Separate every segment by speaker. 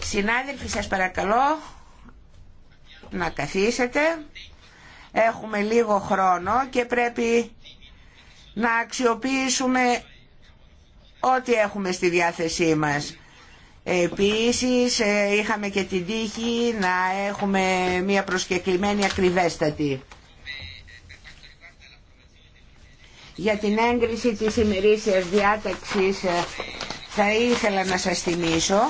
Speaker 1: Συνάδελφοι, σας παρακαλώ
Speaker 2: να καθίσετε. Έχουμε λίγο χρόνο και πρέπει να αξιοποιήσουμε ό,τι έχουμε στη διάθεσή μας. Επίσης ε, είχαμε και την τύχη να έχουμε μια προσκεκλημένη ακριβέστατη. Για την έγκριση της ημερήσιας διάταξης ε, θα ήθελα να σας θυμίσω,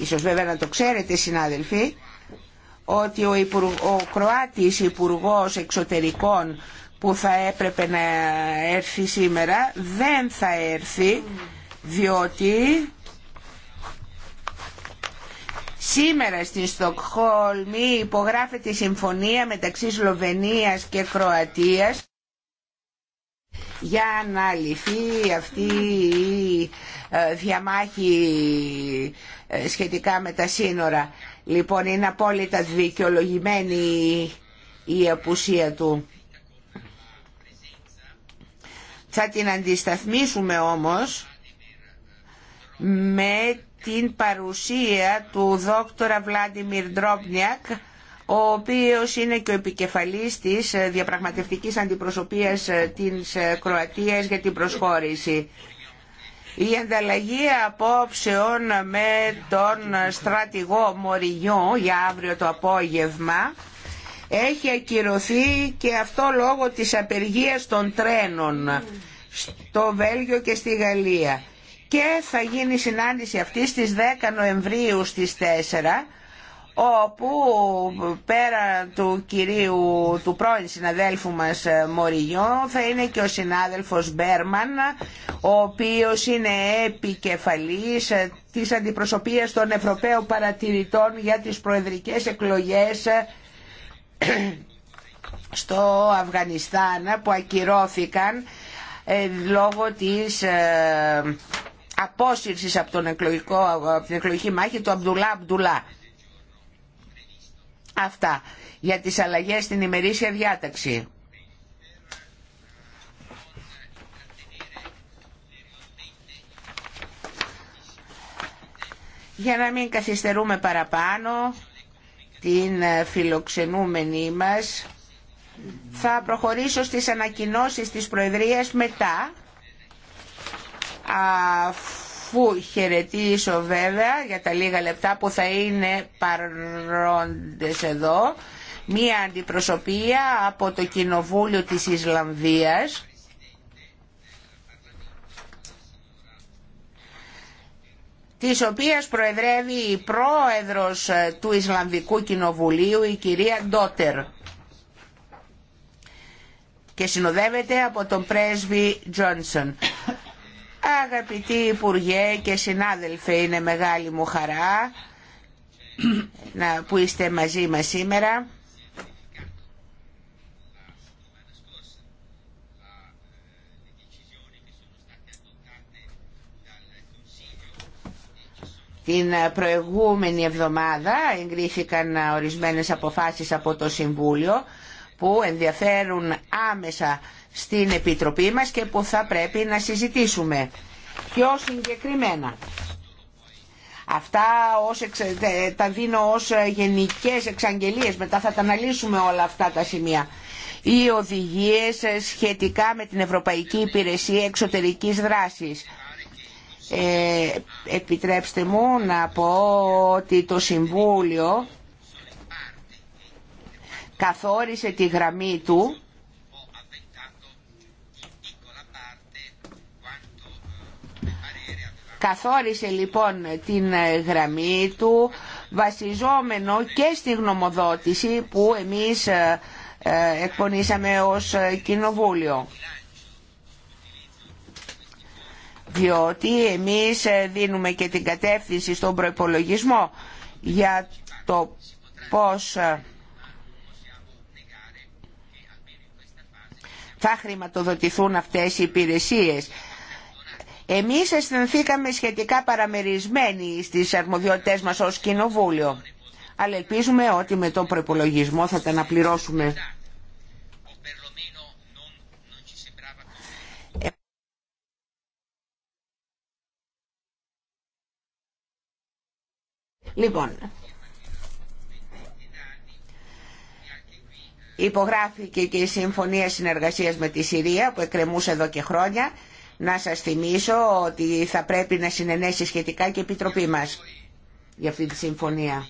Speaker 2: ίσως βέβαια να το ξέρετε συνάδελφοι, ότι ο, ο Κροάτης Υπουργός Εξωτερικών που θα έπρεπε να έρθει σήμερα δεν θα έρθει διότι σήμερα στην Στοκχόλμη υπογράφεται η συμφωνία μεταξύ Σλοβενίας και Κροατίας για να λυθεί αυτή η ε, διαμάχη ε, σχετικά με τα σύνορα. Λοιπόν, είναι απόλυτα δικαιολογημένη η απουσία του. Θα την αντισταθμίσουμε όμως με την παρουσία του δόκτωρα Βλάντιμιρ Ντρόπνιακ ο οποίος είναι και ο επικεφαλής της διαπραγματευτικής αντιπροσωπείας της Κροατίας για την προσχώρηση. Η ανταλλαγή απόψεων με τον στρατηγό Μοριγιό για αύριο το απόγευμα έχει ακυρωθεί και αυτό λόγω της απεργίας των τρένων στο Βέλγιο και στη Γαλλία και θα γίνει η συνάντηση αυτή στις 10 Νοεμβρίου στις 4 όπου πέρα του κυρίου, του πρώην συναδέλφου μας ε, Μοριγιό θα είναι και ο συνάδελφος Μπέρμαν ο οποίος είναι επικεφαλής ε, της αντιπροσωπείας των Ευρωπαίων Παρατηρητών για τις προεδρικές εκλογές ε, στο Αφγανιστάν που ακυρώθηκαν λόγω της απόσυρσης από, την εκλογική μάχη του Αμπδουλά Αμπδουλά Αυτά για τις αλλαγές στην ημερήσια διάταξη. Για να μην καθυστερούμε παραπάνω την φιλοξενούμενη μας, θα προχωρήσω στις ανακοινώσεις της Προεδρίας μετά αφού χαιρετήσω βέβαια για τα λίγα λεπτά που θα είναι παρόντες εδώ μία αντιπροσωπεία από το Κοινοβούλιο της Ισλανδίας της οποίας προεδρεύει η πρόεδρος του Ισλανδικού Κοινοβουλίου, η κυρία Ντότερ και συνοδεύεται από τον πρέσβη Τζόνσον. Αγαπητοί Υπουργέ και συνάδελφοι, είναι μεγάλη μου χαρά που είστε μαζί μας σήμερα. Την προηγούμενη εβδομάδα εγκρίθηκαν ορισμένες αποφάσεις από το Συμβούλιο που ενδιαφέρουν άμεσα στην Επιτροπή μας και που θα πρέπει να συζητήσουμε πιο συγκεκριμένα. Αυτά ως, τα δίνω ως γενικές εξαγγελίες, μετά θα τα αναλύσουμε όλα αυτά τα σημεία. Οι οδηγίες σχετικά με την Ευρωπαϊκή Υπηρεσία Εξωτερικής Δράσης. Ε, επιτρέψτε μου να πω ότι το Συμβούλιο καθόρισε τη γραμμή του Καθόρισε λοιπόν την ε, γραμμή του βασιζόμενο και στη γνωμοδότηση που εμείς ε, ε, εκπονήσαμε ως κοινοβούλιο. Διότι εμείς δίνουμε και την κατεύθυνση στον προϋπολογισμό για το πώς θα χρηματοδοτηθούν αυτές οι υπηρεσίες. Εμείς αισθανθήκαμε σχετικά παραμερισμένοι στις αρμοδιότητές μας ως κοινοβούλιο. Αλλά ελπίζουμε ότι με τον προπολογισμό θα τα αναπληρώσουμε. Λοιπόν, υπογράφηκε και η Συμφωνία Συνεργασίας με τη Συρία που εκκρεμούσε εδώ και χρόνια να σας θυμίσω ότι θα πρέπει να συνενέσει σχετικά και η Επιτροπή μας για αυτή τη συμφωνία.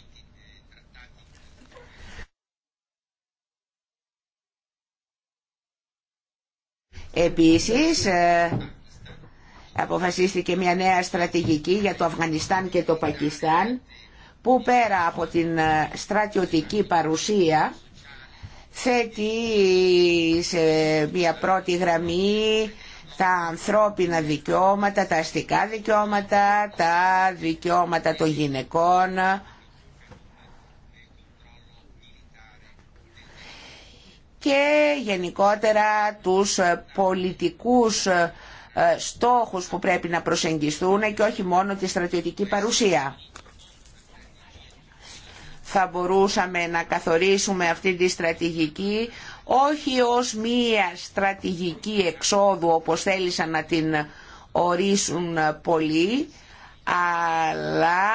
Speaker 2: Επίσης, ε, αποφασίστηκε μια νέα στρατηγική για το Αφγανιστάν και το Πακιστάν, που πέρα από την ε, στρατιωτική παρουσία θέτει σε μια πρώτη γραμμή τα ανθρώπινα δικαιώματα, τα αστικά δικαιώματα, τα δικαιώματα των γυναικών. και γενικότερα τους πολιτικούς ε, στόχους που πρέπει να προσεγγιστούν και όχι μόνο τη στρατιωτική παρουσία. Θα μπορούσαμε να καθορίσουμε αυτή τη στρατηγική όχι ως μία στρατηγική εξόδου όπως θέλησαν να την ορίσουν πολλοί, αλλά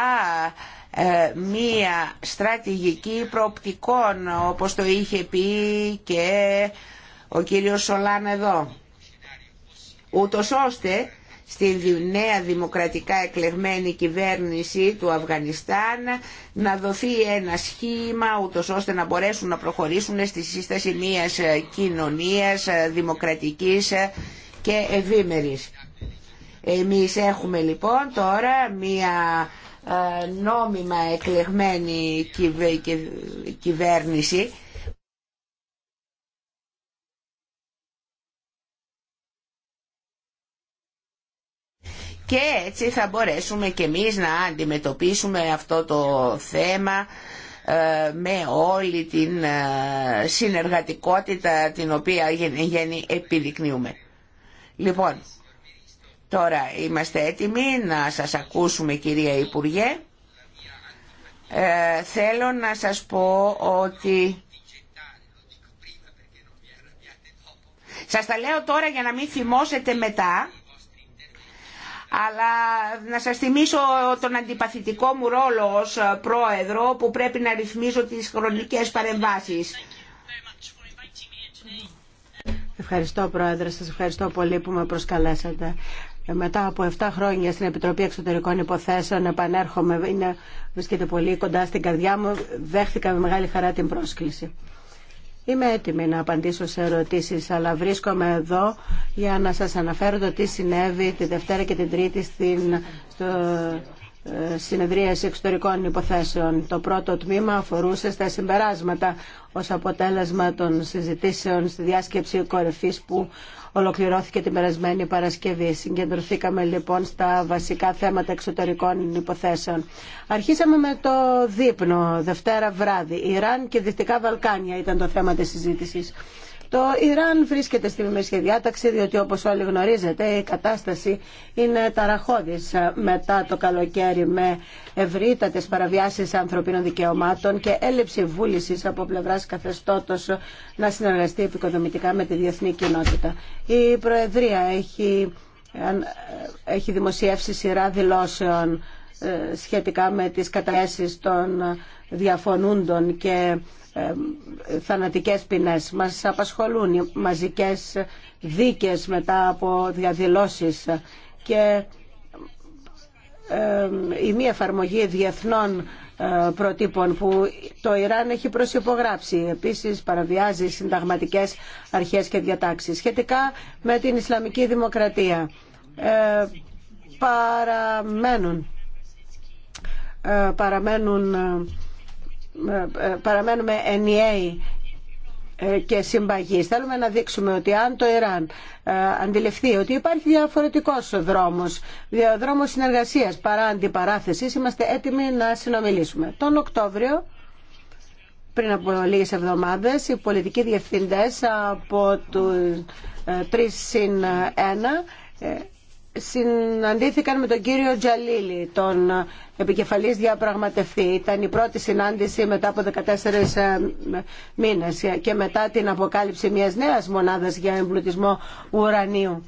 Speaker 2: ε, μία στρατηγική προοπτικών όπως το είχε πει και ο κύριος Σολάν εδώ ούτως ώστε στην νέα δημοκρατικά εκλεγμένη κυβέρνηση του Αφγανιστάν να δοθεί ένα σχήμα ούτως ώστε να μπορέσουν να προχωρήσουν στη σύσταση μιας κοινωνίας δημοκρατικής και ευήμερης. Εμείς έχουμε λοιπόν τώρα μια ε, νόμιμα εκλεγμένη κυβέρνηση και έτσι θα μπορέσουμε και εμείς να αντιμετωπίσουμε αυτό το θέμα ε, με όλη την ε, συνεργατικότητα την οποία γέννη επιδεικνύουμε. Λοιπόν, τώρα είμαστε έτοιμοι να σας ακούσουμε κυρία Υπουργέ. Ε, θέλω να σας πω ότι... Σας τα λέω τώρα για να μην θυμώσετε μετά αλλά να σας θυμίσω τον αντιπαθητικό μου ρόλο ως πρόεδρο που πρέπει να ρυθμίζω τις χρονικές παρεμβάσεις.
Speaker 3: Ευχαριστώ πρόεδρε, σας ευχαριστώ πολύ που με προσκαλέσατε. Μετά από 7 χρόνια στην Επιτροπή Εξωτερικών Υποθέσεων επανέρχομαι, είναι, βρίσκεται πολύ κοντά στην καρδιά μου, δέχτηκα με μεγάλη χαρά την πρόσκληση. Είμαι έτοιμη να απαντήσω σε ερωτήσεις, αλλά βρίσκομαι εδώ για να σας αναφέρω το τι συνέβη τη Δευτέρα και την Τρίτη στην, στο, ε, συνεδρίαση εξωτερικών υποθέσεων. Το πρώτο τμήμα αφορούσε στα συμπεράσματα ως αποτέλεσμα των συζητήσεων στη διάσκεψη κορυφής που ολοκληρώθηκε την περασμένη Παρασκευή. Συγκεντρωθήκαμε λοιπόν στα βασικά θέματα εξωτερικών υποθέσεων. Αρχίσαμε με το δείπνο, Δευτέρα βράδυ. Ιράν και Δυτικά Βαλκάνια ήταν το θέμα της συζήτησης. Το Ιράν βρίσκεται στη μεσχεδιάταξη διάταξη διότι όπως όλοι γνωρίζετε η κατάσταση είναι ταραχώδης μετά το καλοκαίρι με ευρύτατες παραβιάσεις ανθρωπίνων δικαιωμάτων και έλλειψη βούλησης από πλευράς καθεστώτος να συνεργαστεί επικοδομητικά με τη διεθνή κοινότητα. Η Προεδρία έχει, έχει δημοσιεύσει σειρά δηλώσεων ε, σχετικά με τις καταθέσεις των διαφωνούντων και θανατικές ποινές. Μας απασχολούν οι μαζικές δίκες μετά από διαδηλώσεις και η μη εφαρμογή διεθνών ε, προτύπων που το Ιράν έχει προσυπογράψει. Επίσης παραβιάζει συνταγματικές αρχές και διατάξεις. Σχετικά με την Ισλαμική Δημοκρατία ε, παραμένουν, ε, παραμένουν παραμένουμε ενιαίοι ε, και συμπαγείς. Θέλουμε να δείξουμε ότι αν το Ιράν ε, αντιληφθεί ότι υπάρχει διαφορετικός δρόμος, δρόμος συνεργασίας παρά αντιπαράθεσης, είμαστε έτοιμοι να συνομιλήσουμε. Τον Οκτώβριο, πριν από λίγες εβδομάδες, οι πολιτικοί διευθυντές από του 3 ε, συν 1 συναντήθηκαν με τον κύριο Τζαλίλη, τον επικεφαλής διαπραγματευτή. Ήταν η πρώτη συνάντηση μετά από 14 ε, μήνες και μετά την αποκάλυψη μιας νέας μονάδας για εμπλουτισμό ουρανίου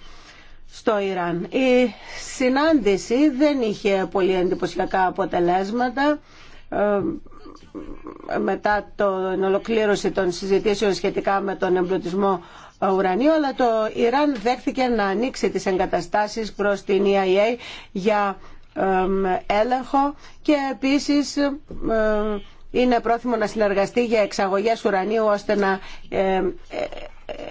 Speaker 3: στο Ιράν. Η συνάντηση δεν είχε πολύ εντυπωσιακά αποτελέσματα ε, μετά την ολοκλήρωση των συζητήσεων σχετικά με τον εμπλουτισμό ουρανίου, αλλά το Ιράν δέχθηκε να ανοίξει τις εγκαταστάσεις προς την EIA για έλεγχο και επίσης είναι πρόθυμο να συνεργαστεί για εξαγωγές ουρανίου ώστε να ε, ε,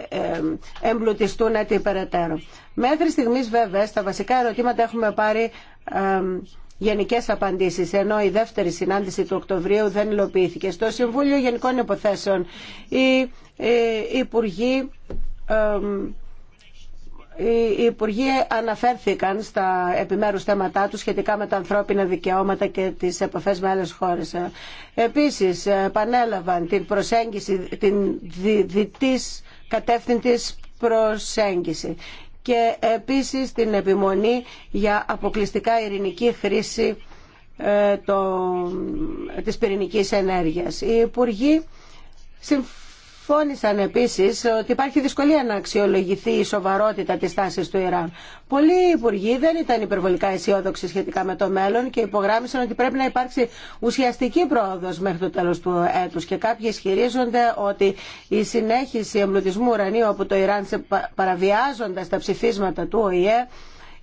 Speaker 3: ε, εμπλουτιστούν έτσι περαιτέρω. Μέχρι στιγμής βέβαια στα βασικά ερωτήματα έχουμε πάρει γενικές απαντήσεις, ενώ η δεύτερη συνάντηση του Οκτωβρίου δεν υλοποιήθηκε. Στο Συμβούλιο Γενικών Υποθέσεων η ε, υπουργοί οι υπουργοί αναφέρθηκαν στα επιμέρους θέματά τους σχετικά με τα ανθρώπινα δικαιώματα και τις επαφές με άλλες χώρες. Επίσης, επανέλαβαν την προσέγγιση, την διτής κατεύθυντης προσέγγιση και επίσης την επιμονή για αποκλειστικά ειρηνική χρήση ε, το, της πυρηνικής ενέργειας. Οι υπουργοί συμφ Συμφώνησαν επίση ότι υπάρχει δυσκολία να αξιολογηθεί η σοβαρότητα της τάση του Ιράν. Πολλοί υπουργοί δεν ήταν υπερβολικά αισιόδοξοι σχετικά με το μέλλον και υπογράμμισαν ότι πρέπει να υπάρξει ουσιαστική πρόοδος μέχρι το τέλος του έτους και κάποιοι ισχυρίζονται ότι η συνέχιση εμπλουτισμού ουρανίου από το Ιράν παραβιάζοντας τα ψηφίσματα του ΟΗΕ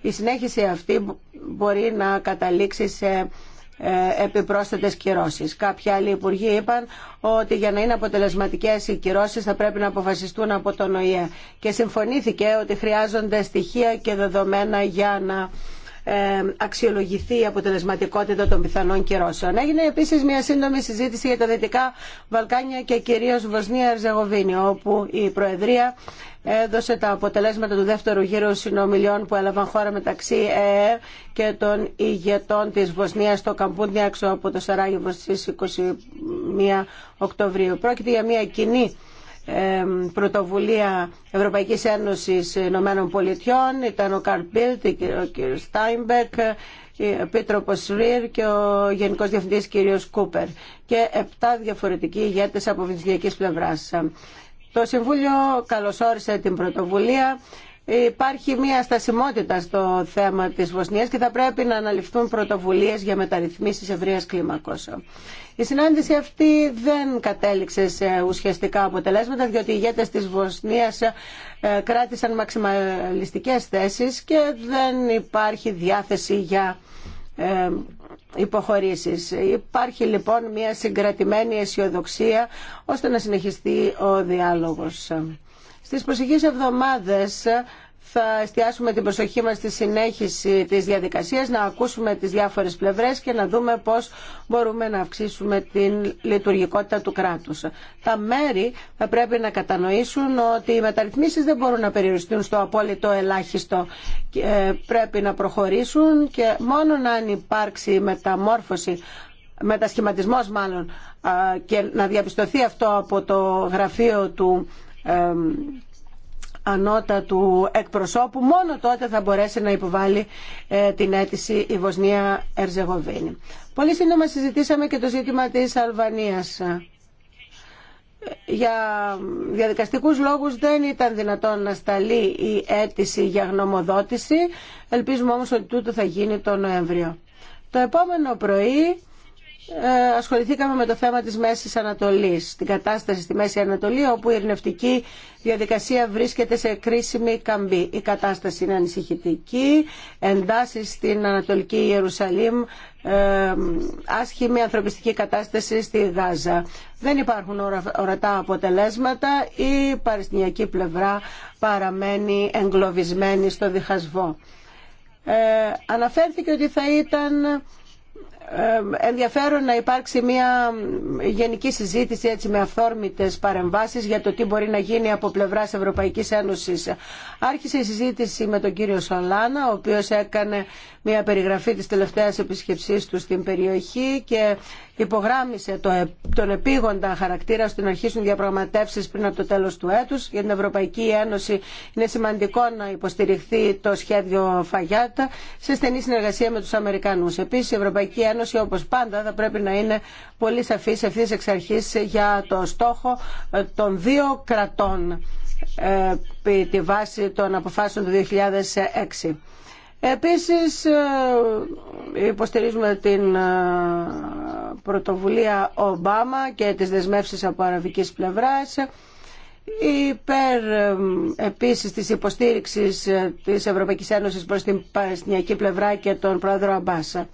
Speaker 3: η συνέχιση αυτή μπορεί να καταλήξει σε ε, επιπρόσθετες κυρώσεις. Κάποιοι άλλοι υπουργοί είπαν ότι για να είναι αποτελεσματικές οι κυρώσεις θα πρέπει να αποφασιστούν από τον ΟΗΕ και συμφωνήθηκε ότι χρειάζονται στοιχεία και δεδομένα για να ε, αξιολογηθεί η αποτελεσματικότητα των πιθανών κυρώσεων. Έγινε επίση μια σύντομη συζήτηση για τα Δυτικά Βαλκάνια και κυρίω βοσνια Βοσνία-Ερζεγοβίνη, όπου η Προεδρία έδωσε τα αποτελέσματα του δεύτερου γύρου συνομιλιών που έλαβαν χώρα μεταξύ ΕΕ και των ηγετών της Βοσνίας στο Καμπούντι έξω από το Σαράγεβο στις 21 Οκτωβρίου. Πρόκειται για μια κοινή πρωτοβουλία Ευρωπαϊκής Ένωσης Ηνωμένων Πολιτιών ήταν ο Μπίλτ, ο κ. Στάιμπεκ, ο Ρίρ και ο Γενικός Διευθυντής κ. Κούπερ και επτά διαφορετικοί ηγέτες από βυθιακής πλευράς. Το Συμβούλιο καλωσόρισε την πρωτοβουλία υπάρχει μια στασιμότητα στο θέμα της Βοσνίας και θα πρέπει να αναλυφθούν πρωτοβουλίες για μεταρρυθμίσεις ευρείας κλίμακος. Η συνάντηση αυτή δεν κατέληξε σε ουσιαστικά αποτελέσματα διότι οι ηγέτες της Βοσνίας ε, κράτησαν μαξιμαλιστικές θέσεις και δεν υπάρχει διάθεση για ε, υποχωρήσεις. Υπάρχει λοιπόν μια συγκρατημένη αισιοδοξία ώστε να συνεχιστεί ο διάλογος. Στις προσεχείς εβδομάδες θα εστιάσουμε την προσοχή μας στη συνέχιση της διαδικασίας, να ακούσουμε τις διάφορες πλευρές και να δούμε πώς μπορούμε να αυξήσουμε την λειτουργικότητα του κράτους. Τα μέρη θα πρέπει να κατανοήσουν ότι οι μεταρρυθμίσεις δεν μπορούν να περιοριστούν στο απόλυτο ελάχιστο. Ε, πρέπει να προχωρήσουν και μόνο αν υπάρξει μεταμόρφωση μετασχηματισμός μάλλον και να διαπιστωθεί αυτό από το γραφείο του ανώτατου εκπροσώπου, μόνο τότε θα μπορέσει να υποβάλει ε, την αίτηση η Βοσνία Ερζεγοβίνη. Πολύ σύντομα συζητήσαμε και το ζήτημα της Αλβανίας. Ε, για διαδικαστικούς λόγους δεν ήταν δυνατόν να σταλεί η αίτηση για γνωμοδότηση. Ελπίζουμε όμως ότι τούτο θα γίνει το Νοέμβριο. Το επόμενο πρωί ε, ασχοληθήκαμε με το θέμα της Μέσης Ανατολής, την κατάσταση στη Μέση Ανατολή όπου η ερνευτική διαδικασία βρίσκεται σε κρίσιμη καμπή. Η κατάσταση είναι ανησυχητική, εντάσεις στην Ανατολική Ιερουσαλήμ, ε, άσχημη ανθρωπιστική κατάσταση στη Γάζα. Δεν υπάρχουν ορατά αποτελέσματα, η παριστινιακή πλευρά παραμένει εγκλωβισμένη στο διχασβό. Ε, αναφέρθηκε ότι θα ήταν ενδιαφέρον να υπάρξει μια γενική συζήτηση έτσι με αυθόρμητες παρεμβάσεις για το τι μπορεί να γίνει από πλευράς Ευρωπαϊκής Ένωσης. Άρχισε η συζήτηση με τον κύριο Σολάνα, ο οποίος έκανε μια περιγραφή της τελευταίας επισκεψής του στην περιοχή και υπογράμμισε το, ε- τον επίγοντα χαρακτήρα στην να αρχίσουν διαπραγματεύσεις πριν από το τέλος του έτους. Για την Ευρωπαϊκή Ένωση είναι σημαντικό να υποστηριχθεί το σχέδιο Φαγιάτα σε στενή συνεργασία με τους Αμερικανούς. Επίσης η Ευρωπαϊκή Ένωση όπως πάντα θα πρέπει να είναι πολύ σαφής ευθύς εξ αρχής για το στόχο ε, των δύο κρατών ε, τη βάση των αποφάσεων του 2006. Επίσης ε, υποστηρίζουμε την ε, πρωτοβουλία Ομπάμα και τις δεσμεύσεις από αραβικής πλευράς υπέρ ε, επίσης της υποστήριξης της Ευρωπαϊκής Ένωσης προς την Παλαιστινιακή πλευρά και τον πρόεδρο Αμπάσα.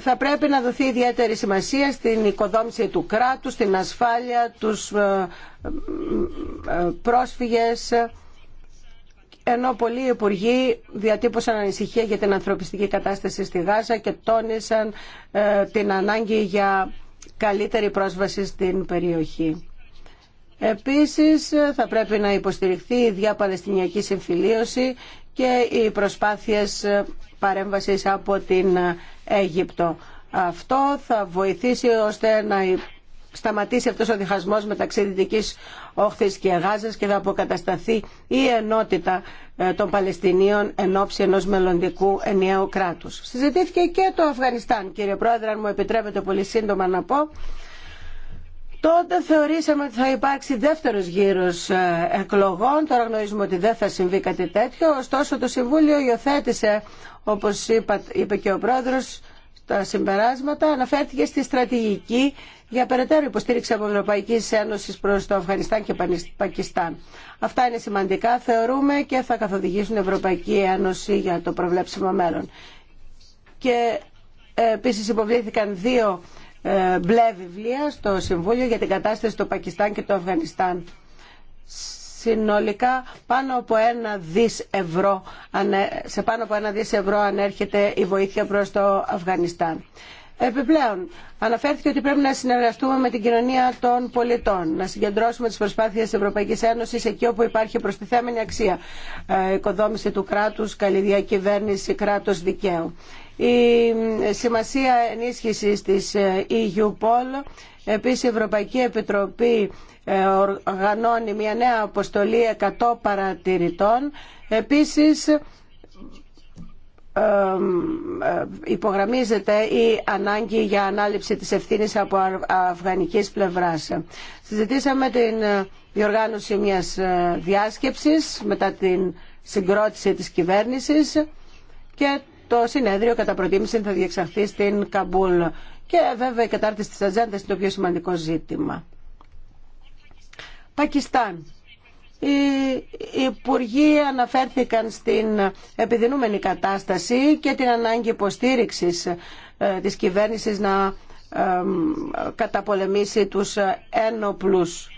Speaker 3: θα πρέπει να δοθεί ιδιαίτερη σημασία στην οικοδόμηση του κράτους, στην ασφάλεια, τους πρόσφυγες ενώ πολλοί υπουργοί διατύπωσαν ανησυχία για την ανθρωπιστική κατάσταση στη Γάζα και τόνισαν ε, την ανάγκη για καλύτερη πρόσβαση στην περιοχή. Επίσης ε, θα πρέπει να υποστηριχθεί η διαπαλαιστινιακή συμφιλίωση και οι προσπάθειες ε, παρέμβασης από την Αίγυπτο. Αυτό θα βοηθήσει ώστε να σταματήσει αυτός ο διχασμός μεταξύ Δυτικής Όχθης και Γάζας και θα αποκατασταθεί η ενότητα ε, των Παλαιστινίων εν ώψη ενός μελλοντικού ενιαίου κράτους. Συζητήθηκε και το Αφγανιστάν, κύριε Πρόεδρε, αν μου επιτρέπετε πολύ σύντομα να πω. Τότε θεωρήσαμε ότι θα υπάρξει δεύτερος γύρος ε, εκλογών, τώρα γνωρίζουμε ότι δεν θα συμβεί κάτι τέτοιο, ωστόσο το Συμβούλιο υιοθέτησε, όπως είπα, είπε και ο Πρόεδρος, τα συμπεράσματα αναφέρθηκε στη στρατηγική για περαιτέρω υποστήριξη από Ευρωπαϊκή Ένωση προ το Αφγανιστάν και Πακιστάν. Αυτά είναι σημαντικά, θεωρούμε, και θα καθοδηγήσουν την Ευρωπαϊκή Ένωση για το προβλέψιμο μέλλον. Και ε, επίση υποβλήθηκαν δύο ε, μπλε βιβλία στο Συμβούλιο για την κατάσταση του Πακιστάν και του Αφγανιστάν συνολικά πάνω από ένα δις ευρώ, σε πάνω από ένα δις ευρώ ανέρχεται η βοήθεια προς το Αφγανιστάν. Επιπλέον, αναφέρθηκε ότι πρέπει να συνεργαστούμε με την κοινωνία των πολιτών, να συγκεντρώσουμε τις προσπάθειες της Ευρωπαϊκή Ένωση εκεί όπου υπάρχει προστιθέμενη αξία. Ε, οικοδόμηση του κράτους, καλλιδιακή κυβέρνηση, κράτο δικαίου. Η σημασία ενίσχυσης της ε, EUPOL, επίσης η Ευρωπαϊκή Επιτροπή ε, οργανώνει μια νέα αποστολή 100 παρατηρητών, επίσης ε, υπογραμμίζεται η ανάγκη για ανάληψη της ευθύνης από αφγανικής πλευράς. Συζητήσαμε την διοργάνωση μιας διάσκεψης μετά την συγκρότηση της κυβέρνησης και το συνέδριο κατά προτίμηση θα διεξαχθεί στην Καμπούλ. Και βέβαια η κατάρτιση της ατζέντα είναι το πιο σημαντικό ζήτημα. Πακιστάν. Οι υπουργοί αναφέρθηκαν στην επιδεινούμενη κατάσταση και την ανάγκη υποστήριξης ε, της κυβέρνησης να ε, καταπολεμήσει τους ένοπλους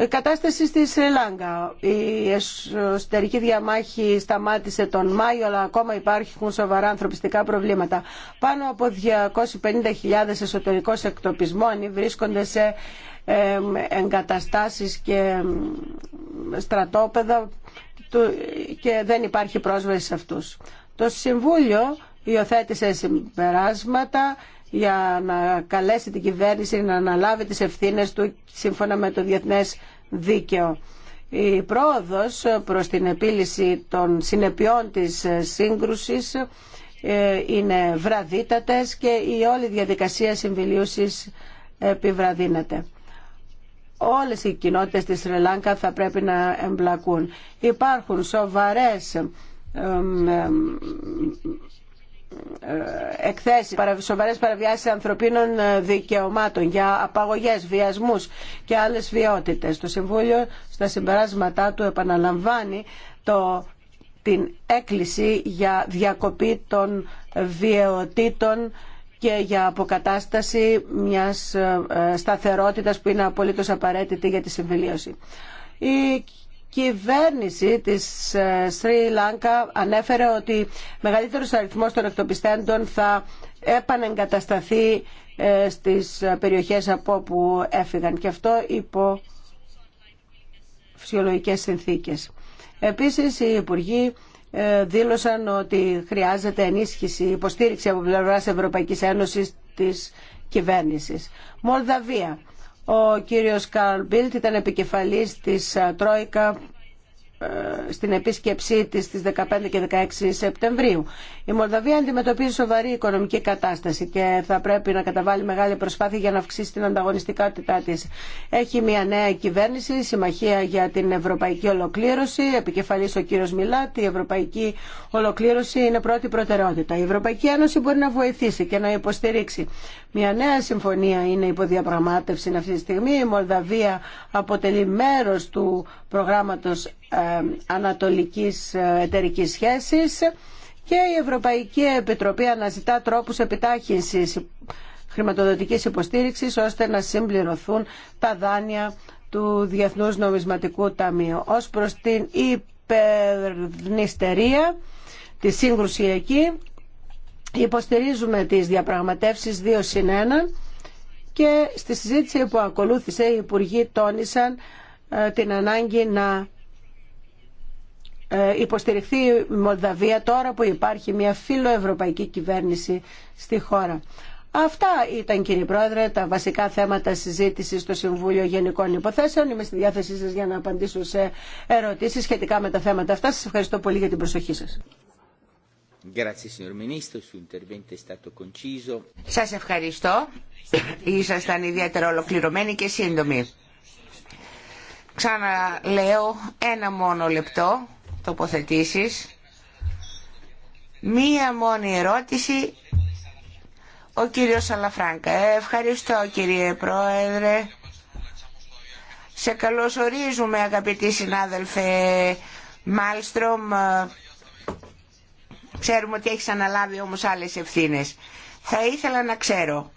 Speaker 3: ε, κατάσταση στη Σριλάνκα. Η εσωτερική διαμάχη σταμάτησε τον Μάιο, αλλά ακόμα υπάρχουν σοβαρά ανθρωπιστικά προβλήματα. Πάνω από 250.000 εσωτερικώς εκτοπισμόνι βρίσκονται σε εγκαταστάσεις και στρατόπεδα και δεν υπάρχει πρόσβαση σε αυτούς. Το Συμβούλιο υιοθέτησε συμπεράσματα για να καλέσει την κυβέρνηση να αναλάβει τις ευθύνες του σύμφωνα με το διεθνές δίκαιο. Η πρόοδος προς την επίλυση των συνεπειών της σύγκρουσης ε, είναι βραδύτατες και η όλη διαδικασία συμβιλίωσης επιβραδύνεται. Όλες οι κοινότητες της Ρελάνκα θα πρέπει να εμπλακούν. Υπάρχουν σοβαρές ε, εκθέσει σοβαρές παραβιάσεις ανθρωπίνων ε, δικαιωμάτων για απαγωγές, βιασμούς και άλλες βιότητες. Το Συμβούλιο στα συμπεράσματά του επαναλαμβάνει το, την έκκληση για διακοπή των βιαιοτήτων και για αποκατάσταση μιας ε, σταθερότητας που είναι απολύτως απαραίτητη για τη συμβιλίωση κυβέρνηση της ε, Σρι Λάνκα ανέφερε ότι μεγαλύτερος αριθμός των εκτοπιστέντων θα επανεγκατασταθεί ε, στις περιοχές από όπου έφυγαν και αυτό υπό φυσιολογικές συνθήκες. Επίσης οι Υπουργοί ε, δήλωσαν ότι χρειάζεται ενίσχυση, υποστήριξη από πλευράς Ευρωπαϊκής Ένωσης της κυβέρνησης. Μολδαβία. Ο κύριος Καρλ Μπίλτ ήταν επικεφαλής της ε, Τρόικα ε, στην επίσκεψή της στις 15 και 16 Σεπτεμβρίου. Η Μολδαβία αντιμετωπίζει σοβαρή οικονομική κατάσταση και θα πρέπει να καταβάλει μεγάλη προσπάθεια για να αυξήσει την ανταγωνιστικότητά της. Έχει μια νέα κυβέρνηση, συμμαχία για την ευρωπαϊκή ολοκλήρωση, επικεφαλής ο κύριος Μιλάτ, η ευρωπαϊκή ολοκλήρωση είναι πρώτη προτεραιότητα. Η Ευρωπαϊκή Ένωση μπορεί να βοηθήσει και να υποστηρίξει. Μια νέα συμφωνία είναι υποδιαπραγμάτευση αυτή τη στιγμή. Η Μολδαβία αποτελεί μέρος του προγράμματος ε, ανατολικής ε, εταιρικής σχέσης και η Ευρωπαϊκή Επιτροπή αναζητά τρόπους επιτάχυνσης χρηματοδοτικής υποστήριξης ώστε να συμπληρωθούν τα δάνεια του Διεθνούς Νομισματικού Ταμείου. Ως προς την υπερνηστερία, τη σύγκρουση εκεί, Υποστηρίζουμε τις διαπραγματεύσεις 2 συν 1 και στη συζήτηση που ακολούθησε οι Υπουργοί τόνισαν ε, την ανάγκη να ε, υποστηριχθεί η Μολδαβία τώρα που υπάρχει μια φιλοευρωπαϊκή κυβέρνηση στη χώρα. Αυτά ήταν κύριε Πρόεδρε τα βασικά θέματα συζήτησης στο Συμβούλιο Γενικών Υποθέσεων. Είμαι στη διάθεσή σας για να απαντήσω σε ερωτήσεις σχετικά με τα θέματα αυτά. Σας ευχαριστώ πολύ για την προσοχή σας.
Speaker 2: Σας ευχαριστώ. Ήσασταν ιδιαίτερα ολοκληρωμένοι και σύντομοι. Ξαναλέω ένα μόνο λεπτό τοποθετήσεις. Μία μόνη ερώτηση. Ο κύριος Σαλαφράγκα. Ε, ευχαριστώ κύριε Πρόεδρε. Σε καλωσορίζουμε αγαπητοί συνάδελφε Μάλστρομ Ξέρουμε ότι έχεις αναλάβει όμως άλλες ευθύνες. Θα ήθελα να ξέρω.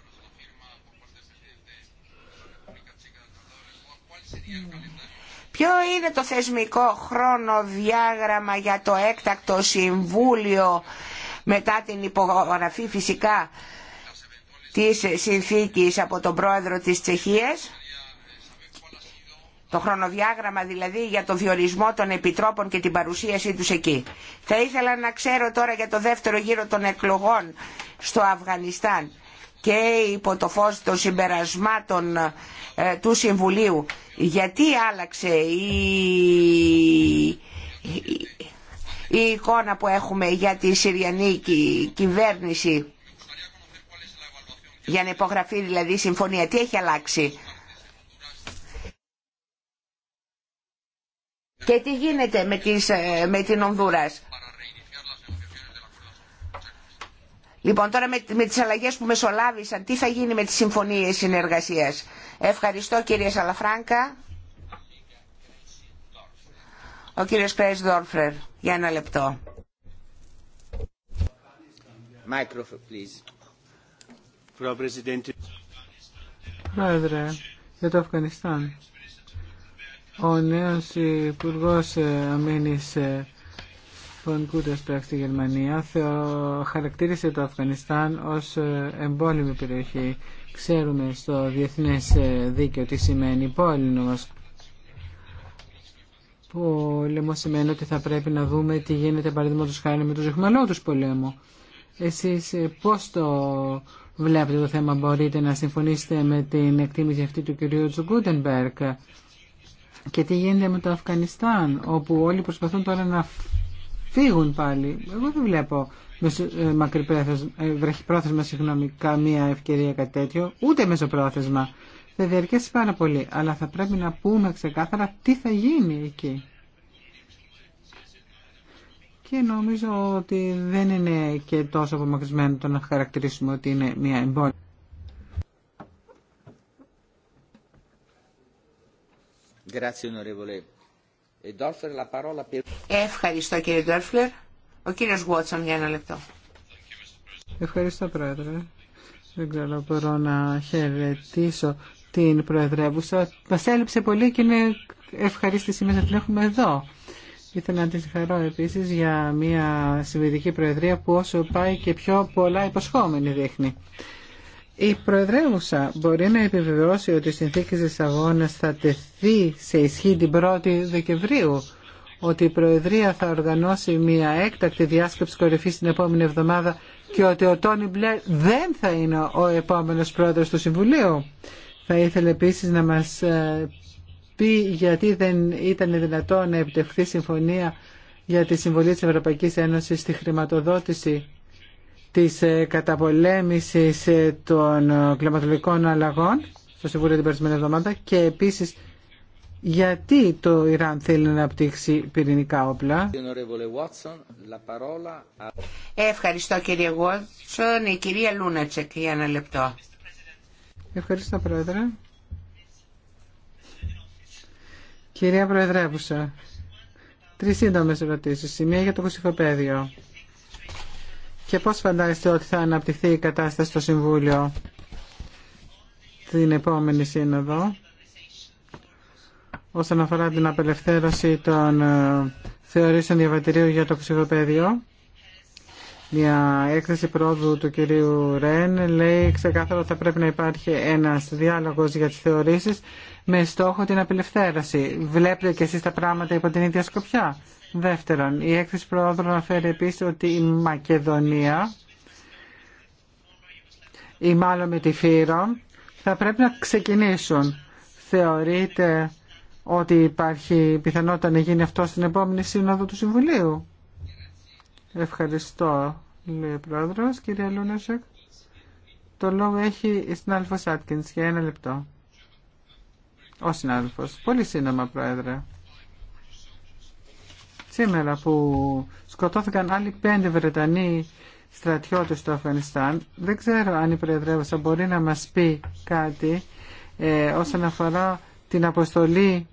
Speaker 2: Ποιο είναι το θεσμικό χρόνο χρονοδιάγραμμα για το έκτακτο συμβούλιο μετά την υπογραφή φυσικά της συνθήκης από τον πρόεδρο της Τσεχίας το χρονοδιάγραμμα δηλαδή για το διορισμό των επιτρόπων και την παρουσίασή τους εκεί. Θα ήθελα να ξέρω τώρα για το δεύτερο γύρο των εκλογών στο Αφγανιστάν και υπό το φως των συμπερασμάτων ε, του Συμβουλίου γιατί άλλαξε η... η εικόνα που έχουμε για τη Συριανή κυβέρνηση για να υπογραφεί δηλαδή η συμφωνία. Τι έχει αλλάξει. Και τι γίνεται με, τις, ε, την Ονδούρας. Λοιπόν, τώρα με, με τις αλλαγές που μεσολάβησαν, τι θα γίνει με τις συμφωνίες συνεργασίας. Ευχαριστώ κύριε Σαλαφράγκα. Ο κύριος Κρέις Δόρφρερ, για ένα λεπτό.
Speaker 4: Πρόεδρε, για το Αφγανιστάν. Ο νέος υπουργός ε, αμήνης ε, Φον Κούτας στη Γερμανία χαρακτήρισε το Αφγανιστάν ως ε, εμπόλεμη περιοχή. Ξέρουμε στο διεθνές δίκαιο τι σημαίνει πόλεμο, Πόλεμο σημαίνει ότι θα πρέπει να δούμε τι γίνεται παραδείγματος χάρη με τους του πολέμου. Εσείς πώς το βλέπετε το θέμα, μπορείτε να συμφωνήσετε με την εκτίμηση αυτή του κυρίου Τζουγκούτενμπερκ και τι γίνεται με το Αφγανιστάν, όπου όλοι προσπαθούν τώρα να φύγουν πάλι. Εγώ δεν βλέπω ε, ε, βραχυπρόθεσμα συγγνώμη, καμία ευκαιρία κάτι τέτοιο, ούτε μεσοπρόθεσμα. Θα διαρκέσει πάρα πολύ, αλλά θα πρέπει να πούμε ξεκάθαρα τι θα γίνει εκεί. Και νομίζω ότι δεν είναι και τόσο απομακρυσμένο το να χαρακτηρίσουμε ότι είναι μια εμπόλια.
Speaker 1: E
Speaker 2: Ευχαριστώ κύριε Ντόρφλερ. Ο κύριος Βότσον για ένα λεπτό.
Speaker 4: Ευχαριστώ πρόεδρε. Δεν ξέρω μπορώ να χαιρετήσω την Προεδρεύουσα. Μα έλειψε πολύ και είναι ευχαρίστηση μέσα να την έχουμε εδώ. Ήθελα να τη συγχαρώ επίση για μια συμβιδική Προεδρία που όσο πάει και πιο πολλά υποσχόμενη δείχνει. Η Προεδρεύουσα μπορεί να επιβεβαιώσει ότι η συνθήκη της αγώνας θα τεθεί σε ισχύ την 1η Δεκεμβρίου, ότι η Προεδρία θα οργανώσει μια έκτακτη διάσκεψη κορυφής την επόμενη εβδομάδα και ότι ο Τόνι Μπλερ δεν θα είναι ο επόμενος πρόεδρος του Συμβουλίου. Θα ήθελε επίσης να μας ε, πει γιατί δεν ήταν δυνατό να επιτευχθεί συμφωνία για τη συμβολή της Ευρωπαϊκής Ένωσης στη χρηματοδότηση της ε, καταπολέμησης ε, των ε, κλιματολογικών αλλαγών στο Συμβούλιο την περισμένη εβδομάδα και επίσης γιατί το Ιράν θέλει να αναπτύξει πυρηνικά όπλα.
Speaker 2: Ευχαριστώ κύριε Βότσον. Η κυρία Λούνατσεκ για ένα
Speaker 4: λεπτό. Ευχαριστώ πρόεδρε. Κυρία Προεδρεύουσα, τρεις σύντομες ερωτήσεις. Η μία για το κοσυφοπαίδιο. Και πώς φαντάζεστε ότι θα αναπτυχθεί η κατάσταση στο Συμβούλιο την επόμενη σύνοδο όσον αφορά την απελευθέρωση των ε, θεωρήσεων διαβατηρίου για το ψυχοπαίδιο μια έκθεση πρόοδου του κυρίου Ρεν λέει ξεκάθαρα ότι θα πρέπει να υπάρχει ένας διάλογος για τις θεωρήσεις με στόχο την απελευθέρωση. Βλέπετε και εσείς τα πράγματα υπό την ίδια σκοπιά. Δεύτερον, η έκθεση πρόοδου αναφέρει επίσης ότι η Μακεδονία ή μάλλον με τη Φύρο θα πρέπει να ξεκινήσουν. Θεωρείτε ότι υπάρχει πιθανότητα να γίνει αυτό στην επόμενη σύνοδο του Συμβουλίου. Ευχαριστώ, λέει ο πρόεδρος, κυρία Λούνασεκ. Το λόγο έχει η συνάδελφο Άτκινς για ένα λεπτό. Ο συνάδελφο. Πολύ σύντομα, πρόεδρε. Σήμερα που σκοτώθηκαν άλλοι πέντε Βρετανοί στρατιώτες στο Αφγανιστάν, δεν ξέρω αν η Προεδρεύουσα μπορεί να μας πει κάτι ε, όσον αφορά την αποστολή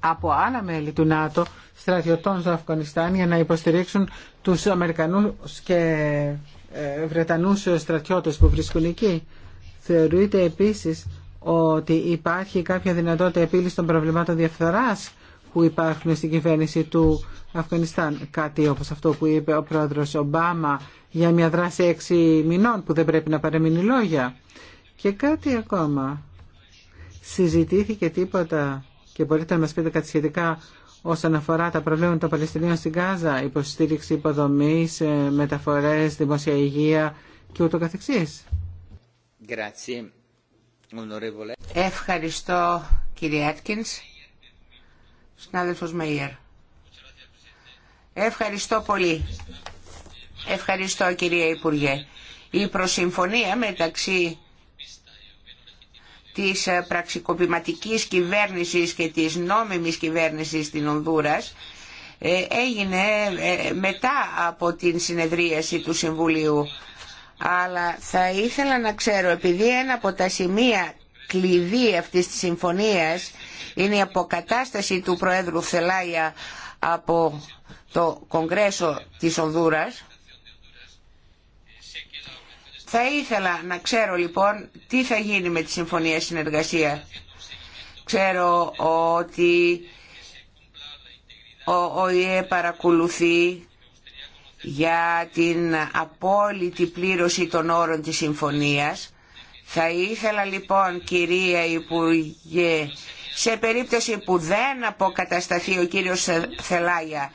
Speaker 4: από άλλα μέλη του ΝΑΤΟ στρατιωτών στο Αφγανιστάν για να υποστηρίξουν τους Αμερικανούς και ε, Βρετανούς στρατιώτες που βρίσκουν εκεί. Θεωρείται επίσης ότι υπάρχει κάποια δυνατότητα επίλυση των προβλημάτων διαφθοράς που υπάρχουν στην κυβέρνηση του Αφγανιστάν. Κάτι όπως αυτό που είπε ο πρόεδρος Ομπάμα για μια δράση έξι μηνών που δεν πρέπει να παραμείνει λόγια. Και κάτι ακόμα. Συζητήθηκε τίποτα και μπορείτε να μας πείτε κάτι σχετικά όσον αφορά τα προβλήματα των Παλαιστινίων στην Γάζα, υποστήριξη υποδομή ε, μεταφορές, δημόσια υγεία και ούτω καθεξής.
Speaker 1: Ευχαριστώ κύριε
Speaker 2: Άτκινς. Συνάδελφος Μέιερ. Ευχαριστώ πολύ. Ευχαριστώ κύριε Υπουργέ. Η προσυμφωνία μεταξύ της ε, πραξικοπηματικής κυβέρνησης και της νόμιμης κυβέρνησης στην Ονδούρας ε, έγινε ε, μετά από την συνεδρίαση του Συμβουλίου. Αλλά θα ήθελα να ξέρω, επειδή ένα από τα σημεία κλειδί αυτής της συμφωνίας είναι η αποκατάσταση του Προέδρου Θελάια από το Κογκρέσο της Ονδούρας, θα ήθελα να ξέρω λοιπόν τι θα γίνει με τη Συμφωνία Συνεργασία. Ξέρω ότι ο ΟΗΕ παρακολουθεί για την απόλυτη πλήρωση των όρων της συμφωνίας. Θα ήθελα λοιπόν κυρία Υπουργέ, σε περίπτωση που δεν αποκατασταθεί ο κύριος Θελάγια,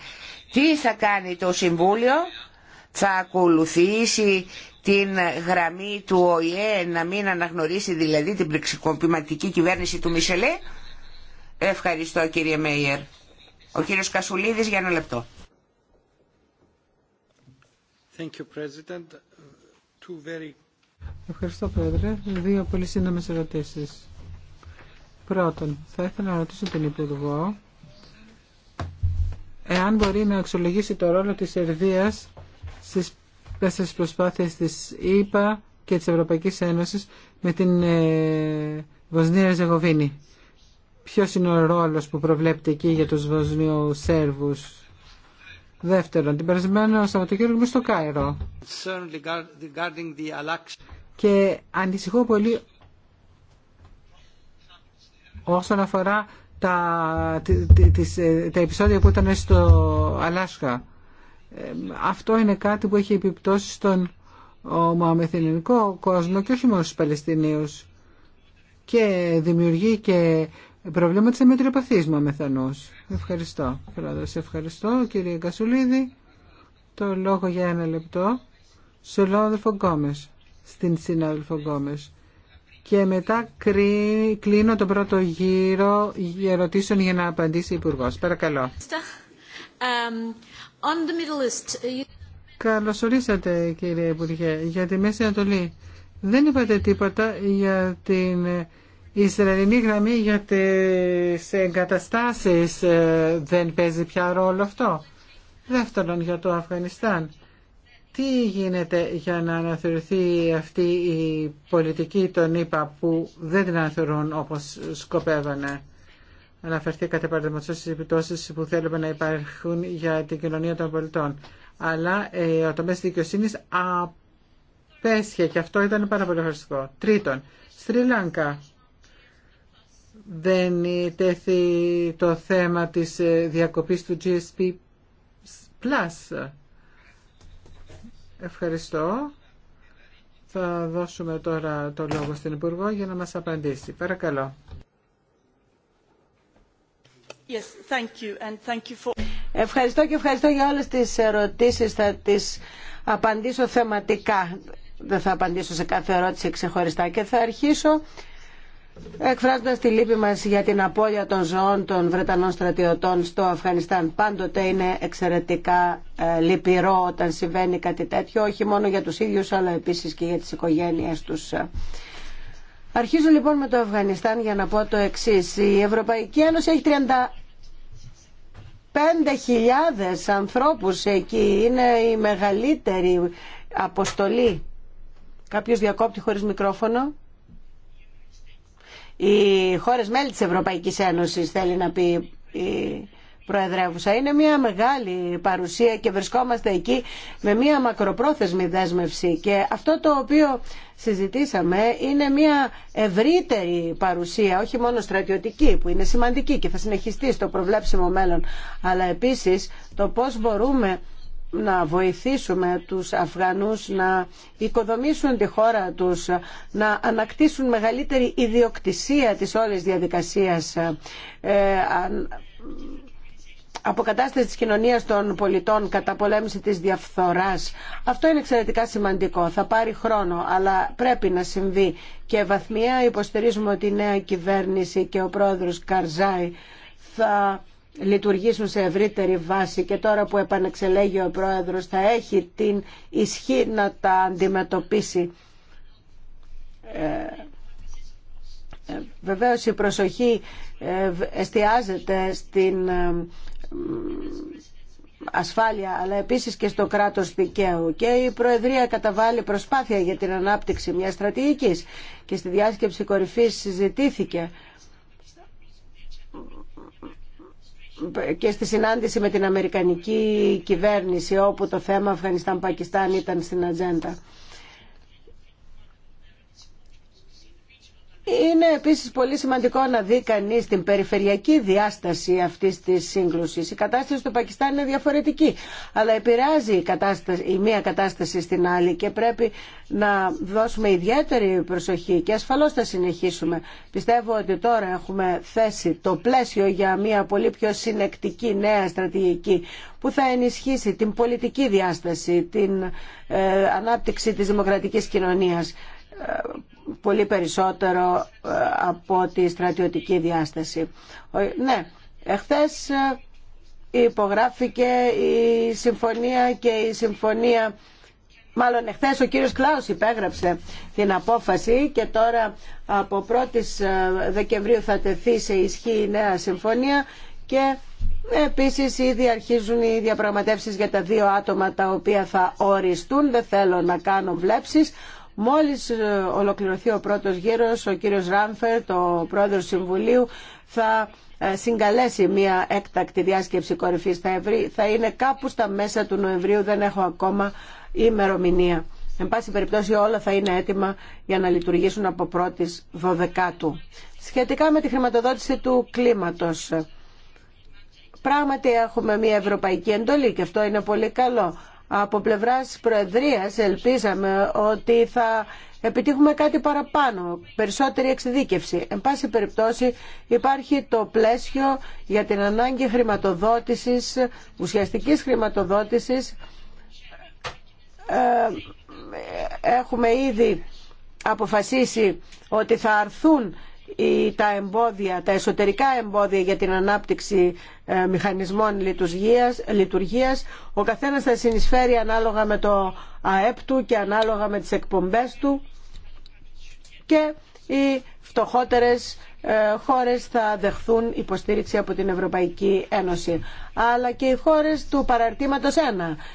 Speaker 2: τι θα κάνει το Συμβούλιο, θα ακολουθήσει την γραμμή του ΟΗΕ να μην αναγνωρίσει δηλαδή την πληξικοποιηματική κυβέρνηση του Μισελέ. Ευχαριστώ κύριε Μέιερ. Ο κύριος Κασουλίδης για ένα λεπτό.
Speaker 4: Ευχαριστώ Πρόεδρε. Δύο πολύ σύντομε ερωτήσει. Πρώτον, θα ήθελα να ρωτήσω τον Υπουργό εάν μπορεί να αξιολογήσει το ρόλο της Σερβίας στις στις προσπάθειες της ΕΠΑ και της Ευρωπαϊκής Ένωσης με την ε, Βοσνία Ζεγοβίνη. Ποιος είναι ο ρόλος που προβλέπεται εκεί για τους Βοσνίους Σέρβους. Δεύτερον, την περασμένη Σαββατοκύριακο μου στο Κάιρο. Και ανησυχώ πολύ όσον αφορά τα, τις, ε, τα επεισόδια που ήταν στο Αλάσκα αυτό είναι κάτι που έχει επιπτώσει στον ομοαμεθυνικό κόσμο και όχι μόνο στους Παλαιστινίους και δημιουργεί και προβλήματα σε μετριοπαθείς μου αμεθανούς. Ευχαριστώ. ευχαριστώ κύριε Κασουλίδη. Το λόγο για ένα λεπτό στον συνάδελφο Γκόμες, στην συνάδελφο Γκόμες. Και μετά κλείνω τον πρώτο γύρο ερωτήσεων για να απαντήσει ο Υπουργός. Παρακαλώ.
Speaker 5: Uh,
Speaker 4: Καλωσορίσατε, ορίσατε κύριε Υπουργέ για τη Μέση Ανατολή. Δεν είπατε τίποτα για την Ισραηλινή γραμμή για τις εγκαταστάσεις. Ε, δεν παίζει πια ρόλο αυτό. Δεύτερον για το Αφγανιστάν. Τι γίνεται για να αναθεωρηθεί αυτή η πολιτική των ΗΠΑ που δεν την αναθεωρούν όπως σκοπεύανε. Αναφερθήκατε παραδείγματο στι επιπτώσει που θέλουμε να υπάρχουν για την κοινωνία των πολιτών. Αλλά ε, ο τομέα τη δικαιοσύνη απέσχε και αυτό ήταν πάρα πολύ ευχαριστικό. Τρίτον, Στρι Λάνκα δεν τέθη το θέμα της ε, διακοπής του GSP Plus. Ευχαριστώ. Θα δώσουμε τώρα το λόγο στην Υπουργό για να μας απαντήσει. Παρακαλώ.
Speaker 3: Ευχαριστώ και ευχαριστώ για όλες τις ερωτήσεις. Θα τις απαντήσω θεματικά. Δεν θα απαντήσω σε κάθε ερώτηση ξεχωριστά και θα αρχίσω εκφράζοντας τη λύπη μας για την απώλεια των ζώων των Βρετανών στρατιωτών στο Αφγανιστάν. Πάντοτε είναι εξαιρετικά ε, λυπηρό όταν συμβαίνει κάτι τέτοιο, όχι μόνο για τους ίδιους αλλά επίσης και για τις οικογένειες τους. Αρχίζω λοιπόν με το Αφγανιστάν για να πω το εξή. Η Ευρωπαϊκή Ένωση έχει 35.000 ανθρώπους εκεί. Είναι η μεγαλύτερη αποστολή. Κάποιος διακόπτει χωρίς μικρόφωνο. Οι χώρες μέλη της Ευρωπαϊκής Ένωσης θέλει να πει η Προεδρεύουσα. Είναι μια μεγάλη παρουσία και βρισκόμαστε εκεί με μια μακροπρόθεσμη δέσμευση. Και αυτό το οποίο συζητήσαμε είναι μια ευρύτερη παρουσία, όχι μόνο στρατιωτική που είναι σημαντική και θα συνεχιστεί στο προβλέψιμο μέλλον, αλλά επίσης το πώς μπορούμε να βοηθήσουμε τους Αφγανούς να οικοδομήσουν τη χώρα τους, να ανακτήσουν μεγαλύτερη ιδιοκτησία της όλης διαδικασίας ε, αποκατάσταση της κοινωνίας των πολιτών κατά πολέμηση της διαφθοράς. Αυτό είναι εξαιρετικά σημαντικό. Θα πάρει χρόνο, αλλά πρέπει να συμβεί. Και βαθμία υποστηρίζουμε ότι η νέα κυβέρνηση και ο πρόεδρος Καρζάη θα λειτουργήσουν σε ευρύτερη βάση και τώρα που επανεξελέγει ο πρόεδρος θα έχει την ισχύ να τα αντιμετωπίσει. Ε, ε, βεβαίως η προσοχή ε, εστιάζεται στην ασφάλεια αλλά επίσης και στο κράτος δικαίου και η Προεδρία καταβάλει προσπάθεια για την ανάπτυξη μιας στρατηγικής και στη διάσκεψη κορυφής συζητήθηκε και στη συνάντηση με την Αμερικανική κυβέρνηση όπου το θέμα Αφγανιστάν-Πακιστάν ήταν στην ατζέντα. Είναι επίσης πολύ σημαντικό να δει κανεί την περιφερειακή διάσταση αυτής της σύγκλουσης. Η κατάσταση στο Πακιστάν είναι διαφορετική, αλλά επηρεάζει η, μία κατάσταση στην άλλη και πρέπει να δώσουμε ιδιαίτερη προσοχή και ασφαλώς θα συνεχίσουμε. Πιστεύω ότι τώρα έχουμε θέσει το πλαίσιο για μια πολύ πιο συνεκτική νέα στρατηγική που θα ενισχύσει την πολιτική διάσταση, την ε, ανάπτυξη της δημοκρατικής κοινωνίας ε, πολύ περισσότερο ε, από τη στρατιωτική διάσταση. Ναι, εχθές ε, υπογράφηκε η συμφωνία και η συμφωνία Μάλλον εχθές ο κύριος Κλάους υπέγραψε την απόφαση και τώρα από 1η ε, Δεκεμβρίου θα τεθεί σε ισχύ η νέα συμφωνία και επίσης ήδη αρχίζουν οι διαπραγματεύσεις για τα δύο άτομα τα οποία θα οριστούν. Δεν θέλω να κάνω βλέψεις, Μόλις ε, ολοκληρωθεί ο πρώτος γύρος, ο κύριος Ράμφερ, το πρόεδρος Συμβουλίου, θα ε, συγκαλέσει μια έκτακτη διάσκεψη κορυφής θα, ευρύ, θα είναι κάπου στα μέσα του Νοεμβρίου, δεν έχω ακόμα ημερομηνία. Εν πάση περιπτώσει όλα θα είναι έτοιμα για να λειτουργήσουν πρώτης δωδεκάτου. Σχετικά με τη χρηματοδότηση του κλίματος. Ε, πράγματι έχουμε μια ευρωπαϊκή εντολή και αυτό είναι πολύ καλό από πλευράς Προεδρίας ελπίζαμε ότι θα επιτύχουμε κάτι παραπάνω, περισσότερη εξειδίκευση. Εν πάση περιπτώσει υπάρχει το πλαίσιο για την ανάγκη χρηματοδότησης, ουσιαστικής χρηματοδότησης. Ε, έχουμε ήδη αποφασίσει ότι θα αρθούν τα εμπόδια, τα εσωτερικά εμπόδια για την ανάπτυξη ε, μηχανισμών λειτουργίας, Ο καθένας θα συνεισφέρει ανάλογα με το ΑΕΠ του και ανάλογα με τις εκπομπές του και οι φτωχότερες ε, χώρες θα δεχθούν υποστήριξη από την Ευρωπαϊκή Ένωση αλλά και οι χώρες του παραρτήματος 1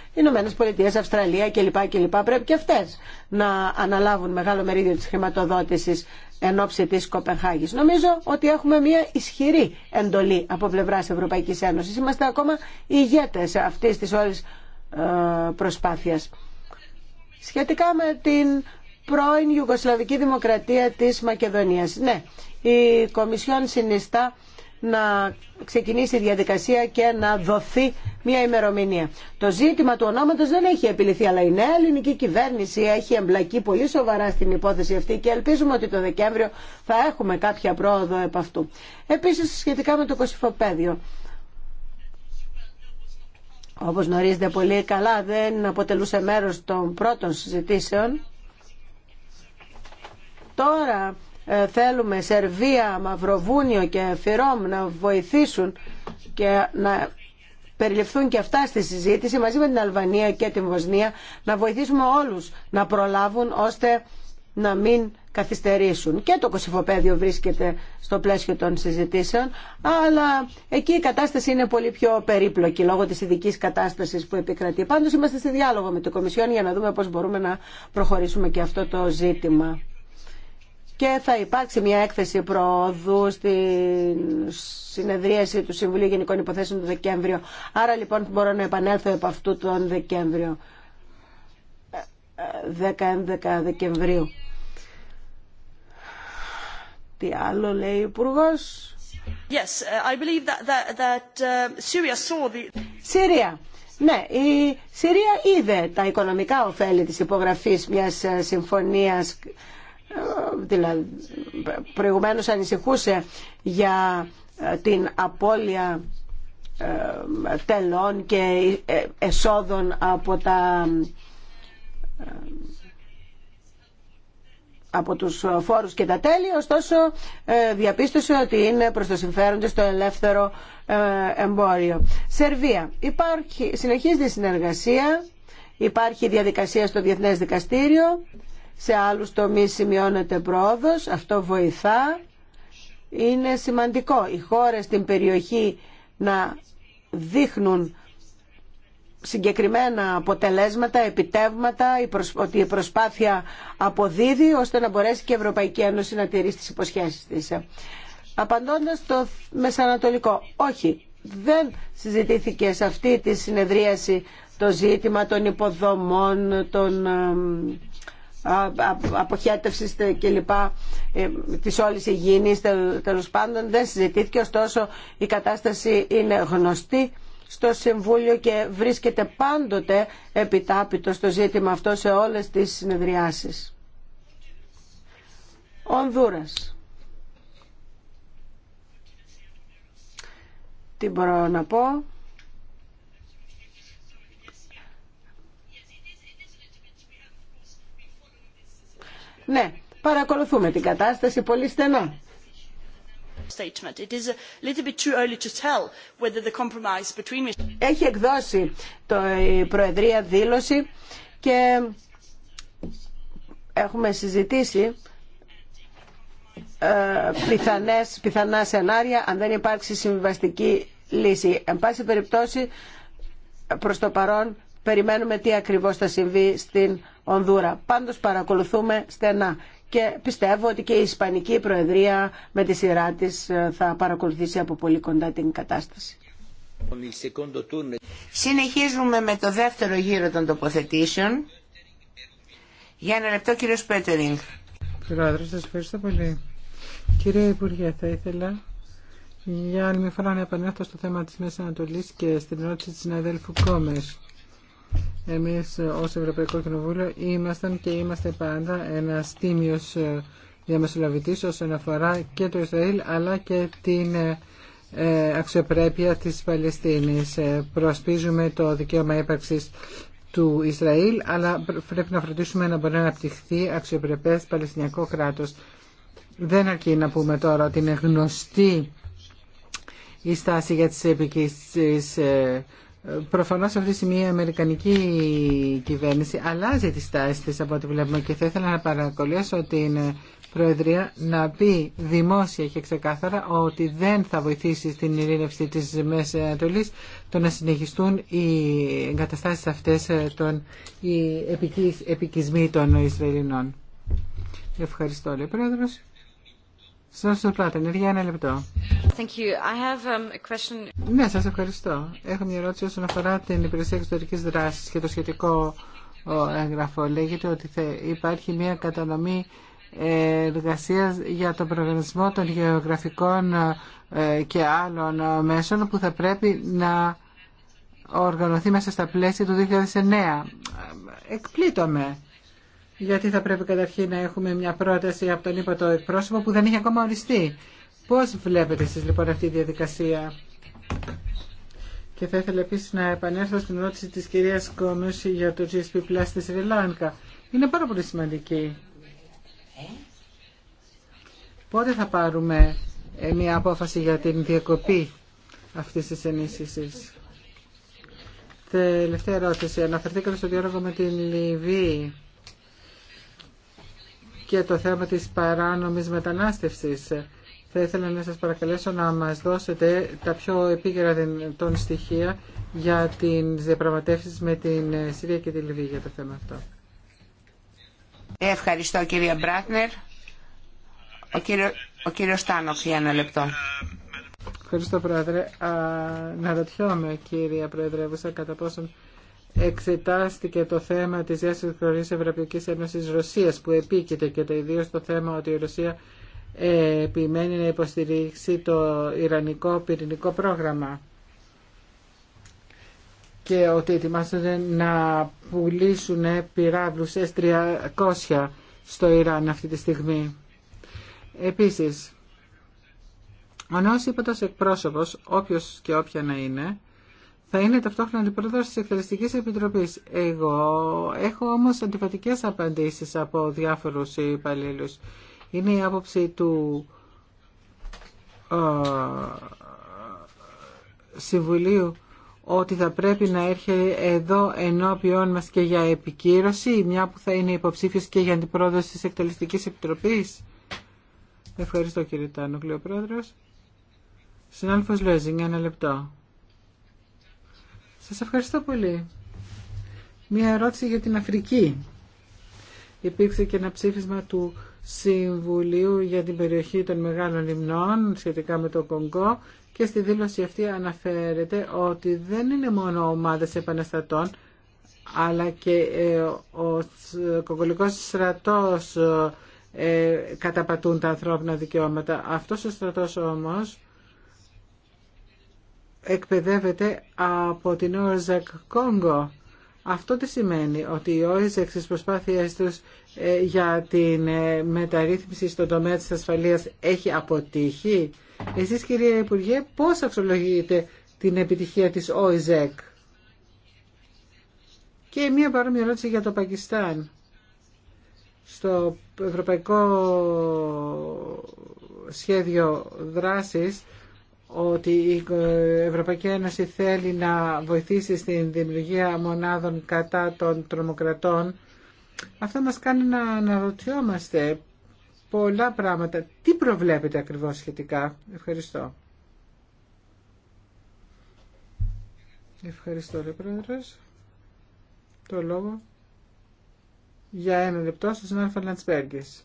Speaker 3: οι Ηνωμένες Πολιτείες, Αυστραλία κλπ. κλπ. πρέπει και αυτές να αναλάβουν μεγάλο μερίδιο της χρηματοδότησης εν ώψη της Κοπενχάγης. Νομίζω ότι έχουμε μια ισχυρή εντολή από πλευράς Ευρωπαϊκής Ένωσης. Είμαστε ακόμα ηγέτες αυτής της όλης ε, προσπάθειας. Σχετικά με την πρώην Ιουγκοσλαβική Δημοκρατία της Μακεδονίας. Ναι, η Κομισιόν συνιστά να ξεκινήσει η διαδικασία και να δοθεί μια ημερομηνία. Το ζήτημα του ονόματος δεν έχει επιληθεί, αλλά η νέα ελληνική κυβέρνηση έχει εμπλακεί πολύ σοβαρά στην υπόθεση αυτή και ελπίζουμε ότι το Δεκέμβριο θα έχουμε κάποια πρόοδο επ' αυτού. Επίσης, σχετικά με το Κωσυφοπαίδιο. Όπως γνωρίζετε πολύ καλά, δεν αποτελούσε μέρος των πρώτων συζητήσεων. Τώρα ε, θέλουμε Σερβία, Μαυροβούνιο και Φιρόμ να βοηθήσουν και να περιληφθούν και αυτά στη συζήτηση μαζί με την Αλβανία και την Βοσνία να βοηθήσουμε όλους να προλάβουν ώστε να μην καθυστερήσουν. Και το Κωσυφοπαίδιο βρίσκεται στο πλαίσιο των συζητήσεων, αλλά εκεί η κατάσταση είναι πολύ πιο περίπλοκη λόγω της ειδικής κατάστασης που επικρατεί. Πάντως είμαστε στη διάλογο με το Κομισιόν για να δούμε πώς μπορούμε να προχωρήσουμε και αυτό το ζήτημα και θα υπάρξει μια έκθεση προοδού στη συνεδρίαση του Συμβουλίου Γενικών Υποθέσεων του Δεκέμβριο. Άρα λοιπόν μπορώ να επανέλθω από αυτού τον Δεκέμβριο. 10-11 Δεκεμβρίου. Τι άλλο λέει ο Υπουργό.
Speaker 6: Yes, I believe that, that, um, Syria saw the...
Speaker 3: Συρία. Ναι, η Συρία είδε τα οικονομικά ωφέλη της υπογραφής μιας ε, συμφωνίας δηλαδή προηγουμένως ανησυχούσε για ε, την απώλεια ε, τελών και ε, εσόδων από τα από τους φόρους και τα τέλη, ωστόσο διαπίστωσε ότι είναι προς το συμφέρον στο ελεύθερο εμπόριο. Σερβία. Υπάρχει, συνεχίζεται η συνεργασία, υπάρχει διαδικασία στο Διεθνές Δικαστήριο σε άλλους τομείς σημειώνεται πρόοδος, αυτό βοηθά. Είναι σημαντικό οι χώρες στην περιοχή να δείχνουν συγκεκριμένα αποτελέσματα, επιτεύγματα, ότι η προσπάθεια αποδίδει ώστε να μπορέσει και η Ευρωπαϊκή Ένωση να τηρήσει τις υποσχέσεις της. Απαντώντας το Μεσανατολικό, όχι, δεν συζητήθηκε σε αυτή τη συνεδρίαση το ζήτημα των υποδομών, των Αποχέτευση και λοιπά ε, της όλης υγιεινής τέλος πάντων δεν συζητήθηκε ωστόσο η κατάσταση είναι γνωστή στο Συμβούλιο και βρίσκεται πάντοτε επιτάπητο στο ζήτημα αυτό σε όλες τις συνεδριάσεις. Ονδούρας. Τι μπορώ να πω. Ναι, παρακολουθούμε την κατάσταση πολύ στενά. Έχει εκδώσει το, η Προεδρία δήλωση και έχουμε συζητήσει ε, πιθανές, πιθανά σενάρια αν δεν υπάρξει συμβιβαστική λύση. Εν πάση περιπτώσει, προς το παρόν, περιμένουμε τι ακριβώς θα συμβεί στην Ονδούρα. Πάντως παρακολουθούμε στενά και πιστεύω ότι και η Ισπανική Προεδρία με τη σειρά της ε, θα παρακολουθήσει από πολύ κοντά την κατάσταση.
Speaker 1: Συνεχίζουμε
Speaker 3: με το δεύτερο
Speaker 4: γύρο των τοποθετήσεων.
Speaker 1: Για ένα λεπτό κύριο Πέτερινγκ.
Speaker 4: Πρόεδρε, σας ευχαριστώ πολύ. Κύριε Υπουργέ, θα ήθελα για άλλη μια φορά να επανέλθω στο θέμα τη Μέσης Ανατολή και στην ερώτηση τη συναδέλφου Κόμερ. Εμείς ως Ευρωπαϊκό Κοινοβούλιο ήμασταν και είμαστε πάντα ένα τίμιος ε, διαμεσολαβητής όσον αφορά και το Ισραήλ αλλά και την ε, ε, αξιοπρέπεια της Παλαιστίνης. Προσπίζουμε το δικαίωμα ύπαρξης του Ισραήλ, αλλά πρέπει να φροντίσουμε να μπορεί να αναπτυχθεί αξιοπρεπές Παλαιστινιακό κράτος. Δεν αρκεί να πούμε τώρα ότι είναι γνωστή η στάση για τις επικίσεις Προφανώς αυτή τη στιγμή η Αμερικανική κυβέρνηση αλλάζει τι τάσει τη από ό,τι βλέπουμε και θα ήθελα να παρακολουθήσω την Προεδρία να πει δημόσια και ξεκάθαρα ότι δεν θα βοηθήσει στην ειρήνευση τη μέση Ανατολή το να συνεχιστούν οι εγκαταστάσει αυτές των οι επικισμοί των Ισραηλινών. Ευχαριστώ, λέει Πρόεδρος. Σας ένα λεπτό.
Speaker 5: Thank you. Um,
Speaker 4: ναι, σας ευχαριστώ. Έχω μια ερώτηση όσον αφορά την υπηρεσία εξωτερική δράση και το σχετικό έγγραφο. Λέγεται ότι υπάρχει μια κατανομή ε, εργασία για τον προγραμματισμό των γεωγραφικών ε, και άλλων ε, μέσων που θα πρέπει να οργανωθεί μέσα στα πλαίσια του 2009. Εκπλήττομαι γιατί θα πρέπει καταρχήν να έχουμε μια πρόταση από τον το εκπρόσωπο που δεν έχει ακόμα οριστεί. Πώς βλέπετε εσείς λοιπόν αυτή τη διαδικασία. Και θα ήθελα επίση να επανέλθω στην ερώτηση της κυρίας Κόμους για το GSP Plus στη Σρι Είναι πάρα πολύ σημαντική. Πότε θα πάρουμε ε, μια απόφαση για την διακοπή αυτής της ενίσχυσης. Τελευταία ερώτηση. Αναφερθήκατε στο διάλογο με την Λιβύη και το θέμα της παράνομης μετανάστευσης. Θα ήθελα να σας παρακαλέσω να μας δώσετε τα πιο επίκαιρα των στοιχεία για την διαπραγματεύσεις με την ε, Συρία και τη Λιβύη για το θέμα αυτό.
Speaker 2: Ευχαριστώ κυρία Μπράτνερ. Ο κύριο, κύριος Τάνοφ για ένα λεπτό.
Speaker 4: Ευχαριστώ πρόεδρε. Α, να ρωτιόμαι κύρια Πρόεδρε, κατά πόσον εξετάστηκε το θέμα της διάστασης της Ευρωπαϊκής Ένωσης Ρωσίας που επίκειται και το ιδίως το θέμα ότι η Ρωσία ε, επιμένει να υποστηρίξει το Ιρανικό πυρηνικό πρόγραμμα και ότι ετοιμάζονται να πουλήσουν πυράβλους S300 στο Ιράν αυτή τη στιγμή. Επίσης, ο νέος υπότος εκπρόσωπος, όποιος και όποια να είναι, θα είναι ταυτόχρονα αντιπρόεδρος της Εκτελεστικής Επιτροπής. Εγώ έχω όμως αντιφατικές απαντήσεις από διάφορους υπαλλήλου. Είναι η άποψη του ε, Συμβουλίου ότι θα πρέπει να έρχεται εδώ ενώπιόν μας και για επικύρωση, μια που θα είναι υποψήφιος και για αντιπρόεδρος της Εκτελεστικής Επιτροπής. Ευχαριστώ κύριε Τάνο, Πρόεδρος. Συνάλφος Λέζινγκ, ένα λεπτό. Σας ευχαριστώ πολύ. Μία ερώτηση για την Αφρική. Υπήρξε και ένα ψήφισμα του Συμβουλίου για την περιοχή των Μεγάλων Λιμνών σχετικά με το Κονγκό και στη δήλωση αυτή αναφέρεται ότι δεν είναι μόνο ομάδες επαναστατών αλλά και ε, ο κογκολικός στρατός ε, καταπατούν τα ανθρώπινα δικαιώματα. Αυτός ο στρατός όμως εκπαιδεύεται από την ΟΙΖΕΚ Κόγκο. Αυτό τι σημαίνει ότι η ΟΙΖΕΚ στις προσπάθειές τους ε, για την ε, μεταρρύθμιση στον τομέα της ασφαλείας έχει αποτύχει. Εσείς κυρία Υπουργέ πώς αξιολογείτε την επιτυχία της ΟΙΖΕΚ. Και μία παρόμοια ερώτηση για το Πακιστάν. Στο ευρωπαϊκό σχέδιο δράσης ότι η Ευρωπαϊκή Ένωση θέλει να βοηθήσει στην δημιουργία μονάδων κατά των τρομοκρατών, αυτό μας κάνει να αναρωτιόμαστε πολλά πράγματα. Τι προβλέπετε ακριβώς σχετικά. Ευχαριστώ. Ευχαριστώ, ρε Το λόγο για ένα λεπτό στον Αλφα Λαντσπέργκης.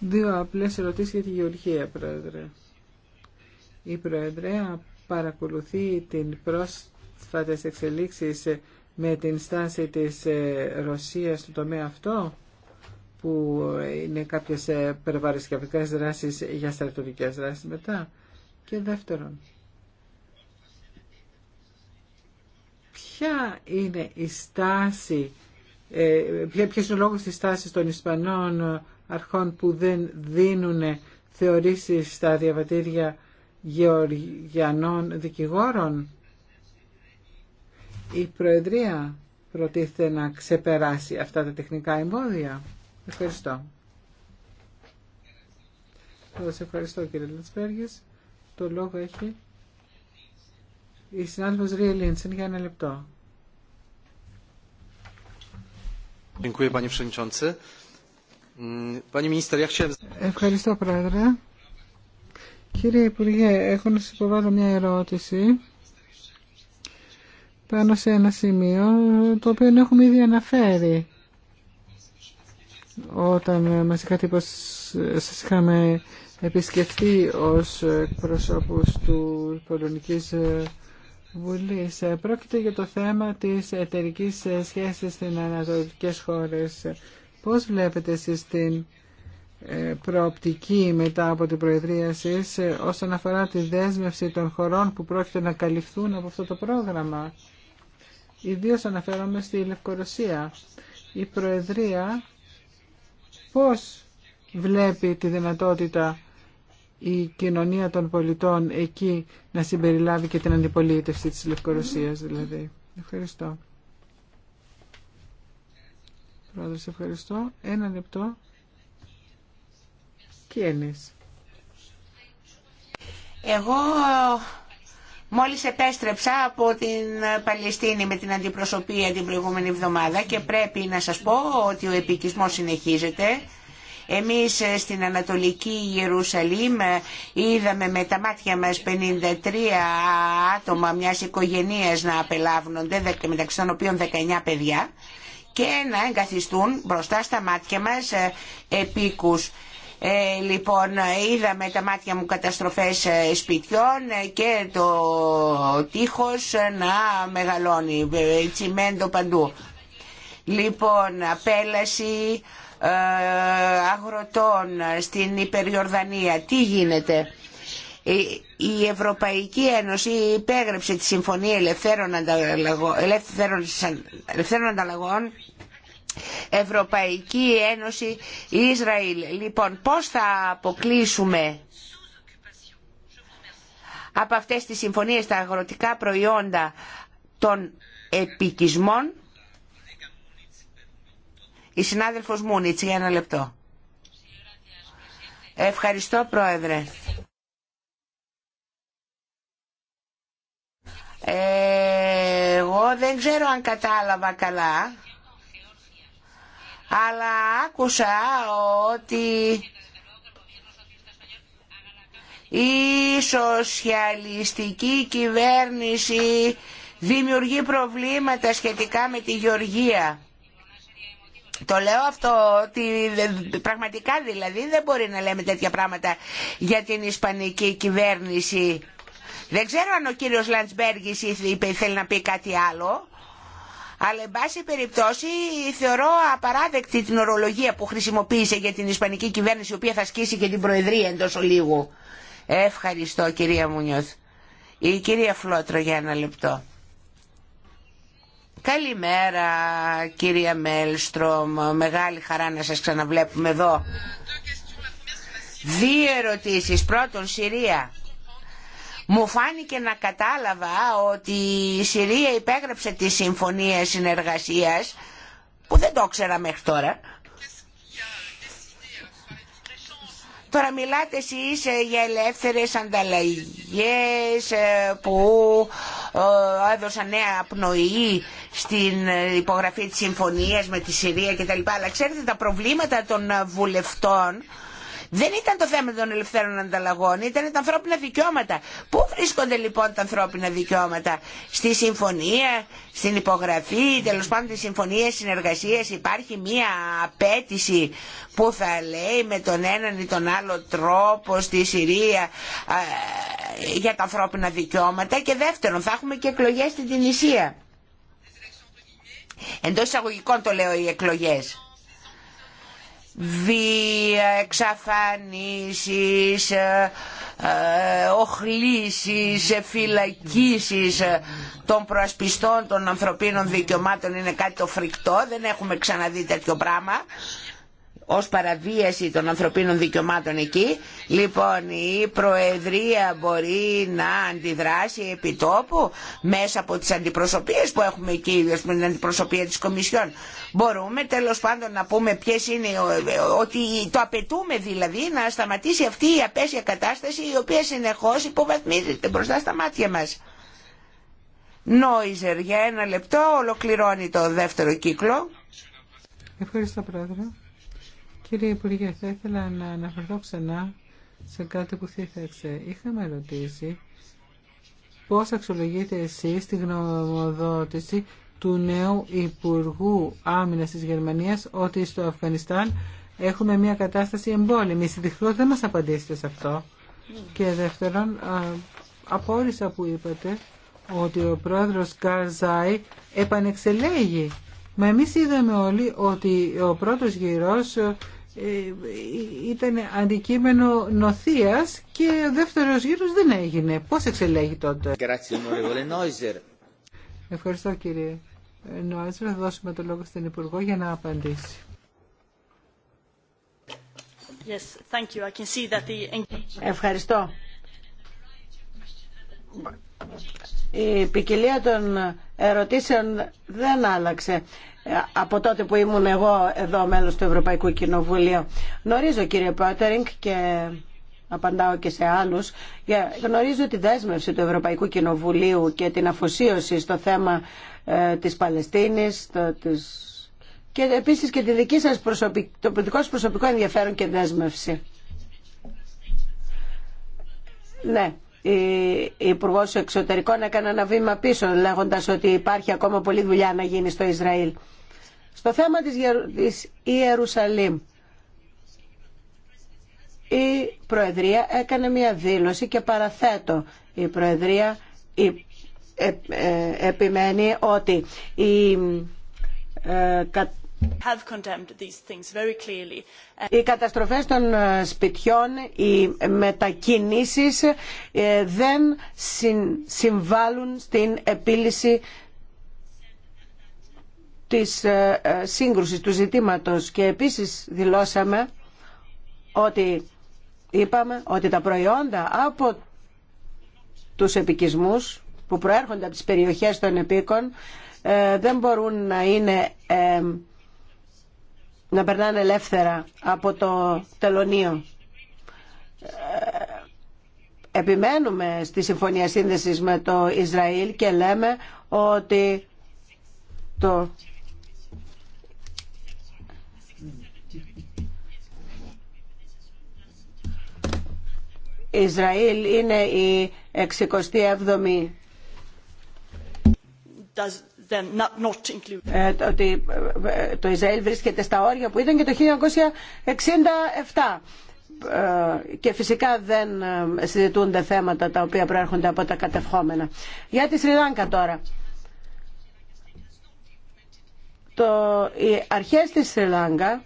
Speaker 4: Δύο απλές ερωτήσεις για τη Γεωργία, Πρόεδρε. Η Προεδρέα παρακολουθεί την πρόσφατες εξελίξεις με την στάση της ε, Ρωσίας στο τομέα αυτό που είναι κάποιες ε, περιβαρισκευικές δράσεις για στρατιωτικές δράσεις μετά. Και δεύτερον, ποια είναι η στάση ε, ποιος είναι ο λόγος της τάσης των Ισπανών ε, αρχών που δεν δίνουν θεωρήσεις στα διαβατήρια γεωργιανών δικηγόρων. Η Προεδρία προτίθεται να ξεπεράσει αυτά τα τεχνικά εμπόδια. Ευχαριστώ. Σας ευχαριστώ κύριε Λετσπέργης. Το λόγο έχει η συνάδελφος Ρία Λίντσεν για ένα λεπτό. Mm, Ευχαριστώ, Πρόεδρε. Κύριε Υπουργέ, έχω να σας υποβάλω μια ερώτηση πάνω σε ένα σημείο το οποίο έχουμε ήδη αναφέρει όταν μας είχατε σας είχαμε επισκεφτεί ως εκπροσώπους του Πολωνικής ε, Βουλής. Πρόκειται για το θέμα της εταιρική σχέσης στην ανατολικές χώρες. Πώς βλέπετε εσείς την ε, προοπτική μετά από την Προεδρία σας ε, όσον αφορά τη δέσμευση των χωρών που πρόκειται να καλυφθούν από αυτό το πρόγραμμα. Ιδίως αναφέρομαι στη Λευκορωσία. Η Προεδρία πώς βλέπει τη δυνατότητα η κοινωνία των πολιτών εκεί να συμπεριλάβει και την αντιπολίτευση της Λευκορωσίας δηλαδή. Ευχαριστώ. Πρόεδρος, ευχαριστώ. Ένα λεπτό.
Speaker 2: Εγώ μόλις επέστρεψα από την Παλαιστίνη με την αντιπροσωπεία την προηγούμενη εβδομάδα και πρέπει να σας πω ότι ο επικισμός συνεχίζεται εμείς ε, στην Ανατολική Ιερουσαλήμ ε, είδαμε με τα μάτια μας 53 άτομα μιας οικογένειας να απελάβνονται, μεταξύ των οποίων 19 παιδιά, και να εγκαθιστούν μπροστά στα μάτια μας ε, επίκους. Ε, λοιπόν, είδαμε τα μάτια μου καταστροφές σπιτιών και το τείχος να μεγαλώνει, τσιμέντο παντού. Λοιπόν, απέλαση, ε, αγροτών στην Υπεριορδανία. Τι γίνεται. Ε, η Ευρωπαϊκή Ένωση υπέγραψε τη Συμφωνία Ελευθέρων Ανταλλαγών, Ανταλλαγών Ευρωπαϊκή Ένωση Ισραήλ. Λοιπόν, πώς θα αποκλείσουμε από αυτές τις συμφωνίες τα αγροτικά προϊόντα των επικισμών η συνάδελφος Μούνιτς για ένα λεπτό. Ευχαριστώ πρόεδρε. Ε, εγώ δεν ξέρω αν κατάλαβα καλά, αλλά άκουσα ότι η σοσιαλιστική κυβέρνηση δημιουργεί προβλήματα σχετικά με τη Γεωργία. Το λέω αυτό ότι πραγματικά δηλαδή δεν μπορεί να λέμε τέτοια πράγματα για την ισπανική κυβέρνηση. Δεν ξέρω αν ο κύριος Λαντσμπέργης θέλει να πει κάτι άλλο. Αλλά εν πάση περιπτώσει θεωρώ απαράδεκτη την ορολογία που χρησιμοποίησε για την ισπανική κυβέρνηση η οποία θα σκίσει και την προεδρία εντός ολίγου. Ευχαριστώ κυρία Μουνιώθ. Η κυρία Φλότρο για ένα λεπτό. Καλημέρα κυρία Μέλστρομ, μεγάλη χαρά να σας ξαναβλέπουμε εδώ. Δύο ερωτήσεις. Πρώτον, Συρία. Μου φάνηκε να κατάλαβα ότι η Συρία υπέγραψε τη Συμφωνία Συνεργασίας, που δεν το ξέρα μέχρι τώρα, Τώρα μιλάτε εσείς ε, για ελεύθερες ανταλλαγές ε, που ε, έδωσαν νέα απνοή στην υπογραφή της συμφωνίας με τη Συρία κτλ. Αλλά ξέρετε τα προβλήματα των βουλευτών δεν ήταν το θέμα των ελευθέρων ανταλλαγών, ήταν τα ανθρώπινα δικαιώματα. Πού βρίσκονται λοιπόν τα ανθρώπινα δικαιώματα, στη συμφωνία, στην υπογραφή, τέλο πάντων τη συμφωνία συνεργασία υπάρχει μία απέτηση που θα λέει με τον έναν ή τον άλλο τρόπο στη Συρία για τα ανθρώπινα δικαιώματα και δεύτερον θα έχουμε και εκλογέ στην Τινησία. Εντό εισαγωγικών το λέω οι εκλογές βία, εξαφανίσεις, ε, ε, οχλήσεις, ε, φυλακίσεις των προασπιστών των ανθρωπίνων δικαιωμάτων είναι κάτι το φρικτό, δεν έχουμε ξαναδεί τέτοιο πράγμα ως παραβίαση των ανθρωπίνων δικαιωμάτων εκεί. Λοιπόν, η Προεδρία μπορεί να αντιδράσει επί τόπου μέσα από τις αντιπροσωπείες που έχουμε εκεί, ας πούμε την αντιπροσωπεία της Κομισιόν. Μπορούμε τέλος πάντων να πούμε ποιες είναι, ότι το απαιτούμε δηλαδή να σταματήσει αυτή η απέσια κατάσταση η οποία συνεχώς υποβαθμίζεται μπροστά στα μάτια μας. Νόιζερ για ένα λεπτό ολοκληρώνει το δεύτερο κύκλο.
Speaker 4: Ευχαριστώ πρόεδρε. Κύριε Υπουργέ, θα ήθελα να αναφερθώ ξανά σε κάτι που θύθεξε. Είχαμε ρωτήσει πώς αξιολογείτε εσείς τη γνωμοδότηση του νέου Υπουργού Άμυνας της Γερμανίας ότι στο Αφγανιστάν έχουμε μια κατάσταση εμπόλεμη. Συντυχώς δεν μας απαντήσετε σε αυτό. Και δεύτερον, απόρρισα που είπατε ότι ο πρόεδρος Καρζάη επανεξελέγει. Μα εμείς είδαμε όλοι ότι ο πρώτος γύρος ε, ήταν αντικείμενο νοθείας και ο δεύτερος γύρος δεν έγινε. Πώς εξελέγει τότε. Ευχαριστώ κύριε Νόιζερ. Θα δώσουμε το λόγο στην Υπουργό για να απαντήσει.
Speaker 6: Yes, thank you. I can see that the...
Speaker 3: Ευχαριστώ. Η ποικιλία των ερωτήσεων δεν άλλαξε από τότε που ήμουν εγώ εδώ μέλος του Ευρωπαϊκού Κοινοβουλίου. Γνωρίζω κύριε Πότερινγκ και απαντάω και σε άλλους, γνωρίζω τη δέσμευση του Ευρωπαϊκού Κοινοβουλίου και την αφοσίωση στο θέμα ε, της Παλαιστίνης, της... και επίσης και τη δική σας προσωπικ... το δικό σας προσωπικό ενδιαφέρον και δέσμευση. Ναι, Υπουργό Εξωτερικών έκανε ένα βήμα πίσω λέγοντας ότι υπάρχει ακόμα πολλή δουλειά να γίνει στο Ισραήλ. Στο θέμα της Ιερουσαλήμ, η Προεδρία έκανε μια δήλωση και παραθέτω. Η Προεδρία ε, ε, επιμένει ότι η ε, οι καταστροφές των ε, σπιτιών, οι μετακινήσεις ε, δεν συμβάλλουν στην επίλυση της ε, σύγκρουσης του ζητήματος και επίσης δηλώσαμε ότι είπαμε ότι τα προϊόντα από τους επικισμούς που προέρχονται από τις περιοχές των επίκων δεν μπορούν να είναι να περνάνε ελεύθερα από το Τελωνείο. Ε, επιμένουμε στη Συμφωνία Σύνδεσης με το Ισραήλ και λέμε ότι το Ισραήλ είναι η 67η ε, ε, ε, το Ισραήλ βρίσκεται στα όρια που ήταν και το 1967 και φυσικά δεν συζητούνται θέματα τα οποία προέρχονται από τα κατευχόμενα. Για τη Σριλάνκα τώρα. Το, οι αρχές της Σριλάνκα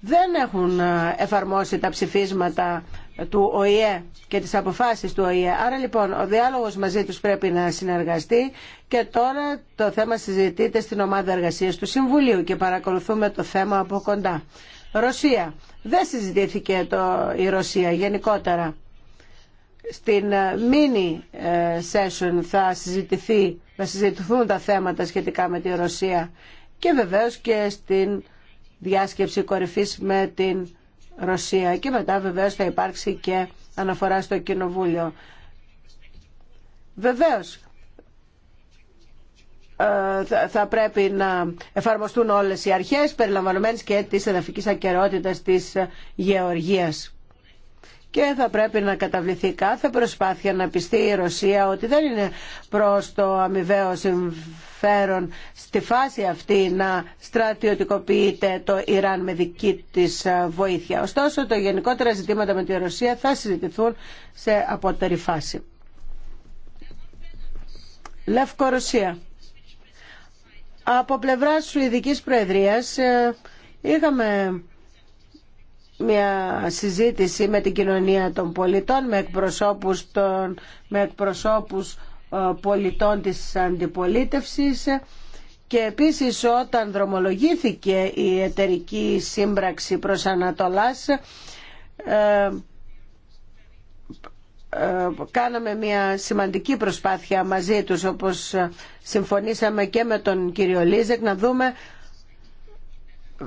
Speaker 3: δεν έχουν εφαρμόσει τα ψηφίσματα του ΟΗΕ και τις αποφάσεις του ΟΗΕ. Άρα λοιπόν ο διάλογος μαζί τους πρέπει να συνεργαστεί και τώρα το θέμα συζητείται στην ομάδα εργασίας του Συμβουλίου και παρακολουθούμε το θέμα από κοντά. Ρωσία. Δεν συζητήθηκε το, η Ρωσία γενικότερα. Στην ε, mini ε, session θα, συζητηθεί, θα συζητηθούν τα θέματα σχετικά με τη Ρωσία και βεβαίως και στην διάσκεψη κορυφής με την Ρωσία και μετά βεβαίως θα υπάρξει και αναφορά στο Κοινοβούλιο. Βεβαίως ε, θα πρέπει να εφαρμοστούν όλες οι αρχές περιλαμβανομένες και της εδαφικής ακαιρεότητας της ε, Γεωργίας και θα πρέπει να καταβληθεί κάθε προσπάθεια να πιστεί η Ρωσία ότι δεν είναι προς το αμοιβαίο συμφέρον στη φάση αυτή να στρατιωτικοποιείται το Ιράν με δική της βοήθεια. Ωστόσο, τα γενικότερα ζητήματα με τη Ρωσία θα συζητηθούν σε απότερη φάση. Λεύκο Ρωσία. Από πλευράς Σουηδικής Προεδρίας ε, είχαμε μια συζήτηση με την κοινωνία των πολιτών, με εκπροσώπους, των, με εκπροσώπους ε, πολιτών της αντιπολίτευσης και επίσης όταν δρομολογήθηκε η εταιρική σύμπραξη προς Ανατολάς ε, ε, κάναμε μια σημαντική προσπάθεια μαζί τους όπως συμφωνήσαμε και με τον κύριο Λίζεκ να δούμε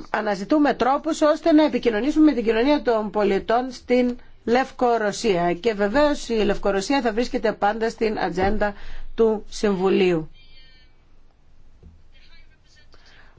Speaker 3: αναζητούμε τρόπους ώστε να επικοινωνήσουμε με την κοινωνία των πολιτών στην Λευκορωσία. Και βεβαίως η Λευκορωσία θα βρίσκεται πάντα στην ατζέντα του Συμβουλίου.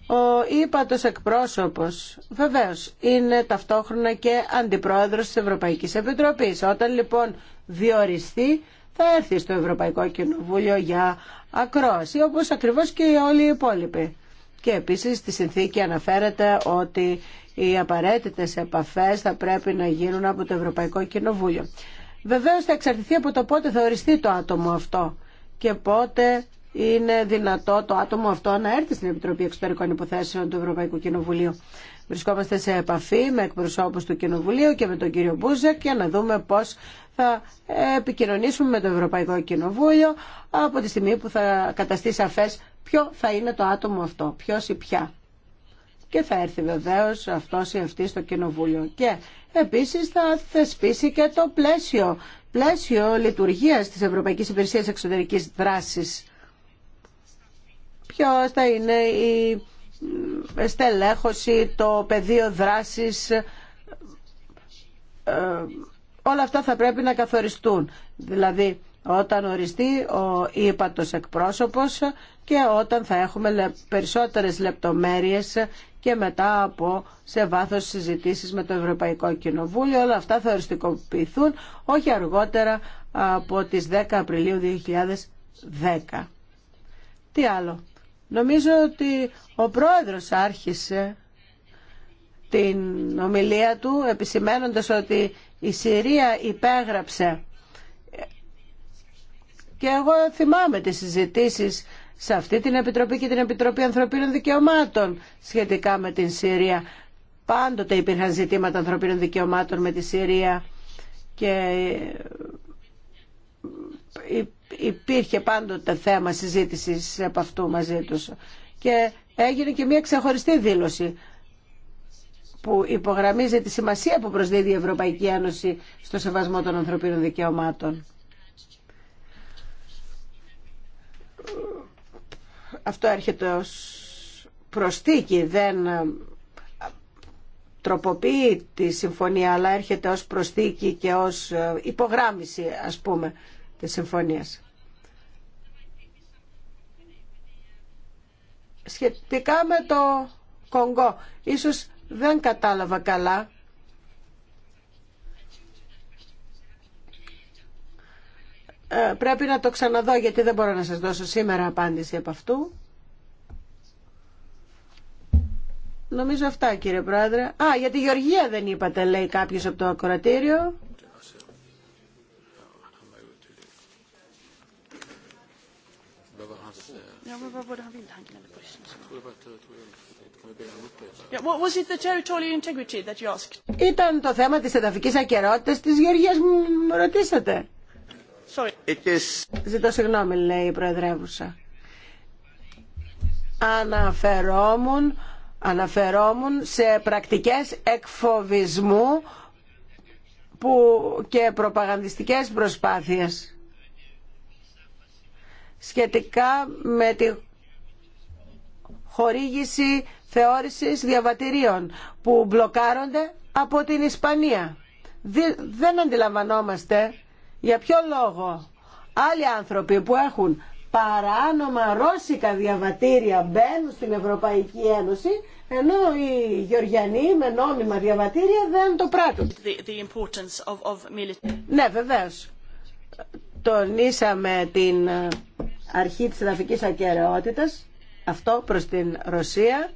Speaker 3: Ο ύπατος εκπρόσωπος βεβαίως είναι ταυτόχρονα και αντιπρόεδρος της Ευρωπαϊκής Επιτροπής. Όταν λοιπόν διοριστεί θα έρθει στο Ευρωπαϊκό Κοινοβούλιο για ακρόαση όπως ακριβώς και όλοι οι υπόλοιποι. Και επίσης στη συνθήκη αναφέρεται ότι οι απαραίτητες επαφές θα πρέπει να γίνουν από το Ευρωπαϊκό Κοινοβούλιο. Βεβαίως θα εξαρτηθεί από το πότε θα οριστεί το άτομο αυτό και πότε είναι δυνατό το άτομο αυτό να έρθει στην Επιτροπή Εξωτερικών Υποθέσεων του Ευρωπαϊκού Κοινοβουλίου. Βρισκόμαστε σε επαφή με εκπροσώπους του Κοινοβουλίου και με τον κύριο Μπούζεκ για να δούμε πώς θα επικοινωνήσουμε με το Ευρωπαϊκό Κοινοβούλιο από τη στιγμή που θα καταστεί σαφές ποιο θα είναι το άτομο αυτό, ποιο ή ποια. Και θα έρθει βεβαίω αυτός ή αυτή στο κοινοβούλιο. Και επίσης θα θεσπίσει και το πλαίσιο, πλαίσιο λειτουργίας της Ευρωπαϊκή Υπηρεσία Εξωτερική δράση. Ποιο θα είναι η ε, στελέχωση, το πεδίο δράσης, ε, ε, όλα αυτά θα πρέπει να καθοριστούν. Δηλαδή όταν οριστεί ο ύπατος εκπρόσωπος και όταν θα έχουμε περισσότερες λεπτομέρειες και μετά από σε βάθος συζητήσεις με το Ευρωπαϊκό Κοινοβούλιο. Όλα αυτά θα οριστικοποιηθούν όχι αργότερα από τις 10 Απριλίου 2010. Τι άλλο. Νομίζω ότι ο πρόεδρος άρχισε την ομιλία του επισημένοντας ότι η Συρία υπέγραψε και εγώ θυμάμαι τις συζητήσεις σε αυτή την Επιτροπή και την Επιτροπή Ανθρωπίνων Δικαιωμάτων σχετικά με την Συρία. Πάντοτε υπήρχαν ζητήματα ανθρωπίνων δικαιωμάτων με τη Συρία και ε, υπήρχε πάντοτε θέμα συζήτησης από αυτού μαζί τους. Και έγινε και μια ξεχωριστή δήλωση που υπογραμμίζει τη σημασία που προσδίδει η Ευρωπαϊκή Ένωση στο σεβασμό των ανθρωπίνων δικαιωμάτων. αυτό έρχεται ως προστίκη, δεν ε, τροποποιεί τη συμφωνία, αλλά έρχεται ως προστίκη και ως ε, υπογράμμιση, ας πούμε, της συμφωνίας. Σχετικά με το Κονγκό, ίσως δεν κατάλαβα καλά Ε, πρέπει να το ξαναδώ γιατί δεν μπορώ να σας δώσω σήμερα απάντηση από αυτού. Νομίζω αυτά κύριε Πρόεδρε. Α, για τη Γεωργία δεν είπατε λέει κάποιος από το ακροατήριο. Ήταν το θέμα της εδαφικής ακερότητας της Γεωργίας μου ρωτήσατε. Ζητώ συγγνώμη, λέει η Προεδρεύουσα. Αναφερόμουν, αναφερόμουν σε πρακτικές εκφοβισμού που και προπαγανδιστικές προσπάθειες σχετικά με τη χορήγηση θεώρησης διαβατηρίων που μπλοκάρονται από την Ισπανία. Δεν αντιλαμβανόμαστε για ποιο λόγο άλλοι άνθρωποι που έχουν παράνομα ρώσικα διαβατήρια μπαίνουν στην Ευρωπαϊκή Ένωση ενώ οι Γεωργιανοί με νόμιμα διαβατήρια δεν το πράττουν.
Speaker 6: The, the of, of...
Speaker 3: Ναι, βεβαίω. Τονίσαμε την ε, αρχή της εδαφικής ακαιρεότητας, αυτό προς την Ρωσία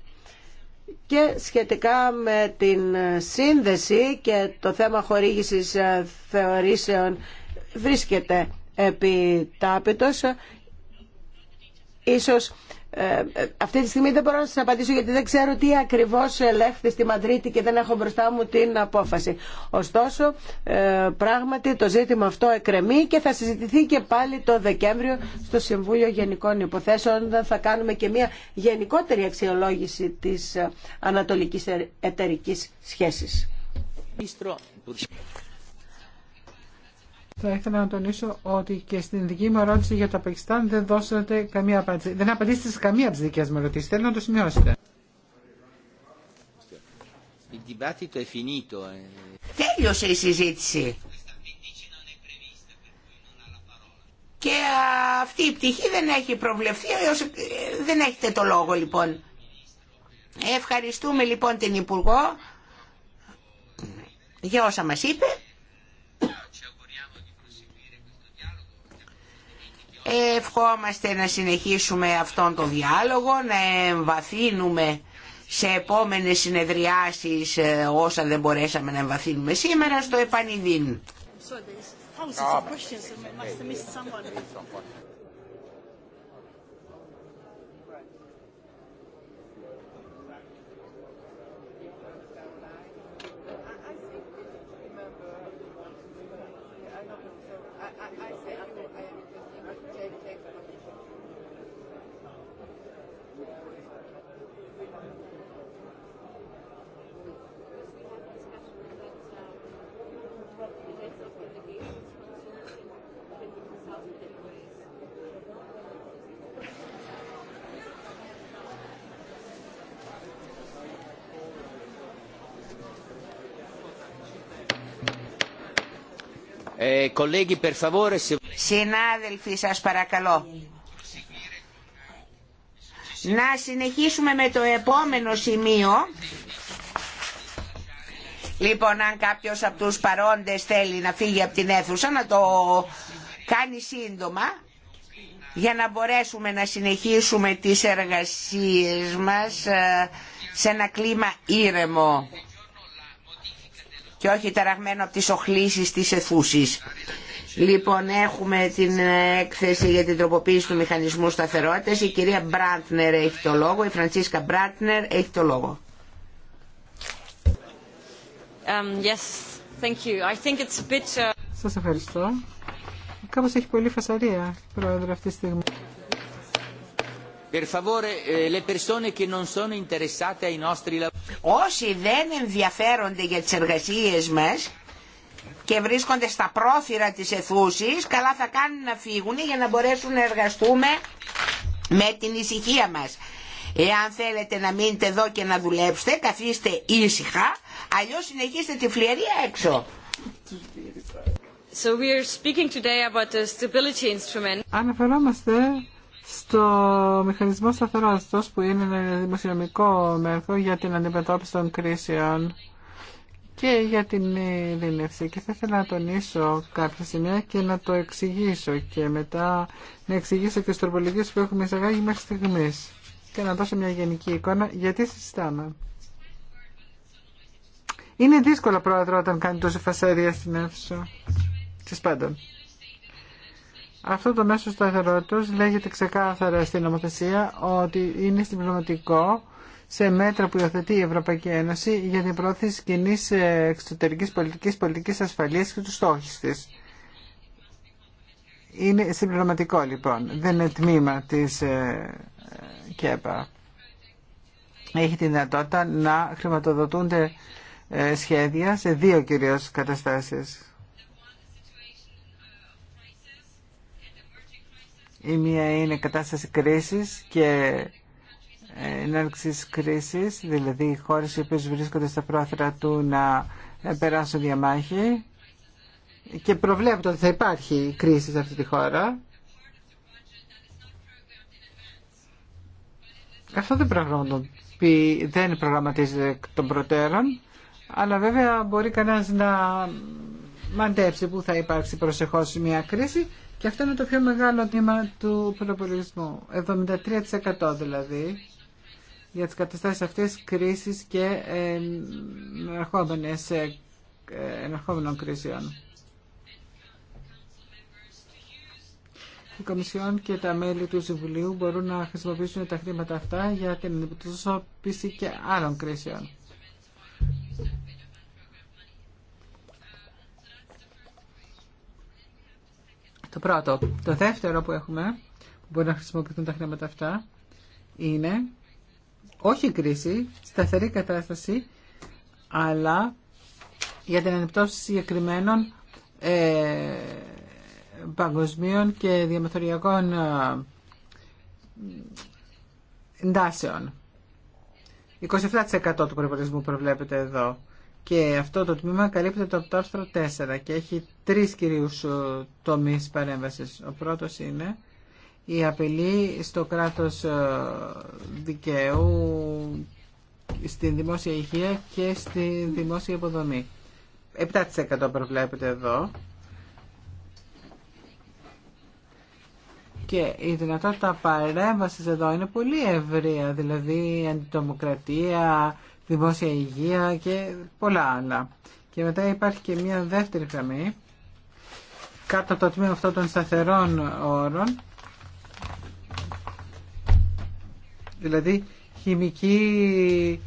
Speaker 3: και σχετικά με την ε, σύνδεση και το θέμα χορήγησης ε, θεωρήσεων βρίσκεται επί Ίσως ε, αυτή τη στιγμή δεν μπορώ να σας απαντήσω γιατί δεν ξέρω τι ακριβώς ελέγχθη στη Μαδρίτη και δεν έχω μπροστά μου την απόφαση. Ωστόσο, ε, πράγματι το ζήτημα αυτό εκκρεμεί και θα συζητηθεί και πάλι το Δεκέμβριο στο Συμβούλιο Γενικών Υποθέσεων όταν θα κάνουμε και μια γενικότερη αξιολόγηση τη ανατολική εταιρική σχέση.
Speaker 4: Θα ήθελα να τονίσω ότι και στην δική μου ερώτηση για το Πακιστάν δεν δώσατε καμία απάντηση. Δεν απαντήσετε σε καμία από τι δικέ μου ερωτήσει. Θέλω να το σημειώσετε.
Speaker 1: Eh.
Speaker 4: Τέλειωσε η συζήτηση.
Speaker 2: Και αυτή η πτυχή δεν έχει προβλεφθεί, ε, δεν έχετε το λόγο λοιπόν. Ευχαριστούμε λοιπόν την Υπουργό για όσα μας είπε. Ευχόμαστε να συνεχίσουμε αυτόν τον διάλογο, να εμβαθύνουμε σε επόμενες συνεδριάσεις ε, όσα δεν μπορέσαμε να εμβαθύνουμε σήμερα στο επανειδήν. Συνάδελφοι σας παρακαλώ. Να συνεχίσουμε με το επόμενο σημείο. Λοιπόν, αν κάποιος από τους παρόντες θέλει να φύγει από την αίθουσα, να το κάνει σύντομα, για να μπορέσουμε να συνεχίσουμε τις εργασίες μας ε, σε ένα κλίμα ήρεμο και όχι ταραγμένο από τις οχλήσεις της εθούσης. Λοιπόν, έχουμε την έκθεση για την τροποποίηση του μηχανισμού σταθερότητας. Η κυρία Μπράντνερ έχει το λόγο, η Φραντσίσκα Μπράντνερ έχει το λόγο.
Speaker 6: Um, yes, thank you. I think it's a bit... Uh,
Speaker 4: Σας ευχαριστώ. Κάπως έχει πολύ φασαρία, Πρόεδρε, αυτή τη στιγμή.
Speaker 1: Όσοι
Speaker 2: δεν ενδιαφέρονται για τις εργασίες μας και βρίσκονται στα πρόθυρα της εθούσης καλά θα κάνουν να φύγουν για να μπορέσουν να εργαστούμε με την ησυχία μας. Εάν θέλετε να μείνετε εδώ και να δουλέψετε, καθίστε ήσυχα, αλλιώς συνεχίστε τη φλιαρία έξω.
Speaker 6: So we are speaking today about the stability instrument.
Speaker 4: Αναφερόμαστε στο μηχανισμό σταθερότητας που είναι ένα δημοσιονομικό μέρος για την αντιμετώπιση των κρίσεων και για την δίνευση. Και θα ήθελα να τονίσω κάποια σημεία και να το εξηγήσω και μετά να εξηγήσω και στους που έχουμε εισαγάγει μέχρι στιγμή και να δώσω μια γενική εικόνα γιατί συζητάμε. Είναι δύσκολο, πρόεδρο, όταν κάνει τόσο φασαρία στην αίθουσα. Τις πάντων. Αυτό το μέσο σταθερότητας λέγεται ξεκάθαρα στην νομοθεσία ότι είναι συμπληρωματικό σε μέτρα που υιοθετεί η Ευρωπαϊκή Ένωση για την πρόθεση κοινή ε, εξωτερική πολιτική, πολιτική ασφαλεία και του στόχου τη. Είναι συμπληρωματικό λοιπόν, δεν είναι τμήμα τη ε, ΚΕΠΑ. Έχει τη δυνατότητα να χρηματοδοτούνται ε, σχέδια σε δύο κυρίω καταστάσει. Η μία είναι κατάσταση κρίσης και ενάρξης κρίσης, δηλαδή οι χώρες οι οποίες βρίσκονται στα πρόθυρα του να περάσουν διαμάχη και προβλέπεται ότι θα υπάρχει κρίση σε αυτή τη χώρα. Αυτό δεν, δεν προγραμματίζεται τον των προτέρων, αλλά βέβαια μπορεί κανένας να μαντέψει που θα υπάρξει προσεχώς μια κρίση και αυτό είναι το πιο μεγάλο τμήμα του προπολογισμού. 73% δηλαδή για τις καταστάσεις αυτές κρίσης και ενερχόμενες, ε, ενερχόμενων κρίσεων. Η Κομισιόν και τα μέλη του Συμβουλίου μπορούν να χρησιμοποιήσουν τα χρήματα αυτά για την αντιμετώπιση και άλλων κρίσεων. Το πρώτο. Το δεύτερο που έχουμε, που μπορεί να χρησιμοποιηθούν τα χρήματα αυτά, είναι όχι κρίση, σταθερή κατάσταση, αλλά για την ανεπτώση συγκεκριμένων ε, παγκοσμίων και διαμεθοριακών ε, εντάσεων. 27% του προπολογισμού προβλέπεται εδώ. Και αυτό το τμήμα καλύπτεται από το άρθρο 4 και έχει τρεις κυρίους ε, τομείς παρέμβασης. Ο πρώτος είναι η απειλή στο κράτος ε, δικαίου, στην δημόσια υγεία και στη δημόσια υποδομή. 7% προβλέπεται εδώ. Και η δυνατότητα παρέμβασης εδώ είναι πολύ ευρεία, δηλαδή αντιτομοκρατία, δημόσια υγεία και πολλά άλλα. Και μετά υπάρχει και μια δεύτερη γραμμή κάτω από το τμήμα αυτό των σταθερών όρων, δηλαδή χημική,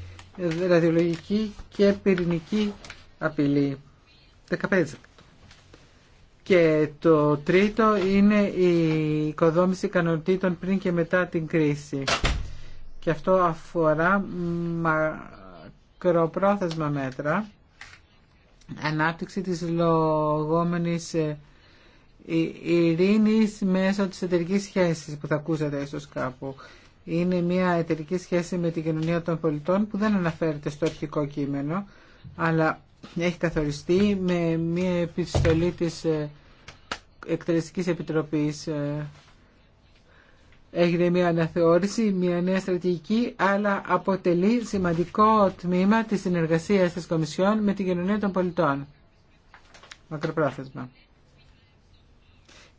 Speaker 4: ραδιολογική και πυρηνική απειλή. 15%. Και το τρίτο είναι η οικοδόμηση ικανοτήτων πριν και μετά την κρίση. Και αυτό αφορά μακροπρόθεσμα μέτρα, ανάπτυξη της λογόμενης η Ειρηνή μέσω της εταιρική σχέσης που θα ακούσατε ίσως κάπου. Είναι μια εταιρική σχέση με την κοινωνία των πολιτών που δεν αναφέρεται στο αρχικό κείμενο, αλλά έχει καθοριστεί με μια επιστολή της ε, Εκτελεστικής Επιτροπής. Ε. Έγινε μια αναθεώρηση, μια νέα στρατηγική, αλλά αποτελεί σημαντικό τμήμα της συνεργασίας της Κομισιόν με την κοινωνία των πολιτών. Μακροπρόθεσμα.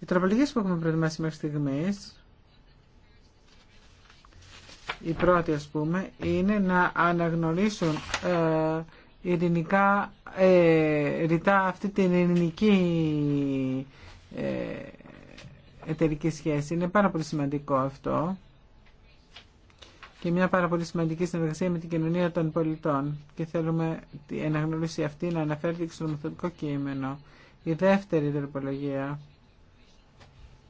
Speaker 4: Οι τροπολογίες που έχουμε προετοιμάσει μέχρι στιγμής, η πρώτη ας πούμε, είναι να αναγνωρίσουν ε, ειρηνικά ε, ρητά αυτή την ελληνική ε, εταιρική σχέση. Είναι πάρα πολύ σημαντικό αυτό και μια πάρα πολύ σημαντική συνεργασία με την κοινωνία των πολιτών. Και θέλουμε την αναγνώριση αυτή να αναφέρεται στο νομοθετικό κείμενο. Η δεύτερη τροπολογία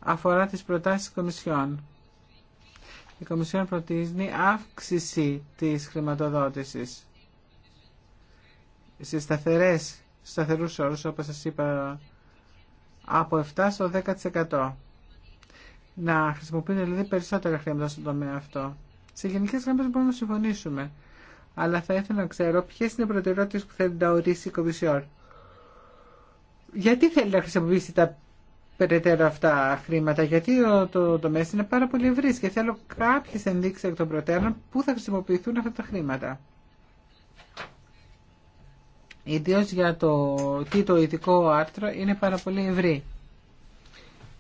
Speaker 4: αφορά τις προτάσεις Κομισιόν. Η Κομισιόν προτείνει αύξηση της χρηματοδότησης σε σταθερές, σταθερούς όρους, όπως σας είπα, από 7% στο 10%. Να χρησιμοποιούν δηλαδή περισσότερα χρήματα στον τομέα αυτό. Σε γενικέ γραμμέ μπορούμε να συμφωνήσουμε. Αλλά θα ήθελα να ξέρω ποιε είναι οι προτεραιότητε που θέλει να ορίσει η Κομισιόν. Γιατί θέλει να χρησιμοποιήσει τα περαιτέρω αυτά χρήματα, γιατί το μέσο είναι πάρα πολύ ευρύ και θέλω κάποιε ενδείξει εκ των προτέρων πού θα χρησιμοποιηθούν αυτά τα χρήματα. Ιδίω για το τι το ειδικό άρθρο είναι πάρα πολύ ευρύ.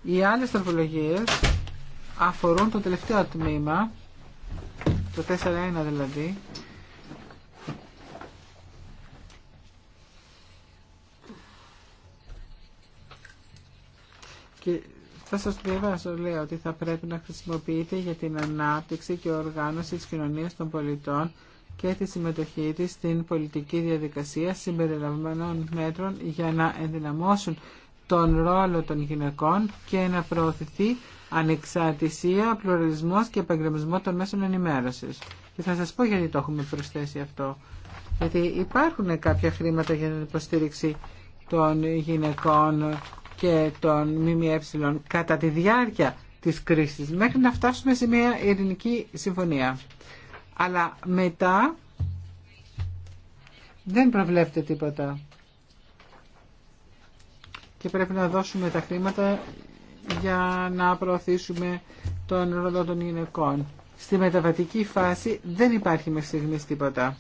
Speaker 4: Οι άλλε τροπολογίε αφορούν το τελευταίο τμήμα, το 4-1 δηλαδή, Και θα σας διαβάσω, λέω, ότι θα πρέπει να χρησιμοποιείται για την ανάπτυξη και οργάνωση της κοινωνίας των πολιτών και τη συμμετοχή της στην πολιτική διαδικασία συμπεριλαμβανών μέτρων για να ενδυναμώσουν τον ρόλο των γυναικών και να προωθηθεί ανεξαρτησία, πλουραλισμός και επαγγελματισμό των μέσων ενημέρωσης. Και θα σας πω γιατί το έχουμε προσθέσει αυτό. Γιατί υπάρχουν κάποια χρήματα για την υποστήριξη των γυναικών και των ΜΜΕ κατά τη διάρκεια της κρίσης μέχρι να φτάσουμε σε μια ειρηνική συμφωνία. Αλλά μετά δεν προβλέπεται τίποτα. Και πρέπει να δώσουμε τα χρήματα για να προωθήσουμε τον ρόλο των γυναικών. Στη μεταβατική φάση δεν υπάρχει μέχρι στιγμής τίποτα.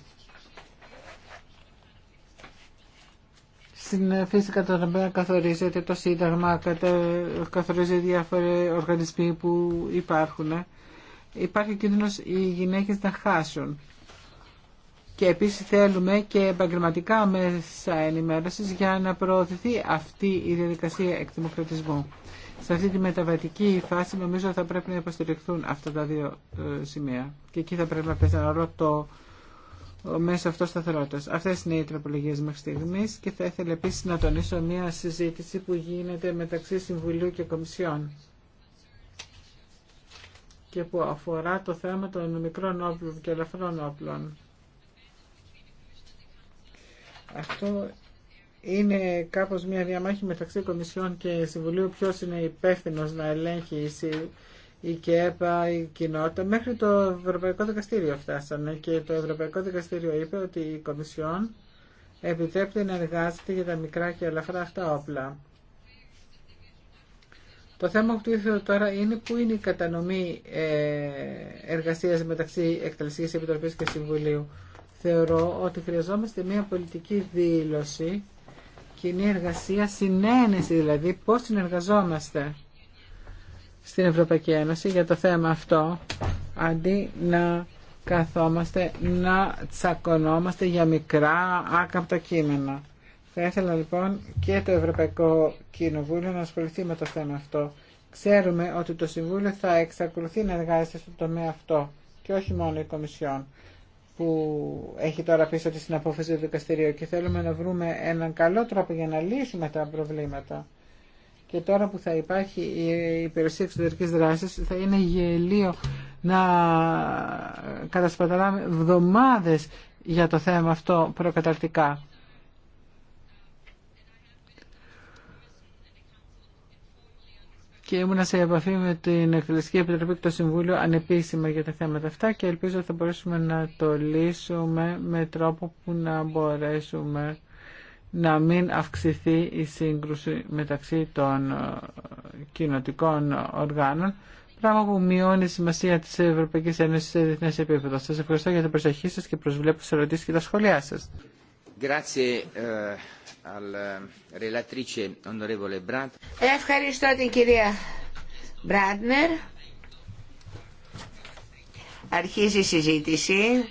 Speaker 4: στην φύση κατά καθορίζεται το Σύνταγμα, καθορίζει διάφοροι οργανισμοί που υπάρχουν. Υπάρχει κίνδυνο οι γυναίκε να χάσουν. Και επίση θέλουμε και επαγγελματικά μέσα ενημέρωση για να προωθηθεί αυτή η διαδικασία εκδημοκρατισμού. Σε αυτή τη μεταβατική φάση νομίζω θα πρέπει να υποστηριχθούν αυτά τα δύο ε, σημεία. Και εκεί θα πρέπει να παίζει ένα ρόλο το μέσα αυτό σταθερότητα. Αυτέ είναι οι τροπολογίε μέχρι στιγμή και θα ήθελα επίση να τονίσω μια συζήτηση που γίνεται μεταξύ Συμβουλίου και Κομισιόν και που αφορά το θέμα των μικρών όπλων και ελαφρών όπλων. Αυτό είναι κάπως μια διαμάχη μεταξύ Κομισιόν και Συμβουλίου ποιος είναι υπεύθυνος να ελέγχει η ΚΕΠΑ, η κοινότητα, μέχρι το Ευρωπαϊκό Δικαστήριο φτάσανε και το Ευρωπαϊκό Δικαστήριο είπε ότι η Κομισιόν επιτρέπεται να εργάζεται για τα μικρά και ελαφρά αυτά όπλα. Το θέμα που ήθελα τώρα είναι πού είναι η κατανομή ε, εργασίας μεταξύ Εκτελεστικής Επιτροπής και Συμβουλίου. Θεωρώ ότι χρειαζόμαστε μια πολιτική δήλωση, κοινή εργασία, συνένεση δηλαδή, πώς συνεργαζόμαστε στην Ευρωπαϊκή Ένωση για το θέμα αυτό αντί να καθόμαστε να τσακωνόμαστε για μικρά άκαμπτα κείμενα. Θα ήθελα λοιπόν και το Ευρωπαϊκό Κοινοβούλιο να ασχοληθεί με το θέμα αυτό. Ξέρουμε ότι το Συμβούλιο θα εξακολουθεί να εργάζεται στο τομέα αυτό και όχι μόνο η Κομισιόν που έχει τώρα πίσω τη συναπόφαση του δικαστηρίου και θέλουμε να βρούμε έναν καλό τρόπο για να λύσουμε τα προβλήματα και τώρα που θα υπάρχει η υπηρεσία εξωτερικής δράσης θα είναι γελίο να κατασπαταλάμε βδομάδες για το θέμα αυτό προκαταρτικά. Και ήμουνα σε επαφή με την Εκτελεστική Επιτροπή και το Συμβούλιο ανεπίσημα για τα θέματα αυτά και ελπίζω ότι θα μπορέσουμε να το λύσουμε με τρόπο που να μπορέσουμε να μην αυξηθεί η σύγκρουση μεταξύ των ε, κοινοτικών οργάνων, πράγμα που μειώνει η σημασία της Ευρωπαϊκής Ένωσης σε διεθνές επίπεδο. Σας ευχαριστώ για την προσοχή σας και προσβλέπω τις ερωτήσεις και τα σχόλιά σας.
Speaker 1: Ε,
Speaker 2: ε, ευχαριστώ την κυρία Μπράντνερ. Αρχίζει η συζήτηση.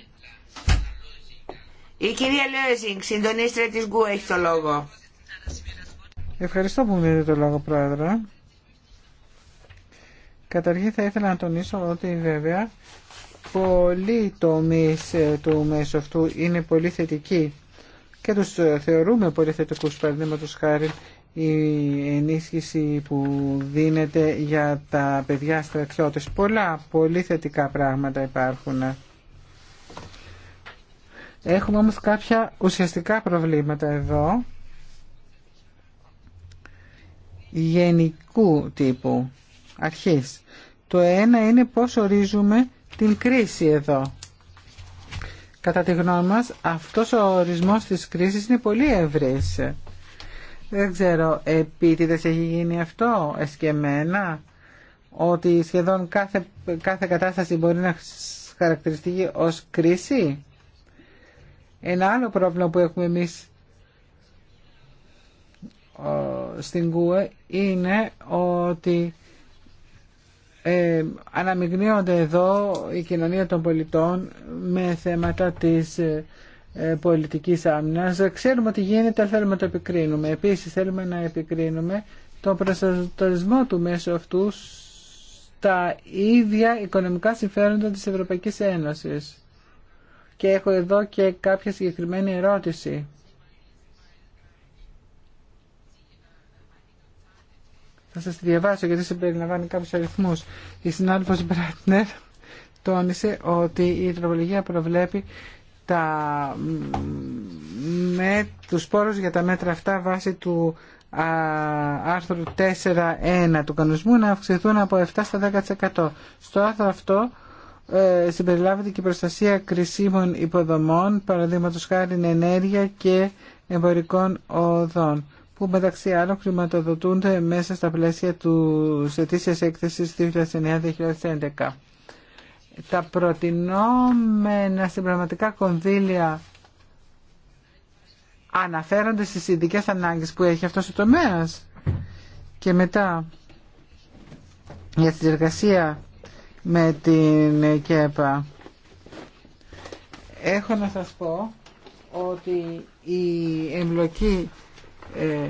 Speaker 2: Η κυρία Λέζινγκ, συντονίστρια της Γκου, έχει το λόγο.
Speaker 4: Ευχαριστώ που μου δίνετε το λόγο, Πρόεδρε. Καταρχήν θα ήθελα να τονίσω ότι βέβαια πολλοί τομεί ε, του μέσου αυτού είναι πολύ θετικοί και τους ε, θεωρούμε πολύ θετικούς παραδείγματος χάρη η ενίσχυση που δίνεται για τα παιδιά στρατιώτες. Πολλά πολύ θετικά πράγματα υπάρχουν. Έχουμε όμως κάποια ουσιαστικά προβλήματα εδώ γενικού τύπου αρχής. Το ένα είναι πώς ορίζουμε την κρίση εδώ. Κατά τη γνώμη μας, αυτός ο ορισμός της κρίσης είναι πολύ ευρύς. Δεν ξέρω, επίτηδες έχει γίνει αυτό, εσκεμένα, ότι σχεδόν κάθε, κάθε κατάσταση μπορεί να χαρακτηριστεί ως κρίση. Ένα άλλο πρόβλημα που έχουμε εμείς στην ΚΟΕ είναι ότι ε, αναμειγνύονται εδώ η κοινωνία των πολιτών με θέματα της ε, ε πολιτικής άμυνας. Ξέρουμε ότι γίνεται, θέλουμε να το επικρίνουμε. Επίσης θέλουμε να επικρίνουμε τον προστατορισμό του μέσω αυτού στα ίδια οικονομικά συμφέροντα της Ευρωπαϊκής Ένωσης και έχω εδώ και κάποια συγκεκριμένη ερώτηση. Θα σας τη διαβάσω γιατί συμπεριλαμβάνει κάποιους αριθμούς. Η συνάδελφος Μπράτνερ τόνισε ότι η τροπολογία προβλέπει τα, με, τους πόρους για τα μέτρα αυτά βάσει του α, άρθρου 4.1 του κανονισμού να αυξηθούν από 7 στα 10%. Στο άρθρο αυτό ε, συμπεριλάβεται και η προστασία κρισίμων υποδομών, παραδείγματο χάρη ενέργεια και εμπορικών οδών, που μεταξύ άλλων χρηματοδοτούνται μέσα στα πλαίσια του ετησια εκθεσης έκθεσης 2009-2011. Τα προτινόμενα συμπραγματικά κονδύλια αναφέρονται στις ειδικέ ανάγκες που έχει αυτός ο τομέας και μετά για τη συνεργασία με την ΚΕΠΑ. Έχω να σας πω ότι η εμπλοκή ε,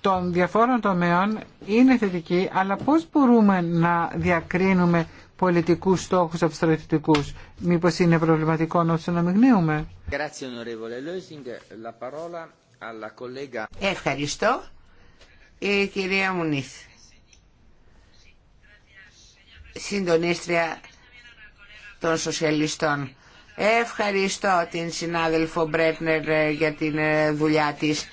Speaker 4: των διαφόρων τομέων είναι θετική, αλλά πώς μπορούμε να διακρίνουμε πολιτικούς στόχους από στρατιωτικούς. Μήπως είναι προβληματικό να τους αναμειγνύουμε. Ευχαριστώ. Η
Speaker 1: κυρία Μουνίθ
Speaker 2: συντονίστρια των σοσιαλιστών. Ευχαριστώ την συνάδελφο Μπρέπνερ ε, για την ε, δουλειά της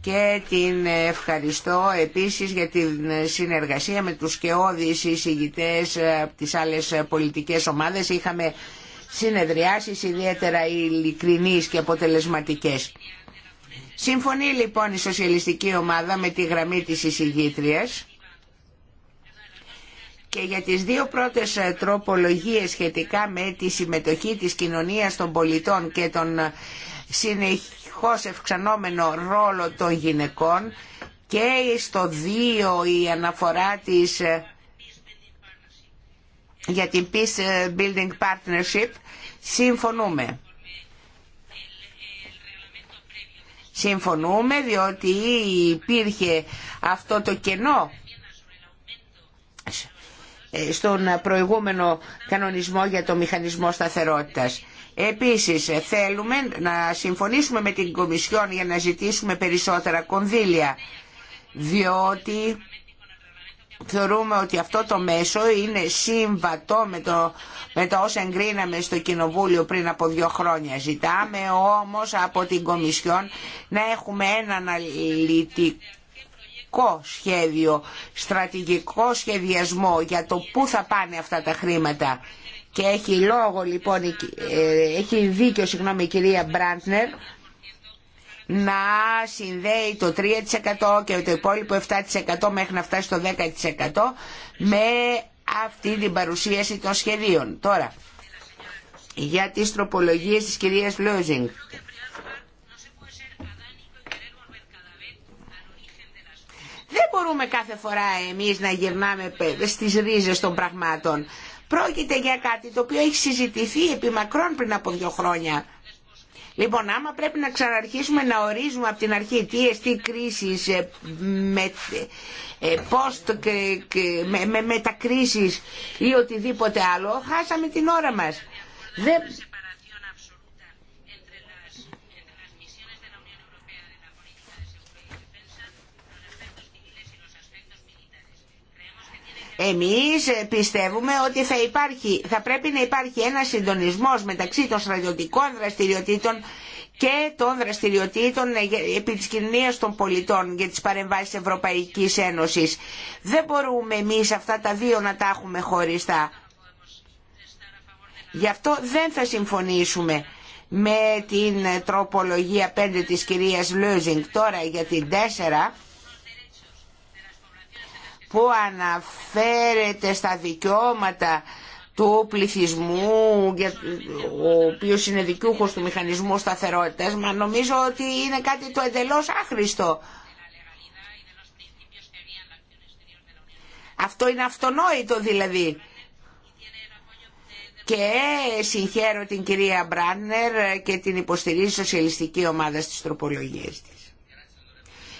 Speaker 2: και την ευχαριστώ επίσης για την ε, συνεργασία με τους σκεώδεις εισηγητές από τις άλλες πολιτικές ομάδες. Είχαμε συνεδριάσεις ιδιαίτερα ειλικρινείς και αποτελεσματικές. Συμφωνεί λοιπόν η σοσιαλιστική ομάδα με τη γραμμή της εισηγήτριας και για τις δύο πρώτες ε, τροπολογίες σχετικά με τη συμμετοχή της κοινωνίας των πολιτών και τον ε, συνεχώς ευξανόμενο ρόλο των γυναικών και στο δύο η αναφορά της ε, για την Peace Building Partnership συμφωνούμε. Συμφωνούμε διότι υπήρχε αυτό το κενό ε, στον προηγούμενο κανονισμό για το μηχανισμό σταθερότητας. Επίσης θέλουμε να συμφωνήσουμε με την Κομισιόν για να ζητήσουμε περισσότερα κονδύλια διότι θεωρούμε ότι αυτό το μέσο είναι σύμβατο με, το, με όσα εγκρίναμε στο Κοινοβούλιο πριν από δύο χρόνια. Ζητάμε όμως από την Κομισιόν να έχουμε ένα αναλυτικό στρατηγικό σχέδιο, στρατηγικό σχεδιασμό για το πού θα πάνε αυτά τα χρήματα. Και έχει λόγο λοιπόν, ε, έχει δίκιο συγγνώμη η κυρία Μπραντνερ να συνδέει το 3% και το υπόλοιπο 7% μέχρι να φτάσει στο 10% με αυτή την παρουσίαση των σχεδίων. Τώρα, για τις τροπολογίες της κυρίας Λόζινγκ. Δεν μπορούμε κάθε φορά εμείς να γυρνάμε στις ρίζες των πραγμάτων. Πρόκειται για κάτι το οποίο έχει συζητηθεί επί μακρόν πριν από δύο χρόνια. Λοιπόν, άμα πρέπει να ξαναρχίσουμε να ορίζουμε από την αρχή τι εστί κρίσεις, ε, ε, με, με, μετακρίσεις ή οτιδήποτε άλλο, χάσαμε την ώρα μας. Εμείς πιστεύουμε ότι θα, υπάρχει, θα πρέπει να υπάρχει ένα συντονισμός μεταξύ των στρατιωτικών δραστηριοτήτων και των δραστηριοτήτων επί της κοινωνίας των πολιτών για τις παρεμβάσεις Ευρωπαϊκής Ένωσης. Δεν μπορούμε εμείς αυτά τα δύο να τα έχουμε χωριστά. Γι' αυτό δεν θα συμφωνήσουμε με την τροπολογία 5 της κυρίας Λούζινγκ. Τώρα για την 4 που αναφέρεται στα δικαιώματα του πληθυσμού, ο οποίος είναι δικιούχος του μηχανισμού σταθερότητας, μα νομίζω ότι είναι κάτι το εντελώς άχρηστο. Αυτό είναι αυτονόητο δηλαδή. Και συγχαίρω την κυρία Μπράνερ και την υποστηρίζει σοσιαλιστική ομάδα στις τροπολογίες της.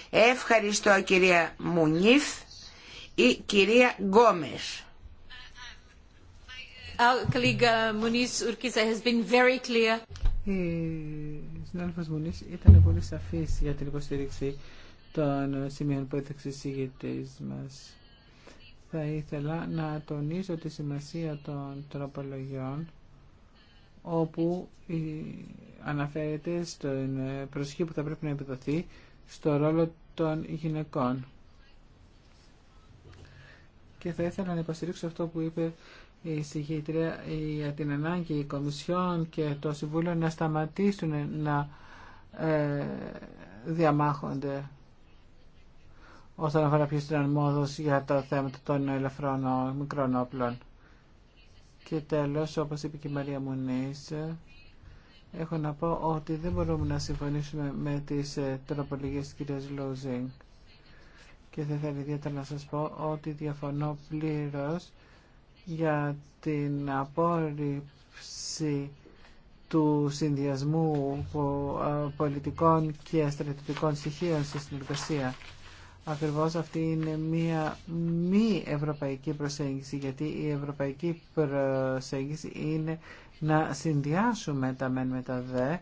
Speaker 2: Ευχαριστώ κυρία Μουνίφ η κυρία Γκόμες.
Speaker 7: Uh,
Speaker 4: η συνάδελφο Μουνή ήταν πολύ σαφή για την υποστήριξη των σημείων που έθεξε η μα. Θα ήθελα να τονίσω τη σημασία των τροπολογιών όπου αναφέρεται στην ε, προσοχή που θα πρέπει να επιδοθεί στο ρόλο των γυναικών και θα ήθελα να υποστηρίξω αυτό που είπε η συγχύτρια για την ανάγκη οι Κομισιόν και το Συμβούλιο να σταματήσουν να ε, διαμάχονται όσον αφορά ποιος είναι αρμόδος για τα θέματα των ελευθερών μικρών όπλων. Και τέλος, όπως είπε και η Μαρία Μουνής, έχω να πω ότι δεν μπορούμε να συμφωνήσουμε με τις ε, τροπολογίες της κυρίας Λούζινγκ και δεν θέλω ιδιαίτερα να σας πω ότι διαφωνώ πλήρως για την απόρριψη του συνδυασμού ε, πολιτικών και στρατιωτικών στοιχείων στη συνεργασία. Ακριβώς αυτή είναι μία μη ευρωπαϊκή προσέγγιση, γιατί η ευρωπαϊκή προσέγγιση είναι να συνδυάσουμε τα μεν με τα δε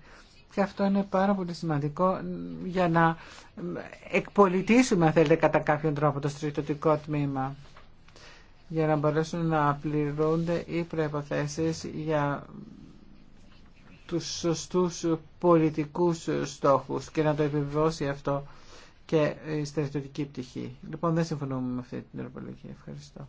Speaker 4: και αυτό είναι πάρα πολύ σημαντικό για να εκπολιτήσουμε, αν θέλετε, κατά κάποιον τρόπο το στρατιωτικό τμήμα για να μπορέσουν να πληρούνται οι προϋποθέσεις για τους σωστούς πολιτικούς στόχους και να το επιβεβαιώσει αυτό και η στρατιωτική πτυχή. Λοιπόν, δεν συμφωνούμε με αυτή την τροπολογία. Ευχαριστώ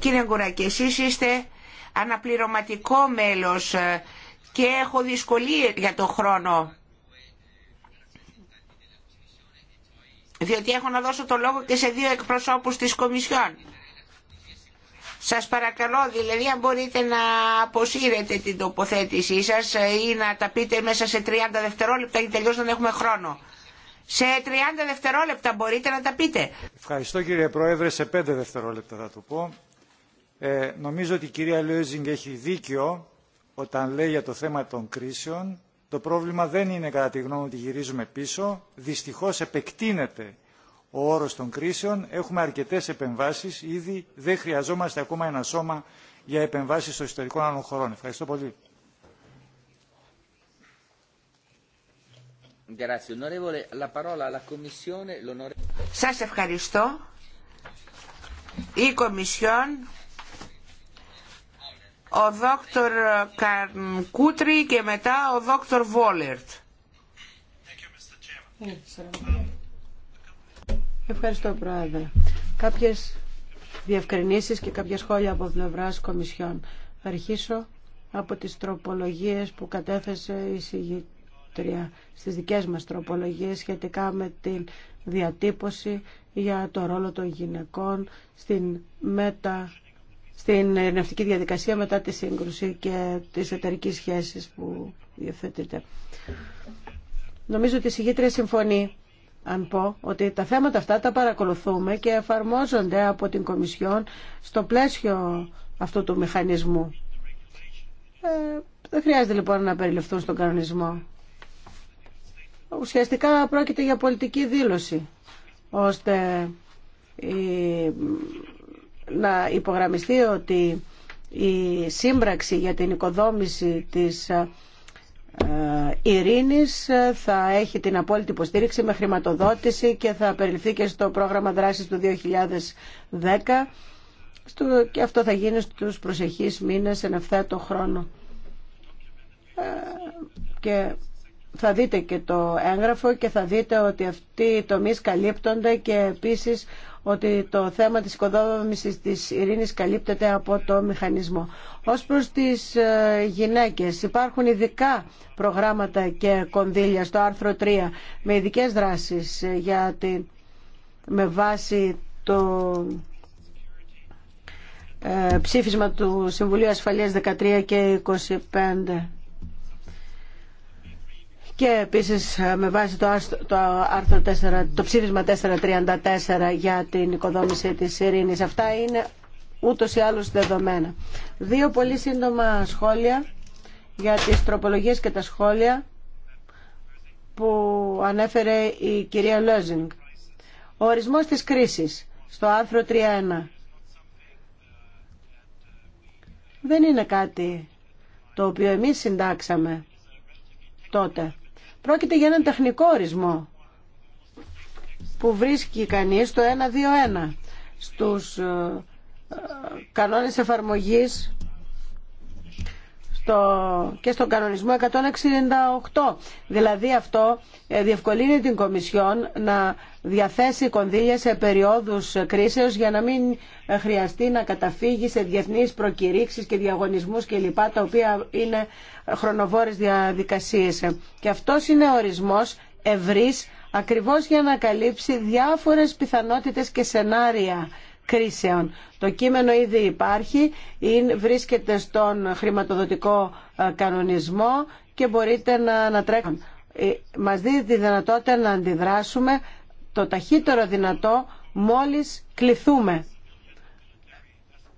Speaker 1: κύριε Αγγουράκη, εσείς είστε αναπληρωματικό μέλος
Speaker 2: ε, και έχω δυσκολίες για το χρόνο. Διότι έχω να δώσω το λόγο και σε δύο εκπροσώπους της Κομισιόν. Σας παρακαλώ δηλαδή αν μπορείτε να αποσύρετε την τοποθέτησή σας ε, ή να τα πείτε μέσα σε 30 δευτερόλεπτα γιατί τελειώς δεν έχουμε χρόνο. Σε 30 δευτερόλεπτα μπορείτε να τα πείτε.
Speaker 8: Ευχαριστώ κύριε Πρόεδρε. Σε 5 δευτερόλεπτα θα το πω. Ε, νομίζω ότι η κυρία Λιόζινγκ έχει δίκιο όταν λέει για το θέμα των κρίσεων. Το πρόβλημα δεν είναι κατά τη γνώμη ότι γυρίζουμε πίσω. Δυστυχώς επεκτείνεται ο όρος των κρίσεων. Έχουμε αρκετές επεμβάσεις. Ήδη δεν χρειαζόμαστε ακόμα ένα σώμα για επεμβάσεις στο ιστορικό άλλων χωρών. Ευχαριστώ πολύ.
Speaker 2: Σας ευχαριστώ. Η Κομισιόν, ο Δόκτωρ Καρνκούτρι και μετά ο Δόκτωρ Βόλερτ.
Speaker 3: Ευχαριστώ, Πρόεδρε. Κάποιες διευκρινήσεις και κάποια σχόλια από την Κομισιόν. Θα αρχίσω από τις τροπολογίες που κατέθεσε η Στι στις δικές μας τροπολογίες σχετικά με την διατύπωση για το ρόλο των γυναικών στην μετα στην ειρηνευτική διαδικασία μετά τη σύγκρουση και τις εταιρικές σχέσεις που υιοθετείται. Νομίζω ότι η συγγήτρια συμφωνεί αν πω ότι τα θέματα αυτά τα παρακολουθούμε και εφαρμόζονται από την Κομισιόν στο πλαίσιο αυτού του μηχανισμού. Ε, δεν χρειάζεται λοιπόν να περιληφθούν στον κανονισμό. Ουσιαστικά πρόκειται για πολιτική δήλωση, ώστε να υπογραμμιστεί ότι η σύμπραξη για την οικοδόμηση της ε, ειρήνης ε, θα έχει την απόλυτη υποστήριξη με χρηματοδότηση και θα περιληφθεί και στο πρόγραμμα δράσης του 2010 και αυτό θα γίνει στους προσεχείς μήνες εν ευθέτω χρόνο. Ε, και θα δείτε και το έγγραφο και θα δείτε ότι αυτοί οι τομείς καλύπτονται και επίσης ότι το θέμα της οικοδόμησης της ειρήνης καλύπτεται από το μηχανισμό. Ως προς τις ε, γυναίκες υπάρχουν ειδικά προγράμματα και κονδύλια στο άρθρο 3 με ειδικέ δράσεις ε, για τη, με βάση το ε, ψήφισμα του Συμβουλίου Ασφαλείας 13 και 25 και επίσης ε, με βάση το, άρθρο 4, το ψήφισμα 434 για την οικοδόμηση της ειρήνης. Αυτά είναι ούτως ή άλλως δεδομένα. Δύο πολύ σύντομα σχόλια για τις τροπολογίες και τα σχόλια που ανέφερε η κυρία Λόζινγκ. Ο ορισμός της κρίσης στο άρθρο 3.1 δεν είναι κάτι το οποίο εμείς συντάξαμε τότε. Πρόκειται για έναν τεχνικό ορισμό που βρίσκει κανείς το 1-2-1 στους ε, ε, κανόνες εφαρμογής στο, και στον κανονισμό 168. Δηλαδή αυτό ε, διευκολύνει την Κομισιόν να διαθέσει κονδύλια σε περιόδους κρίσεως για να μην ε, χρειαστεί να καταφύγει σε διεθνείς προκηρύξεις και διαγωνισμούς κλπ. τα οποία είναι χρονοβόρες διαδικασίες. Και αυτός είναι ορισμός ευρύς ακριβώς για να καλύψει διάφορες πιθανότητες και σενάρια κρίσεων. Το κείμενο ήδη υπάρχει, βρίσκεται στον χρηματοδοτικό ε, κανονισμό και μπορείτε να ανατρέξετε. Μας δίνει τη δυνατότητα να αντιδράσουμε το ταχύτερο δυνατό μόλις κληθούμε.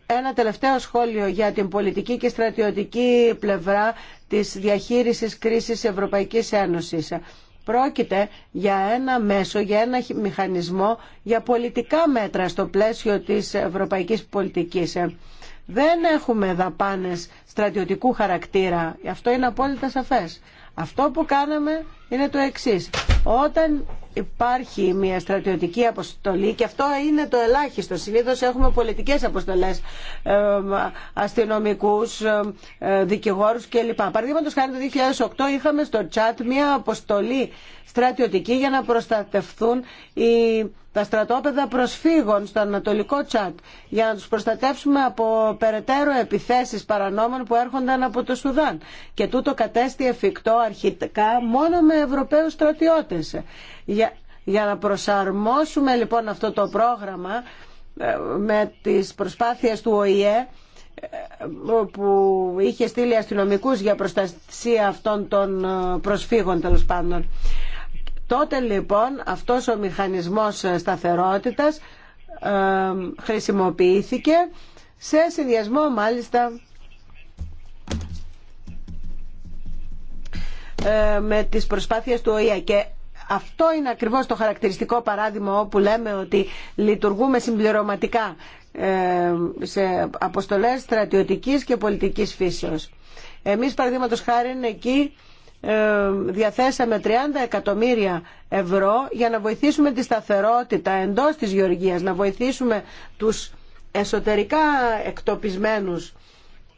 Speaker 3: Ένα τελευταίο σχόλιο για την πολιτική και στρατιωτική πλευρά της διαχείρισης κρίσης Ευρωπαϊκής Ένωσης. Πρόκειται για ένα μέσο, για ένα μηχανισμό, για πολιτικά μέτρα στο πλαίσιο της ευρωπαϊκής πολιτικής. Δεν έχουμε δαπάνες στρατιωτικού χαρακτήρα. Αυτό είναι απόλυτα σαφές. Αυτό που κάναμε είναι το εξής. Όταν υπάρχει μια στρατιωτική αποστολή και αυτό είναι το ελάχιστο. συνήθω. έχουμε πολιτικές αποστολές, ε, αστυνομικούς, ε, ε, δικηγόρους κλπ. Παραδείγματο χάρη το 2008 είχαμε στο Τσάτ μια αποστολή στρατιωτική για να προστατευθούν οι τα στρατόπεδα προσφύγων στο Ανατολικό Τσάτ για να τους προστατεύσουμε από περαιτέρω επιθέσεις παρανόμων που έρχονταν από το Σουδάν. Και τούτο κατέστη εφικτό αρχικά μόνο με Ευρωπαίους στρατιώτες. Για, για να προσαρμόσουμε λοιπόν αυτό το πρόγραμμα ε, με τις προσπάθειες του ΟΗΕ ε, που είχε στείλει αστυνομικούς για προστασία αυτών των ε, προσφύγων τέλο πάντων. Τότε λοιπόν αυτός ο μηχανισμός σταθερότητας ε, χρησιμοποιήθηκε σε συνδυασμό μάλιστα ε, με τις προσπάθειες του ΟΗΑ και αυτό είναι ακριβώς το χαρακτηριστικό παράδειγμα όπου λέμε ότι λειτουργούμε συμπληρωματικά ε, σε αποστολές στρατιωτικής και πολιτικής φύσεως. Εμείς παραδείγματος χάρη εκεί ε, διαθέσαμε 30 εκατομμύρια ευρώ για να βοηθήσουμε τη σταθερότητα εντός της Γεωργίας, να βοηθήσουμε τους εσωτερικά εκτοπισμένους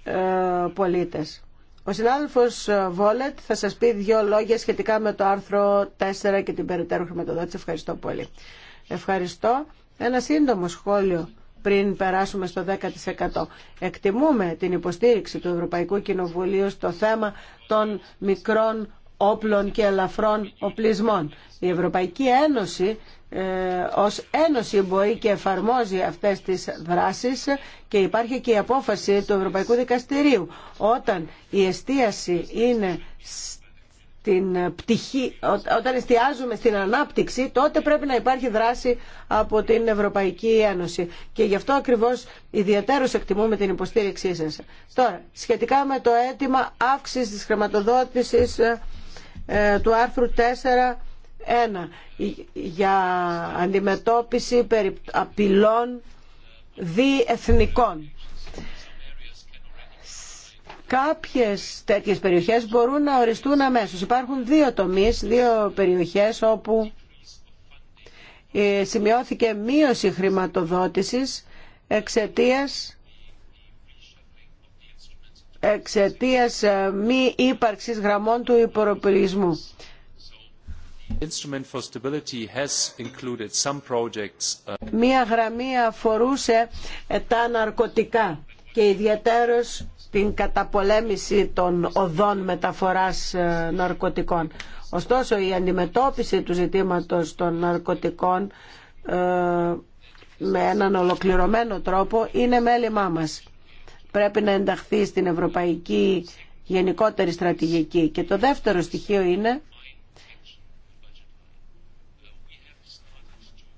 Speaker 3: ε, πολίτες. Ο συνάδελφος ε, Βόλετ θα σας πει δύο λόγια σχετικά με το άρθρο 4 και την περαιτέρω χρηματοδότηση. Ευχαριστώ πολύ. Ευχαριστώ. Ένα σύντομο σχόλιο πριν περάσουμε στο 10%. Εκτιμούμε την υποστήριξη του Ευρωπαϊκού Κοινοβουλίου στο θέμα των μικρών όπλων και ελαφρών οπλισμών. Η Ευρωπαϊκή Ένωση ε, ως Ένωση μπορεί και εφαρμόζει αυτές τις δράσεις και υπάρχει και η απόφαση του Ευρωπαϊκού Δικαστηρίου. Όταν η εστίαση είναι την πτυχή, όταν εστιάζουμε στην ανάπτυξη, τότε πρέπει να υπάρχει δράση από την Ευρωπαϊκή Ένωση. Και γι' αυτό ακριβώς ιδιαίτερως εκτιμούμε την υποστήριξή σας. Τώρα, σχετικά με το αίτημα αύξηση της χρηματοδότησης ε, ε, του άρθρου 4.1 για αντιμετώπιση απειλών διεθνικών. Κάποιες τέτοιες περιοχές μπορούν να οριστούν αμέσως. Υπάρχουν δύο τομείς, δύο περιοχές όπου ε, σημειώθηκε μείωση χρηματοδότησης εξαιτίας εξαιτίας ε, μη ύπαρξης γραμμών του υποροπηρισμού. Uh, Μία γραμμή αφορούσε ε, τα ναρκωτικά και ιδιαίτερως την καταπολέμηση των οδών μεταφοράς ε, ναρκωτικών. Ωστόσο η αντιμετώπιση του ζητήματος των ναρκωτικών ε, με έναν ολοκληρωμένο τρόπο είναι μέλημά μας. Πρέπει να ενταχθεί στην ευρωπαϊκή γενικότερη στρατηγική. Και το δεύτερο στοιχείο είναι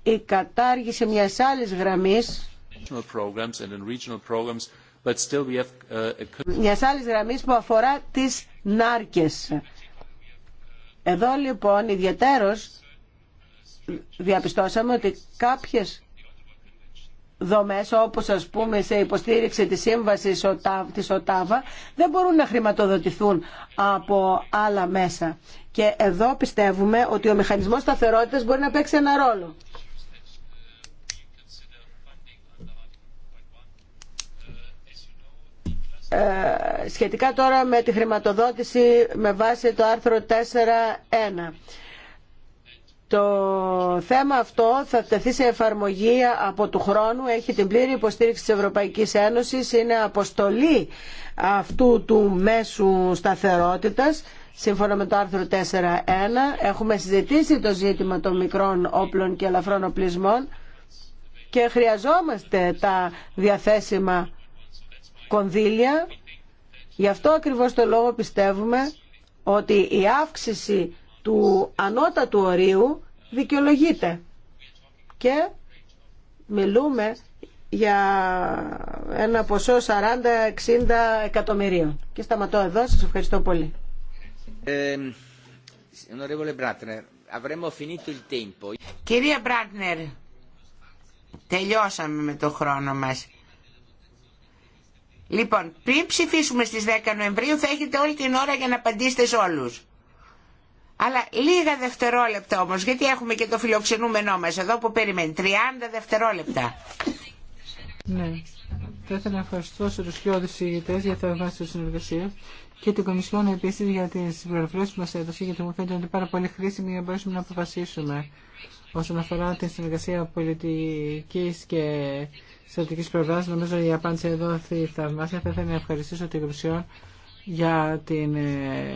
Speaker 3: η κατάργηση μιας άλλης γραμμής
Speaker 9: μια άλλη γραμμή άλλης
Speaker 3: γραμμής που αφορά τις νάρκες. Εδώ λοιπόν ιδιαίτερος διαπιστώσαμε ότι κάποιες δομές όπως ας πούμε σε υποστήριξη της σύμβασης της ΟΤΑΒΑ δεν μπορούν να χρηματοδοτηθούν από άλλα μέσα. Και εδώ πιστεύουμε ότι ο μηχανισμός σταθερότητας μπορεί να παίξει ένα ρόλο. Ε, σχετικά τώρα με τη χρηματοδότηση με βάση το άρθρο 4.1. Το θέμα αυτό θα τεθεί σε εφαρμογή από του χρόνου, έχει την πλήρη υποστήριξη της Ευρωπαϊκής Ένωσης, είναι αποστολή αυτού του μέσου σταθερότητας, σύμφωνα με το άρθρο 4.1. Έχουμε συζητήσει το ζήτημα των μικρών όπλων και ελαφρών οπλισμών και χρειαζόμαστε τα διαθέσιμα κονδύλια. Γι' αυτό ακριβώς το λόγο πιστεύουμε ότι η αύξηση του ανώτατου ορίου δικαιολογείται. Και μιλούμε για ένα ποσό 40-60 εκατομμυρίων. Και σταματώ εδώ. Σας ευχαριστώ πολύ.
Speaker 1: Ε, Κυρία Μπράτνερ,
Speaker 2: τελειώσαμε με το χρόνο μας. Λοιπόν, πριν ψηφίσουμε στις 10 Νοεμβρίου θα έχετε όλη την ώρα για να απαντήσετε σε όλους. Αλλά λίγα δευτερόλεπτα όμως, γιατί έχουμε και το φιλοξενούμενό μας εδώ που περιμένει. 30 δευτερόλεπτα.
Speaker 4: Ναι. Θα ήθελα να ευχαριστώ του πιο ηγητέ για το της συνεργασία και την Κομισιόν επίση για τι πληροφορίε που μα έδωσε, γιατί μου φαίνεται ότι πάρα πολύ χρήσιμη για να μπορέσουμε να αποφασίσουμε όσον αφορά την συνεργασία πολιτική και στρατηγική πλευρά, νομίζω η απάντηση εδώ θαυμάσια. Θα ήθελα να ευχαριστήσω την Κομισιόν για την ε,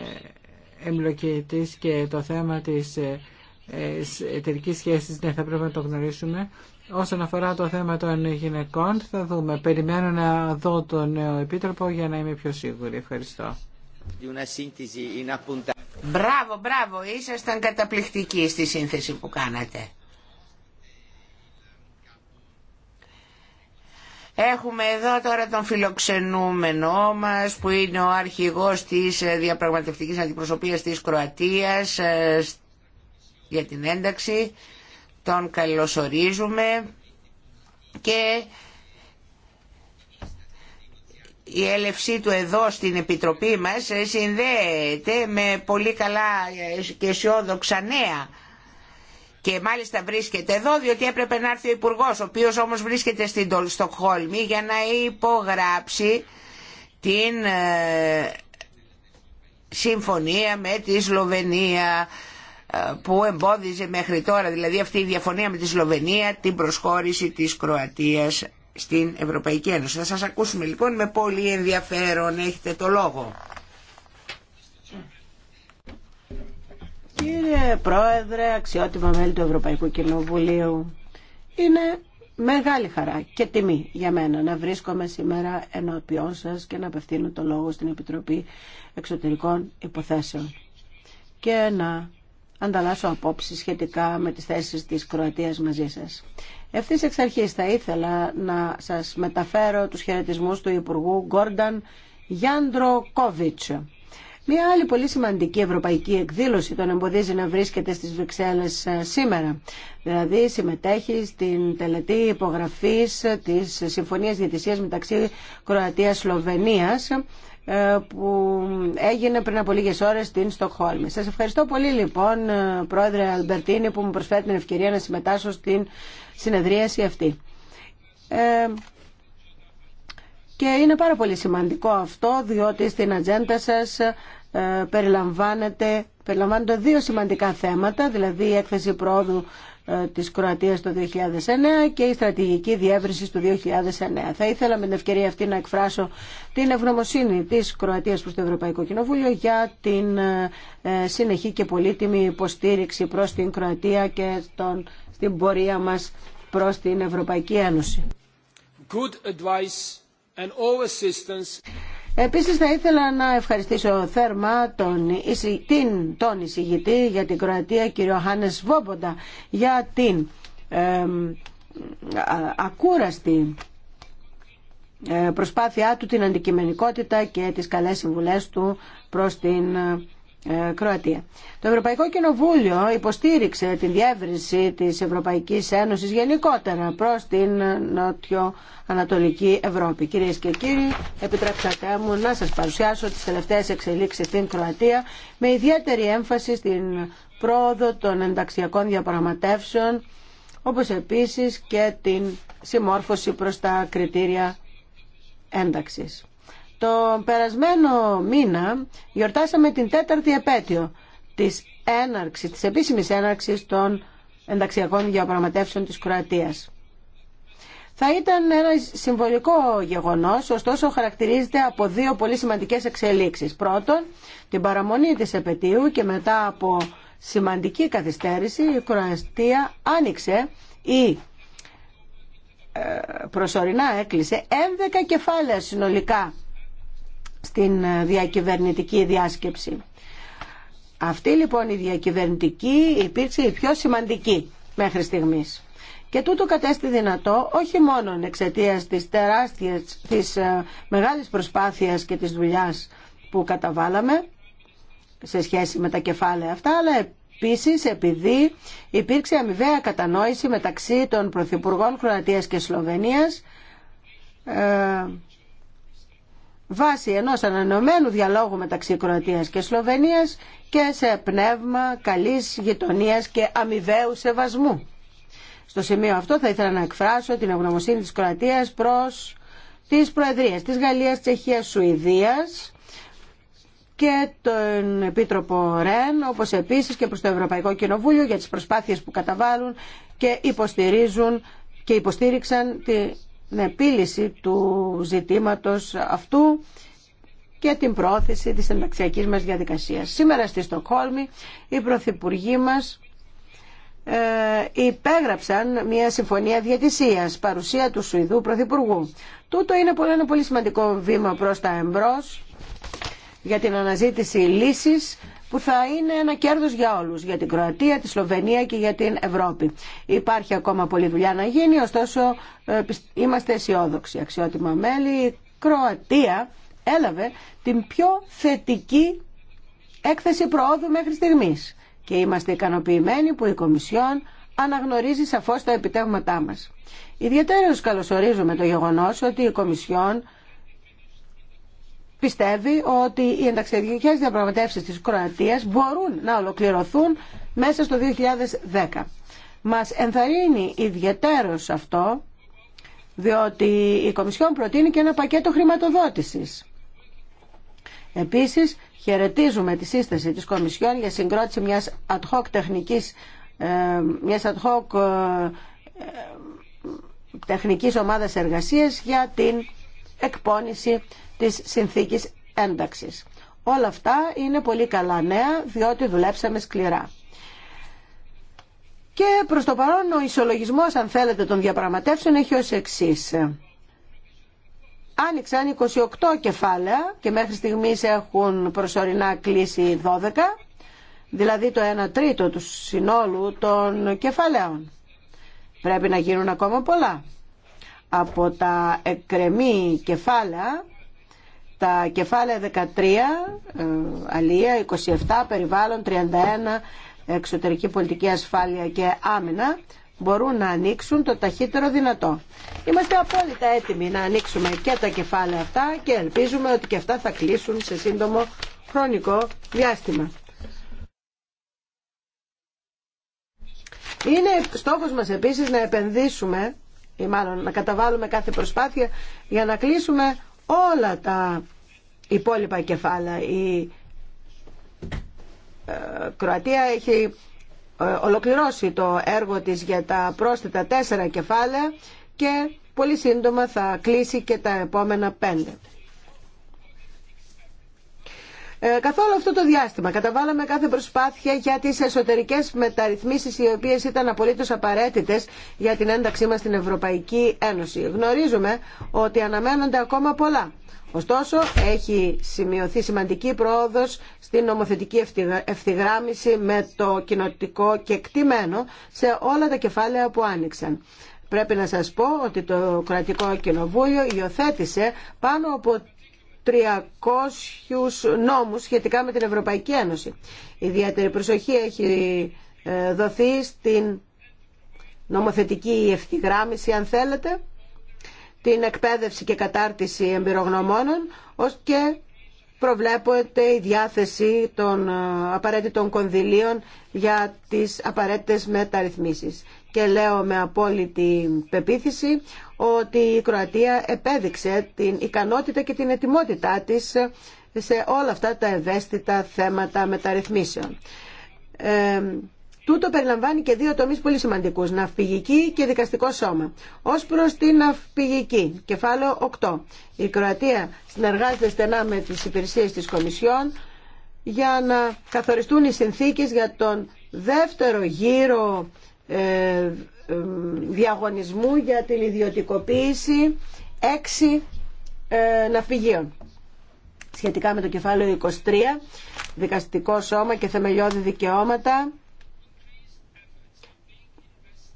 Speaker 4: εμπλοκή τη και το θέμα τη ε, εταιρική σχέση. Ναι, θα πρέπει να το γνωρίσουμε. Όσον αφορά το θέμα των γυναικών, θα δούμε. Περιμένω να δω τον νέο επίτροπο για να είμαι πιο σίγουρη. Ευχαριστώ.
Speaker 2: Μπράβο, μπράβο. Ήσασταν καταπληκτικοί στη σύνθεση που κάνατε. Έχουμε εδώ τώρα τον φιλοξενούμενό μας που είναι ο αρχηγός της ε, διαπραγματευτικής αντιπροσωπείας της Κροατίας ε, για την ένταξη. Τον καλωσορίζουμε και η έλευσή του εδώ στην Επιτροπή μας ε, συνδέεται με πολύ καλά και αισιόδοξα νέα και μάλιστα βρίσκεται εδώ διότι έπρεπε να έρθει ο Υπουργό, ο οποίο όμως βρίσκεται στην Στοκχόλμη για να υπογράψει την ε, συμφωνία με τη Σλοβενία ε, που εμπόδιζε μέχρι τώρα δηλαδή αυτή η διαφωνία με τη Σλοβενία την προσχώρηση της Κροατίας στην Ευρωπαϊκή Ένωση. Θα σας ακούσουμε λοιπόν με πολύ ενδιαφέρον. Έχετε το λόγο.
Speaker 3: Κύριε Πρόεδρε, αξιότιμα μέλη του Ευρωπαϊκού Κοινοβουλίου, είναι μεγάλη χαρά και τιμή για μένα να βρίσκομαι σήμερα ενώπιόν σας και να απευθύνω το λόγο στην Επιτροπή Εξωτερικών Υποθέσεων και να ανταλλάσσω απόψεις σχετικά με τις θέσεις της Κροατίας μαζί σας. Εφτισε εξ αρχή θα ήθελα να σας μεταφέρω τους χαιρετισμού του Υπουργού Γκόρνταν Γιάντρο Μία άλλη πολύ σημαντική ευρωπαϊκή εκδήλωση τον εμποδίζει να βρίσκεται στις Βρυξέλλες ε, σήμερα. Δηλαδή συμμετέχει στην τελετή υπογραφής της συμφωνιας διετησιας Διατησίας μεταξύ Κροατίας-Σλοβενίας ε, που έγινε πριν από λίγες ώρες στην Στοχόλμη. Σας ευχαριστώ πολύ λοιπόν ε, πρόεδρε Αλμπερτίνη που μου προσφέρει την ευκαιρία να συμμετάσχω στην συνεδρίαση αυτή. Και είναι πάρα πολύ σημαντικό αυτό διότι στην ατζέντα σας ε, περιλαμβάνεται, περιλαμβάνονται δύο σημαντικά θέματα, δηλαδή η έκθεση πρόοδου ε, της Κροατίας το 2009 και η στρατηγική διεύρυνση του 2009. Θα ήθελα με την ευκαιρία αυτή να εκφράσω την ευγνωμοσύνη της Κροατίας προς το Ευρωπαϊκό Κοινοβούλιο για την ε, συνεχή και πολύτιμη υποστήριξη προς την Κροατία και τον, στην πορεία μας προς την Ευρωπαϊκή Ένωση. Επίσης θα ήθελα να ευχαριστήσω θερμά τον, την, τον εισηγητή για την Κροατία, κύριο Χάνες Βόμποντα, για την ακούραστη ε, προσπάθειά του, την αντικειμενικότητα και τις καλές συμβουλές του προς την ε, Κροατία. Το Ευρωπαϊκό Κοινοβούλιο υποστήριξε την διεύρυνση της Ευρωπαϊκής Ένωσης γενικότερα προς την Νότιο-Ανατολική Ευρώπη. Κυρίες και κύριοι, επιτρέψατε μου να σας παρουσιάσω τις τελευταίες εξελίξεις στην Κροατία με ιδιαίτερη έμφαση στην πρόοδο των ενταξιακών διαπραγματεύσεων όπως επίσης και την συμμόρφωση προς τα κριτήρια ένταξης. Το περασμένο μήνα γιορτάσαμε την τέταρτη επέτειο της έναρξης, της επίσημης έναρξης των ενταξιακών διαπραγματεύσεων της Κροατίας. Θα ήταν ένα συμβολικό γεγονός, ωστόσο χαρακτηρίζεται από δύο πολύ σημαντικές εξελίξεις. Πρώτον, την παραμονή της επαιτίου και μετά από σημαντική καθυστέρηση η Κροατία άνοιξε ή ε, προσωρινά έκλεισε 11 κεφάλαια συνολικά στην ε, διακυβερνητική διάσκεψη. Αυτή λοιπόν η διακυβερνητική υπήρξε η πιο σημαντική μέχρι στιγμής. Και τούτο κατέστη δυνατό όχι μόνο εξαιτία της τεράστιας, της ε, μεγάλης προσπάθειας και της δουλειάς που καταβάλαμε σε σχέση με τα κεφάλαια αυτά, αλλά επίσης επειδή υπήρξε αμοιβαία κατανόηση μεταξύ των Πρωθυπουργών Κροατίας και Σλοβενίας ε, βάσει ενός ανανεωμένου διαλόγου μεταξύ Κροατίας και Σλοβενίας και σε πνεύμα καλής γειτονίας και αμοιβαίου σεβασμού. Στο σημείο αυτό θα ήθελα να εκφράσω την ευγνωμοσύνη της Κροατίας προς τις Προεδρίες της Γαλλίας, Τσεχίας, Σουηδίας και τον Επίτροπο Ρεν, όπως επίσης και προς το Ευρωπαϊκό Κοινοβούλιο για τις προσπάθειες που καταβάλουν και υποστηρίζουν και υποστήριξαν τη την επίλυση του ζητήματος αυτού και την πρόθεση της ενταξιακής μας διαδικασίας. Σήμερα στη Στοκχόλμη οι πρωθυπουργοί μας ε, υπέγραψαν μια συμφωνία διατησίας, παρουσία του Σουηδού Πρωθυπουργού. Τούτο είναι ένα πολύ σημαντικό βήμα προς τα εμπρός για την αναζήτηση λύσης που θα είναι ένα κέρδος για όλους, για την Κροατία, τη Σλοβενία και για την Ευρώπη. Υπάρχει ακόμα πολλή δουλειά να γίνει, ωστόσο ε, είμαστε αισιόδοξοι. Αξιότιμα μέλη, η Κροατία έλαβε την πιο θετική έκθεση προόδου μέχρι στιγμής και είμαστε ικανοποιημένοι που η Κομισιόν αναγνωρίζει σαφώς τα επιτεύγματά μας. Ιδιαίτερα καλωσορίζουμε το γεγονός ότι η Κομισιόν πιστεύει ότι οι ενταξιδικές διαπραγματεύσεις της Κροατίας μπορούν να ολοκληρωθούν μέσα στο 2010. Μας ενθαρρύνει ιδιαιτέρως αυτό, διότι η Κομισιόν προτείνει και ένα πακέτο χρηματοδότησης. Επίσης, χαιρετίζουμε τη σύσταση της Κομισιόν για συγκρότηση μιας ad hoc τεχνικής, ε, μιας ad hoc ε, ε, τεχνικής ομάδας εργασίας για την εκπόνηση της συνθήκης ένταξης. Όλα αυτά είναι πολύ καλά νέα διότι δουλέψαμε σκληρά. Και προς το παρόν ο ισολογισμός αν θέλετε των διαπραγματεύσεων έχει ως εξή. Άνοιξαν 28 κεφάλαια και μέχρι στιγμής έχουν προσωρινά κλείσει 12, δηλαδή το 1 τρίτο του συνόλου των κεφαλαίων. Πρέπει να γίνουν ακόμα πολλά από τα εκκρεμή κεφάλαια τα κεφάλαια 13 ε, αλία, 27 περιβάλλον, 31 εξωτερική πολιτική ασφάλεια και άμυνα μπορούν να ανοίξουν το ταχύτερο δυνατό. Είμαστε απόλυτα έτοιμοι να ανοίξουμε και τα κεφάλαια αυτά και ελπίζουμε ότι και αυτά θα κλείσουν σε σύντομο χρονικό διάστημα. Είναι στόχος μας επίσης να επενδύσουμε ή μάλλον να καταβάλουμε κάθε προσπάθεια για να κλείσουμε όλα τα υπόλοιπα κεφάλαια. Η ε, Κροατία έχει ε, ολοκληρώσει το έργο της για τα πρόσθετα τέσσερα κεφάλαια και πολύ σύντομα θα κλείσει και τα επόμενα πέντε. Ε, καθόλου αυτό το διάστημα. Καταβάλαμε κάθε προσπάθεια για τις εσωτερικές μεταρρυθμίσεις οι οποίες ήταν απολύτως απαραίτητες για την ένταξή μας στην Ευρωπαϊκή Ένωση. Γνωρίζουμε ότι αναμένονται ακόμα πολλά. Ωστόσο, έχει σημειωθεί σημαντική πρόοδος στην νομοθετική ευθυγράμμιση με το κοινοτικό και κτημένο σε όλα τα κεφάλαια που άνοιξαν. Πρέπει να σας πω ότι το Κρατικό Κοινοβούλιο υιοθέτησε πάνω από 300 νόμους σχετικά με την Ευρωπαϊκή Ένωση. Ιδιαίτερη προσοχή έχει ε, δοθεί στην νομοθετική ευθυγράμμιση αν θέλετε, την εκπαίδευση και κατάρτιση εμπειρογνωμόνων, ως και προβλέπονται η διάθεση των ε, απαραίτητων κονδυλίων για τις απαραίτητες μεταρρυθμίσεις. Και λέω με απόλυτη πεποίθηση ότι η Κροατία επέδειξε την ικανότητα και την ετοιμότητά της σε όλα αυτά τα ευαίσθητα θέματα μεταρρυθμίσεων. Ε, Τούτο περιλαμβάνει και δύο τομεί πολύ σημαντικού, ναυπηγική και δικαστικό σώμα. Ω προ την ναυπηγική, κεφάλαιο 8. Η Κροατία συνεργάζεται στενά με τι υπηρεσίε τη Κομισιόν για να καθοριστούν οι συνθήκε για τον δεύτερο γύρο ε, ε, διαγωνισμού για την ιδιωτικοποίηση έξι ε, ναυπηγείων. Σχετικά με το κεφάλαιο 23, δικαστικό σώμα και θεμελιώδη δικαιώματα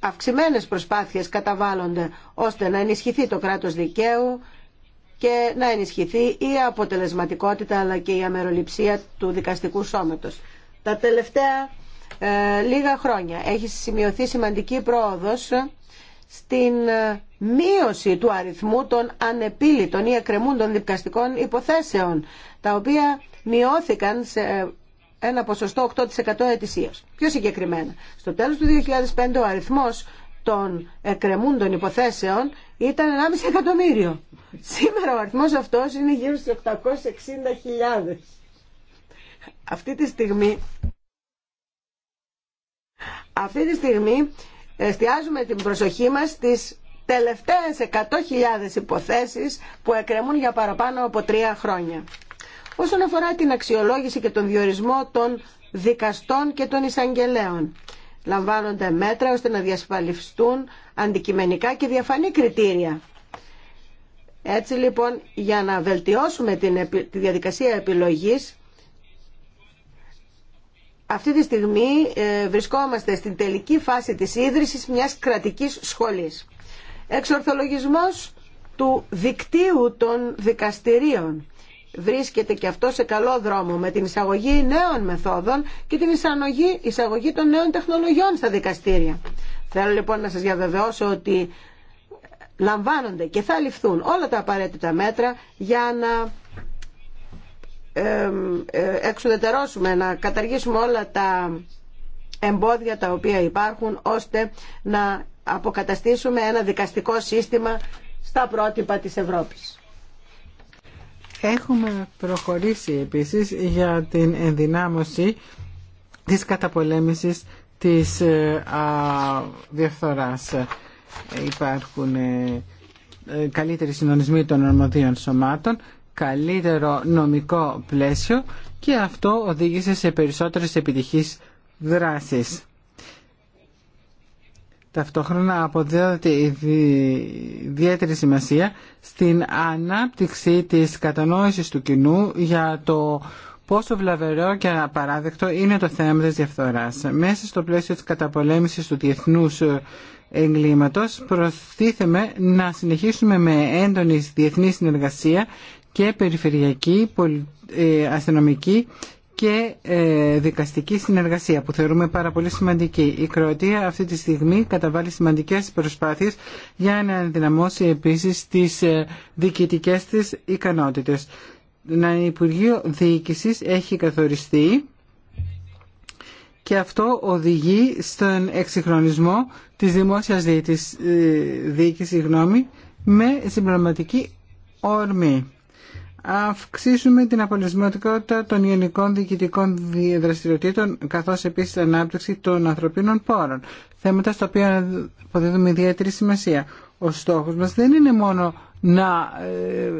Speaker 3: αυξημένες προσπάθειες καταβάλλονται ώστε να ενισχυθεί το κράτος δικαίου και να ενισχυθεί η αποτελεσματικότητα αλλά και η αμεροληψία του δικαστικού σώματος. Τα τελευταία ε, λίγα χρόνια έχει σημειωθεί σημαντική πρόοδος στην ε, μείωση του αριθμού των ανεπίλητων ή ακρεμούντων δικαστικών υποθέσεων, τα οποία μειώθηκαν σε ε, ένα ποσοστό 8% ετησίως. Πιο συγκεκριμένα, στο τέλος του 2005 ο αριθμός των εκκρεμούντων υποθέσεων ήταν 1,5 εκατομμύριο. Σήμερα ο αριθμός αυτός είναι γύρω στους 860.000. Αυτή τη στιγμή... Αυτή τη στιγμή εστιάζουμε την προσοχή μας στις τελευταίες 100.000 υποθέσεις που εκκρεμούν για παραπάνω από τρία χρόνια. Όσον αφορά την αξιολόγηση και τον διορισμό των δικαστών και των εισαγγελέων, λαμβάνονται μέτρα ώστε να διασφαλιστούν αντικειμενικά και διαφανή κριτήρια. Έτσι λοιπόν, για να βελτιώσουμε τη διαδικασία επιλογής, αυτή τη στιγμή ε, βρισκόμαστε στην τελική φάση της ίδρυσης μιας κρατικής σχολής. Εξορθολογισμός του δικτύου των δικαστηρίων βρίσκεται και αυτό σε καλό δρόμο με την εισαγωγή νέων μεθόδων και την εισαγωγή, εισαγωγή των νέων τεχνολογιών στα δικαστήρια. Θέλω λοιπόν να σας διαβεβαιώσω ότι λαμβάνονται και θα ληφθούν όλα τα απαραίτητα μέτρα για να ε, εξουδετερώσουμε, να καταργήσουμε όλα τα εμπόδια τα οποία υπάρχουν ώστε να αποκαταστήσουμε ένα δικαστικό σύστημα στα πρότυπα της Ευρώπης.
Speaker 4: Έχουμε προχωρήσει επίσης για την ενδυνάμωση της καταπολέμησης της ε, διαφθοράς. Υπάρχουν ε, ε, καλύτεροι συνονισμοί των ορμοδίων σωμάτων, καλύτερο νομικό πλαίσιο και αυτό οδήγησε σε περισσότερες επιτυχείς δράσεις. Ταυτόχρονα αποδίδεται ιδιαίτερη σημασία στην ανάπτυξη της κατανόησης του κοινού για το πόσο βλαβερό και απαράδεκτο είναι το θέμα της διαφθοράς. Μέσα στο πλαίσιο της καταπολέμησης του διεθνούς ε, εγκλήματος προσθήθεμε να συνεχίσουμε με έντονη διεθνή συνεργασία και περιφερειακή, ε, αστυνομική και ε, δικαστική συνεργασία που θεωρούμε πάρα πολύ σημαντική. Η Κροατία αυτή τη στιγμή καταβάλει σημαντικές προσπάθειες για να ενδυναμώσει επίσης τις ε, διοικητικές της ικανότητες. Να Υπουργείο Διοίκησης έχει καθοριστεί και αυτό οδηγεί στον εξυγχρονισμό της δημόσιας διοίκησης ε, γνώμη, με συμπληρωματική όρμη αυξήσουμε την αποτελεσματικότητα των γενικών διοικητικών δραστηριοτήτων καθώς επίσης την ανάπτυξη των ανθρωπίνων πόρων. Θέματα στα οποία αποδίδουμε ιδιαίτερη σημασία. Ο στόχος μας δεν είναι μόνο να ε,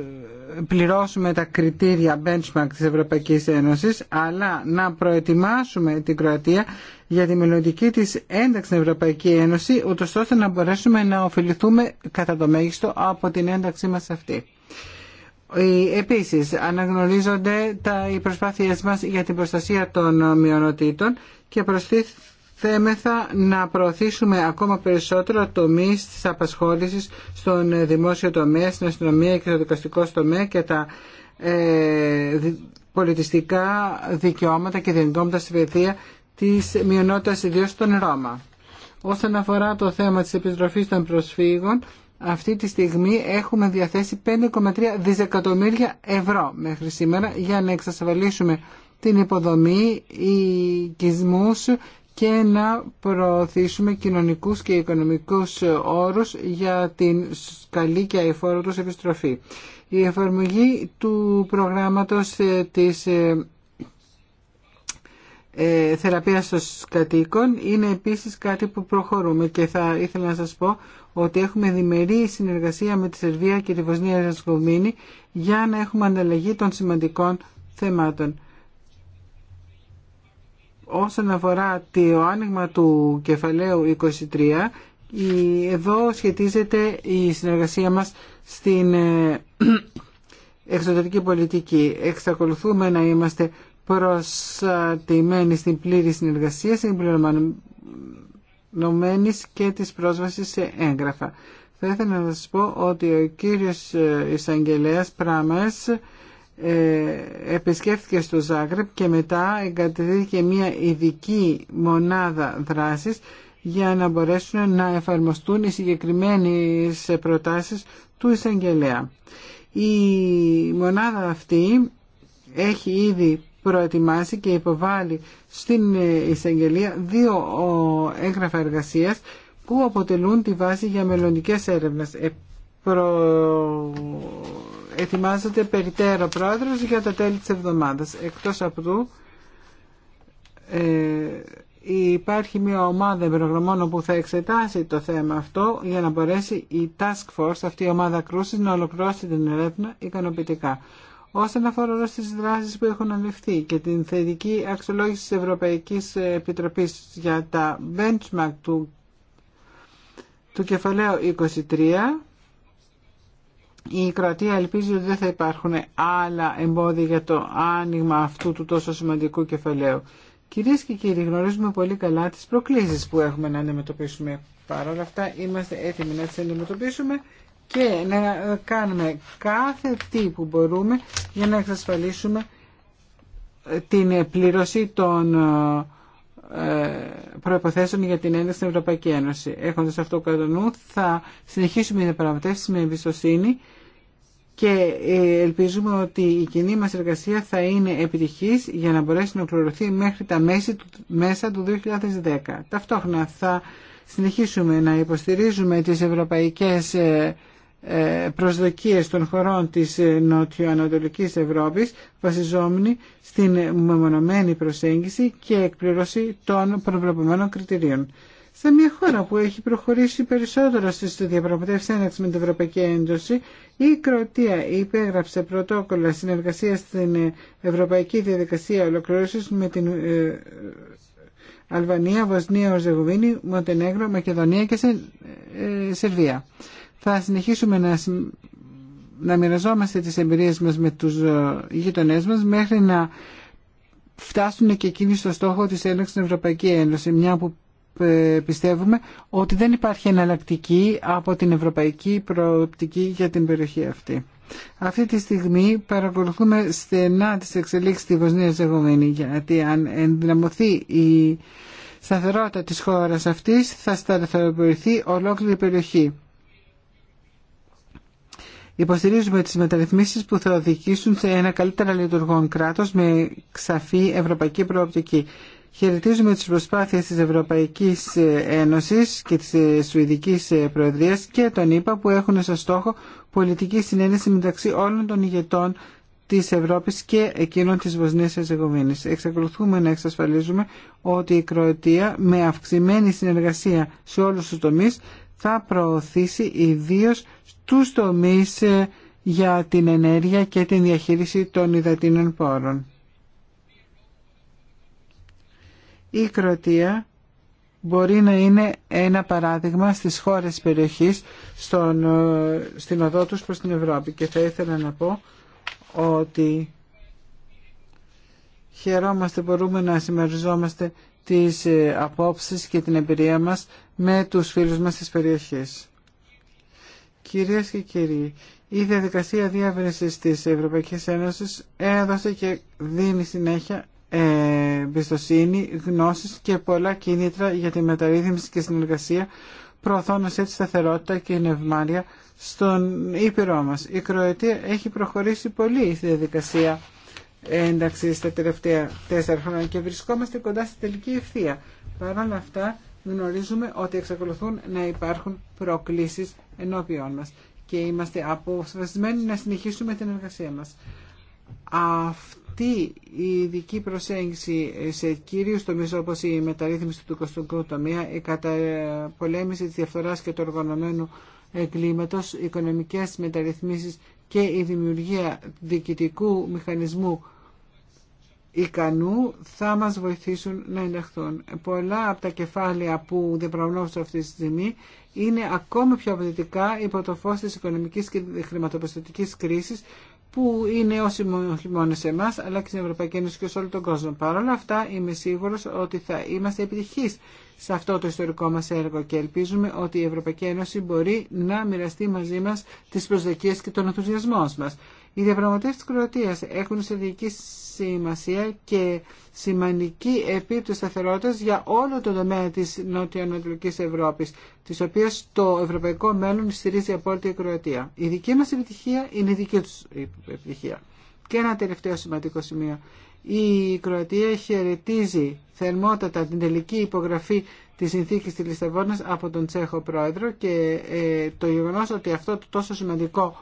Speaker 4: πληρώσουμε τα κριτήρια benchmark της Ευρωπαϊκής Ένωσης αλλά να προετοιμάσουμε την Κροατία για τη μελλοντική της ένταξη στην Ευρωπαϊκή Ένωση ούτως ώστε να μπορέσουμε να ωφεληθούμε κατά το μέγιστο από την ένταξή μας αυτή. Επίσης αναγνωρίζονται τα, οι προσπάθειές μας για την προστασία των μειονοτήτων και προσθέμεθα να προωθήσουμε ακόμα περισσότερο τομεί της απασχόλησης στον δημόσιο τομέα, στην αστυνομία και στο δικαστικό τομέα και τα ε, πολιτιστικά δικαιώματα και δικαιώματα στη της μειονότητας ιδίως των Ρώμα. Όσον αφορά το θέμα της επιστροφής των προσφύγων, αυτή τη στιγμή έχουμε διαθέσει 5,3 δισεκατομμύρια ευρώ μέχρι σήμερα για να εξασφαλίσουμε την υποδομή, οικισμούς και να προωθήσουμε κοινωνικούς και οικονομικούς όρους για την καλή και αηφόρο επιστροφή. Η εφαρμογή του προγράμματος ε, της ε, ε, θεραπείας των κατοίκων είναι επίσης κάτι που προχωρούμε και θα ήθελα να σας πω ότι έχουμε διμερή συνεργασία με τη Σερβία και τη Βοσνία Ρεσκοβίνη για να έχουμε ανταλλαγή των σημαντικών θεμάτων. Όσον αφορά το άνοιγμα του κεφαλαίου 23, εδώ σχετίζεται η συνεργασία μας στην ε, εξωτερική πολιτική. Εξακολουθούμε να είμαστε προσατημένοι στην πλήρη συνεργασία, στην νομένης και της πρόσβασης σε έγγραφα. Θα ήθελα να σας πω ότι ο κύριος ε, Ισαγγελέας Πράμας ε, επισκέφθηκε στο Ζάγκρεπ και μετά εγκατεδίθηκε μια ειδική μονάδα δράσης για να μπορέσουν να εφαρμοστούν οι συγκεκριμένες προτάσεις του Ισαγγελέα. Η μονάδα αυτή έχει ήδη προετοιμάσει και υποβάλει στην εισαγγελία δύο έγγραφα εργασίας που αποτελούν τη βάση για μελλοντικές έρευνες. Ε, προ... Ετοιμάζεται περιττέρω πρόεδρος για τα τέλη της εβδομάδας. Εκτός από ε, υπάρχει μια ομάδα εμπρογραμμών που θα εξετάσει το θέμα αυτό για να μπορέσει η Task Force, αυτή η ομάδα κρούσης, να ολοκληρώσει την ερεύνα ικανοποιητικά όσον αφορά στις δράσεις που έχουν ανοιχθεί και την θετική αξιολόγηση της Ευρωπαϊκής Επιτροπής για τα benchmark του, του κεφαλαίου 23, η Κροατία ελπίζει ότι δεν θα υπάρχουν άλλα εμπόδια για το άνοιγμα αυτού του τόσο σημαντικού κεφαλαίου. Κυρίες και κύριοι, γνωρίζουμε πολύ καλά τις προκλήσεις που έχουμε να αντιμετωπίσουμε. Παρ' όλα αυτά είμαστε έτοιμοι να τις αντιμετωπίσουμε και να κάνουμε κάθε τι που μπορούμε για να εξασφαλίσουμε ε, την πλήρωση των ε, ε, προϋποθέσεων για την ένταση στην Ευρωπαϊκή Ένωση. Έχοντας αυτό κατά νου, θα συνεχίσουμε οι διαπραγματεύσεις με εμπιστοσύνη και ελπίζουμε ότι η κοινή μας εργασία θα είναι επιτυχής για να μπορέσει να ολοκληρωθεί μέχρι τα μέση του, μέσα του 2010. Ταυτόχρονα θα συνεχίσουμε να υποστηρίζουμε τις ευρωπαϊκές ε, προσδοκίες των χωρών της ε, νοτιοανατολικής Ευρώπης βασιζόμενοι στην μεμονωμένη προσέγγιση και εκπληρώση των προβλεπωμένων κριτηρίων. Σε μια χώρα που έχει προχωρήσει περισσότερο στις διαπραγματεύσεις ένταξη με την Ευρωπαϊκή Ένωση, η Κροατία υπέγραψε πρωτόκολλα συνεργασίας στην Ευρωπαϊκή Διαδικασία Ολοκλήρωση με την ε, Αλβανία, Βοσνία, Ορζεγοβίνη, Μοντενέγρο, Μακεδονία και Σερβία. Θα συνεχίσουμε να, να μοιραζόμαστε τις εμπειρίες μας με τους ε, γειτονές μας μέχρι να φτάσουν και εκείνοι στο στόχο της έλεγξης στην Ευρωπαϊκή Ένωση, μια που ε, πιστεύουμε ότι δεν υπάρχει εναλλακτική από την ευρωπαϊκή προοπτική για την περιοχή αυτή. Αυτή τη στιγμή παρακολουθούμε στενά τις εξελίξεις στη Βοσνία γιατί αν ενδυναμωθεί η σταθερότητα της χώρας αυτής θα σταθεροποιηθεί ολόκληρη η περιοχή. Υποστηρίζουμε τις μεταρρυθμίσεις που θα οδηγήσουν σε ένα καλύτερα λειτουργόν κράτος με ξαφή ευρωπαϊκή προοπτική. Χαιρετίζουμε τις προσπάθειες της Ευρωπαϊκής Ένωσης και της Σουηδικής Προεδρίας και τον ΗΠΑ που έχουν σαν στόχο πολιτική συνένεση μεταξύ όλων των ηγετών της Ευρώπης και εκείνων της Βοσνίας Ερζεγοβίνης. Εξακολουθούμε να εξασφαλίζουμε ότι η Κροατία με αυξημένη συνεργασία σε όλους τους τομείς θα προωθήσει ιδίω τους τομείς ε, για την ενέργεια και την διαχείριση των υδατίνων πόρων. Η Κροατία μπορεί να είναι ένα παράδειγμα στις χώρες περιοχής στον, ε, στην οδό τους προς την Ευρώπη και θα ήθελα να πω ότι χαιρόμαστε μπορούμε να συμμεριζόμαστε τις ε, απόψεις και την εμπειρία μας με τους φίλους μας στις περιοχής. Κυρίες και κύριοι, η διαδικασία διάβρεσης της Ευρωπαϊκής Ένωσης έδωσε και δίνει συνέχεια ε, εμπιστοσύνη, γνώσεις και πολλά κίνητρα για τη μεταρρύθμιση και συνεργασία προωθώντα έτσι σταθερότητα και νευμάρια στον Ήπειρό μας. Η Κροατία έχει προχωρήσει πολύ στη διαδικασία ένταξης τα τελευταία τέσσερα χρόνια και βρισκόμαστε κοντά στη τελική ευθεία. αυτά γνωρίζουμε ότι εξακολουθούν να υπάρχουν προκλήσεις ενώπιόν μας και είμαστε αποφασισμένοι να συνεχίσουμε την εργασία μας. Αυτή η ειδική προσέγγιση σε κύριους τομείς όπως η μεταρρύθμιση του κοστικού τομέα, η καταπολέμηση της διαφθοράς και του οργανωμένου κλίματος, οι οικονομικές μεταρρυθμίσεις και η δημιουργία διοικητικού μηχανισμού ικανού θα μας βοηθήσουν να ενταχθούν. Πολλά από τα κεφάλαια που διαπραγματεύονται αυτή τη στιγμή είναι ακόμη πιο απαιτητικά υπό το φως της οικονομικής και χρηματοπιστωτικής κρίσης που είναι όσοι μόνο σε εμά, αλλά και στην Ευρωπαϊκή Ένωση και σε όλο τον κόσμο. Παρ' όλα αυτά, είμαι σίγουρο ότι θα είμαστε επιτυχεί σε αυτό το ιστορικό μα έργο και ελπίζουμε ότι η Ευρωπαϊκή Ένωση μπορεί να μοιραστεί μαζί μα τι προσδοκίε και τον ενθουσιασμό μα. Οι διαπραγματεύσει τη Κροατία έχουν στρατηγική σημασία και σημαντική επίπτωση σταθερότητα για όλο το τομέα τη νότιο-ανατολική Ευρώπη, τη οποία το ευρωπαϊκό μέλλον στηρίζει απόλυτη η Κροατία. Η δική μα επιτυχία είναι η δική του επιτυχία. Και ένα τελευταίο σημαντικό σημείο. Η Κροατία χαιρετίζει θερμότατα την τελική υπογραφή της συνθήκης της Λισαβόνας από τον Τσέχο Πρόεδρο και ε, το γεγονός ότι αυτό το τόσο σημαντικό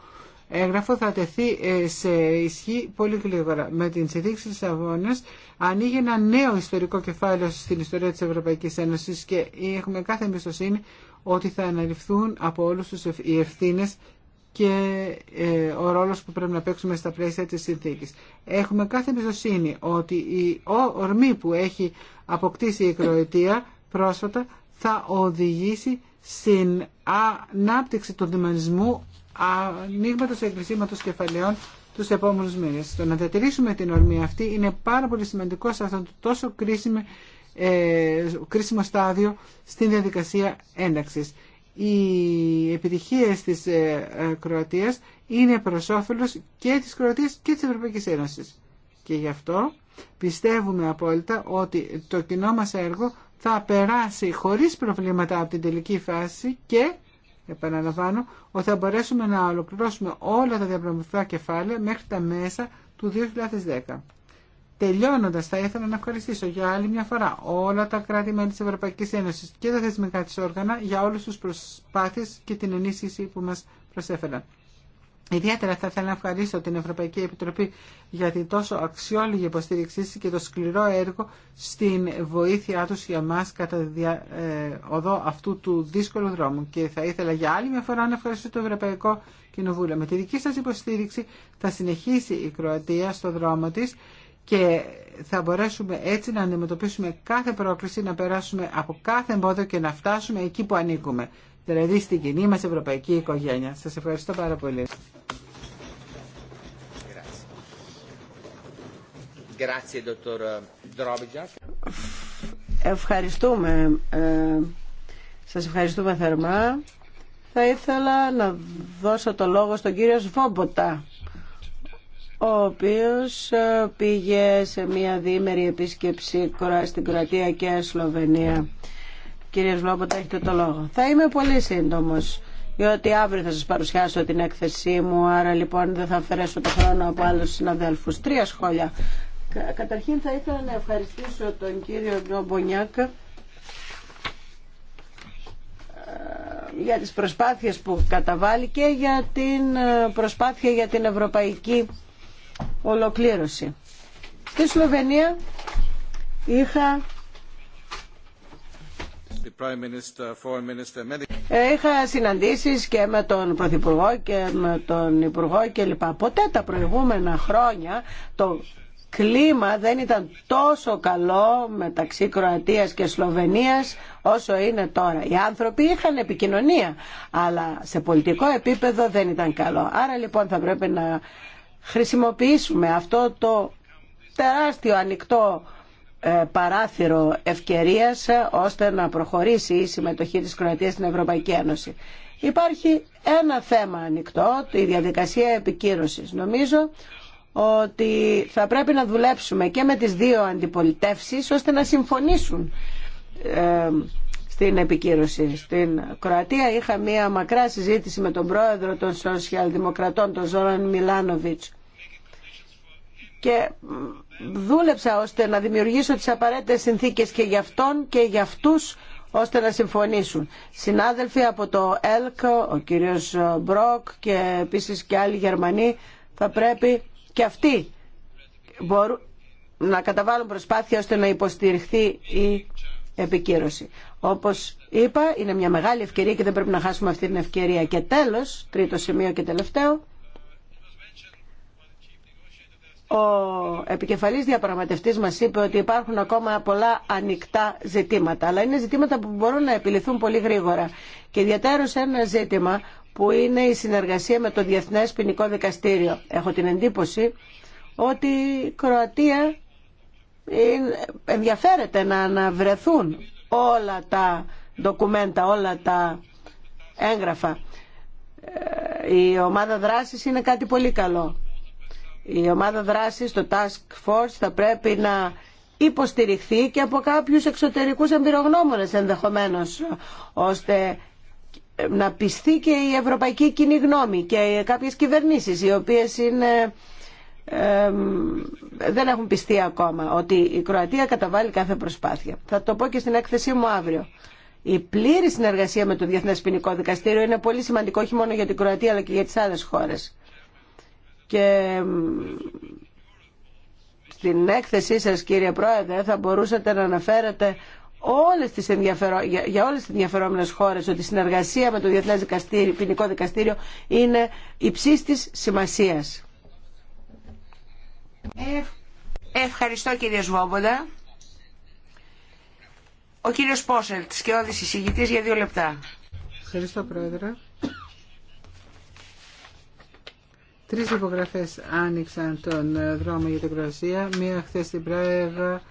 Speaker 4: έγγραφο θα τεθεί ε, σε ισχύ πολύ γρήγορα. Με την συνθήκη τη ανήγεινα ανοίγει ένα νέο ιστορικό κεφάλαιο στην ιστορία της Ευρωπαϊκής Ένωση και έχουμε κάθε εμπιστοσύνη ότι θα αναλυφθούν από όλους του οι ευθύνε και ε, ο ρόλος που πρέπει να παίξουμε στα πλαίσια της συνθήκης. Έχουμε κάθε εμπιστοσύνη ότι η ορμή που έχει αποκτήσει η Κροατία πρόσφατα θα οδηγήσει στην ανάπτυξη του δημονισμού Ανοίγματο εκκλησίματο κεφαλαίων του επόμενου μήνε. Το να διατηρήσουμε την ορμή αυτή είναι πάρα πολύ σημαντικό σε αυτό το τόσο κρίσιμο, ε, κρίσιμο στάδιο στην διαδικασία ένταξης. Οι επιτυχίε της ε, ε είναι προ όφελο και της Κροατία και τη Ευρωπαϊκή Ένωση. Και γι' αυτό πιστεύουμε απόλυτα ότι το κοινό μας έργο θα περάσει χωρίς προβλήματα από την τελική φάση και επαναλαμβάνω, ότι θα μπορέσουμε να ολοκληρώσουμε όλα τα διαπραγματευτικά κεφάλαια μέχρι τα μέσα του 2010. Τελειώνοντα, θα ήθελα να ευχαριστήσω για άλλη μια φορά όλα τα κράτη-μέλη τη Ευρωπαϊκή Ένωση και τα θεσμικά τη όργανα για όλε τι προσπάθειε και την ενίσχυση που μα προσέφεραν. Ιδιαίτερα θα ήθελα να ευχαριστώ την Ευρωπαϊκή Επιτροπή για την τόσο αξιόλογη υποστήριξή και το σκληρό έργο στην βοήθειά τους για μας κατά δια, ε, οδό αυτού του δύσκολου δρόμου. Και θα ήθελα για άλλη μια φορά να ευχαριστήσω το Ευρωπαϊκό Κοινοβούλιο. Με τη δική σας υποστήριξη θα συνεχίσει η Κροατία στο δρόμο της και θα μπορέσουμε έτσι να αντιμετωπίσουμε κάθε πρόκληση, να περάσουμε από κάθε εμπόδιο και να φτάσουμε εκεί που ανήκουμε δηλαδή στην κοινή μας ευρωπαϊκή οικογένεια. Σας ευχαριστώ πάρα πολύ.
Speaker 3: Ευχαριστούμε. Ε, σας ευχαριστούμε θερμά. Θα ήθελα να δώσω το λόγο στον κύριο Σβόμποτα, ο οποίος ε, πήγε σε μια διήμερη επίσκεψη στην Κρατία και Σλοβενία. Κύριε Σλόμποτα, έχετε το λόγο. Θα είμαι πολύ σύντομος, διότι αύριο θα σας παρουσιάσω την έκθεσή μου, άρα λοιπόν δεν θα αφαιρέσω το χρόνο από άλλου συναδέλφου. Τρία σχόλια. Καταρχήν θα ήθελα να ευχαριστήσω τον κύριο Γκομπονιάκ ε, για τις προσπάθειες που καταβάλει και για την ε, προσπάθεια για την ευρωπαϊκή ολοκλήρωση. Στη Σλοβενία είχα Είχα συναντήσεις και με τον Πρωθυπουργό και με τον Υπουργό κλπ. Ποτέ τα προηγούμενα χρόνια το κλίμα δεν ήταν τόσο καλό μεταξύ Κροατίας και Σλοβενίας όσο είναι τώρα. Οι άνθρωποι είχαν επικοινωνία, αλλά σε πολιτικό επίπεδο δεν ήταν καλό. Άρα λοιπόν θα πρέπει να χρησιμοποιήσουμε αυτό το τεράστιο ανοιχτό ε, παράθυρο ευκαιρίας ε, ώστε να προχωρήσει η συμμετοχή της Κροατίας στην Ευρωπαϊκή Ένωση. Υπάρχει ένα θέμα ανοιχτό, τη διαδικασία επικύρωσης. Νομίζω ότι θα πρέπει να δουλέψουμε και με τις δύο αντιπολιτεύσεις ώστε να συμφωνήσουν ε, στην επικύρωση. Στην Κροατία είχα μία μακρά συζήτηση με τον πρόεδρο των Σοσιαλδημοκρατών, τον Ζόραν Μιλάνοβιτς και δούλεψα ώστε να δημιουργήσω τις απαραίτητες συνθήκες και για αυτόν και για αυτούς ώστε να συμφωνήσουν. Συνάδελφοι από το ΕΛΚ, ο κύριος Μπροκ και επίσης και άλλοι Γερμανοί θα πρέπει και αυτοί να καταβάλουν προσπάθεια ώστε να υποστηριχθεί η επικύρωση. Όπως είπα, είναι μια μεγάλη ευκαιρία και δεν πρέπει να χάσουμε αυτή την ευκαιρία. Και τέλος, τρίτο σημείο και τελευταίο, ο επικεφαλής διαπραγματευτής μας είπε ότι υπάρχουν ακόμα πολλά ανοιχτά ζητήματα, αλλά είναι ζητήματα που μπορούν να επιληθούν πολύ γρήγορα. Και ιδιαίτερο ένα ζήτημα που είναι η συνεργασία με το Διεθνές Ποινικό Δικαστήριο. Έχω την εντύπωση ότι η Κροατία ενδιαφέρεται να αναβρεθούν όλα τα ντοκουμέντα, όλα τα έγγραφα. Ε, η ομάδα δράσης είναι κάτι πολύ καλό. Η ομάδα δράσης, το Task Force, θα πρέπει να υποστηριχθεί και από κάποιους εξωτερικούς εμπειρογνώμονες ενδεχομένως, ώστε να πιστεί και η ευρωπαϊκή κοινή γνώμη και κάποιες κυβερνήσεις οι οποίες είναι, δεν έχουν πιστεί ακόμα ότι η Κροατία καταβάλει κάθε προσπάθεια. Θα το πω και στην έκθεσή μου αύριο. Η πλήρη συνεργασία με το Διεθνές Ποινικό Δικαστήριο είναι πολύ σημαντικό όχι μόνο για την Κροατία αλλά και για τις άλλες χώρες και στην έκθεσή σας κύριε Πρόεδρε θα μπορούσατε να αναφέρετε όλες τις για, όλες τις ενδιαφερόμενες χώρες ότι η συνεργασία με το Διεθνές δικαστήριο, Ποινικό Δικαστήριο είναι υψίστης σημασίας.
Speaker 2: Ευχαριστώ κύριε Σβόμποντα. Ο κύριος Πόσελτ και ο για δύο λεπτά.
Speaker 4: Ευχαριστώ πρόεδρε. Τρεις υπογραφές άνοιξαν τον ε, δρόμο για την Κροασία, μία χθες στην Πράγα,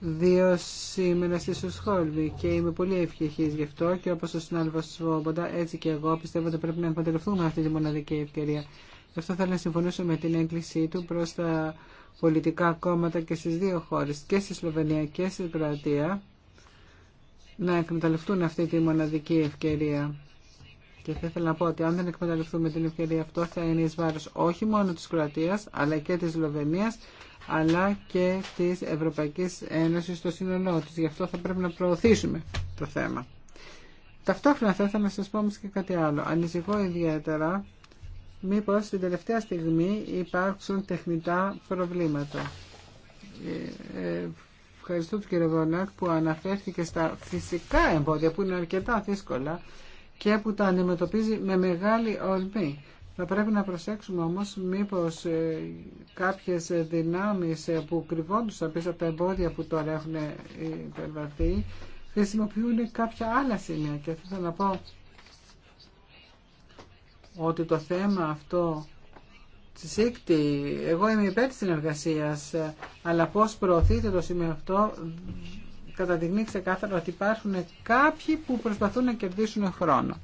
Speaker 4: δύο σήμερα στη Σουσχόλμη και είμαι πολύ ευτυχής γι' αυτό και όπως ο συνάδελφος Σβόμποντα έτσι και εγώ πιστεύω ότι πρέπει να εκμεταλλευτούμε αυτή τη μοναδική ευκαιρία. Γι' αυτό θέλω να συμφωνήσω με την έγκλησή του προς τα πολιτικά κόμματα και στις δύο χώρες, και στη Σλοβενία και στη Κροατία, να εκμεταλλευτούν αυτή τη μοναδική ευκαιρία. Και θα ήθελα να πω ότι αν δεν εκμεταλλευτούμε την ευκαιρία αυτό θα είναι εις βάρος όχι μόνο της Κροατίας αλλά και της Λοβενίας αλλά και της Ευρωπαϊκής Ένωσης στο σύνολό της. Γι' αυτό θα πρέπει να προωθήσουμε το θέμα. Ταυτόχρονα θα ήθελα να σας πω όμως και κάτι άλλο. Ανησυχώ ιδιαίτερα μήπως στην τελευταία στιγμή υπάρξουν τεχνητά προβλήματα. Ε, ε, ευχαριστώ τον κύριο Βονάκ που αναφέρθηκε στα φυσικά εμπόδια που είναι αρκετά δύσκολα και που τα αντιμετωπίζει με μεγάλη ορμή. Θα πρέπει να προσέξουμε όμως μήπως ε, κάποιες δυνάμεις ε, που κρυβόντουσαν πίσω από τα εμπόδια που τώρα έχουν ε, υπερβαθεί χρησιμοποιούν κάποια άλλα σημεία και θα να πω ότι το θέμα αυτό σύκτη, εγώ είμαι υπέρ της συνεργασίας, αλλά πώς προωθείται το σημείο αυτό καταδεικνύει ξεκάθαρα ότι υπάρχουν κάποιοι που προσπαθούν να κερδίσουν χρόνο.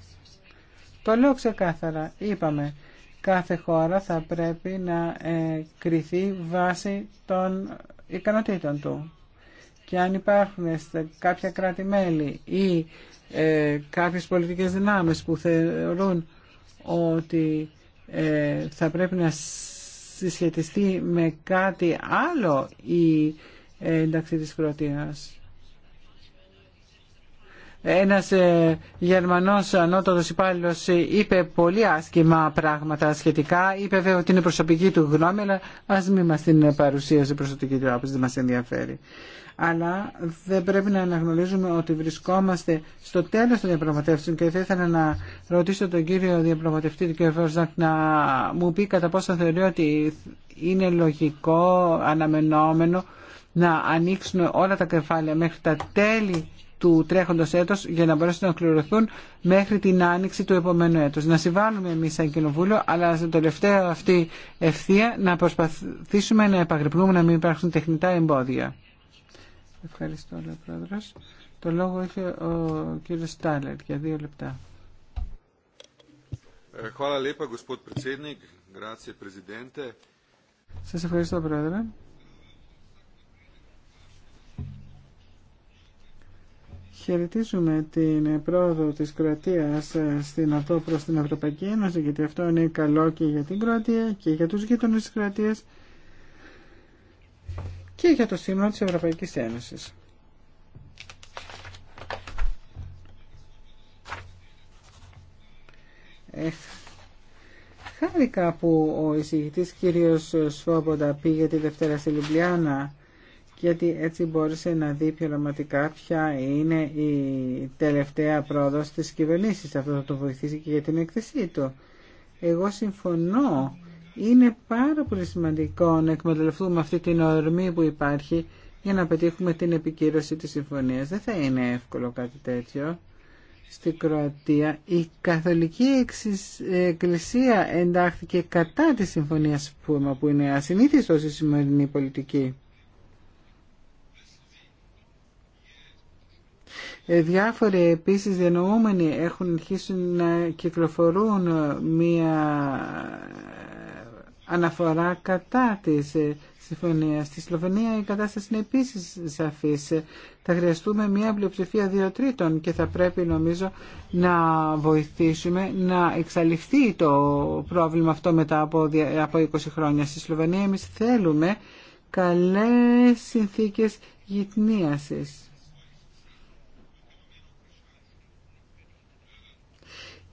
Speaker 4: Το λέω ξεκάθαρα. Είπαμε, κάθε χώρα θα πρέπει να ε, κριθεί βάσει των ικανοτήτων του. Και αν υπάρχουν κάποια κράτη-μέλη ή ε, κάποιες πολιτικές δυνάμεις που θεωρούν ότι ε, θα πρέπει να συσχετιστεί με κάτι άλλο η ένταξη ε, της Κροατίας ένας ε, Γερμανός ανώτατος υπάλληλος ε, είπε πολύ άσχημα πράγματα σχετικά. Είπε βέβαια ότι είναι προσωπική του γνώμη, αλλά ας μην μας την παρουσίασε προσωπική του άποψη, δεν μας ενδιαφέρει. Αλλά δεν πρέπει να αναγνωρίζουμε ότι βρισκόμαστε στο τέλος των διαπραγματεύσεων και θα ήθελα να ρωτήσω τον κύριο διαπραγματευτή του κ. να μου πει κατά πόσο θεωρεί ότι είναι λογικό, αναμενόμενο να ανοίξουν όλα τα κεφάλαια μέχρι τα τέλη του τρέχοντος έτος για να μπορέσουν να ολοκληρωθούν μέχρι την άνοιξη του επόμενου έτους. Να συμβάλλουμε εμείς σαν κοινοβούλιο, αλλά στην τελευταία αυτή ευθεία να προσπαθήσουμε να επαγρυπνούμε να μην υπάρχουν τεχνητά εμπόδια. Ευχαριστώ, ο Πρόεδρος. Το λόγο έχει ο κύριος Στάλερ για δύο λεπτά.
Speaker 8: Ε,
Speaker 4: Σας ευχαριστώ, Πρόεδρε. Χαιρετίζουμε την πρόοδο της Κροατίας ε, στην οδό προς την Ευρωπαϊκή Ένωση γιατί αυτό είναι καλό και για την Κροατία και για τους γείτονες της Κροατίας και για το σύνολο της Ευρωπαϊκής Ένωσης. Ε, χάρηκα που ο εισηγητής κύριος Σφόποντα πήγε τη Δευτέρα στη Λιμπλιάνα γιατί έτσι μπόρεσε να δει πειραματικά ποια είναι η τελευταία πρόοδος της κυβερνήσης. Αυτό θα το βοηθήσει και για την εκθεσή του. Εγώ συμφωνώ. Είναι πάρα πολύ σημαντικό να εκμεταλλευτούμε αυτή την ορμή που υπάρχει για να πετύχουμε την επικύρωση της συμφωνίας. Δεν θα είναι εύκολο κάτι τέτοιο. Στη Κροατία η Καθολική Εκκλησία εντάχθηκε κατά της συμφωνίας που είναι ασυνήθιστος η σημερινή πολιτική. Ε, διάφοροι επίσης διανοούμενοι έχουν αρχίσει να κυκλοφορούν μία ε, αναφορά κατά της ε, συμφωνίας. Στη Σλοβενία η κατάσταση είναι επίσης σαφής. Θα χρειαστούμε μία πλειοψηφία δύο τρίτων και θα πρέπει νομίζω να βοηθήσουμε να εξαλειφθεί το πρόβλημα αυτό μετά από 20 χρόνια. Στη Σλοβενία εμείς θέλουμε καλές συνθήκες γυτνίασης.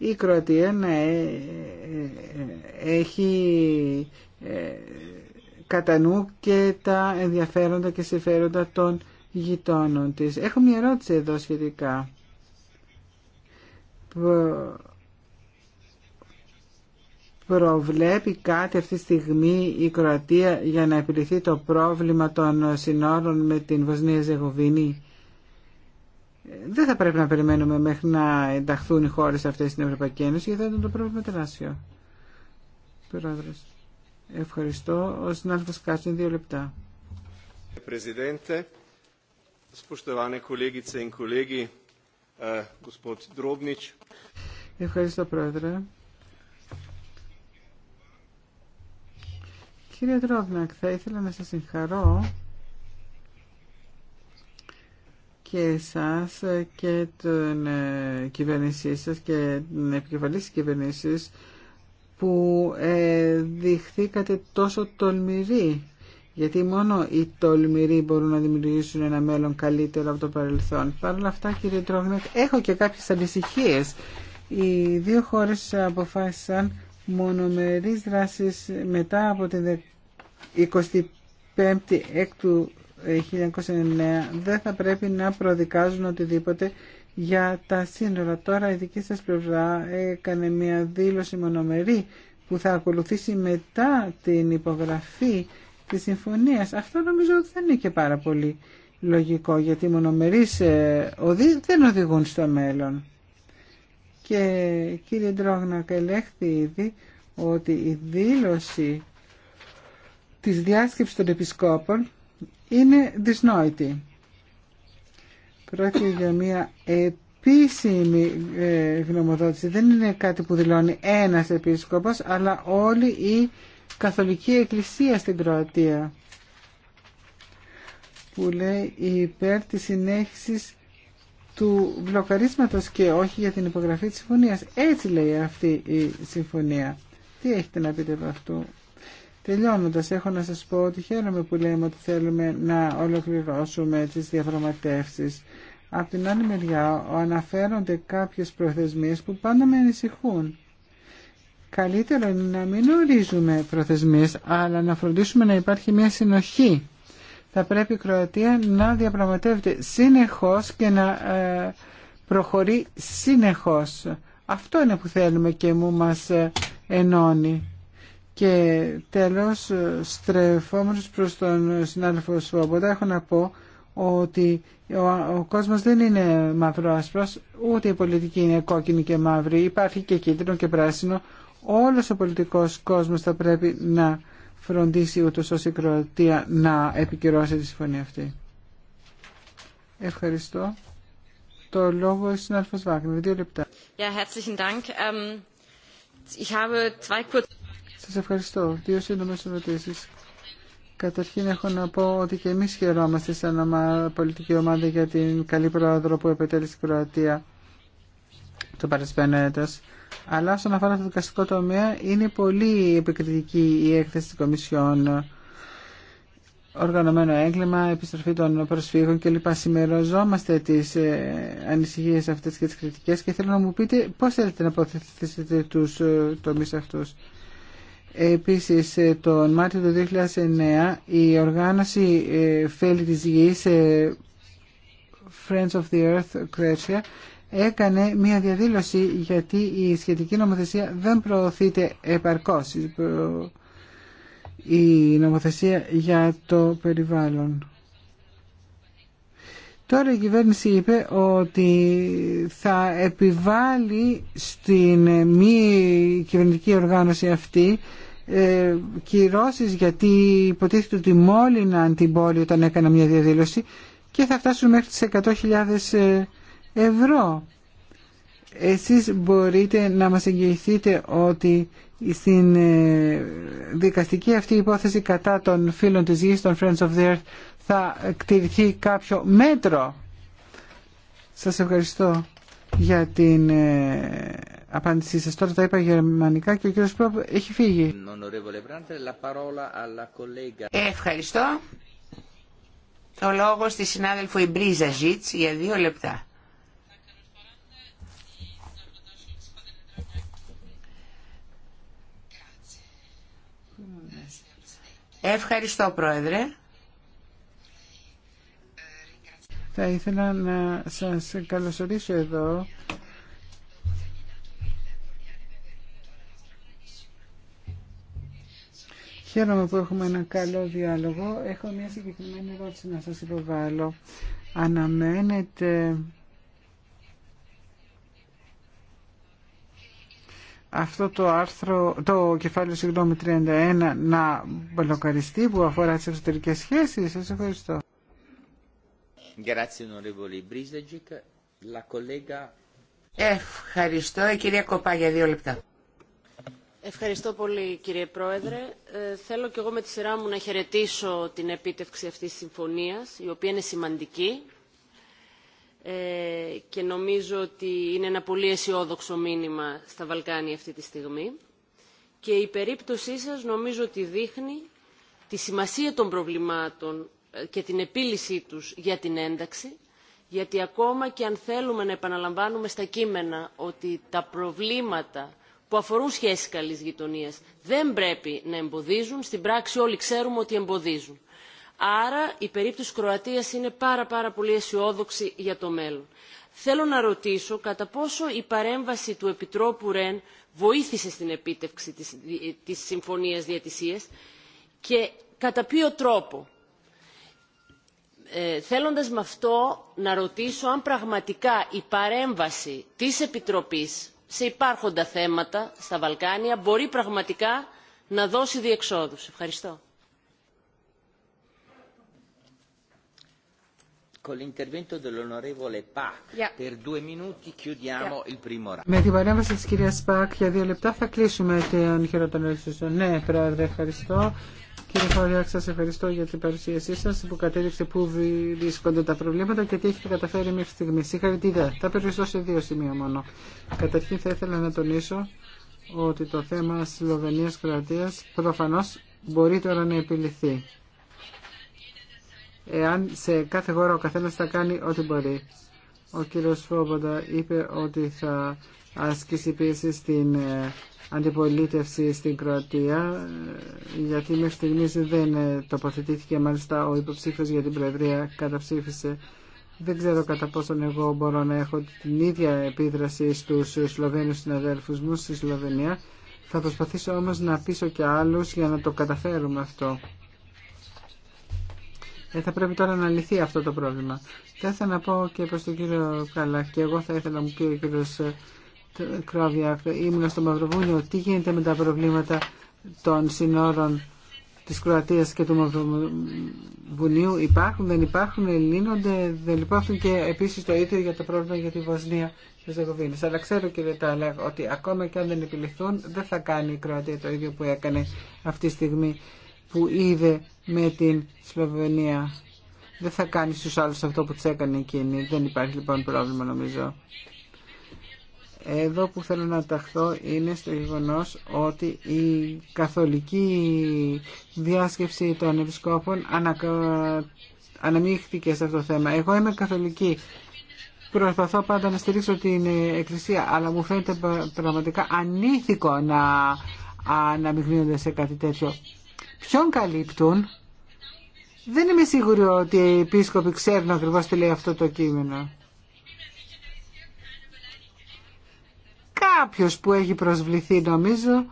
Speaker 4: η Κροατία να έχει ε, κατά νου και τα ενδιαφέροντα και συμφέροντα των γειτόνων της. Έχω μια ερώτηση εδώ σχετικά. Προβλέπει κάτι αυτή τη στιγμή η Κροατία για να επιληθεί το πρόβλημα των συνόρων με την Βοσνία Ζεγοβίνη δεν θα πρέπει να περιμένουμε μέχρι να ενταχθούν οι χώρες αυτές στην Ευρωπαϊκή Ένωση γιατί θα ήταν το πρόβλημα τεράστιο. Ευχαριστώ. Ο συνάδελφος Κάτσιν, δύο λεπτά. Eh, ευχαριστώ, Πρόεδρε. Κύριε Δρόβνακ, θα ήθελα να σας συγχαρώ και εσάς και την ε, κυβέρνησή σας και την επικεφαλή της που ε, διχθήκατε τόσο τολμηροί γιατί μόνο οι τολμηροί μπορούν να δημιουργήσουν ένα μέλλον καλύτερο από το παρελθόν. Παρ' όλα αυτά κύριε Τρόγνετ έχω και κάποιες ανησυχίες. Οι δύο χώρες αποφάσισαν μονομερείς δράσεις μετά από την 25η εκ του 1909 ε, δεν θα πρέπει να προδικάζουν οτιδήποτε για τα σύνορα. Τώρα η δική σας πλευρά έκανε μια δήλωση μονομερή που θα ακολουθήσει μετά την υπογραφή της συμφωνίας. Αυτό νομίζω ότι δεν είναι και πάρα πολύ λογικό γιατί οι μονομερείς ε, δεν οδηγούν στο μέλλον. Και κύριε Ντρόγνα ελέγχθη ήδη ότι η δήλωση της διάσκεψης των επισκόπων είναι δυσνόητη. Πρόκειται για μια επίσημη ε, γνωμοδότηση. Δεν είναι κάτι που δηλώνει ένας επίσκοπος, αλλά όλη η Καθολική Εκκλησία στην Κροατία που λέει υπέρ της συνέχισης του βλοκαρίσματος και όχι για την υπογραφή της συμφωνίας. Έτσι λέει αυτή η συμφωνία. Τι έχετε να πείτε από αυτού Τελειώνοντας, έχω να σας πω ότι χαίρομαι που λέμε ότι θέλουμε να ολοκληρώσουμε τις διαπραγματεύσει. Απ' την άλλη μεριά αναφέρονται κάποιες προθεσμίες που πάντα με ανησυχούν. Καλύτερο είναι να μην ορίζουμε προθεσμίες, αλλά να φροντίσουμε να υπάρχει μια συνοχή. Θα πρέπει η Κροατία να διαπραγματεύεται συνεχώς και να ε, προχωρεί συνεχώς. Αυτό είναι που θέλουμε και μου μας ε, ενώνει. Και τέλος, στρεφόμενος προς τον συνάδελφο Σβόμποντα, έχω να πω ότι ο, ο κόσμος δεν είναι μαύρο-άσπρος, ούτε η πολιτική είναι κόκκινη και μαύρη, υπάρχει και κίτρινο και πράσινο. Όλος ο πολιτικός κόσμος θα πρέπει να φροντίσει ούτως ως η Κροατία να επικυρώσει τη συμφωνία αυτή. Ευχαριστώ. Το λόγο είναι συνάδελφος Βάγκνερ. Δύο λεπτά. Σας ευχαριστώ. Δύο σύντομες ερωτήσεις. Καταρχήν έχω να πω ότι και εμείς χαιρόμαστε σαν πολιτική ομάδα για την καλή πρόεδρο που επετέλεσε η Κροατία το παρασπένο έτος. Αλλά όσον αφορά το δικαστικό τομέα είναι πολύ επικριτική η έκθεση της Κομισιόν οργανωμένο έγκλημα, επιστροφή των προσφύγων κλπ. Σημεριζόμαστε τις ε, ανησυχίε αυτές και τι κριτικέ. και θέλω να μου πείτε πώ θέλετε να αποθετήσετε του ε, τομείς Επίσης, ε, τον Μάρτιο του 2009 η οργάνωση Φέλη ε, της Γης ε, Friends of the Earth Κρέτσια έκανε μια διαδήλωση γιατί η σχετική νομοθεσία δεν προωθείται επαρκώς η νομοθεσία για το περιβάλλον. Τώρα η κυβέρνηση είπε ότι θα επιβάλλει στην μη κυβερνητική οργάνωση αυτή ε, κυρώσεις γιατί υποτίθεται ότι μόλυναν την πόλη όταν έκανα μια διαδήλωση και θα φτάσουν μέχρι τις 100.000 ε, ευρώ. Εσείς μπορείτε να μας εγγυηθείτε ότι στην ε, δικαστική αυτή υπόθεση κατά των φίλων της γης, των Friends of the Earth, θα κτηρηθεί κάποιο μέτρο. Σας ευχαριστώ για την ε, απάντησή σας. Τώρα τα είπα γερμανικά και ο κύριος Πρόπ έχει φύγει.
Speaker 1: Ευχαριστώ. Το λόγος της συνάδελφου
Speaker 2: Ιμπρίζα Ζιτς για δύο λεπτά.
Speaker 4: Ευχαριστώ Πρόεδρε. Θα ήθελα να σας καλωσορίσω εδώ. Χαίρομαι που έχουμε ένα καλό διάλογο. Έχω μια συγκεκριμένη ερώτηση να σας υποβάλω. Αναμένετε αυτό το άρθρο, το κεφάλαιο συγγνώμη 31 να μπλοκαριστεί που αφορά τις εξωτερικές σχέσεις. Σας ευχαριστώ. Ευχαριστώ.
Speaker 2: Η κυρία Κοπά δύο λεπτά.
Speaker 1: Ευχαριστώ πολύ κύριε Πρόεδρε. Ε,
Speaker 6: θέλω κι εγώ με τη σειρά μου να χαιρετήσω την επίτευξη αυτής της συμφωνίας, η οποία είναι σημαντική ε, και νομίζω ότι είναι ένα πολύ αισιόδοξο μήνυμα στα Βαλκάνια αυτή τη στιγμή. Και η περίπτωσή σας νομίζω ότι δείχνει τη σημασία των προβλημάτων και την επίλυσή τους για την ένταξη, γιατί ακόμα και αν θέλουμε να επαναλαμβάνουμε στα κείμενα ότι τα προβλήματα που αφορούν σχέσεις καλής γειτονίας δεν πρέπει να εμποδίζουν, στην πράξη όλοι ξέρουμε ότι εμποδίζουν. Άρα η περίπτωση Κροατίας είναι πάρα πάρα πολύ αισιόδοξη για το μέλλον. Θέλω να ρωτήσω κατά πόσο η παρέμβαση του Επιτρόπου Ρεν βοήθησε στην επίτευξη της, Συμφωνίας και κατά ποιο τρόπο ε, θέλοντας με αυτό να ρωτήσω αν πραγματικά η παρέμβαση της Επιτροπής σε υπάρχοντα θέματα στα Βαλκάνια μπορεί πραγματικά να δώσει διεξόδους. Ευχαριστώ.
Speaker 1: Με την
Speaker 4: παρέμβαση της κυρίας Πακ για δύο λεπτά θα κλείσουμε την χειροτονέλη Ναι, πρόεδρε, ευχαριστώ. Κύριε Χόριαξ, σας ευχαριστώ για την παρουσίασή σας που κατέληξε πού βρίσκονται τα προβλήματα και τι έχετε καταφέρει μέχρι στιγμή. Συγχαρητήρια. Θα περιοριστώ σε δύο σημεία μόνο. Καταρχήν θα ήθελα να τονίσω ότι το θέμα Σλοβενίας-Κροατίας προφανώς μπορεί τώρα να επιληθεί. Εάν σε κάθε χώρα ο καθένας θα κάνει ό,τι μπορεί. Ο κύριος Φόμποντα είπε ότι θα άσκηση επίση στην ε, αντιπολίτευση στην Κροατία, ε, γιατί μέχρι στιγμή δεν ε, τοποθετήθηκε. Μάλιστα, ο υποψήφιο για την Προεδρία καταψήφισε. Δεν ξέρω κατά πόσον εγώ μπορώ να έχω την ίδια επίδραση στους Σλοβαίνους συναδέλφους μου στη Σλοβενία. Θα προσπαθήσω όμως να πείσω και άλλους για να το καταφέρουμε αυτό. Ε, θα πρέπει τώρα να λυθεί αυτό το πρόβλημα. Και Θα ήθελα να πω και προς τον κύριο Καλά και εγώ θα ήθελα να μου πει ο ήμουν στο Μαυροβούνιο, τι γίνεται με τα προβλήματα των συνόρων της Κροατίας και του Μαυροβουνίου, υπάρχουν, δεν υπάρχουν, λύνονται, δεν υπάρχουν και επίσης το ίδιο για το πρόβλημα για τη Βοσνία και Ζεγοβίνη. Αλλά ξέρω κύριε λέω ότι ακόμα και αν δεν επιληθούν, δεν θα κάνει η Κροατία το ίδιο που έκανε αυτή τη στιγμή που είδε με την Σλοβενία. Δεν θα κάνει στους άλλους αυτό που τους έκανε εκείνη. Δεν υπάρχει λοιπόν πρόβλημα νομίζω. Εδώ που θέλω να ταχθώ είναι στο γεγονό ότι η καθολική διάσκεψη των επισκόπων ανακα... αναμίχθηκε σε αυτό το θέμα. Εγώ είμαι καθολική. Προσπαθώ πάντα να στηρίξω την Εκκλησία, αλλά μου φαίνεται πραγματικά ανήθικο να αναμειγνύονται σε κάτι τέτοιο. Ποιον καλύπτουν. Δεν είμαι σίγουρη ότι οι επίσκοποι ξέρουν ακριβώς τι λέει αυτό το κείμενο. κάποιος που έχει προσβληθεί νομίζω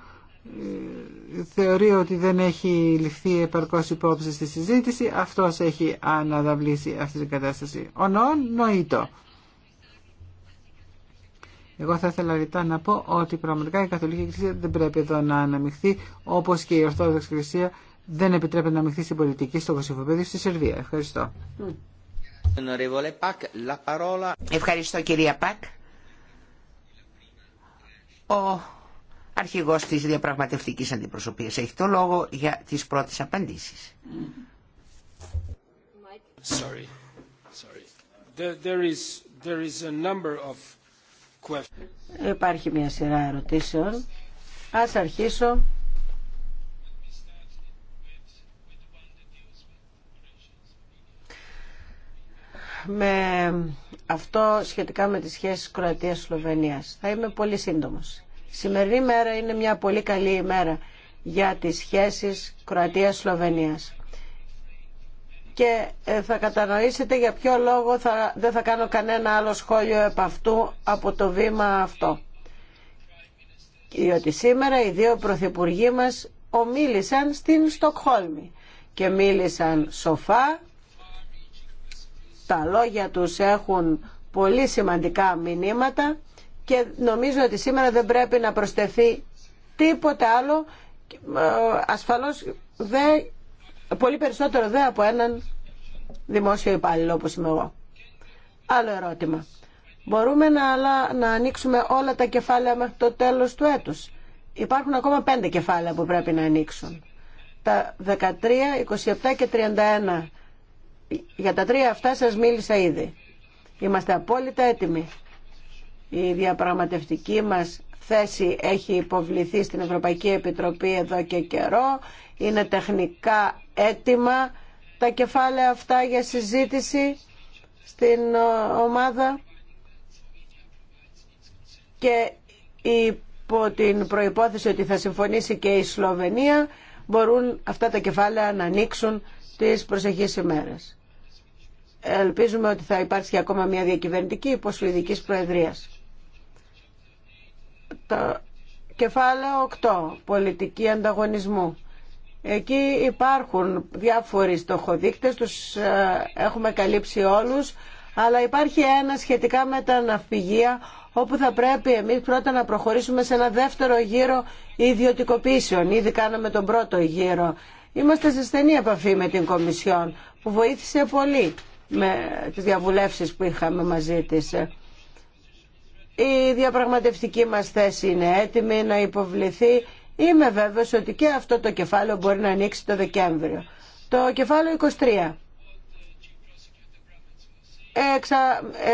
Speaker 4: ε, θεωρεί ότι δεν έχει ληφθεί επαρκώς υπόψη στη συζήτηση αυτός έχει αναδαβλήσει αυτή την κατάσταση ο νοήτο εγώ θα ήθελα ρητά να πω ότι πραγματικά η Καθολική Εκκλησία δεν πρέπει εδώ να αναμειχθεί όπως και η Ορθόδοξη Εκκλησία δεν επιτρέπεται να αναμειχθεί στην πολιτική στο στη Σερβία. Ευχαριστώ.
Speaker 1: Ευχαριστώ κυρία Πακ.
Speaker 2: Ο αρχηγός της διαπραγματευτικής αντιπροσωπείας έχει το λόγο για τις πρώτες απαντήσεις.
Speaker 9: Υπάρχει
Speaker 3: μια σειρά ερωτήσεων. Ας αρχίσω με αυτό σχετικά με τις σχέσεις Κροατίας-Σλοβενίας. Θα είμαι πολύ σύντομος. σημερινή μέρα είναι μια πολύ καλή ημέρα για τις σχέσεις Κροατίας-Σλοβενίας. Και ε, θα κατανοήσετε για ποιο λόγο δεν θα κάνω κανένα άλλο σχόλιο επ' αυτού από το βήμα αυτό. Διότι σήμερα οι δύο πρωθυπουργοί μας ομίλησαν στην Στοκχόλμη και μίλησαν σοφά τα λόγια τους έχουν πολύ σημαντικά μηνύματα και νομίζω ότι σήμερα δεν πρέπει να προσθεθεί τίποτε άλλο ε, ασφαλώς δε, πολύ περισσότερο δε από έναν δημόσιο υπάλληλο όπως είμαι εγώ. Άλλο ερώτημα. Μπορούμε να, να ανοίξουμε όλα τα κεφάλαια μέχρι το τέλος του έτους. Υπάρχουν ακόμα πέντε κεφάλαια που πρέπει να ανοίξουν. Τα 13, 27 και 31 για τα τρία αυτά σας μίλησα ήδη. Είμαστε απόλυτα έτοιμοι. Η διαπραγματευτική μας θέση έχει υποβληθεί στην Ευρωπαϊκή Επιτροπή εδώ και καιρό. Είναι τεχνικά έτοιμα τα κεφάλαια αυτά για συζήτηση στην ομάδα και υπό την προϋπόθεση ότι θα συμφωνήσει και η Σλοβενία μπορούν αυτά τα κεφάλαια να ανοίξουν τις προσεχείς ημέρες ελπίζουμε ότι θα υπάρξει ακόμα μια διακυβερνητική υποσχεδική προεδρίας. Το κεφάλαιο 8. Πολιτική ανταγωνισμού. Εκεί υπάρχουν διάφοροι στοχοδείκτες, τους ε, έχουμε καλύψει όλους, αλλά υπάρχει ένα σχετικά με τα ναυπηγεία, όπου θα πρέπει εμείς πρώτα να προχωρήσουμε σε ένα δεύτερο γύρο ιδιωτικοποίησεων. Ήδη κάναμε τον πρώτο γύρο. Είμαστε σε στενή επαφή με την Κομισιόν, που βοήθησε πολύ με τις διαβουλεύσεις που είχαμε μαζί της. Η διαπραγματευτική μας θέση είναι έτοιμη να υποβληθεί. Είμαι βέβαιος ότι και αυτό το κεφάλαιο μπορεί να ανοίξει το Δεκέμβριο. Το κεφάλαιο 23. Εξα,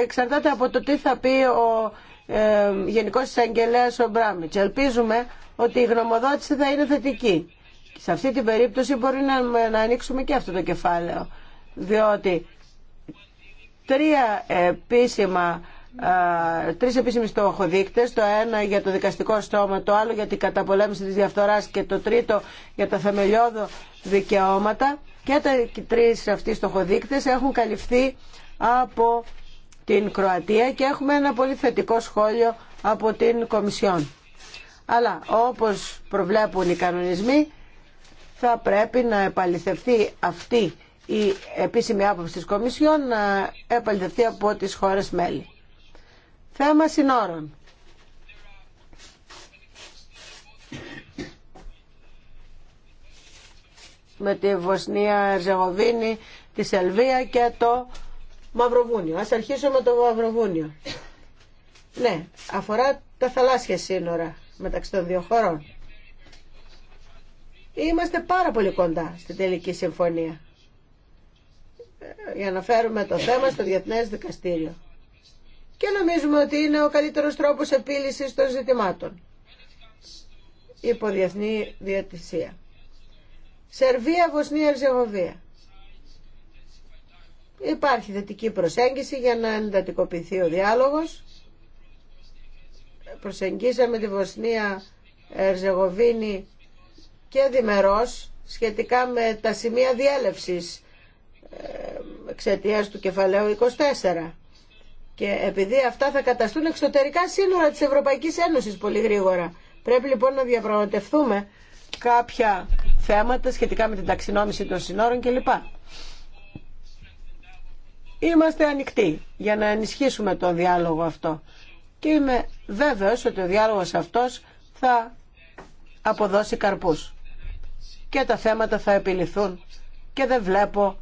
Speaker 3: εξαρτάται από το τι θα πει ο ε, Γενικός Εισαγγελέας ο Μπράμιτς. Ελπίζουμε ότι η γνωμοδότηση θα είναι θετική. Σε αυτή την περίπτωση μπορεί να, να ανοίξουμε και αυτό το κεφάλαιο. Διότι τρία επίσημα τρει επίσημοι στόχοδείκτε, το ένα για το δικαστικό στόμα, το άλλο για την καταπολέμηση τη διαφθορά και το τρίτο για τα θεμελιώδη δικαιώματα. Και τα τρει αυτοί στοχοδείκτε έχουν καλυφθεί από την Κροατία και έχουμε ένα πολύ θετικό σχόλιο από την Κομισιόν. Αλλά όπως προβλέπουν οι κανονισμοί θα πρέπει να επαληθευτεί αυτή η επίσημη άποψη της Κομισιόν να ε, επαληθευτεί από τις χώρες μέλη. Θέμα συνόρων. με τη Βοσνία, Ζεγοβίνη, τη Σελβία και το Μαυροβούνιο. Ας αρχίσω με το Μαυροβούνιο. Ναι, αφορά τα θαλάσσια σύνορα μεταξύ των δύο χωρών. Είμαστε πάρα πολύ κοντά στη τελική συμφωνία. Ε, για να φέρουμε το θέμα στο Διεθνές Δικαστήριο. Και νομίζουμε ότι είναι ο καλύτερος τρόπος επίλυσης των ζητημάτων υπό διεθνή διατησία. Σερβία, Βοσνία, Ερζεγοβία. Υπάρχει θετική προσέγγιση για να εντατικοποιηθεί ο διάλογος. Προσεγγίσαμε τη Βοσνία, Ερζεγοβίνη και διμερός σχετικά με τα σημεία διέλευσης ε, εξαιτία του κεφαλαίου 24. Και επειδή αυτά θα καταστούν εξωτερικά σύνορα της Ευρωπαϊκής Ένωσης πολύ γρήγορα. Πρέπει λοιπόν να διαπραγματευτούμε κάποια θέματα σχετικά με την ταξινόμηση των συνόρων κλπ. Είμαστε ανοιχτοί για να ενισχύσουμε τον διάλογο αυτό. Και είμαι βέβαιος ότι ο διάλογος αυτός θα αποδώσει καρπούς. Και τα θέματα θα επιληθούν. Και δεν βλέπω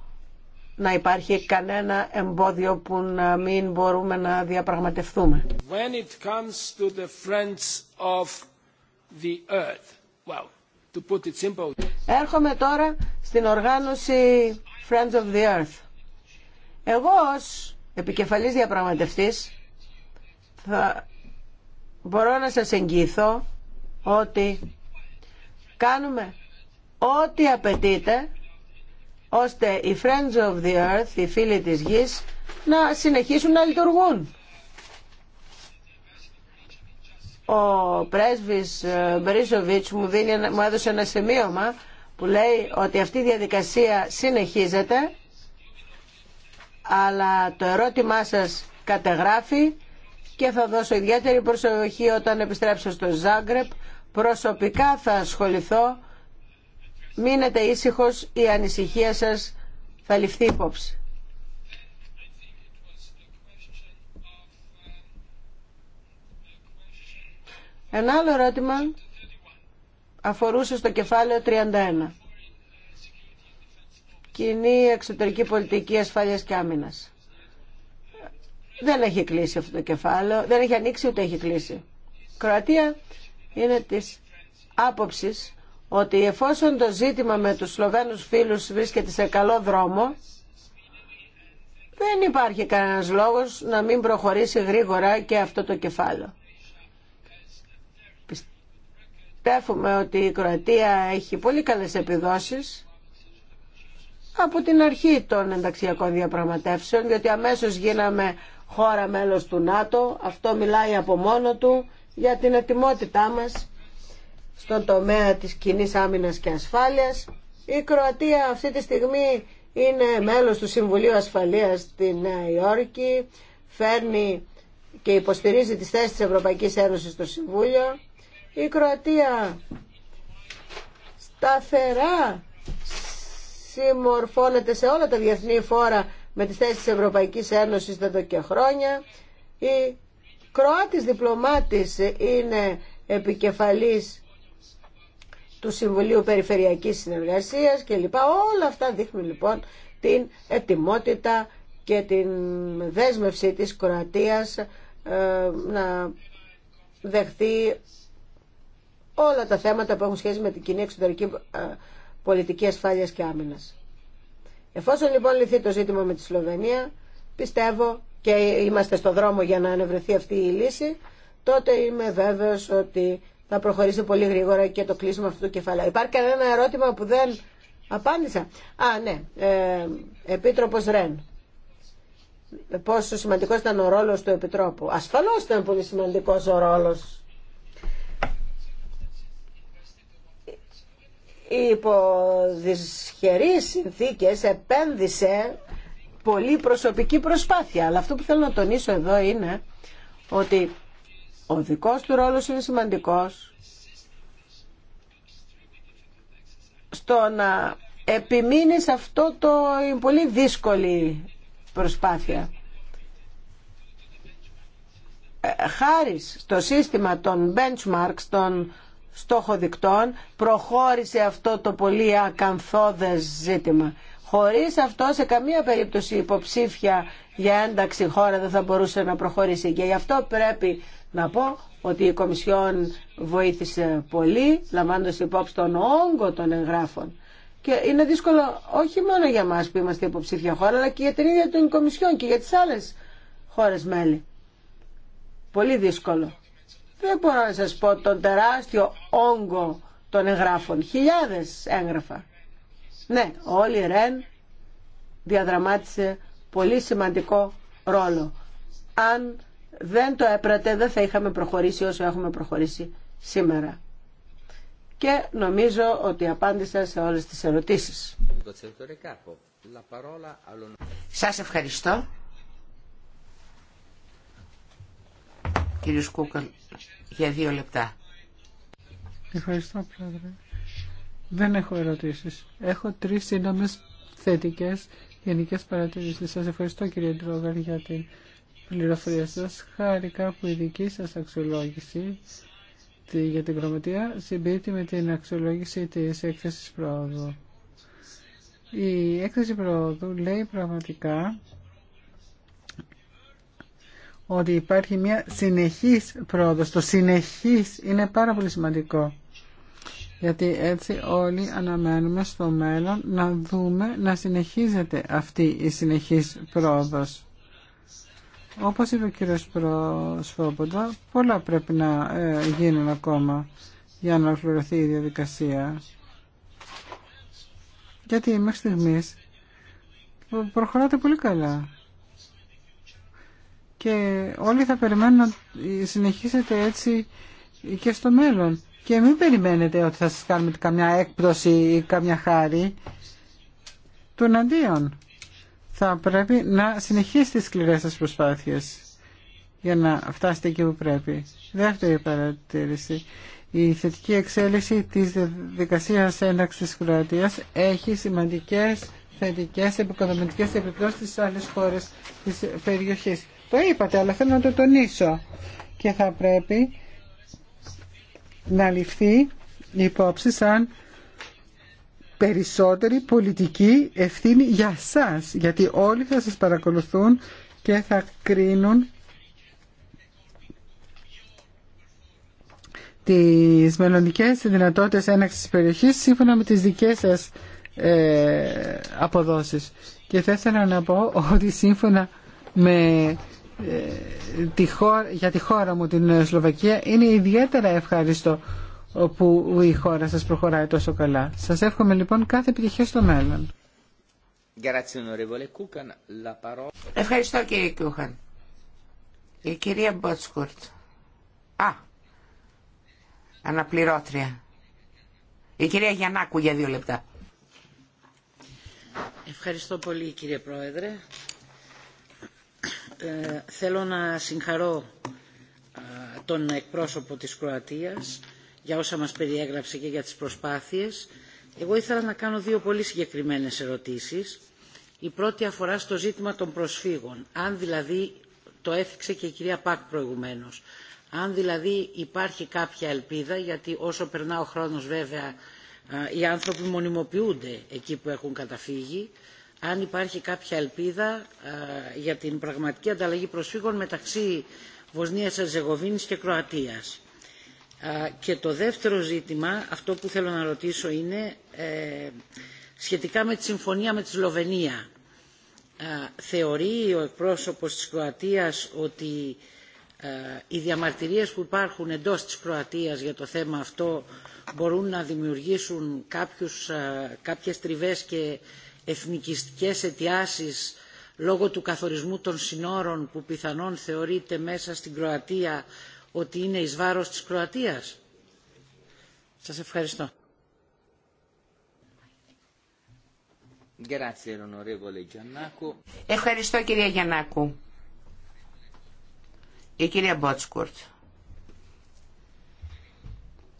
Speaker 3: να υπάρχει κανένα εμπόδιο που να μην μπορούμε να διαπραγματευτούμε.
Speaker 9: When it comes to
Speaker 3: Έρχομαι τώρα στην οργάνωση Friends of the Earth. Εγώ ως επικεφαλής διαπραγματευτής θα μπορώ να σας εγγυηθώ ότι κάνουμε ό,τι απαιτείται ώστε οι Friends of the Earth, οι φίλοι της γης, να συνεχίσουν να λειτουργούν. Ο πρέσβης ε, Μπρίσοβιτς μου, δίνει, μου έδωσε ένα σημείωμα που λέει ότι αυτή η διαδικασία συνεχίζεται αλλά το ερώτημά σας κατεγράφει και θα δώσω ιδιαίτερη προσοχή όταν επιστρέψω στο Ζάγκρεπ. Προσωπικά θα ασχοληθώ Μείνετε ήσυχο η ανησυχία σα θα ληφθεί υπόψη. Ένα άλλο ερώτημα αφορούσε στο κεφάλαιο 31. Κοινή εξωτερική πολιτική ασφάλειας και άμυνας. Δεν έχει κλείσει αυτό το κεφάλαιο, δεν έχει ανοίξει ούτε έχει κλείσει. Κροατία είναι της άποψης ότι εφόσον το ζήτημα με τους Σλοβαίνους φίλους βρίσκεται σε καλό δρόμο, δεν υπάρχει κανένας λόγος να μην προχωρήσει γρήγορα και αυτό το κεφάλαιο. Πιστεύουμε ότι η Κροατία έχει πολύ καλές επιδόσεις από την αρχή των ενταξιακών διαπραγματεύσεων, διότι αμέσως γίναμε χώρα μέλος του ΝΑΤΟ. Αυτό μιλάει από μόνο του για την ετοιμότητά μας στον τομέα της κοινή άμυνας και ασφάλειας. Η Κροατία αυτή τη στιγμή είναι μέλος του Συμβουλίου Ασφαλείας στη Νέα Υόρκη, φέρνει και υποστηρίζει τις θέσεις της Ευρωπαϊκής Ένωσης στο Συμβούλιο. Η Κροατία σταθερά συμμορφώνεται σε όλα τα διεθνή φόρα με τις θέσεις της Ευρωπαϊκής Ένωσης εδώ και χρόνια. Η Κροάτης διπλωμάτης είναι επικεφαλής του Συμβουλίου Περιφερειακής Συνεργασίας και λοιπά. Όλα αυτά δείχνουν λοιπόν την ετοιμότητα και την δέσμευση της Κροατίας ε, να δεχθεί όλα τα θέματα που έχουν σχέση με την κοινή εξωτερική ε, πολιτική ασφάλειας και άμυνας. Εφόσον λοιπόν λυθεί το ζήτημα με τη Σλοβενία, πιστεύω και είμαστε στο δρόμο για να ανεβρεθεί αυτή η λύση, τότε είμαι βέβαιος ότι να προχωρήσω πολύ γρήγορα και το κλείσουμε αυτό το κεφάλαιο. Υπάρχει κανένα ερώτημα που δεν απάντησα. Α, ναι. Ε, Επίτροπος Ρεν. Πόσο σημαντικός ήταν ο ρόλος του Επιτρόπου. Ασφαλώς ήταν πολύ σημαντικός ο ρόλος υπό δυσχερείς συνθήκες επένδυσε πολύ προσωπική προσπάθεια. Αλλά αυτό που θέλω να τονίσω εδώ είναι ότι ο δικός του ρόλος είναι σημαντικός στο να επιμείνει σε αυτό το πολύ δύσκολη προσπάθεια. Ε, χάρη στο σύστημα των benchmarks, των στόχοδικτών, προχώρησε αυτό το πολύ ακαθόδες ζήτημα. Χωρίς αυτό σε καμία περίπτωση υποψήφια για ένταξη χώρα δεν θα μπορούσε να προχωρήσει και γι' αυτό πρέπει να πω ότι η Κομισιόν βοήθησε πολύ, λαμβάνοντας υπόψη τον όγκο των εγγράφων. Και είναι δύσκολο όχι μόνο για μας που είμαστε υποψήφια χώρα, αλλά και για την ίδια την Κομισιόν και για τις άλλες χώρες μέλη. Πολύ δύσκολο. Δεν μπορώ να σας πω τον τεράστιο όγκο των εγγράφων. Χιλιάδες έγγραφα. Ναι, όλη η ΡΕΝ διαδραμάτισε πολύ σημαντικό ρόλο. Αν δεν το έπρατε, δεν θα είχαμε προχωρήσει όσο έχουμε προχωρήσει σήμερα. Και νομίζω ότι απάντησα σε όλες τις ερωτήσεις. Σας ευχαριστώ.
Speaker 2: Κύριε Κουκαν για δύο λεπτά.
Speaker 4: Ευχαριστώ, Πρόεδρε. Δεν έχω ερωτήσεις. Έχω τρεις σύντομες θετικές γενικές παρατηρήσεις. Σας ευχαριστώ, κύριε Ντρόγκαν, για την πληροφορίες σας. Χάρηκα που η δική σας αξιολόγηση για την Κροματεία συμπίπτει με την αξιολόγηση της έκθεσης πρόοδου. Η έκθεση πρόοδου λέει πραγματικά ότι υπάρχει μια συνεχής πρόοδος. Το συνεχής είναι πάρα πολύ σημαντικό. Γιατί έτσι όλοι αναμένουμε στο μέλλον να δούμε να συνεχίζεται αυτή η συνεχής πρόοδος. Όπως είπε ο κύριος Προσφόποντα, πολλά πρέπει να ε, γίνουν ακόμα για να ολοκληρωθεί η διαδικασία. Γιατί μέχρι στιγμής προχωράτε πολύ καλά. Και όλοι θα περιμένουν να συνεχίσετε έτσι και στο μέλλον. Και μην περιμένετε ότι θα σας κάνουμε καμιά έκπτωση ή καμιά χάρη. Τον εναντίον θα πρέπει να συνεχίσει τις σκληρές σας προσπάθειες για να φτάσετε εκεί που πρέπει. Δεύτερη παρατήρηση. Η θετική εξέλιξη της δικασίας ένταξης της Κροατίας έχει σημαντικές θετικές επικοδομητικές επιπτώσεις στις άλλες χώρες της περιοχής. Το είπατε, αλλά θέλω να το τονίσω. Και θα πρέπει να ληφθεί υπόψη σαν περισσότερη πολιτική ευθύνη για σας, γιατί όλοι θα σας παρακολουθούν και θα κρίνουν τις μελλοντικές δυνατότητες έναξης της περιοχής σύμφωνα με τις δικές σας ε, αποδόσεις. Και θα ήθελα να πω ότι σύμφωνα με ε, τη χώρα, για τη χώρα μου την Σλοβακία είναι ιδιαίτερα ευχαριστώ όπου η χώρα σας προχωράει τόσο καλά. Σας εύχομαι λοιπόν κάθε επιτυχία στο μέλλον.
Speaker 1: Ευχαριστώ κύριε
Speaker 2: Κούχαν. Η κυρία Μπότσκουρτ. Α, αναπληρώτρια. Η κυρία Γιαννάκου για δύο λεπτά.
Speaker 7: Ευχαριστώ πολύ κύριε Πρόεδρε. Ε, θέλω να συγχαρώ τον εκπρόσωπο της Κροατίας για όσα μας περιέγραψε και για τις προσπάθειες. Εγώ ήθελα να κάνω δύο πολύ συγκεκριμένες ερωτήσεις. Η πρώτη αφορά στο ζήτημα των προσφύγων. Αν δηλαδή, το έφυξε και η κυρία Πακ προηγουμένως, αν δηλαδή υπάρχει κάποια ελπίδα, γιατί όσο περνά ο χρόνος βέβαια οι άνθρωποι μονιμοποιούνται εκεί που έχουν καταφύγει, αν υπάρχει κάποια ελπίδα για την πραγματική ανταλλαγή προσφύγων μεταξύ Βοσνίας Αζεγοβίνης και Κροατίας. Και το δεύτερο ζήτημα, αυτό που θέλω να ρωτήσω είναι ε, σχετικά με τη συμφωνία με τη Σλοβενία. Ε, θεωρεί ο εκπρόσωπος της Κροατίας ότι ε, οι διαμαρτυρίες που υπάρχουν εντός της Κροατίας για το θέμα αυτό μπορούν να δημιουργήσουν κάποιους, κάποιες τριβές και εθνικιστικές αιτιάσεις λόγω του καθορισμού των συνόρων που πιθανόν θεωρείται μέσα στην Κροατία ότι είναι εις βάρος της Κροατίας. Σας ευχαριστώ.
Speaker 2: Ευχαριστώ κυρία Γιαννάκου. Η κυρία Μπότσκουρτ.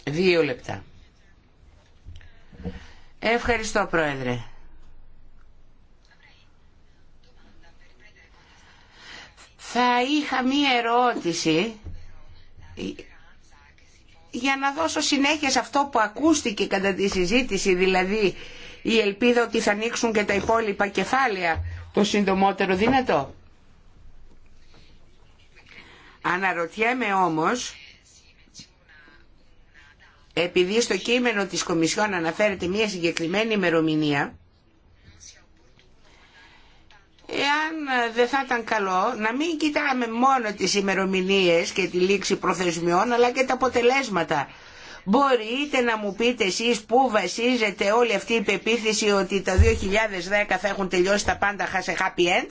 Speaker 2: Δύο λεπτά. Ευχαριστώ πρόεδρε. Θα είχα μία ερώτηση για να δώσω συνέχεια σε αυτό που ακούστηκε κατά τη συζήτηση, δηλαδή η ελπίδα ότι θα ανοίξουν και τα υπόλοιπα κεφάλαια το συντομότερο δυνατό. Αναρωτιέμαι όμως, επειδή στο κείμενο της Κομισιόν αναφέρεται μια συγκεκριμένη ημερομηνία, εάν ε, δεν θα ήταν καλό να μην κοιτάμε μόνο τις ημερομηνίες και τη λήξη προθεσμιών αλλά και τα αποτελέσματα. Μπορείτε να μου πείτε εσείς πού βασίζεται όλη αυτή η πεποίθηση ότι τα 2010 θα έχουν τελειώσει τα πάντα σε happy end.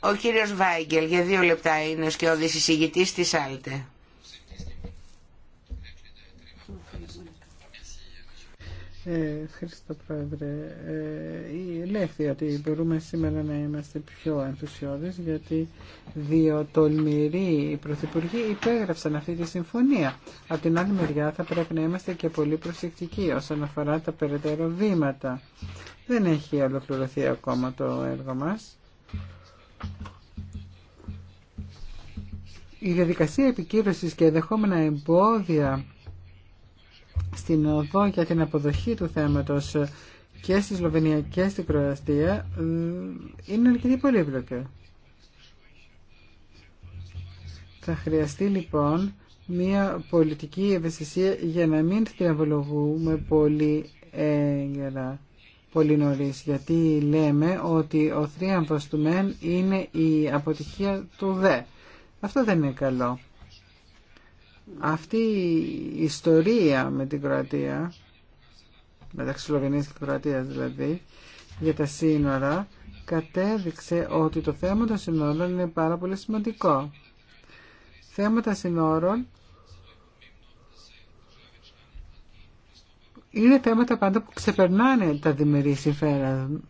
Speaker 2: Ο κύριος Βάγκελ για δύο λεπτά είναι ο σκιώδης εισηγητής της Άλτε.
Speaker 4: Ε, ευχαριστώ Πρόεδρε. Ε, Λέχθη ότι μπορούμε σήμερα να είμαστε πιο ενθουσιώδεις γιατί δύο τολμηροί πρωθυπουργοί υπέγραψαν αυτή τη συμφωνία. Από την άλλη μεριά θα πρέπει να είμαστε και πολύ προσεκτικοί όσον αφορά τα περαιτέρω βήματα. Δεν έχει ολοκληρωθεί ακόμα το έργο μας. Η διαδικασία επικύρωσης και ενδεχόμενα εμπόδια στην οδό για την αποδοχή του θέματος και στη Σλοβενία και στην Κροαστία ε, είναι αρκετή πολύπλοκη. Θα χρειαστεί λοιπόν μια πολιτική ευαισθησία για να μην θριαβολογούμε πολύ έγκαιρα, πολύ νωρίς, γιατί λέμε ότι ο θρίαμβος του μεν είναι η αποτυχία του δε. Αυτό δεν είναι καλό αυτή η ιστορία με την Κροατία, μεταξύ Σλοβενίας και Κροατίας δηλαδή, για τα σύνορα, κατέδειξε ότι το θέμα των σύνορων είναι πάρα πολύ σημαντικό. Θέματα σύνορων είναι θέματα πάντα που ξεπερνάνε τα διμερή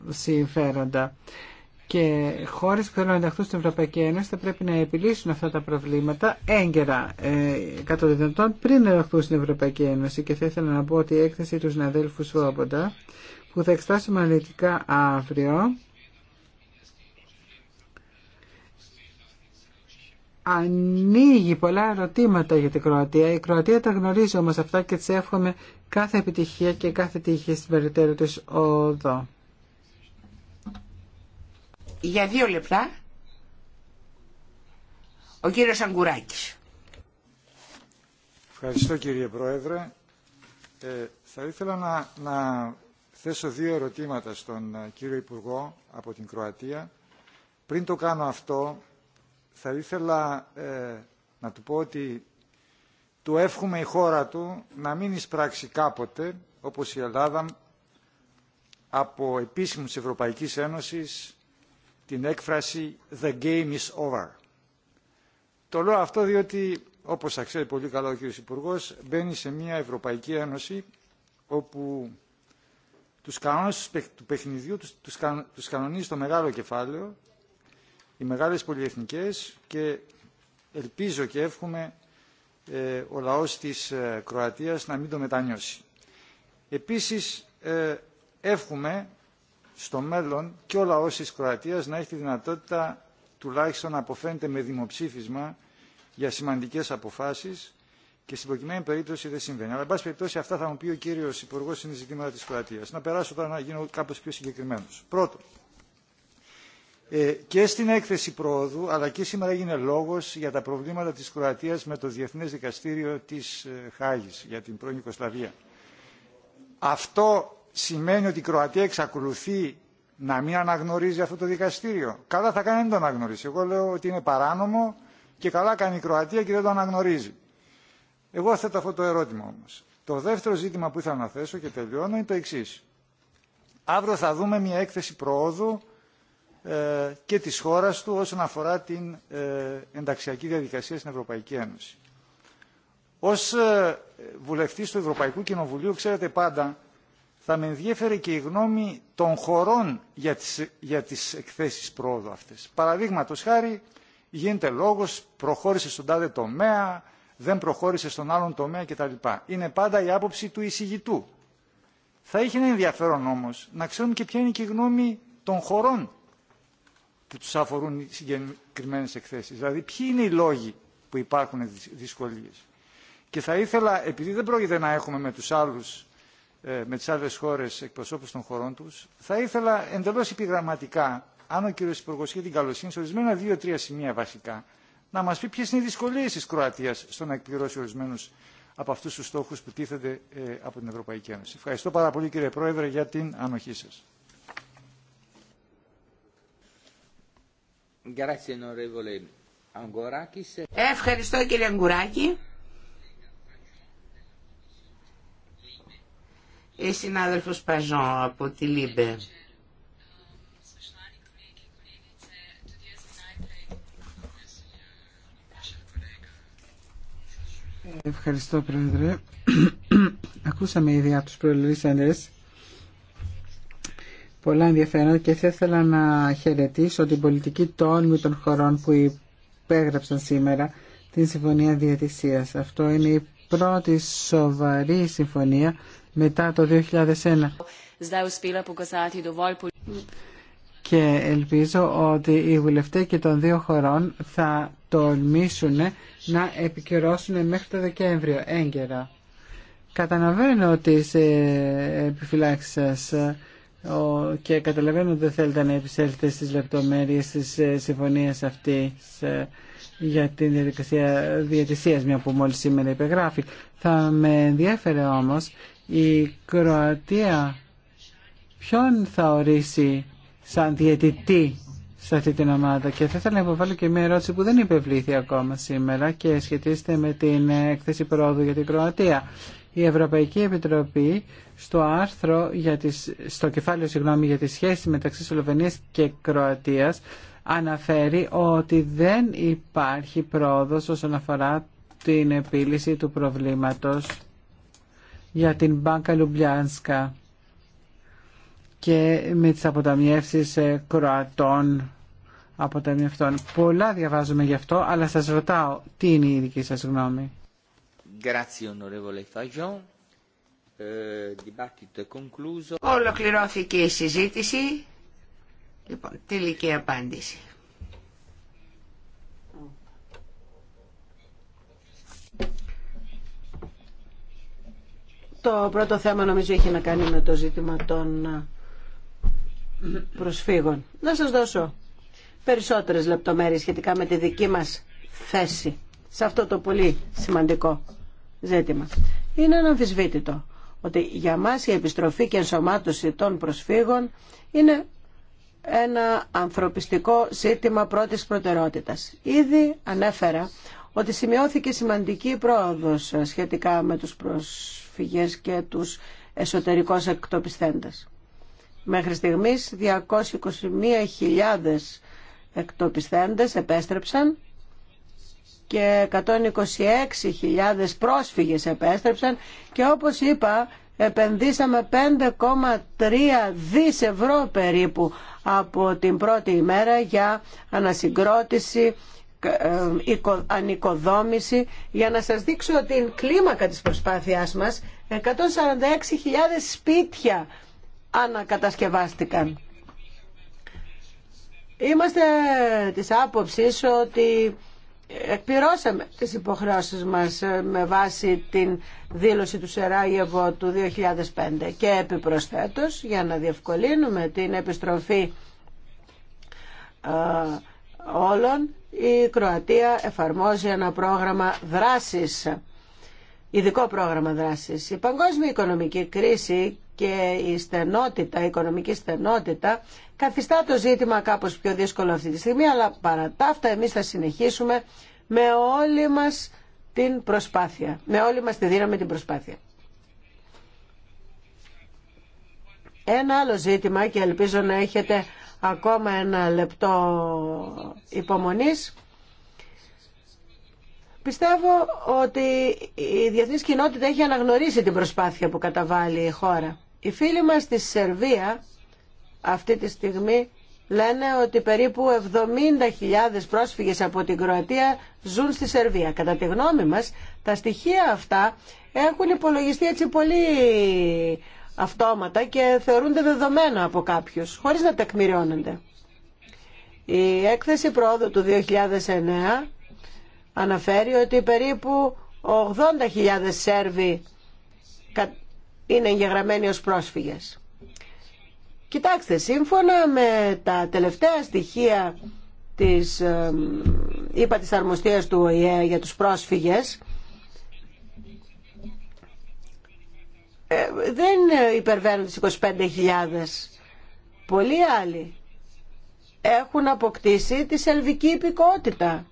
Speaker 4: συμφέροντα. Και χώρε που θέλουν να ενταχθούν στην Ευρωπαϊκή Ένωση θα πρέπει να επιλύσουν αυτά τα προβλήματα έγκαιρα ε, κατά δυνατόν πριν ενταχθούν στην Ευρωπαϊκή Ένωση. Και θα ήθελα να πω ότι η έκθεση του συναδέλφου Σόμποντα, που θα εξετάσουμε αναλυτικά αύριο, ανοίγει πολλά ερωτήματα για την Κροατία. Η Κροατία τα γνωρίζει όμω αυτά και τη εύχομαι κάθε επιτυχία και κάθε τύχη στην περιττέρου τη οδό.
Speaker 2: Για δύο λεπτά
Speaker 8: ο κύριος Αγκουράκης. Ευχαριστώ κύριε Πρόεδρε. Ε, θα ήθελα να, να θέσω δύο ερωτήματα στον ε, κύριο Υπουργό από την Κροατία. Πριν το κάνω αυτό, θα ήθελα ε, να του πω ότι του εύχομαι η χώρα του να μην εισπράξει κάποτε, όπως η Ελλάδα, από επίσημους Ευρωπαϊκής Ένωσης την έκφραση «The game is over». Το λέω αυτό διότι, όπως θα ξέρει πολύ καλά ο κ. Υπουργό, μπαίνει σε μια Ευρωπαϊκή Ένωση όπου τους κανόνες του παιχνιδιού τους, κανονίζει το μεγάλο κεφάλαιο, οι μεγάλες πολυεθνικές και ελπίζω και εύχομαι ε, ο λαός της ε, Κροατίας να μην το μετανιώσει. Επίσης, ε, εύχομαι στο μέλλον και ο λαός της Κροατίας να έχει τη δυνατότητα τουλάχιστον να αποφαίνεται με δημοψήφισμα για σημαντικές αποφάσεις και στην προκειμένη περίπτωση δεν συμβαίνει. Αλλά, εν πάση περιπτώσει, αυτά θα μου πει ο κύριο Υπουργό είναι ζητήματα τη Κροατία. Να περάσω τώρα να γίνω κάπω πιο συγκεκριμένο. Πρώτον, ε, και στην έκθεση πρόοδου, αλλά και σήμερα έγινε λόγο για τα προβλήματα τη Κροατία με το Διεθνέ Δικαστήριο τη ε, Χάγη για την πρώην Οικοσλαβία. Αυτό σημαίνει ότι η Κροατία εξακολουθεί να μην αναγνωρίζει αυτό το δικαστήριο. Καλά θα κάνει να μην το αναγνωρίσει. Εγώ λέω ότι είναι παράνομο και καλά κάνει η Κροατία και δεν το αναγνωρίζει. Εγώ θέτω αυτό το ερώτημα όμως. Το δεύτερο ζήτημα που ήθελα να θέσω και τελειώνω είναι το εξή. Αύριο θα δούμε μια έκθεση προόδου ε, και της χώρας του όσον αφορά την ε, ενταξιακή διαδικασία στην Ευρωπαϊκή Ένωση. Ως ε, βουλευτής του Ευρωπαϊκού Κοινοβουλίου ξέρετε πάντα θα με ενδιέφερε και η γνώμη των χωρών για τις, εκθέσει εκθέσεις πρόοδου αυτές. Παραδείγματος χάρη γίνεται λόγος, προχώρησε στον τάδε τομέα, δεν προχώρησε στον άλλον τομέα κτλ. Είναι πάντα η άποψη του εισηγητού. Θα είχε ένα ενδιαφέρον όμως να ξέρουμε και ποια είναι και η γνώμη των χωρών που τους αφορούν οι συγκεκριμένες εκθέσεις. Δηλαδή ποιοι είναι οι λόγοι που υπάρχουν δυσκολίες. Και θα ήθελα, επειδή δεν πρόκειται να έχουμε με τους άλλου ε, με τις άλλες χώρες εκπροσώπους των χωρών τους. Θα ήθελα εντελώς επιγραμματικά, αν ο κύριος Υπουργό είχε την καλοσύνη, σε ορισμένα δύο-τρία σημεία βασικά, να μας πει ποιες είναι οι δυσκολίες της Κροατίας στο να εκπληρώσει ορισμένους από αυτούς τους στόχους που τίθεται ε, από την Ευρωπαϊκή Ένωση. Ευχαριστώ πάρα πολύ κύριε Πρόεδρε για την ανοχή σας.
Speaker 1: Ευχαριστώ
Speaker 2: κύριε Αγκουράκη. η συνάδελφος Παζό από τη Λίμπε.
Speaker 4: Ευχαριστώ πρόεδρε. Ακούσαμε ήδη από τους προλήσαντες πολλά ενδιαφέροντα και θα ήθελα να χαιρετήσω την πολιτική τόλμη των χωρών που υπέγραψαν σήμερα την Συμφωνία Διατησίας. Αυτό είναι η πρώτη σοβαρή συμφωνία μετά το 2001. Και ελπίζω ότι οι βουλευτέ και των δύο χωρών θα τολμήσουν να επικυρώσουν μέχρι το Δεκέμβριο έγκαιρα. Καταλαβαίνω τι ε, επιφυλάξεις σας ε, και καταλαβαίνω ότι δεν θέλετε να επισέλθετε στις λεπτομέρειες της ε, συμφωνίας αυτής για την διαδικασία διατησίας, μια που μόλις σήμερα υπεγράφει. Θα με ενδιαφέρε όμως η Κροατία ποιον θα ορίσει σαν διαιτητή σε αυτή την ομάδα. Και θα ήθελα να υποβάλω και μια ερώτηση που δεν υπευλήθη ακόμα σήμερα και σχετίζεται με την έκθεση πρόοδου για την Κροατία. Η Ευρωπαϊκή Επιτροπή στο άρθρο, για τις, στο κεφάλαιο συγγνώμη, για τη σχέση μεταξύ Σλοβενίας και Κροατίας αναφέρει ότι δεν υπάρχει πρόοδος όσον αφορά την επίλυση του προβλήματος για την Μπάνκα Λουμπλιάνσκα και με τις αποταμιεύσεις ε, Κροατών αποταμιευτών. Πολλά διαβάζουμε γι' αυτό, αλλά σας ρωτάω τι είναι η δική σας γνώμη.
Speaker 1: Ε, Ολοκληρώθηκε η συζήτηση.
Speaker 2: Λοιπόν, τελική απάντηση.
Speaker 3: Το πρώτο θέμα νομίζω έχει να κάνει με το ζήτημα των προσφύγων. Να σας δώσω περισσότερες λεπτομέρειες σχετικά με τη δική μας θέση σε αυτό το πολύ σημαντικό ζήτημα. Είναι αναμφισβήτητο ότι για μας η επιστροφή και ενσωμάτωση των προσφύγων είναι ένα ανθρωπιστικό ζήτημα πρώτης προτεραιότητας. Ήδη ανέφερα ότι σημειώθηκε σημαντική πρόοδος σχετικά με τους προσφύγους πρόσφυγες και τους εσωτερικούς εκτοπιστέντες. Μέχρι στιγμής 221.000 εκτοπιστέντες επέστρεψαν και 126.000 πρόσφυγες επέστρεψαν και όπως είπα επενδύσαμε 5,3 δις ευρώ περίπου από την πρώτη ημέρα για ανασυγκρότηση ε, ανοικοδόμηση για να σας δείξω την κλίμακα της προσπάθειάς μας 146.000 σπίτια ανακατασκευάστηκαν Είμαστε της άποψης ότι εκπληρώσαμε τις υποχρεώσεις μας ε, με βάση την δήλωση του Σεράγεβο του 2005 και επιπροσθέτως για να διευκολύνουμε την επιστροφή ε, όλων η Κροατία εφαρμόζει ένα πρόγραμμα δράσης, ειδικό πρόγραμμα δράσης. Η παγκόσμια οικονομική κρίση και η στενότητα, η οικονομική στενότητα καθιστά το ζήτημα κάπως πιο δύσκολο αυτή τη στιγμή, αλλά παρά τα αυτά εμείς θα συνεχίσουμε με όλη μας την προσπάθεια, με όλη μας τη δύναμη την προσπάθεια. Ένα άλλο ζήτημα και ελπίζω να έχετε Ακόμα ένα λεπτό υπομονής. Πιστεύω ότι η διεθνής κοινότητα έχει αναγνωρίσει την προσπάθεια που καταβάλει η χώρα. Οι φίλοι μας στη Σερβία αυτή τη στιγμή λένε ότι περίπου 70.000 πρόσφυγες από την Κροατία ζουν στη Σερβία. Κατά τη γνώμη μας, τα στοιχεία αυτά έχουν υπολογιστεί έτσι πολύ αυτόματα και θεωρούνται δεδομένα από κάποιους, χωρίς να τεκμηριώνονται. Η έκθεση πρόοδου του 2009 αναφέρει ότι περίπου 80.000 Σέρβοι είναι εγγεγραμμένοι ως πρόσφυγες. Κοιτάξτε, σύμφωνα με τα τελευταία στοιχεία της, είπα, της αρμοστίας του ΟΗΕ για τους πρόσφυγες, Ε, δεν υπερβαίνουν τις 25.000. Πολλοί άλλοι έχουν αποκτήσει τη σελβική υπηκότητα.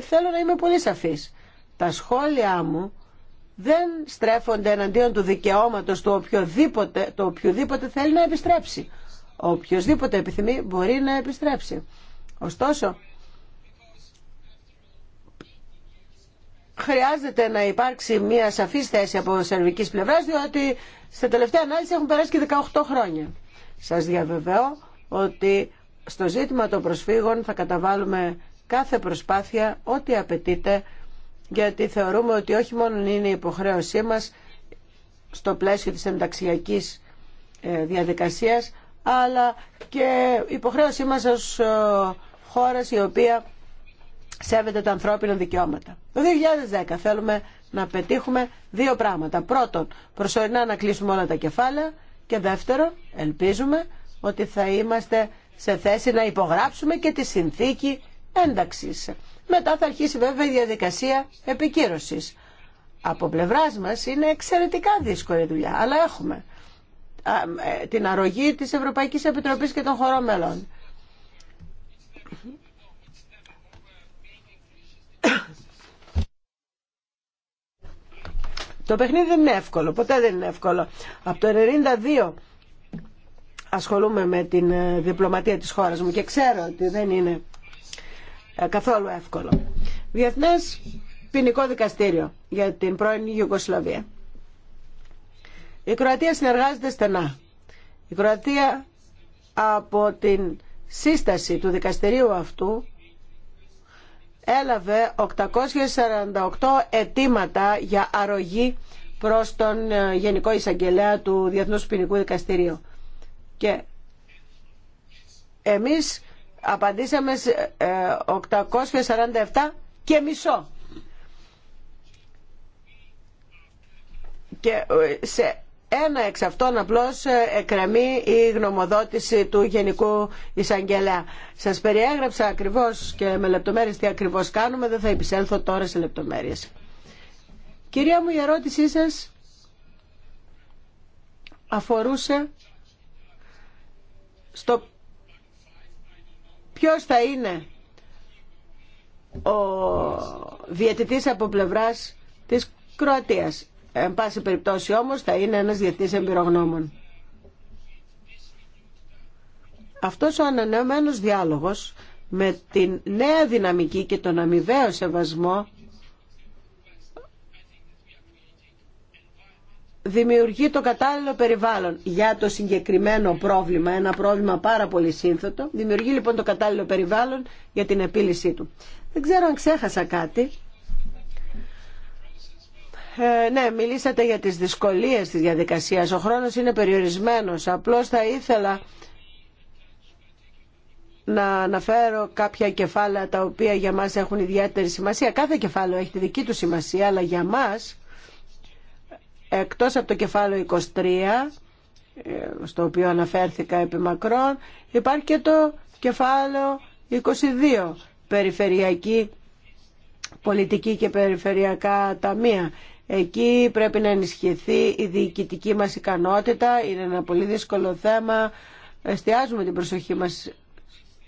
Speaker 3: Θέλω να είμαι πολύ σαφής. Τα σχόλιά μου δεν στρέφονται εναντίον του δικαιώματος του οποιοδήποτε, το οποιοδήποτε θέλει να επιστρέψει. Οποιοδήποτε επιθυμεί μπορεί να επιστρέψει. Ωστόσο, χρειάζεται να υπάρξει μια σαφή θέση από σερβικής πλευράς διότι στα τελευταία ανάλυση έχουν περάσει και 18 χρόνια. Σας διαβεβαιώ ότι στο ζήτημα των προσφύγων θα καταβάλουμε κάθε προσπάθεια ό,τι απαιτείται γιατί θεωρούμε ότι όχι μόνο είναι η υποχρέωσή μας στο πλαίσιο της ενταξιακής ε, διαδικασίας αλλά και υποχρέωσή μας ως ε, χώρας η οποία σέβεται τα ανθρώπινα δικαιώματα. Το 2010 θέλουμε να πετύχουμε δύο πράγματα. Πρώτον, προσωρινά να κλείσουμε όλα τα κεφάλαια και δεύτερον, ελπίζουμε ότι θα είμαστε σε θέση να υπογράψουμε και τη συνθήκη ένταξης. Μετά θα αρχίσει βέβαια η διαδικασία επικύρωσης. Από πλευρά μας είναι εξαιρετικά δύσκολη δουλειά, αλλά έχουμε ε, την αρρωγή της Ευρωπαϊκής Επιτροπής και των χωρών μελών. Το παιχνίδι δεν είναι εύκολο, ποτέ δεν είναι εύκολο. Από το 1992 ασχολούμαι με την ε, διπλωματία της χώρας μου και ξέρω ότι δεν είναι ε, καθόλου εύκολο. Διεθνές ποινικό δικαστήριο για την πρώην Ιουγκοσλαβία. Η Κροατία συνεργάζεται στενά. Η Κροατία από την σύσταση του δικαστηρίου αυτού έλαβε 848 αιτήματα για αρρωγή προς τον ε, Γενικό Εισαγγελέα του Διεθνούς Ποινικού Δικαστηρίου. Και εμείς απαντήσαμε 847 ε, και μισό. Και ε, σε ένα εξ αυτών απλώς ε, εκρεμεί η γνωμοδότηση του Γενικού Εισαγγελέα. Σας περιέγραψα ακριβώς και με λεπτομέρειες τι ακριβώς κάνουμε, δεν θα επισέλθω τώρα σε λεπτομέρειες. Κυρία μου, η ερώτησή σας αφορούσε στο ποιος θα είναι ο διαιτητής από πλευράς της Κροατίας. Εν πάση περιπτώσει όμως θα είναι ένας διετής εμπειρογνώμων. Αυτός ο ανανεωμένος διάλογος με την νέα δυναμική και τον αμοιβαίο σεβασμό δημιουργεί το κατάλληλο περιβάλλον για το συγκεκριμένο πρόβλημα, ένα πρόβλημα πάρα πολύ σύνθετο, δημιουργεί λοιπόν το κατάλληλο περιβάλλον για την επίλυσή του. Δεν ξέρω αν ξέχασα κάτι. Ε, ναι, μιλήσατε για τις δυσκολίες της διαδικασίας. Ο χρόνος είναι περιορισμένος. Απλώς θα ήθελα να αναφέρω κάποια κεφάλαια τα οποία για μας έχουν ιδιαίτερη σημασία. Κάθε κεφάλαιο έχει τη δική του σημασία, αλλά για μας, εκτός από το κεφάλαιο 23, ε, στο οποίο αναφέρθηκα επί μακρόν, υπάρχει και το κεφάλαιο 22, περιφερειακή πολιτική και περιφερειακά ταμεία. Εκεί πρέπει να ενισχυθεί η διοικητική μας ικανότητα. Είναι ένα πολύ δύσκολο θέμα. Εστιάζουμε την προσοχή μας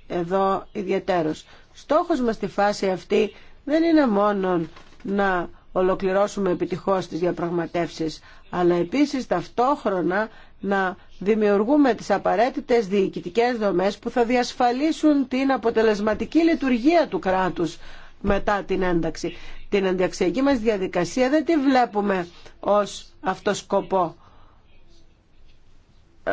Speaker 3: εδώ ιδιαίτερος. Στόχος μας στη φάση αυτή δεν είναι μόνο να ολοκληρώσουμε επιτυχώς τις διαπραγματεύσεις, αλλά επίσης ταυτόχρονα να δημιουργούμε τις απαραίτητες διοικητικές δομές που θα διασφαλίσουν την αποτελεσματική λειτουργία του κράτους μετά την ένταξη. Την ενταξιακή μας διαδικασία δεν τη βλέπουμε ως αυτό σκοπό. Ε,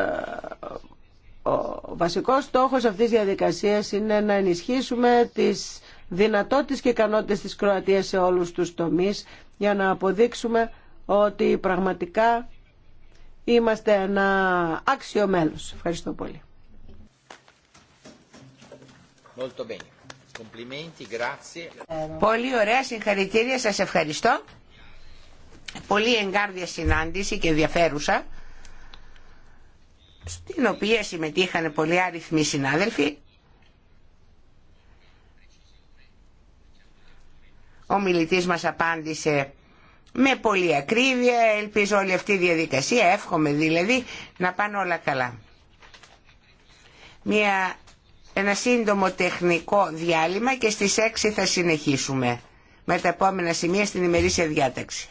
Speaker 3: ο βασικός στόχος αυτής της διαδικασίας είναι να ενισχύσουμε τις δυνατότητες και ικανότητες της Κροατίας σε όλους τους τομείς για να αποδείξουμε ότι πραγματικά είμαστε ένα άξιο μέλος. Ευχαριστώ πολύ.
Speaker 1: Molto bene. Πολύ
Speaker 2: ωραία συγχαρητήρια, σας ευχαριστώ. Πολύ εγκάρδια συνάντηση και ενδιαφέρουσα, στην οποία συμμετείχαν πολλοί άριθμοι συνάδελφοι. Ο μιλητής μας απάντησε με πολύ ακρίβεια, ελπίζω όλη αυτή η διαδικασία, εύχομαι δηλαδή να πάνε όλα καλά. Μια ένα σύντομο τεχνικό διάλειμμα και στις 6 θα συνεχίσουμε με τα επόμενα σημεία στην ημερήσια διάταξη.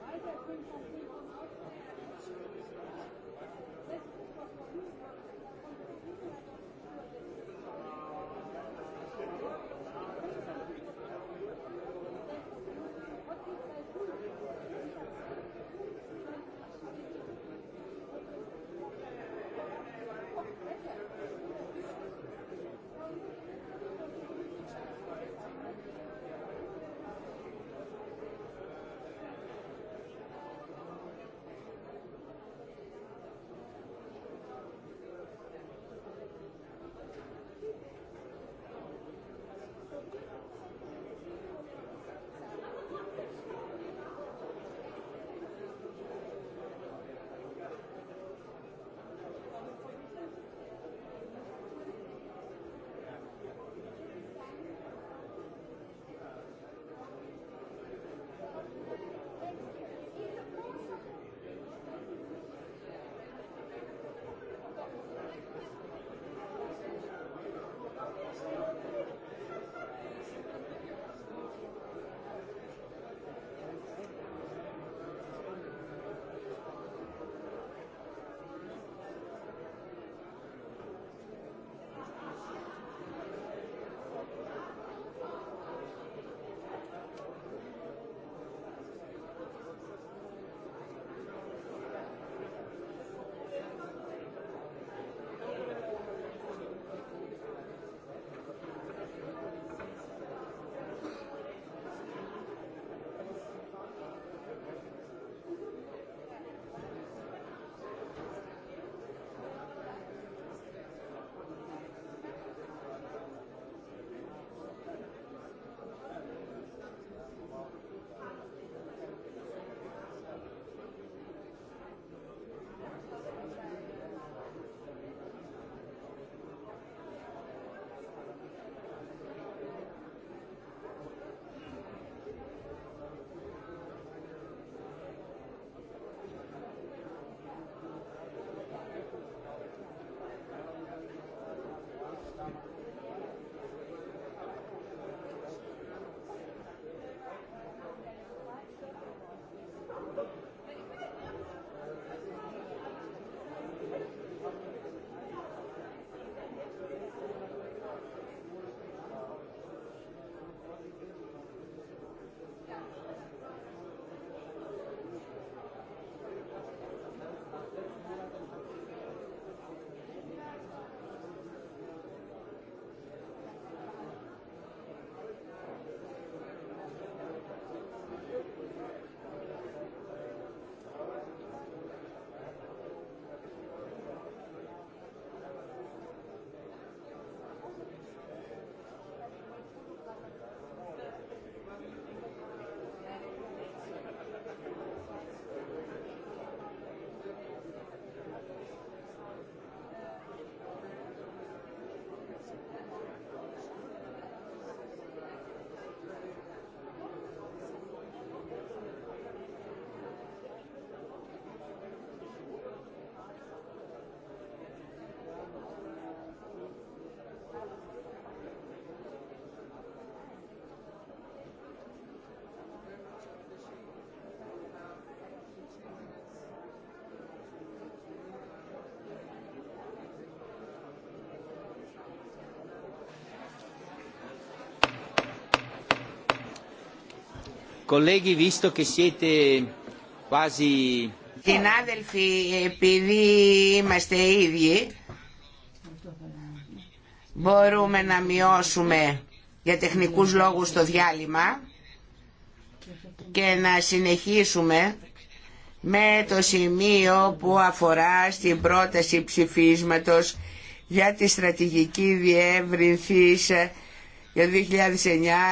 Speaker 5: Weiter 25
Speaker 1: Colleghi, visto che siete quasi...
Speaker 2: Συνάδελφοι, επειδή είμαστε ίδιοι, μπορούμε να μειώσουμε για τεχνικούς λόγους το διάλειμμα και να συνεχίσουμε με το σημείο που αφορά στην πρόταση ψηφίσματος για τη στρατηγική διεύρυνθης για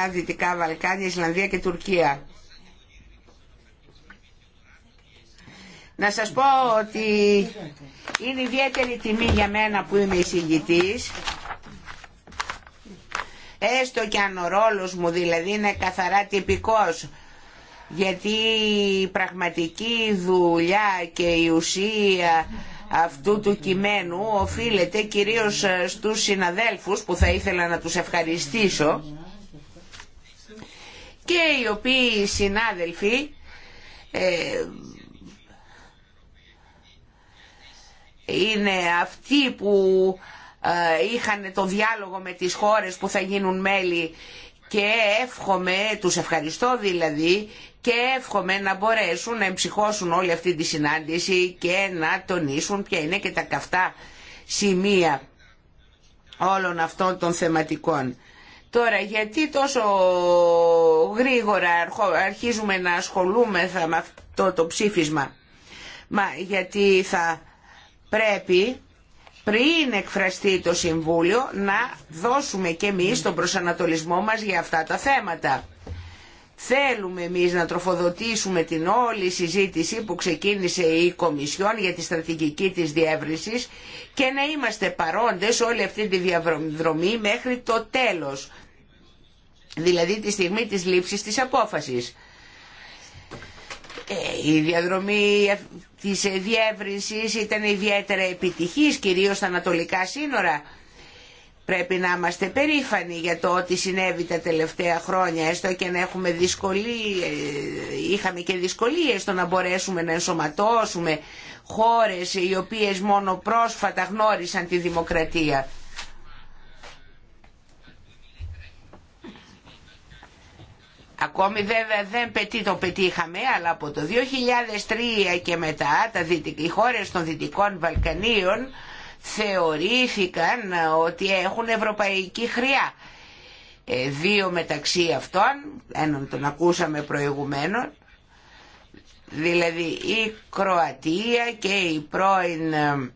Speaker 2: 2009 Δυτικά Βαλκάνια, Ισλανδία και Τουρκία. Να σας πω ότι είναι ιδιαίτερη τιμή για μένα που είμαι εισηγητής έστω και αν ο ρόλος μου δηλαδή είναι καθαρά τυπικός γιατί η πραγματική δουλειά και η ουσία αυτού του κειμένου οφείλεται κυρίως στους συναδέλφους που θα ήθελα να τους ευχαριστήσω και οι οποίοι συνάδελφοι ε, είναι αυτοί που ε, είχαν το διάλογο με τις χώρες που θα γίνουν μέλη και εύχομαι, τους ευχαριστώ δηλαδή, και εύχομαι να μπορέσουν να εμψυχώσουν όλη αυτή τη συνάντηση και να τονίσουν ποια είναι και τα καυτά σημεία όλων αυτών των θεματικών. Τώρα, γιατί τόσο γρήγορα αρχίζουμε να ασχολούμεθα με αυτό το ψήφισμα. Μα γιατί θα πρέπει πριν εκφραστεί το Συμβούλιο να δώσουμε και εμείς τον προσανατολισμό μας για αυτά τα θέματα. Θέλουμε εμείς να τροφοδοτήσουμε την όλη συζήτηση που ξεκίνησε η Κομισιόν για τη στρατηγική της διεύρυνσης και να είμαστε παρόντες όλη αυτή τη διαδρομή μέχρι το τέλος, δηλαδή τη στιγμή της λήψης της απόφασης. Ε, η διαδρομή της διεύρυνσης ήταν ιδιαίτερα επιτυχής, κυρίως στα ανατολικά σύνορα. Πρέπει να είμαστε περήφανοι για το ότι συνέβη τα τελευταία χρόνια, έστω και να έχουμε δυσκολίες, είχαμε και δυσκολίες στο να μπορέσουμε να ενσωματώσουμε χώρες οι οποίες μόνο πρόσφατα γνώρισαν τη δημοκρατία. Ακόμη βέβαια δεν πετύ, το πετύχαμε, αλλά από το 2003 και μετά τα οι χώρες των Δυτικών Βαλκανίων θεωρήθηκαν ότι έχουν ευρωπαϊκή χρειά. Ε, δύο μεταξύ αυτών, έναν τον ακούσαμε προηγουμένως, δηλαδή η Κροατία και η πρώην ε,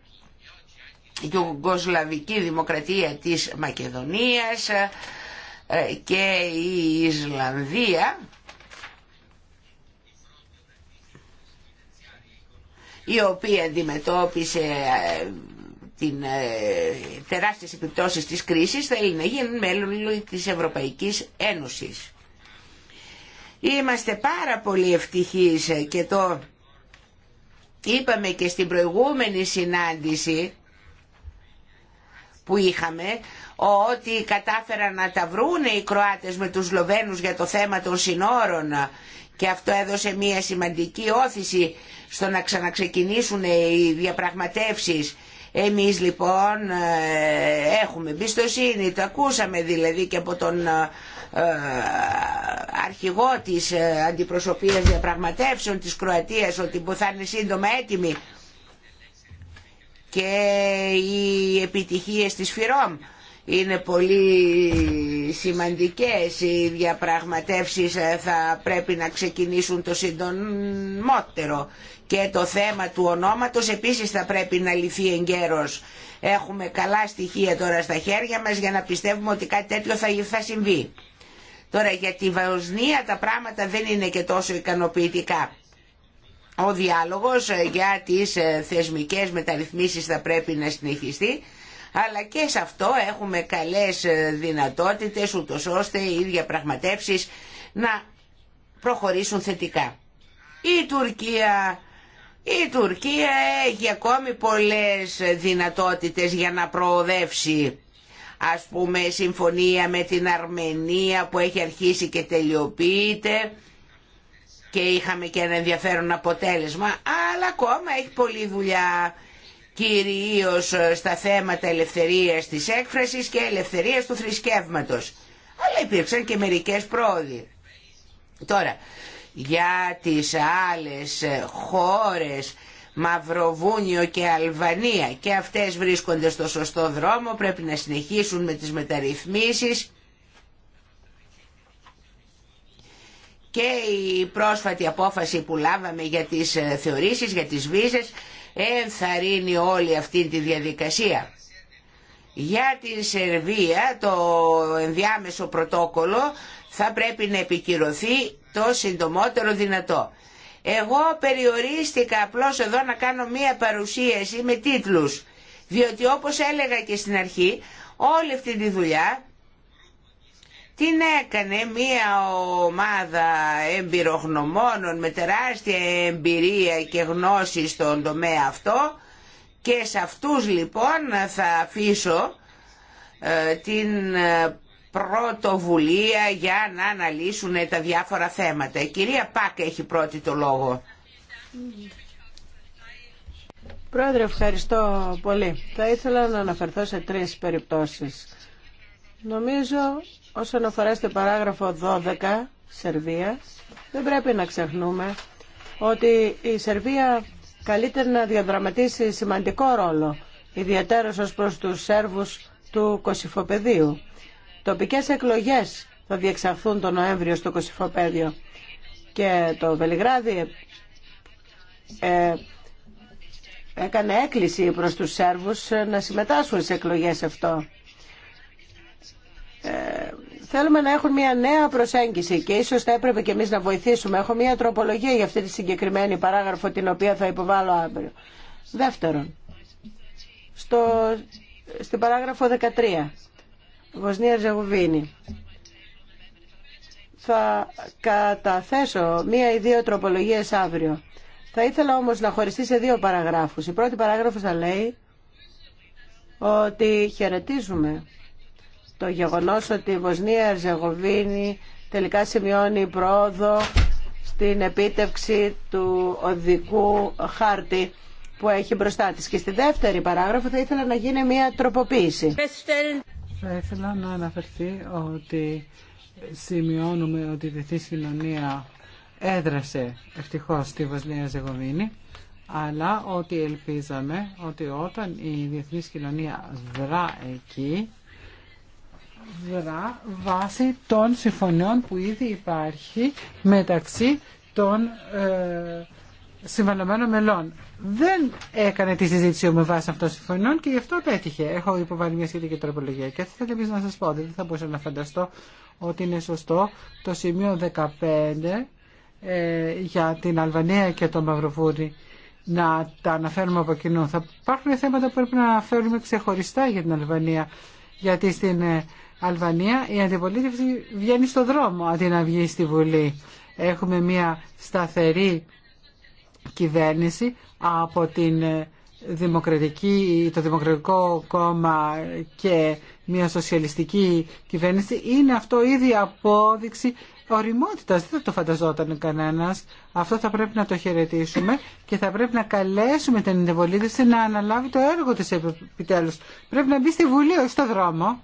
Speaker 2: Ιουγκοσλαβική Δημοκρατία της Μακεδονίας, ε, και η Ισλανδία η οποία αντιμετώπισε ε, την ε, τεράστιες επιπτώσεις της κρίσης θέλει να γίνει μέλλον της Ευρωπαϊκής Ένωσης. Είμαστε πάρα πολύ ευτυχείς και το είπαμε και στην προηγούμενη συνάντηση που είχαμε ότι κατάφεραν να τα βρούνε οι Κροάτες με τους Σλοβαίνους για το θέμα των συνόρων και αυτό έδωσε μια σημαντική όθηση στο να ξαναξεκινήσουν οι διαπραγματεύσεις. Εμείς λοιπόν ε, έχουμε εμπιστοσύνη, το ακούσαμε δηλαδή και από τον ε, αρχηγό της ε, αντιπροσωπείας διαπραγματεύσεων της Κροατίας ότι θα είναι σύντομα έτοιμη και οι επιτυχίες της ΦΥΡΟΜ είναι πολύ σημαντικές οι διαπραγματεύσεις ε, θα πρέπει να ξεκινήσουν το συντομότερο και το θέμα του ονόματος επίσης θα πρέπει να λυθεί εγκαίρως. Έχουμε καλά στοιχεία τώρα στα χέρια μας για να πιστεύουμε ότι κάτι τέτοιο θα, θα συμβεί. Τώρα για τη Βοσνία τα πράγματα δεν είναι και τόσο ικανοποιητικά. Ο διάλογος ε, για τις ε, θεσμικές μεταρρυθμίσεις θα πρέπει να συνεχιστεί αλλά και σε αυτό έχουμε καλές ε, δυνατότητες ούτως ώστε οι πραγματεύσεις να προχωρήσουν θετικά. Η Τουρκία, η Τουρκία έχει ακόμη πολλές δυνατότητες για να προοδεύσει ας πούμε συμφωνία με την Αρμενία που έχει αρχίσει και τελειοποιείται και είχαμε και ένα ενδιαφέρον αποτέλεσμα αλλά ακόμα έχει πολλή δουλειά κυρίως ε, στα θέματα ελευθερίας της έκφρασης και ελευθερίας του θρησκεύματος. Αλλά υπήρξαν και μερικές πρόοδοι. Τώρα, για τις άλλες ε, χώρες, Μαυροβούνιο και Αλβανία, και αυτές βρίσκονται στο σωστό δρόμο, πρέπει να συνεχίσουν με τις μεταρρυθμίσεις. Και η πρόσφατη απόφαση που λάβαμε για τις ε, θεωρήσεις, για τις βίζες, ενθαρρύνει όλη αυτή τη διαδικασία. Για τη Σερβία το ενδιάμεσο πρωτόκολλο θα πρέπει να επικυρωθεί το συντομότερο δυνατό. Εγώ περιορίστηκα απλώς εδώ να κάνω μία παρουσίαση με τίτλους, διότι όπως έλεγα και στην αρχή, όλη αυτή τη δουλειά την έκανε μία ομάδα εμπειρογνωμόνων με τεράστια εμπειρία και γνώση στον τομέα αυτό και σε αυτούς λοιπόν θα αφήσω ε, την ε, πρωτοβουλία για να αναλύσουν τα διάφορα
Speaker 3: θέματα. Η κυρία Πάκα έχει πρώτη το λόγο. Πρόεδρε, ευχαριστώ πολύ. Θα ήθελα να αναφερθώ σε τρεις περιπτώσεις. Νομίζω Όσον αφορά στο παράγραφο 12 Σερβίας, δεν πρέπει να ξεχνούμε ότι η Σερβία καλύτερα να διαδραματίσει σημαντικό ρόλο, ιδιαίτερα ως προς τους Σέρβους του Κωσυφοπεδίου. Τοπικές εκλογές θα διεξαχθούν τον Νοέμβριο στο Κωσυφοπέδιο και το Βελιγράδι ε, ε, έκανε έκκληση προς τους Σέρβους να συμμετάσχουν σε εκλογές αυτό. Θέλουμε να έχουν μια νέα προσέγγιση και ίσως θα έπρεπε και εμείς να βοηθήσουμε. Έχω μια τροπολογία για αυτή τη συγκεκριμένη παράγραφο την οποία θα υποβάλω αύριο. Δεύτερον, στο, στην παράγραφο 13, Βοσνία Ζεγουβίνη, θα καταθέσω μία ή δύο τροπολογίες αύριο. Θα ήθελα όμως να χωριστεί σε δύο παραγράφους. Η πρώτη παράγραφος θα λέει ότι χαιρετίζουμε το γεγονός ότι η Βοσνία Ερζεγοβίνη τελικά σημειώνει πρόοδο στην επίτευξη του οδικού χάρτη που έχει μπροστά της. Και στη δεύτερη παράγραφο θα ήθελα να γίνει μια τροποποίηση.
Speaker 4: Θα ήθελα να αναφερθεί ότι σημειώνουμε ότι η Διεθνή κοινωνία έδρασε ευτυχώς στη Βοσνία Ζεγοβίνη αλλά ότι ελπίζαμε ότι όταν η Διεθνή κοινωνία δρά εκεί δρά βάσει των συμφωνιών που ήδη υπάρχει μεταξύ των ε, συμβαλωμένων μελών. Δεν έκανε τη συζήτηση με βάση αυτών των συμφωνιών και γι' αυτό πέτυχε. Έχω υποβάλει μια σχετική τροπολογία και θα θέλω να σας πω ότι δεν θα μπορούσα να φανταστώ ότι είναι σωστό το σημείο 15 ε, για την Αλβανία και το Μαυροβούρι να τα αναφέρουμε από κοινού. Θα υπάρχουν θέματα που πρέπει να αναφέρουμε ξεχωριστά για την Αλβανία γιατί στην ε, Αλβανία η αντιπολίτευση βγαίνει στο δρόμο αντί να βγει στη Βουλή. Έχουμε μια σταθερή κυβέρνηση από την ε, δημοκρατική, το Δημοκρατικό Κόμμα και μια σοσιαλιστική κυβέρνηση είναι αυτό ήδη απόδειξη οριμότητας. Δεν θα το φανταζόταν κανένας. Αυτό θα πρέπει να το χαιρετήσουμε και θα πρέπει να καλέσουμε την αντιπολίτευση να αναλάβει το έργο της επιτέλους. Πρέπει να μπει στη Βουλή, όχι στο δρόμο.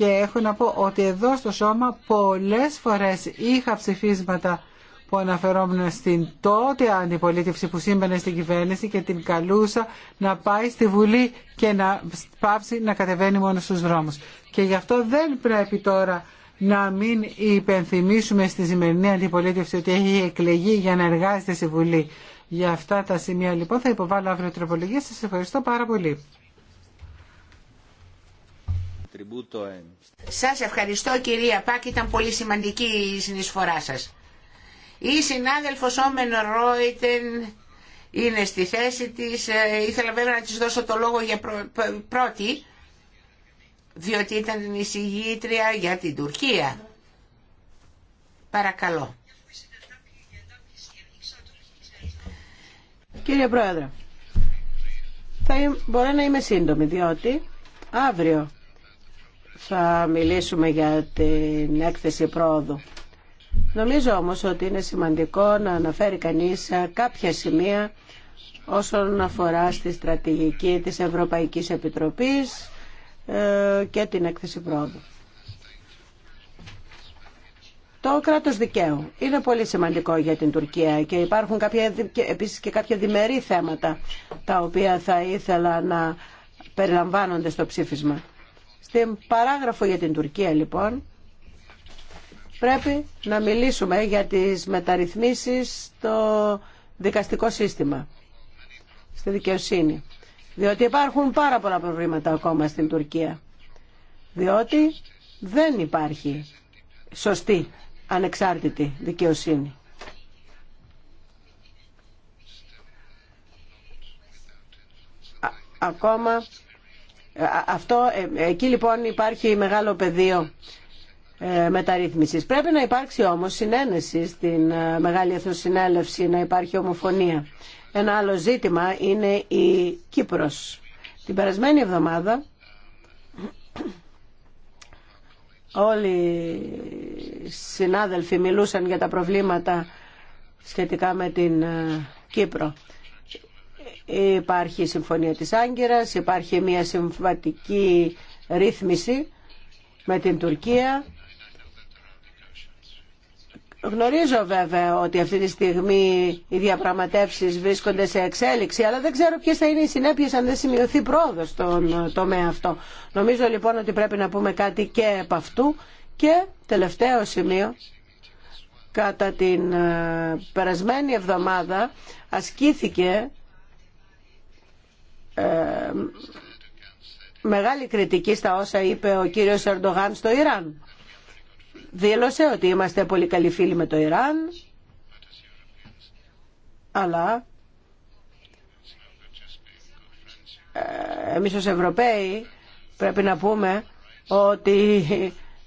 Speaker 4: Και έχω να πω ότι εδώ στο σώμα πολλές φορές είχα ψηφίσματα που αναφερόμουν στην τότε αντιπολίτευση που σύμπανε στην κυβέρνηση και την καλούσα να πάει στη Βουλή και να πάψει να κατεβαίνει μόνο στους δρόμους. Και γι' αυτό δεν πρέπει τώρα να μην υπενθυμίσουμε στη σημερινή αντιπολίτευση ότι έχει εκλεγεί για να εργάζεται στη Βουλή. Για αυτά τα σημεία λοιπόν θα υποβάλω αύριο τροπολογία. Σας ευχαριστώ πάρα πολύ.
Speaker 2: Σας ευχαριστώ κυρία Πάκ, ήταν πολύ σημαντική η συνεισφορά σας. Η συνάδελφος Όμεν Ρόιτεν είναι στη θέση της. Ε, ήθελα βέβαια να της δώσω το λόγο για πρώτη, διότι ήταν η συγγήτρια για την Τουρκία.
Speaker 3: Παρακαλώ. Κύριε Πρόεδρε, θα μπορώ να είμαι σύντομη, διότι αύριο θα μιλήσουμε για την έκθεση πρόοδου. Νομίζω όμως ότι είναι σημαντικό να αναφέρει κανείς κάποια σημεία όσον αφορά στη στρατηγική της Ευρωπαϊκής Επιτροπής ε, και την έκθεση πρόοδου. Το κράτος δικαίου είναι πολύ σημαντικό για την Τουρκία και υπάρχουν κάποια, επίσης και κάποια διμερεί θέματα τα οποία θα ήθελα να περιλαμβάνονται στο ψήφισμα. Στην παράγραφο για την Τουρκία λοιπόν πρέπει να μιλήσουμε για τις μεταρρυθμίσεις στο δικαστικό σύστημα, στη δικαιοσύνη. Διότι υπάρχουν πάρα πολλά προβλήματα ακόμα στην Τουρκία. Διότι δεν υπάρχει σωστή, ανεξάρτητη δικαιοσύνη. Ακόμα αυτό, ε, εκεί λοιπόν υπάρχει μεγάλο πεδίο ε, μεταρρύθμισης. Πρέπει να υπάρξει όμως συνένεση στην ε, Μεγάλη Εθνοσυνέλευση, να υπάρχει ομοφωνία. Ένα άλλο ζήτημα είναι η Κύπρος. Την περασμένη εβδομάδα όλοι οι συνάδελφοι μιλούσαν για τα προβλήματα σχετικά με την Κύπρο. Υπάρχει η Συμφωνία της Άγκυρας, υπάρχει μια συμβατική ρύθμιση με την Τουρκία. Γνωρίζω βέβαια ότι αυτή τη στιγμή οι διαπραγματεύσεις βρίσκονται σε εξέλιξη, αλλά δεν ξέρω ποιες θα είναι οι συνέπειες αν δεν σημειωθεί πρόοδος στον τομέα αυτό. Νομίζω λοιπόν ότι πρέπει να πούμε κάτι και από αυτού και τελευταίο σημείο. Κατά την ε, περασμένη εβδομάδα ασκήθηκε ε, μεγάλη κριτική στα όσα είπε ο κύριος Ερντογάν στο Ιράν. Δήλωσε ότι είμαστε πολύ καλοί φίλοι με το Ιράν, αλλά ε, εμείς ως Ευρωπαίοι πρέπει να πούμε ότι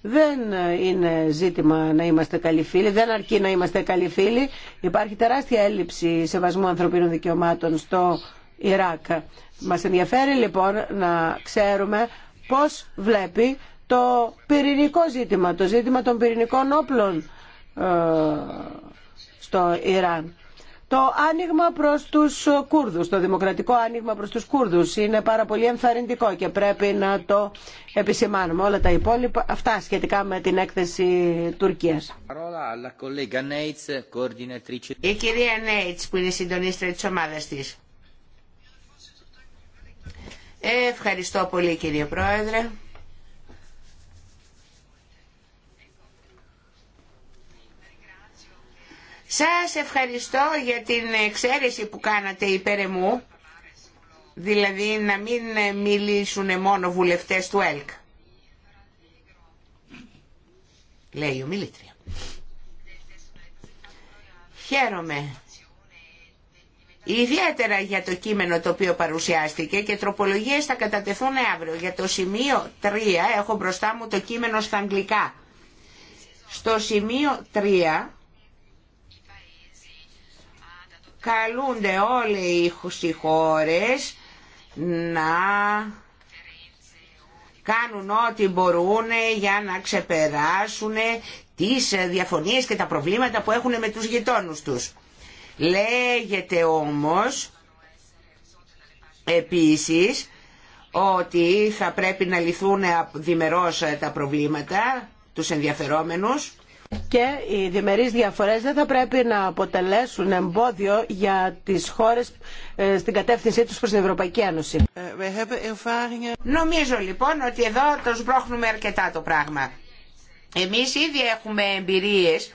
Speaker 3: δεν είναι ζήτημα να είμαστε καλοί φίλοι, δεν αρκεί να είμαστε καλοί φίλοι. Υπάρχει τεράστια έλλειψη σεβασμού ανθρωπίνων δικαιωμάτων στο Ιράκ. Μας ενδιαφέρει λοιπόν να ξέρουμε πώς βλέπει το πυρηνικό ζήτημα, το ζήτημα των πυρηνικών όπλων ε, στο Ιράν. Το άνοιγμα προς τους Κούρδους, το δημοκρατικό άνοιγμα προς τους Κούρδους είναι πάρα πολύ ενθαρρυντικό και πρέπει να το επισημάνουμε. Όλα τα υπόλοιπα, αυτά σχετικά με την έκθεση Τουρκίας.
Speaker 1: Η κυρία Νέιτς που είναι συντονίστρια της ομάδας της. Ευχαριστώ πολύ κύριε
Speaker 2: Πρόεδρε. Σας ευχαριστώ για την εξαίρεση που κάνατε υπέρ μου, δηλαδή να μην μιλήσουν μόνο βουλευτές του ΕΛΚ. Λέει ο Μιλήτρια. Χαίρομαι Ιδιαίτερα για το κείμενο το οποίο παρουσιάστηκε και τροπολογίες θα κατατεθούν αύριο. Για το σημείο 3 έχω μπροστά μου το κείμενο στα αγγλικά. Στο σημείο 3 καλούνται όλοι οι χώρες να κάνουν ό,τι μπορούν για να ξεπεράσουν τις διαφωνίες και τα προβλήματα που έχουν με τους γειτόνους τους. Λέγεται όμως επίσης ότι θα πρέπει να λυθούν διμερώς τα προβλήματα, τους ενδιαφερόμενους.
Speaker 3: Και οι διμερείς διαφορές δεν θα πρέπει να αποτελέσουν εμπόδιο για τις χώρες ε, στην κατεύθυνσή τους προς την Ευρωπαϊκή Ένωση. Ε,
Speaker 2: Νομίζω λοιπόν ότι εδώ το σπρώχνουμε αρκετά το πράγμα. Εμείς ήδη έχουμε εμπειρίες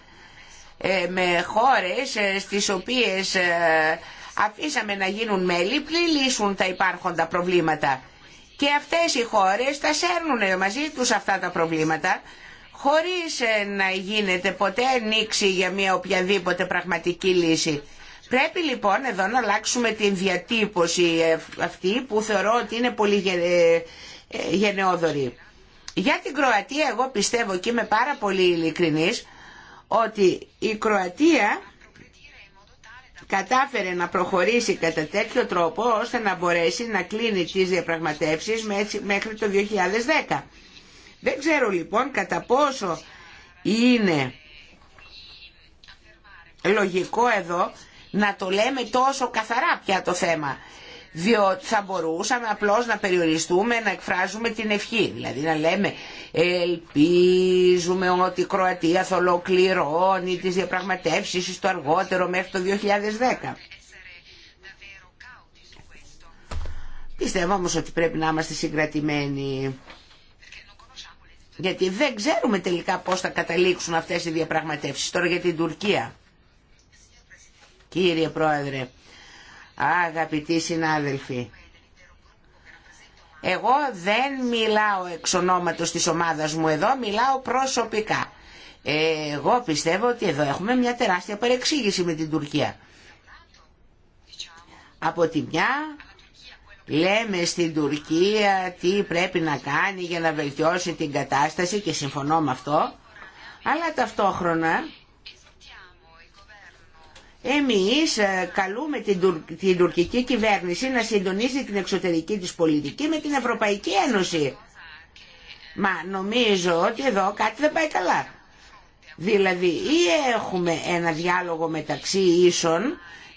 Speaker 2: ε, με χώρες ε, στις οποίες ε, αφήσαμε να γίνουν μέλη πριν λύσουν τα υπάρχοντα προβλήματα. Και αυτές οι χώρες τα σέρνουν μαζί τους αυτά τα προβλήματα χωρίς να γίνεται ποτέ νήξη για μια οποιαδήποτε πραγματική λύση. Πρέπει λοιπόν εδώ να αλλάξουμε την διατύπωση αυτή που θεωρώ ότι είναι πολύ γενναιόδορη. Για την Κροατία εγώ πιστεύω και είμαι πάρα πολύ ειλικρινής ότι η Κροατία κατάφερε να προχωρήσει κατά τέτοιο τρόπο ώστε να μπορέσει να κλείνει τις διαπραγματεύσεις μέχρι το 2010. Δεν ξέρω λοιπόν κατά πόσο είναι λογικό εδώ να το λέμε τόσο καθαρά πια το θέμα διότι θα μπορούσαμε απλώς να περιοριστούμε να εκφράζουμε την ευχή δηλαδή να λέμε ελπίζουμε ότι η Κροατία θα ολοκληρώνει τις διαπραγματεύσεις στο αργότερο μέχρι το 2010 Πιστεύω όμως ότι πρέπει να είμαστε συγκρατημένοι γιατί δεν ξέρουμε τελικά πώς θα καταλήξουν αυτές οι διαπραγματεύσεις τώρα για την Τουρκία. Κύριε Πρόεδρε, Αγαπητοί συνάδελφοι, εγώ δεν μιλάω εξ ονόματος της ομάδας μου εδώ, μιλάω προσωπικά. Εγώ πιστεύω ότι εδώ έχουμε μια τεράστια παρεξήγηση με την Τουρκία. Από τη μια λέμε στην Τουρκία τι πρέπει να κάνει για να βελτιώσει την κατάσταση και συμφωνώ με αυτό, αλλά ταυτόχρονα εμείς ε, καλούμε την, τουρκική κυβέρνηση να συντονίζει την εξωτερική της πολιτική με την Ευρωπαϊκή Ένωση. Μα νομίζω ότι εδώ κάτι δεν πάει καλά. Δηλαδή ή έχουμε ένα διάλογο μεταξύ ίσων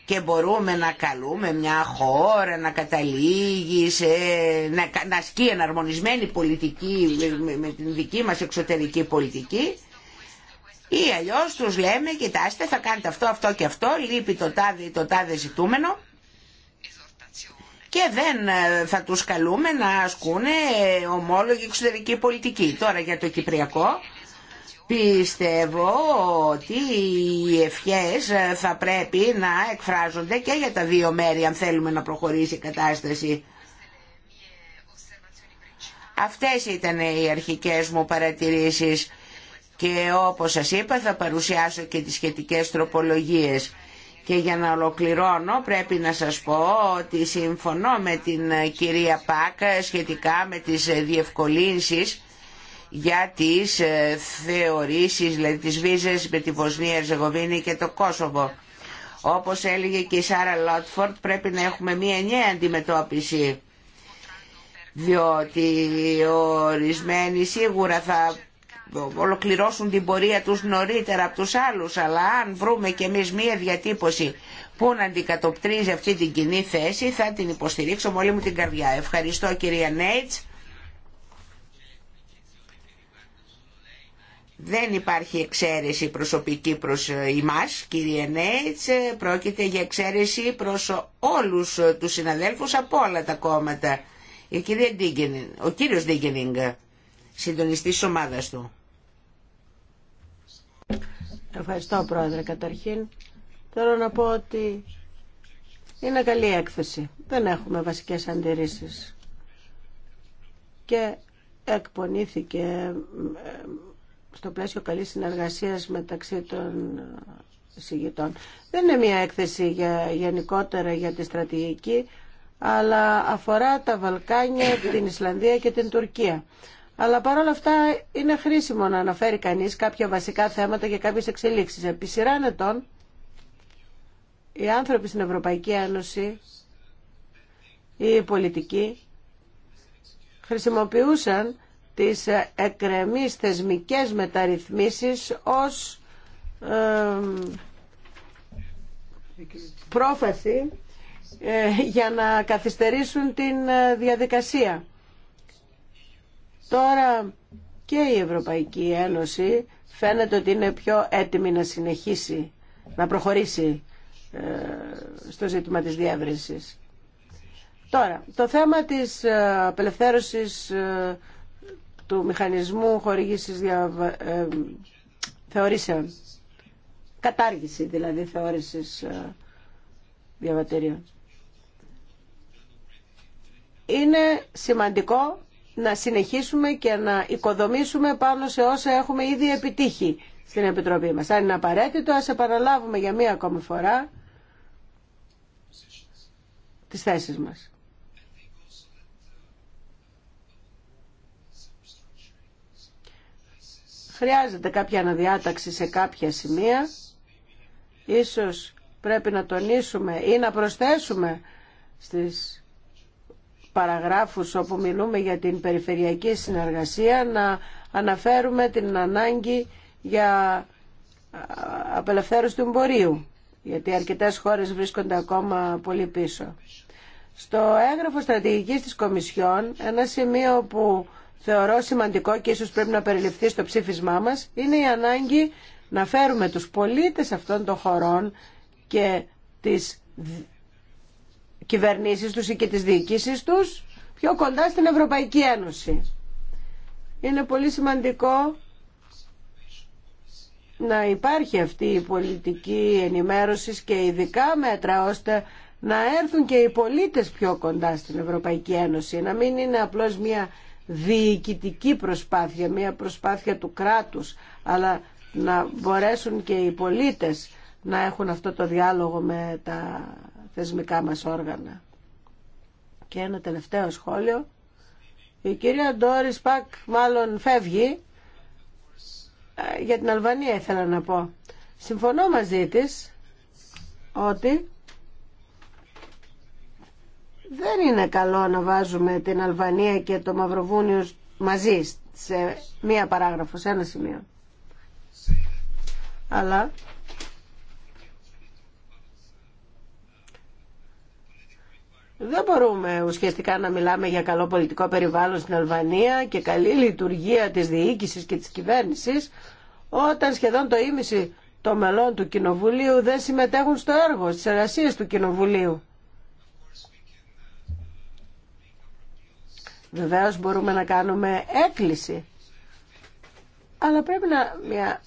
Speaker 2: και μπορούμε να καλούμε μια χώρα να καταλήγει σε, να, να ασκεί εναρμονισμένη πολιτική με, με την δική μας εξωτερική πολιτική ή αλλιώ τους λέμε, κοιτάστε θα κάνετε αυτό, αυτό και αυτό, λείπει το τάδε το τάδε ζητούμενο και δεν ε, θα τους καλούμε να ασκούνε ε, ομόλογη εξωτερική πολιτική. Τώρα για το Κυπριακό πιστεύω ότι οι ευχές ε, θα πρέπει να εκφράζονται και για τα δύο μέρη αν θέλουμε να προχωρήσει η κατάσταση. Αυτές ήταν οι αρχικές μου παρατηρήσεις και όπως σας είπα θα παρουσιάσω και τις σχετικές τροπολογίες. Και για να ολοκληρώνω πρέπει να σας πω ότι συμφωνώ με την ε, κυρία Πάκα ε, σχετικά με τις ε, διευκολύνσεις για τις θεωρήσεις, δηλαδή τις βίζες με τη Βοσνία, Ζεγοβίνη και το Κόσοβο. Όπως έλεγε και η Σάρα Λότφορντ πρέπει να έχουμε μία νέα αντιμετώπιση διότι ορισμένοι σίγουρα θα ολοκληρώσουν την πορεία τους νωρίτερα από τους άλλους αλλά αν βρούμε κι εμείς μία διατύπωση που να αντικατοπτρίζει αυτή την κοινή θέση θα την υποστηρίξω με όλη μου την καρδιά. Ευχαριστώ κυρία Νέιτς. Δεν υπάρχει εξαίρεση προσωπική προς εμάς, Κυρία Νέιτς, ε, πρόκειται για εξαίρεση προς όλους ε, τους συναδέλφους από όλα τα κόμματα. ο κύριος Ντίγκενινγκ, συντονιστής της ομάδας του.
Speaker 3: Ευχαριστώ Πρόεδρε. Καταρχήν θέλω να πω ότι είναι καλή έκθεση. Δεν έχουμε βασικές αντιρρήσεις. Και εκπονήθηκε ε, στο πλαίσιο καλής συνεργασίας μεταξύ των συγγητών. Δεν είναι μια έκθεση για, γενικότερα για τη στρατηγική, αλλά αφορά τα Βαλκάνια, την Ισλανδία και την Τουρκία. Αλλά παρόλα αυτά είναι χρήσιμο να αναφέρει κανείς κάποια βασικά θέματα και κάποιες εξελίξεις. Επί σειράν ετών, οι άνθρωποι στην Ευρωπαϊκή Ένωση ή οι πολιτικοί χρησιμοποιούσαν τις εκρεμείς θεσμικές μεταρρυθμίσεις ως πρόφαση ε, για να καθυστερήσουν την ε, διαδικασία. Τώρα και η Ευρωπαϊκή Ένωση φαίνεται ότι είναι πιο έτοιμη να συνεχίσει, να προχωρήσει ε, στο ζήτημα της διεύρυνσης. Τώρα, το θέμα της ε, απελευθέρωσης ε, του μηχανισμού χορηγήσης δια... θεωρήσεων, κατάργηση δηλαδή θεώρησης διαβατηρίων. Είναι σημαντικό να συνεχίσουμε και να οικοδομήσουμε πάνω σε όσα έχουμε ήδη επιτύχει στην Επιτροπή μας. Αν είναι απαραίτητο, ας επαναλάβουμε για μία ακόμη φορά τις θέσεις μας. Χρειάζεται κάποια αναδιάταξη σε κάποια σημεία. Ίσως πρέπει να τονίσουμε ή να προσθέσουμε στις παραγράφους όπου μιλούμε για την περιφερειακή συνεργασία να αναφέρουμε την ανάγκη για απελευθέρωση του εμπορίου γιατί αρκετές χώρες βρίσκονται ακόμα πολύ πίσω. Στο έγγραφο στρατηγικής της Κομισιόν ένα σημείο που θεωρώ σημαντικό και ίσως πρέπει να περιληφθεί στο ψήφισμά μας είναι η ανάγκη να φέρουμε τους πολίτες αυτών των χωρών και τις κυβερνήσεις τους ή και τι διοικήσει του πιο κοντά στην Ευρωπαϊκή Ένωση. Είναι πολύ σημαντικό να υπάρχει αυτή η πολιτική ενημέρωση και ειδικά μέτρα ώστε να έρθουν και οι πολίτες πιο κοντά στην Ευρωπαϊκή Ένωση, να μην είναι απλώς μια διοικητική προσπάθεια, μια προσπάθεια του κράτους, αλλά να μπορέσουν και οι πολίτες να έχουν αυτό το διάλογο με τα θεσμικά μας όργανα. Και ένα τελευταίο σχόλιο. Η κυρία Ντόρις Πακ μάλλον φεύγει. Ε, για την Αλβανία ήθελα να πω. Συμφωνώ μαζί της ότι δεν είναι καλό να βάζουμε την Αλβανία και το Μαυροβούνιο μαζί σε μία παράγραφο, σε ένα σημείο. Αλλά Δεν μπορούμε ουσιαστικά να μιλάμε για καλό πολιτικό περιβάλλον στην Αλβανία και καλή λειτουργία της διοίκησης και της κυβέρνησης όταν σχεδόν το ίμιση των μελών του Κοινοβουλίου δεν συμμετέχουν στο έργο, στις εργασίες του Κοινοβουλίου. Βεβαίως μπορούμε να κάνουμε έκκληση, αλλά πρέπει να, μια,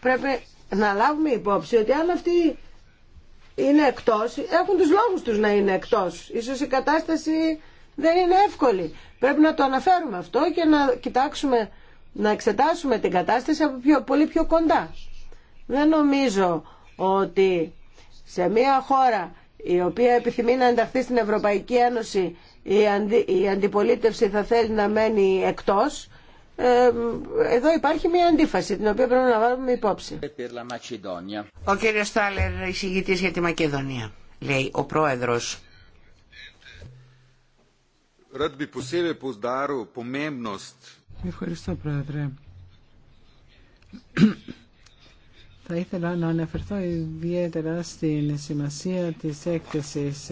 Speaker 3: πρέπει να λάβουμε υπόψη ότι αν αυτή είναι εκτός, έχουν τους λόγους τους να είναι εκτός. Ίσως η κατάσταση δεν είναι εύκολη. Πρέπει να το αναφέρουμε αυτό και να κοιτάξουμε, να εξετάσουμε την κατάσταση από πιο, πολύ πιο κοντά. Δεν νομίζω ότι σε μια χώρα η οποία επιθυμεί να ενταχθεί στην Ευρωπαϊκή Ένωση η, η αντιπολίτευση θα θέλει να μένει εκτός. Ε, εδώ υπάρχει μια αντίφαση την οποία πρέπει να βάλουμε υπόψη. Ο κύριος Στάλερ, εισηγητής για τη Μακεδονία, λέει ο πρόεδρος.
Speaker 4: Ευχαριστώ πρόεδρε. Θα ήθελα να αναφερθώ ιδιαίτερα στην σημασία της έκθεσης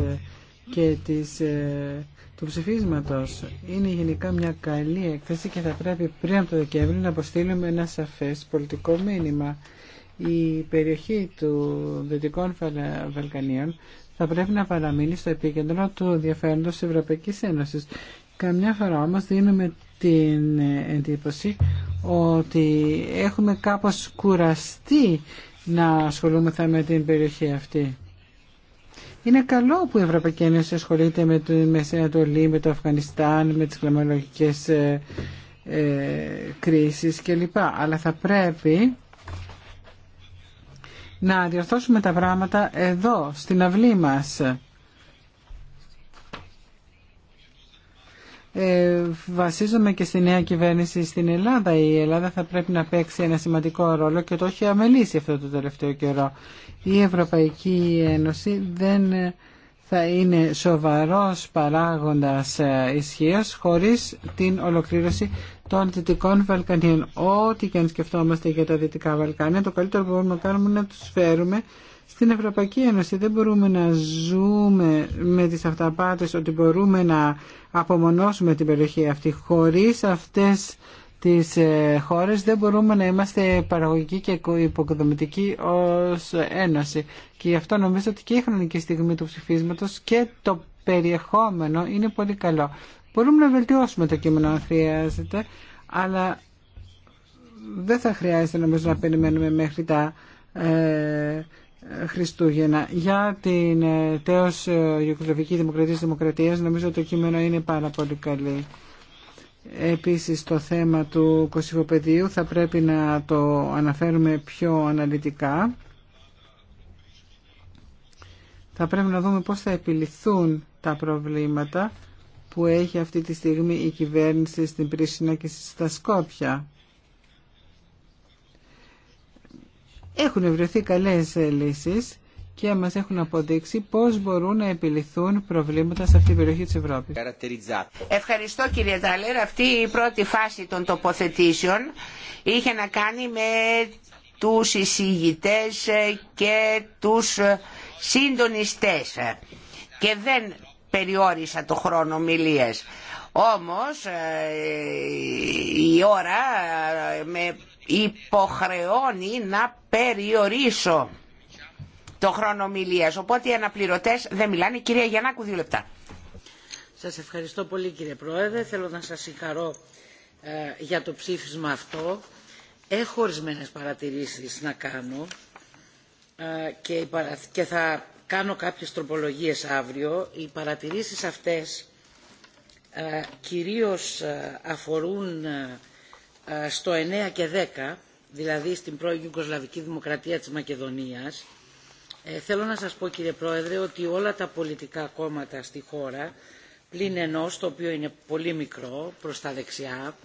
Speaker 4: και της, ε, του ψηφίσματος. Είναι γενικά μια καλή έκθεση και θα πρέπει πριν από το Δεκέμβρη να αποστείλουμε ένα σαφές πολιτικό μήνυμα. Η περιοχή του Δυτικών Βαλκανίων θα πρέπει να παραμείνει στο επίκεντρο του ενδιαφέροντος της Ευρωπαϊκής Ένωσης. Καμιά φορά όμως δίνουμε την εντύπωση ότι έχουμε κάπως κουραστεί να ασχολούμεθα με την περιοχή αυτή. Είναι καλό που η Ευρωπαϊκή Ένωση ασχολείται με τη Μέση Ανατολή, με το Αφγανιστάν, με τις κλαμολογικές ε, ε, κρίσεις κλπ. Αλλά θα πρέπει να διορθώσουμε τα πράγματα εδώ, στην αυλή μας. ε, βασίζομαι και στη νέα κυβέρνηση στην Ελλάδα. Η Ελλάδα θα πρέπει να παίξει ένα σημαντικό ρόλο και το έχει αμελήσει αυτό το τελευταίο καιρό. Η Ευρωπαϊκή Ένωση δεν ε, θα είναι σοβαρός παράγοντας ε, ισχύω χωρίς την ολοκλήρωση των Δυτικών Βαλκανίων. Ό,τι και αν σκεφτόμαστε για τα Δυτικά Βαλκάνια, το καλύτερο που μπορούμε να κάνουμε είναι να τους φέρουμε στην Ευρωπαϊκή Ένωση δεν μπορούμε να ζούμε με τις αυταπάτες ότι μπορούμε να απομονώσουμε την περιοχή αυτή. Χωρίς αυτές τις ε, χώρες δεν μπορούμε να είμαστε παραγωγικοί και υποκοδομητικοί ως Ένωση. Και γι' αυτό νομίζω ότι και η χρονική στιγμή του ψηφίσματος και το περιεχόμενο είναι πολύ καλό. Μπορούμε να βελτιώσουμε το κείμενο αν χρειάζεται, αλλά δεν θα χρειάζεται νομίζω να περιμένουμε μέχρι τα ε, Χριστούγεννα. Για την ε, τέως Υπουργική ε, Δημοκρατία της Δημοκρατίας νομίζω το κείμενο είναι πάρα πολύ καλή. Επίσης το θέμα του Κωσυφοπεδίου θα πρέπει να το αναφέρουμε πιο αναλυτικά. Θα πρέπει να δούμε πώς θα επιληθούν τα προβλήματα που έχει αυτή τη στιγμή η κυβέρνηση στην Πρίσινα και στα Σκόπια. Έχουν βρεθεί καλές λύσεις και μας έχουν αποδείξει πώς μπορούν να επιληθούν προβλήματα σε αυτή την περιοχή της Ευρώπης. Ευχαριστώ κύριε Τάλερ. Αυτή η
Speaker 2: πρώτη φάση των τοποθετήσεων είχε να κάνει με τους εισηγητές και τους συντονιστές και δεν περιόρισα το χρόνο μιλίες. Όμως ε, η ώρα ε, με υποχρεώνει να περιορίσω το χρόνο ομιλία. Οπότε οι αναπληρωτές δεν μιλάνε. Κυρία Γιαννάκου, δύο λεπτά.
Speaker 7: Σας ευχαριστώ πολύ κύριε Πρόεδρε. Θέλω να σας συγχαρώ ε, για το ψήφισμα αυτό. Έχω ορισμένε παρατηρήσεις να κάνω ε, και, και θα κάνω κάποιες τροπολογίες αύριο. Οι παρατηρήσεις αυτές ε, κυρίως αφορούν ε, στο 9 και 10, δηλαδή στην πρώην Ιουγκοσλαβική Δημοκρατία της Μακεδονίας, ε, θέλω να σας πω κύριε Πρόεδρε ότι όλα τα πολιτικά κόμματα στη χώρα, πλην ενός το οποίο είναι πολύ μικρό προς τα δεξιά,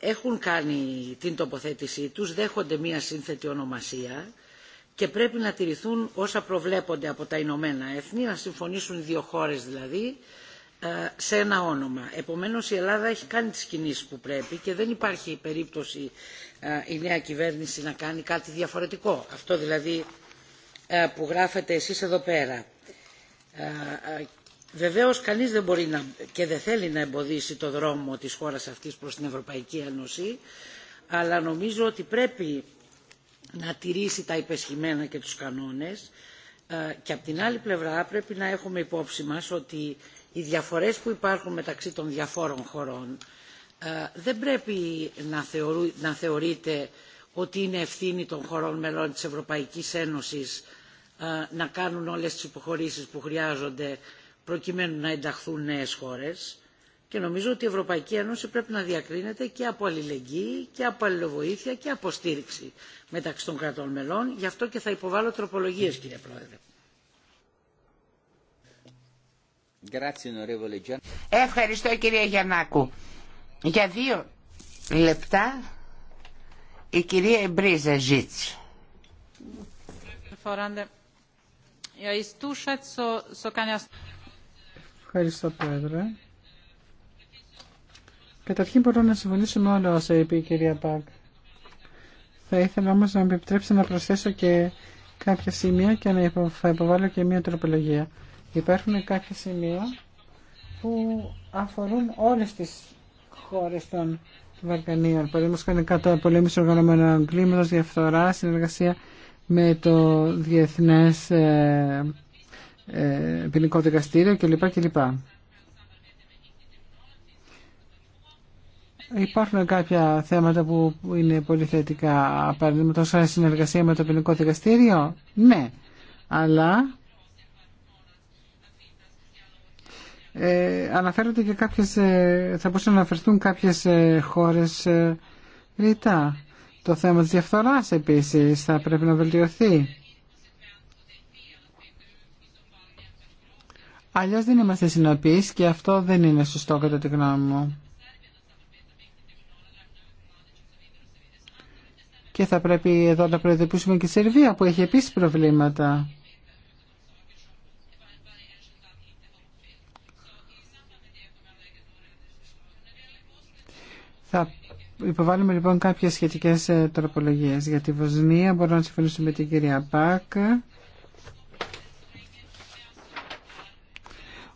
Speaker 7: ε, έχουν κάνει την τοποθέτησή τους, δέχονται μία σύνθετη ονομασία και πρέπει να τηρηθούν όσα προβλέπονται από τα Ηνωμένα Έθνη, να συμφωνήσουν δύο χώρες δηλαδή, ε, σε ένα όνομα. Επομένως η Ελλάδα έχει κάνει τις κινήσεις που πρέπει και δεν υπάρχει περίπτωση ε, η νέα κυβέρνηση να κάνει κάτι διαφορετικό. Αυτό δηλαδή ε, που γράφετε εσείς εδώ πέρα. Βεβαίως κανείς δεν μπορεί να, και δεν θέλει να εμποδίσει το δρόμο της χώρας αυτής προς την Ευρωπαϊκή Ένωση, αλλά νομίζω ότι πρέπει να τηρήσει τα υπεσχημένα και τους κανόνες και από την άλλη πλευρά πρέπει να έχουμε υπόψη μας ότι οι διαφορές που υπάρχουν μεταξύ των διαφόρων χωρών ε, δεν πρέπει να, θεωρείται ότι είναι ευθύνη των χωρών μελών της Ευρωπαϊκής Ένωσης ε, να κάνουν όλες τις υποχωρήσεις που χρειάζονται προκειμένου να ενταχθούν νέες χώρες και νομίζω ότι η Ευρωπαϊκή Ένωση πρέπει να διακρίνεται και από αλληλεγγύη και από αλληλοβοήθεια και από στήριξη μεταξύ των κρατών μελών. Γι' αυτό και θα υποβάλω τροπολογίες κύριε Πρόεδρε. Ευχαριστώ κυρία
Speaker 1: Γιαννάκου. Για δύο
Speaker 2: λεπτά η κυρία Εμπρίζα Ζήτς.
Speaker 4: Ευχαριστώ πρόεδρε. Καταρχήν μπορώ να συμφωνήσω με όλα όσα είπε η κυρία Πακ. Θα ήθελα όμως να με επιτρέψετε να προσθέσω και κάποια σημεία και να υποβάλω και μία τροπολογία. Υπάρχουν κάποια σημεία που αφορούν όλες τις χώρες των Βαλκανίων. Παραδείγματος κάνει κατά πολέμηση οργανωμένων κλίματος, διαφθορά, συνεργασία με το Διεθνές ε, ε, Ποινικό Δικαστήριο κλπ. Υπάρχουν κάποια θέματα που είναι πολύ θετικά. Παραδείγματο χάρη συνεργασία με το ποινικό δικαστήριο. Ναι. Αλλά Ε, αναφέρονται και κάποιες, ε, θα μπορούσαν να αναφερθούν κάποιες ε, χώρες ρητά. Το θέμα της διαφθοράς επίσης θα πρέπει να βελτιωθεί. Αλλιώς δεν είμαστε συνοπείς και αυτό δεν είναι σωστό κατά τη γνώμη μου. Και θα πρέπει εδώ να προειδοποιήσουμε και η Σερβία που έχει επίσης προβλήματα. Θα υποβάλουμε λοιπόν κάποιες σχετικές ε, τροπολογίες. Για τη Βοσνία μπορώ να συμφωνήσω με την κυρία Πακ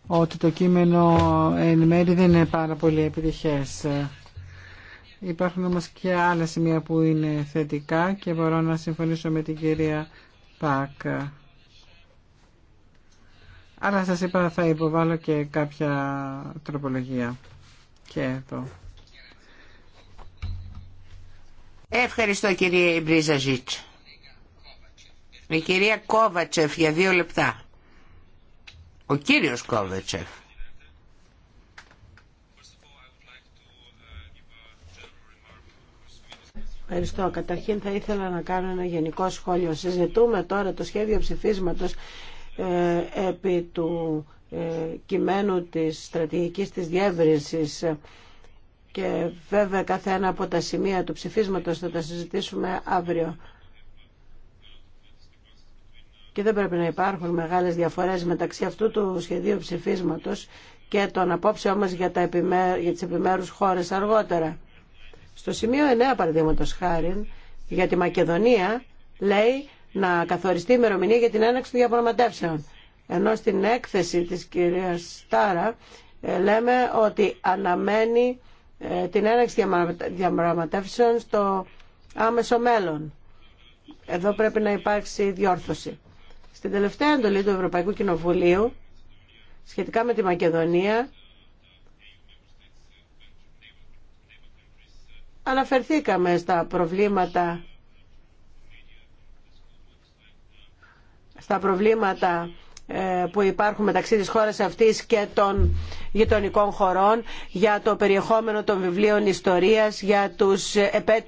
Speaker 4: ότι το κείμενο εν μέρη δεν είναι πάρα πολύ επιτυχές. Υπάρχουν όμως και άλλα σημεία που είναι θετικά και μπορώ να συμφωνήσω με την κυρία Πακ. Αλλά σας είπα θα υποβάλω και κάποια τροπολογία και εδώ.
Speaker 2: Ευχαριστώ κυρία Ζίτ. Η κυρία Κόβατσεφ για δύο λεπτά.
Speaker 1: Ο κύριος Κόβατσεφ.
Speaker 3: Ευχαριστώ. Καταρχήν θα ήθελα να κάνω ένα γενικό σχόλιο. Συζητούμε τώρα το σχέδιο ψηφίσματος ε, επί του ε, κειμένου της στρατηγικής της διεύρυνσης και βέβαια κάθε ένα από τα σημεία του ψηφίσματος θα τα συζητήσουμε αύριο. Και δεν πρέπει να υπάρχουν μεγάλες διαφορές μεταξύ αυτού του σχεδίου ψηφίσματος και των απόψεών μας για, τα επιμέρου για τις επιμέρους χώρες αργότερα. Στο σημείο 9 παραδείγματο χάρη για τη Μακεδονία λέει να καθοριστεί η ημερομηνία για την έναξη των διαπραγματεύσεων. Ενώ στην έκθεση της κυρίας Στάρα ε, λέμε ότι αναμένει ε, την έναρξη διαπραγματεύσεων στο άμεσο μέλλον. Εδώ πρέπει να υπάρξει διόρθωση. Στην τελευταία εντολή του Ευρωπαϊκού Κοινοβουλίου, σχετικά με τη Μακεδονία, αναφερθήκαμε στα προβλήματα στα προβλήματα ε, που υπάρχουν μεταξύ της χώρας αυτής και των γειτονικών χωρών για το περιεχόμενο των βιβλίων ιστορίας για, τους,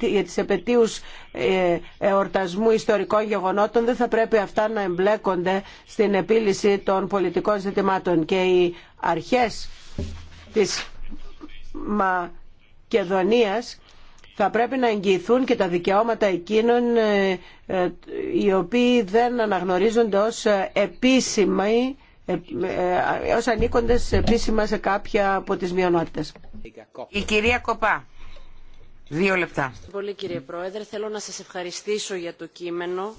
Speaker 3: για τις επαιτίους ε, εορτασμού ιστορικών γεγονότων δεν θα πρέπει αυτά να εμπλέκονται στην επίλυση των πολιτικών ζητημάτων και οι αρχές της Μακεδονίας θα πρέπει να εγγυηθούν και τα δικαιώματα εκείνων ε, ε, οι οποίοι δεν αναγνωρίζονται ως ε, επίσημοι ως ανήκοντες επίσημα σε κάποια από τις μειονότητες. Η κυρία Κοπά. Δύο λεπτά.
Speaker 6: Πολύ κύριε Πρόεδρε. Θέλω να σας ευχαριστήσω για το κείμενο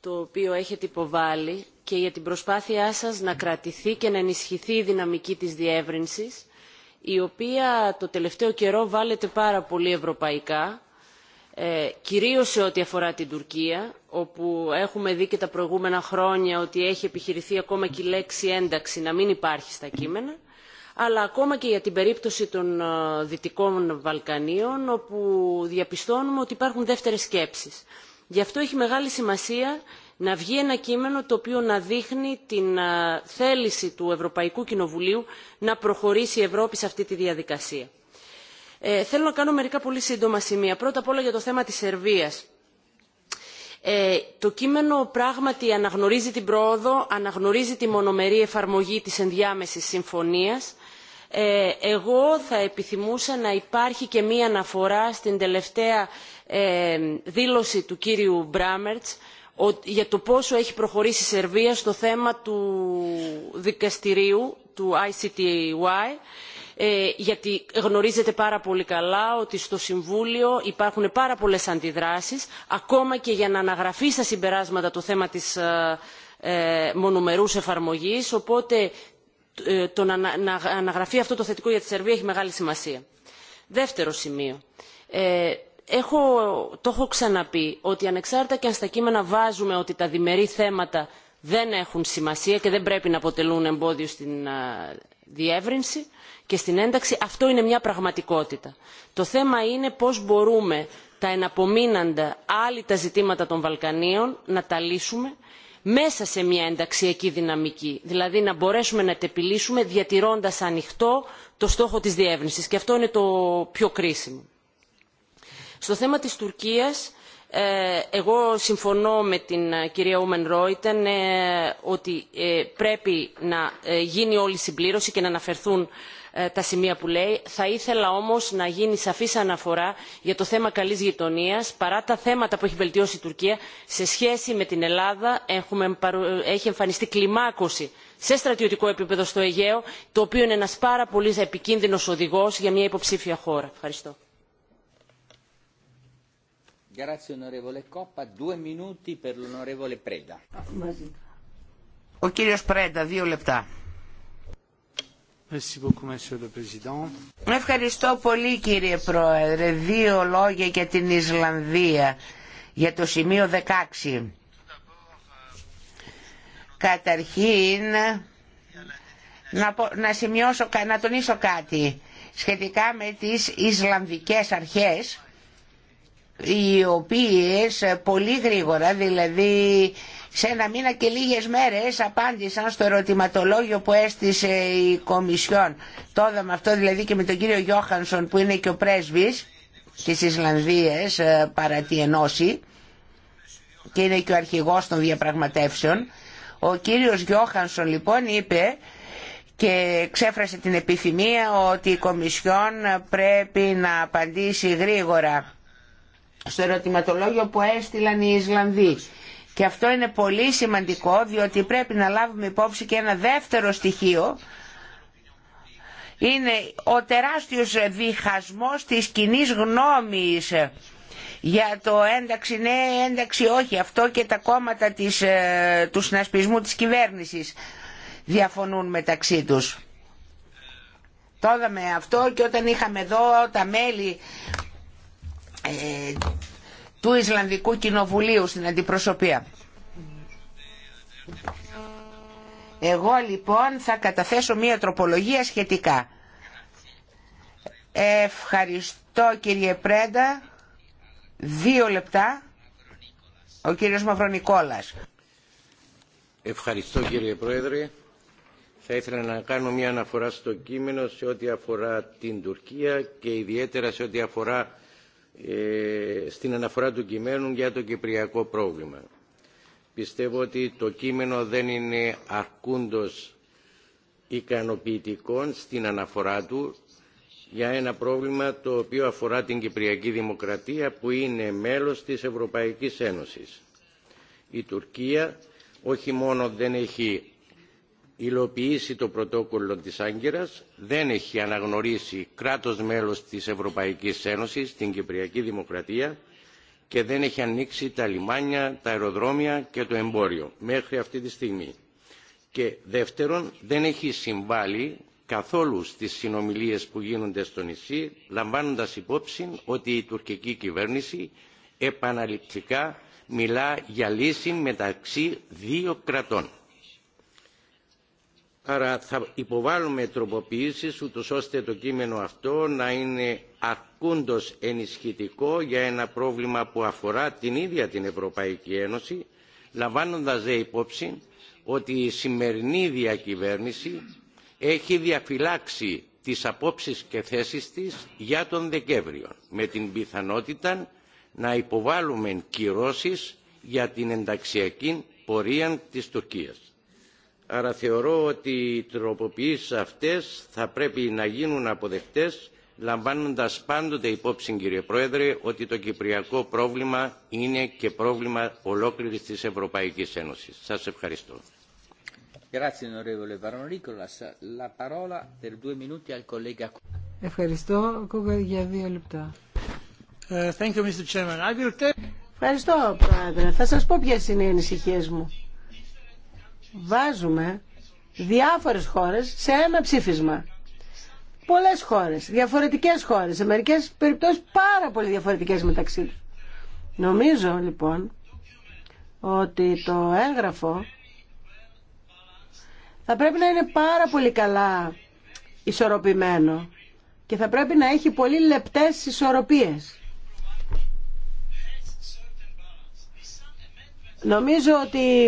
Speaker 6: το οποίο έχετε υποβάλει και για την προσπάθειά σας να κρατηθεί και να ενισχυθεί η δυναμική της διεύρυνσης η οποία το τελευταίο καιρό βάλετε πάρα πολύ ευρωπαϊκά ε, κυρίως σε ό,τι αφορά την Τουρκία όπου έχουμε δει και τα προηγούμενα χρόνια ότι έχει επιχειρηθεί ακόμα και η λέξη ένταξη να μην υπάρχει στα κείμενα αλλά ακόμα και για την περίπτωση των ε, Δυτικών Βαλκανίων όπου διαπιστώνουμε ότι υπάρχουν δεύτερες σκέψεις. Γι' αυτό έχει μεγάλη σημασία να βγει ένα κείμενο το οποίο να δείχνει την ε, θέληση του Ευρωπαϊκού Κοινοβουλίου να προχωρήσει η Ευρώπη σε αυτή τη διαδικασία. Ε, θέλω να κάνω μερικά πολύ σύντομα σημεία. Πρώτα απ' όλα για το θέμα της Σερβίας. Ε, το κείμενο πράγματι αναγνωρίζει την πρόοδο, αναγνωρίζει τη μονομερή εφαρμογή της ενδιάμεσης συμφωνίας. εγώ θα επιθυμούσα να υπάρχει και μία αναφορά στην τελευταία δήλωση του κύριου Μπράμερτς για το πόσο έχει προχωρήσει η Σερβία στο θέμα του δικαστηρίου, του ICTY, ε, γιατί γνωρίζετε πάρα πολύ καλά ότι στο Συμβούλιο υπάρχουν πάρα πολλές αντιδράσεις, ακόμα και για να αναγραφεί στα συμπεράσματα το θέμα της ε, ε, μονομερούς εφαρμογής, οπότε το να αναγραφεί αυτό το θετικό για τη Σερβία έχει μεγάλη σημασία. Δεύτερο σημείο έχω, το έχω ξαναπεί ότι ανεξάρτητα και αν στα κείμενα βάζουμε ότι τα διμερεί θέματα δεν έχουν σημασία και δεν πρέπει να αποτελούν εμπόδιο στην διεύρυνση και στην ένταξη αυτό είναι μια πραγματικότητα. το θέμα είναι πώς μπορούμε τα εναπομείναντα τα ζητήματα των βαλκανίων να τα λύσουμε μέσα σε μια ενταξιακή δυναμική δηλαδή να μπορέσουμε να τα επιλύσουμε διατηρώντας ανοιχτό το στόχο της διεύρυνσης και αυτό είναι το πιο κρίσιμο. Στο θέμα της Τουρκίας, ε, εγώ συμφωνώ με την ε, κυρία Ούμεν Ρόιτεν ότι ε, πρέπει να γίνει όλη η συμπλήρωση και να αναφερθούν τα σημεία που λέει. Θα ήθελα όμως να γίνει σαφής αναφορά για το θέμα καλής γειτονίας παρά τα θέματα που έχει βελτιώσει η Τουρκία σε σχέση με την Ελλάδα έχει εμφανιστεί κλιμάκωση σε στρατιωτικό επίπεδο στο Αιγαίο το οποίο είναι ένας πάρα πολύ επικίνδυνος οδηγός για μια υποψήφια χώρα. Ευχαριστώ.
Speaker 2: Ο κύριος Πρέντα, δύο λεπτά.
Speaker 1: Ευχαριστώ πολύ
Speaker 2: κύριε Πρόεδρε. Δύο λόγια για την Ισλανδία, για το σημείο 16. Καταρχήν, να, σημειώσω, να τονίσω κάτι σχετικά με τις Ισλανδικές αρχές οι οποίες ε, πολύ γρήγορα, δηλαδή σε ένα μήνα και λίγες μέρες απάντησαν στο ερωτηματολόγιο που έστησε η Κομισιόν. Το είδαμε αυτό δηλαδή και με τον κύριο Γιώχανσον που είναι και ο πρέσβης της Ισλανδίας ε, παρά τη ενώση και είναι και ο αρχηγός των διαπραγματεύσεων. Ο κύριος Γιώχανσον λοιπόν είπε και ξέφρασε την επιθυμία ότι η Κομισιόν πρέπει να απαντήσει γρήγορα στο ερωτηματολόγιο που έστειλαν οι Ισλανδοί. Και αυτό είναι πολύ σημαντικό διότι πρέπει να λάβουμε υπόψη και ένα δεύτερο στοιχείο είναι ο τεράστιος διχασμός της κοινή γνώμης για το ένταξη ναι, ένταξη όχι, αυτό και τα κόμματα της, ε, του συνασπισμού της κυβέρνησης διαφωνούν μεταξύ τους. Το είδαμε αυτό και όταν είχαμε εδώ τα μέλη ε, του Ισλανδικού Κοινοβουλίου στην αντιπροσωπεία. Εγώ λοιπόν θα καταθέσω μία τροπολογία σχετικά. Ευχαριστώ κύριε Πρέντα. Δύο λεπτά. Ο κύριος Μαυρονικόλας.
Speaker 10: Ευχαριστώ κύριε Πρόεδρε. Θα ήθελα να κάνω μια αναφορά στο κείμενο σε ό,τι αφορά την Τουρκία και ιδιαίτερα σε ό,τι αφορά ε, στην αναφορά του κειμένου για το κυπριακό πρόβλημα. Πιστεύω ότι το κείμενο δεν είναι αρκούντος ικανοποιητικό στην αναφορά του για ένα πρόβλημα το οποίο αφορά την Κυπριακή Δημοκρατία που είναι μέλος της Ευρωπαϊκής Ένωσης. Η Τουρκία όχι μόνο δεν έχει υλοποιήσει το πρωτόκολλο της Άγκυρας δεν έχει αναγνωρίσει κράτος μέλος της Ευρωπαϊκής Ένωσης την Κυπριακή Δημοκρατία και δεν έχει ανοίξει τα λιμάνια, τα αεροδρόμια και το εμπόριο μέχρι αυτή τη στιγμή. Και δεύτερον, δεν έχει συμβάλει καθόλου στις συνομιλίες που γίνονται στο νησί, λαμβάνοντας υπόψη ότι η τουρκική κυβέρνηση επαναληπτικά μιλά για λύση μεταξύ δύο κρατών. Άρα θα υποβάλουμε τροποποιήσεις ούτως ώστε το κείμενο αυτό να είναι αρκούντος ενισχυτικό για ένα πρόβλημα που αφορά την ίδια την Ευρωπαϊκή Ένωση λαμβάνοντας δε υπόψη ότι η σημερινή διακυβέρνηση έχει διαφυλάξει τις απόψεις και θέσεις της για τον Δεκέμβριο με την πιθανότητα να υποβάλουμε κυρώσεις για την ενταξιακή πορεία της Τουρκίας. Άρα θεωρώ ότι οι τροποποιήσεις αυτές θα πρέπει να γίνουν αποδεκτές λαμβάνοντας πάντοτε υπόψη κύριε Πρόεδρε ότι το κυπριακό πρόβλημα είναι και πρόβλημα ολόκληρης της Ευρωπαϊκής Ένωσης. Σας ευχαριστώ.
Speaker 4: Ευχαριστώ. για
Speaker 3: δύο ε, Ευχαριστώ, Πρόεδρε. Θα σας πω ποιες είναι οι ανησυχίες μου βάζουμε διάφορες χώρες σε ένα ψήφισμα. Πολλές χώρες, διαφορετικές χώρες, σε μερικές περιπτώσεις πάρα πολύ διαφορετικές μεταξύ τους. Νομίζω λοιπόν ότι το έγγραφο θα πρέπει να είναι πάρα πολύ καλά ισορροπημένο και θα πρέπει να έχει πολύ λεπτές ισορροπίες. Νομίζω ότι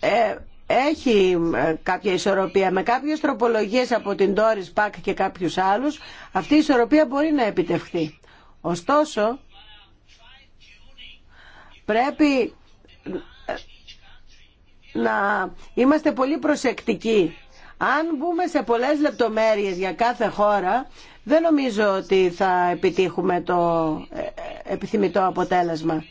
Speaker 3: ε, έχει ε, κάποια ισορροπία. Με κάποιες τροπολογίες από την Doris Πακ και κάποιους άλλους, αυτή η ισορροπία μπορεί να επιτευχθεί. Ωστόσο, πρέπει ε, να είμαστε πολύ προσεκτικοί. Αν μπούμε σε πολλές λεπτομέρειες για κάθε χώρα, δεν νομίζω ότι θα επιτύχουμε το ε, επιθυμητό αποτέλεσμα,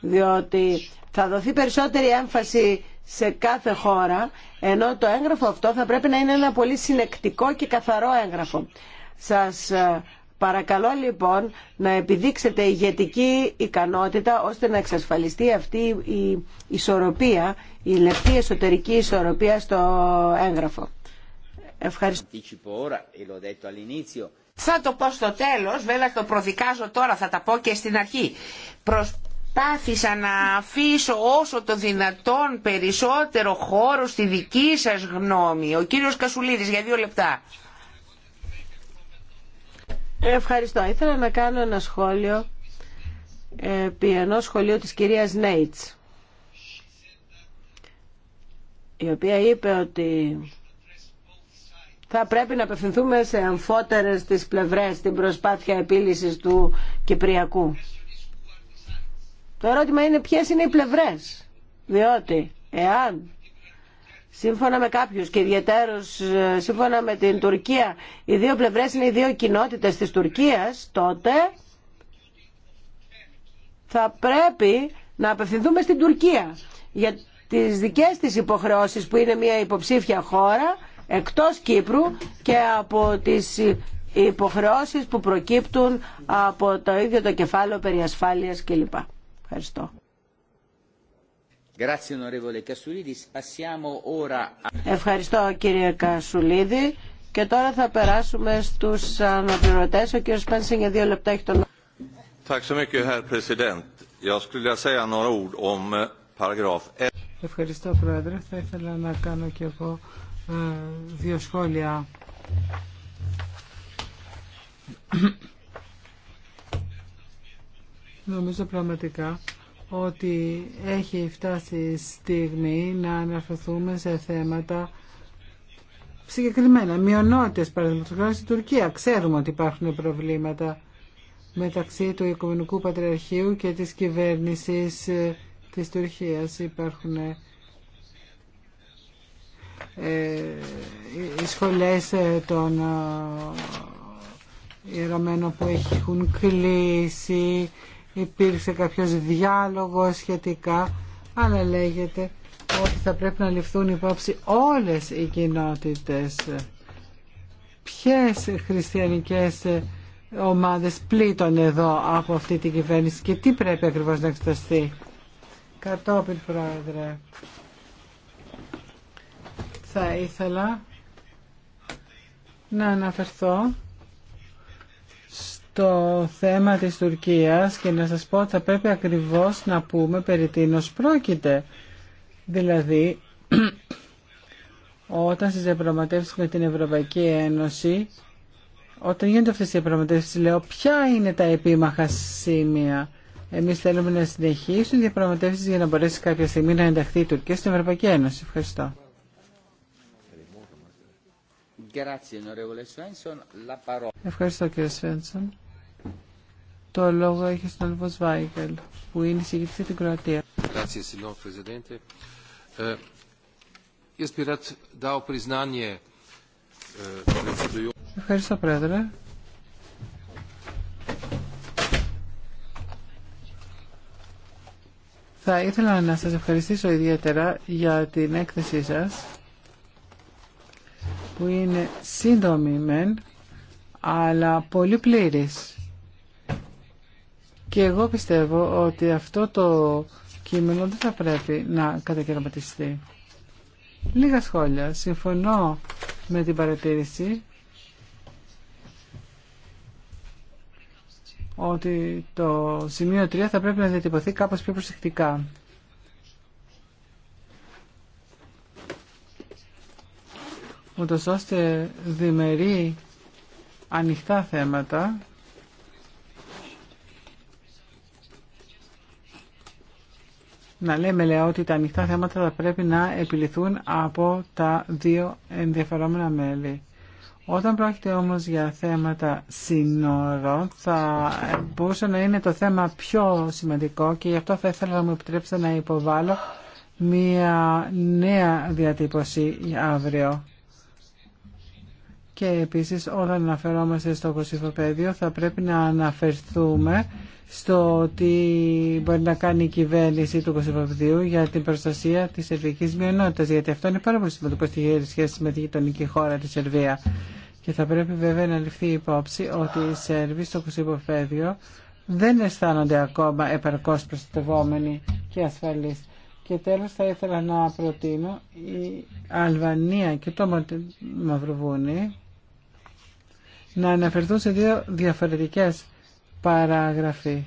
Speaker 3: διότι θα δοθεί περισσότερη έμφαση σε κάθε χώρα, ενώ το έγγραφο αυτό θα πρέπει να είναι ένα πολύ συνεκτικό και καθαρό έγγραφο. Σας ε, παρακαλώ λοιπόν να επιδείξετε ηγετική ικανότητα ώστε να εξασφαλιστεί αυτή η ισορροπία, η λεπτή εσωτερική ισορροπία στο έγγραφο.
Speaker 1: Ευχαριστώ. Θα το πω στο τέλος, βέβαια
Speaker 2: το προδικάζω τώρα, θα τα πω και στην αρχή προσπάθησα να αφήσω όσο το δυνατόν περισσότερο χώρο στη δική σας γνώμη. Ο κύριος Κασουλίδης για δύο λεπτά.
Speaker 3: Ευχαριστώ. Ήθελα να κάνω ένα σχόλιο επί ενός σχολείου της κυρίας Νέιτς η οποία είπε ότι θα πρέπει να απευθυνθούμε σε αμφότερες τις πλευρές στην προσπάθεια επίλυσης του Κυπριακού. Το ερώτημα είναι ποιες είναι οι πλευρές. Διότι εάν σύμφωνα με κάποιους και ιδιαίτερως ε, σύμφωνα με την Τουρκία οι δύο πλευρές είναι οι δύο κοινότητες της Τουρκίας, τότε θα πρέπει να απευθυνθούμε στην Τουρκία για τις δικές της υποχρεώσεις που είναι μια υποψήφια χώρα εκτός Κύπρου και από τις υποχρεώσεις που προκύπτουν από το ίδιο το κεφάλαιο περί ασφάλειας κλπ. Ευχαριστώ.
Speaker 1: Ευχαριστώ
Speaker 3: κύριε Κασουλίδη. Και τώρα θα περάσουμε στους αναπληρωτές. Ο κύριος Πένσιν για δύο λεπτά έχει τον λόγο.
Speaker 10: Eh,
Speaker 4: Ευχαριστώ πρόεδρε. Θα ήθελα να κάνω και εγώ ε, δύο σχόλια Νομίζω πραγματικά ότι έχει φτάσει η στιγμή να αναφερθούμε σε θέματα συγκεκριμένα. Μειονότητες, παραδείγματος χάρη στην Τουρκία. Ξέρουμε ότι υπάρχουν προβλήματα μεταξύ του Οικονομικού Πατριαρχείου και της κυβέρνησης ε, της Τουρκίας. Υπάρχουν ε, οι σχολές ε, των ιερωμένων που έχουν κλείσει, υπήρξε κάποιος διάλογος σχετικά, αλλά λέγεται ότι θα πρέπει να ληφθούν υπόψη όλες οι κοινότητες. Ποιες χριστιανικές ομάδες πλήττουν εδώ από αυτή την κυβέρνηση και τι πρέπει ακριβώς να εξεταστεί. Κατόπιν, Πρόεδρε, θα ήθελα να αναφερθώ το θέμα της Τουρκίας και να σας πω ότι θα πρέπει ακριβώς να πούμε περί τίνος πρόκειται. Δηλαδή, όταν στις διαπραγματεύσεις με την Ευρωπαϊκή Ένωση, όταν γίνονται αυτές οι διαπραγματεύσεις, λέω ποια είναι τα επίμαχα σημεία. Εμείς θέλουμε να συνεχίσουν οι διαπραγματεύσεις για να μπορέσει κάποια στιγμή να ενταχθεί η Τουρκία στην Ευρωπαϊκή Ένωση. Ευχαριστώ. Ευχαριστώ κύριε Σφέντσον. Το λόγο έχει στον Αλβό Βάιγκελ, που είναι συγκεκριτή την Κροατία. Ε, eh, Ευχαριστώ, Πρόεδρε. Θα ήθελα να σας ευχαριστήσω ιδιαίτερα για την έκθεσή σας που είναι σύντομη μεν αλλά πολύ πλήρης. Και εγώ πιστεύω ότι αυτό το κείμενο δεν θα πρέπει να κατακαιρματιστεί. Λίγα σχόλια. Συμφωνώ με την παρατήρηση ότι το σημείο 3 θα πρέπει να διατυπωθεί κάπως πιο προσεκτικά. Ούτως ώστε διμερεί ανοιχτά θέματα να λέμε λέω ότι τα ανοιχτά θέματα θα πρέπει να επιληθούν από τα δύο ενδιαφερόμενα μέλη. Όταν πρόκειται όμως για θέματα σύνορων θα μπορούσε να είναι το θέμα πιο σημαντικό και γι' αυτό θα ήθελα να μου επιτρέψετε να υποβάλω μία νέα διατύπωση αύριο και επίσης όταν αναφερόμαστε στο κοσυφοπαίδιο θα πρέπει να αναφερθούμε στο ότι μπορεί να κάνει η κυβέρνηση του κοσυφοπαιδίου για την προστασία της σερβικής μειονότητας γιατί αυτό είναι πάρα πολύ σημαντικό στη σχέση με τη γειτονική χώρα τη Σερβία και θα πρέπει βέβαια να ληφθεί υπόψη ότι οι Σέρβοι στο κοσυφοπαίδιο δεν αισθάνονται ακόμα επαρκώς προστατευόμενοι και ασφαλείς. Και τέλος θα ήθελα να προτείνω η Αλβανία και το Μαυροβούνι να αναφερθούν σε δύο διαφορετικές παράγραφοι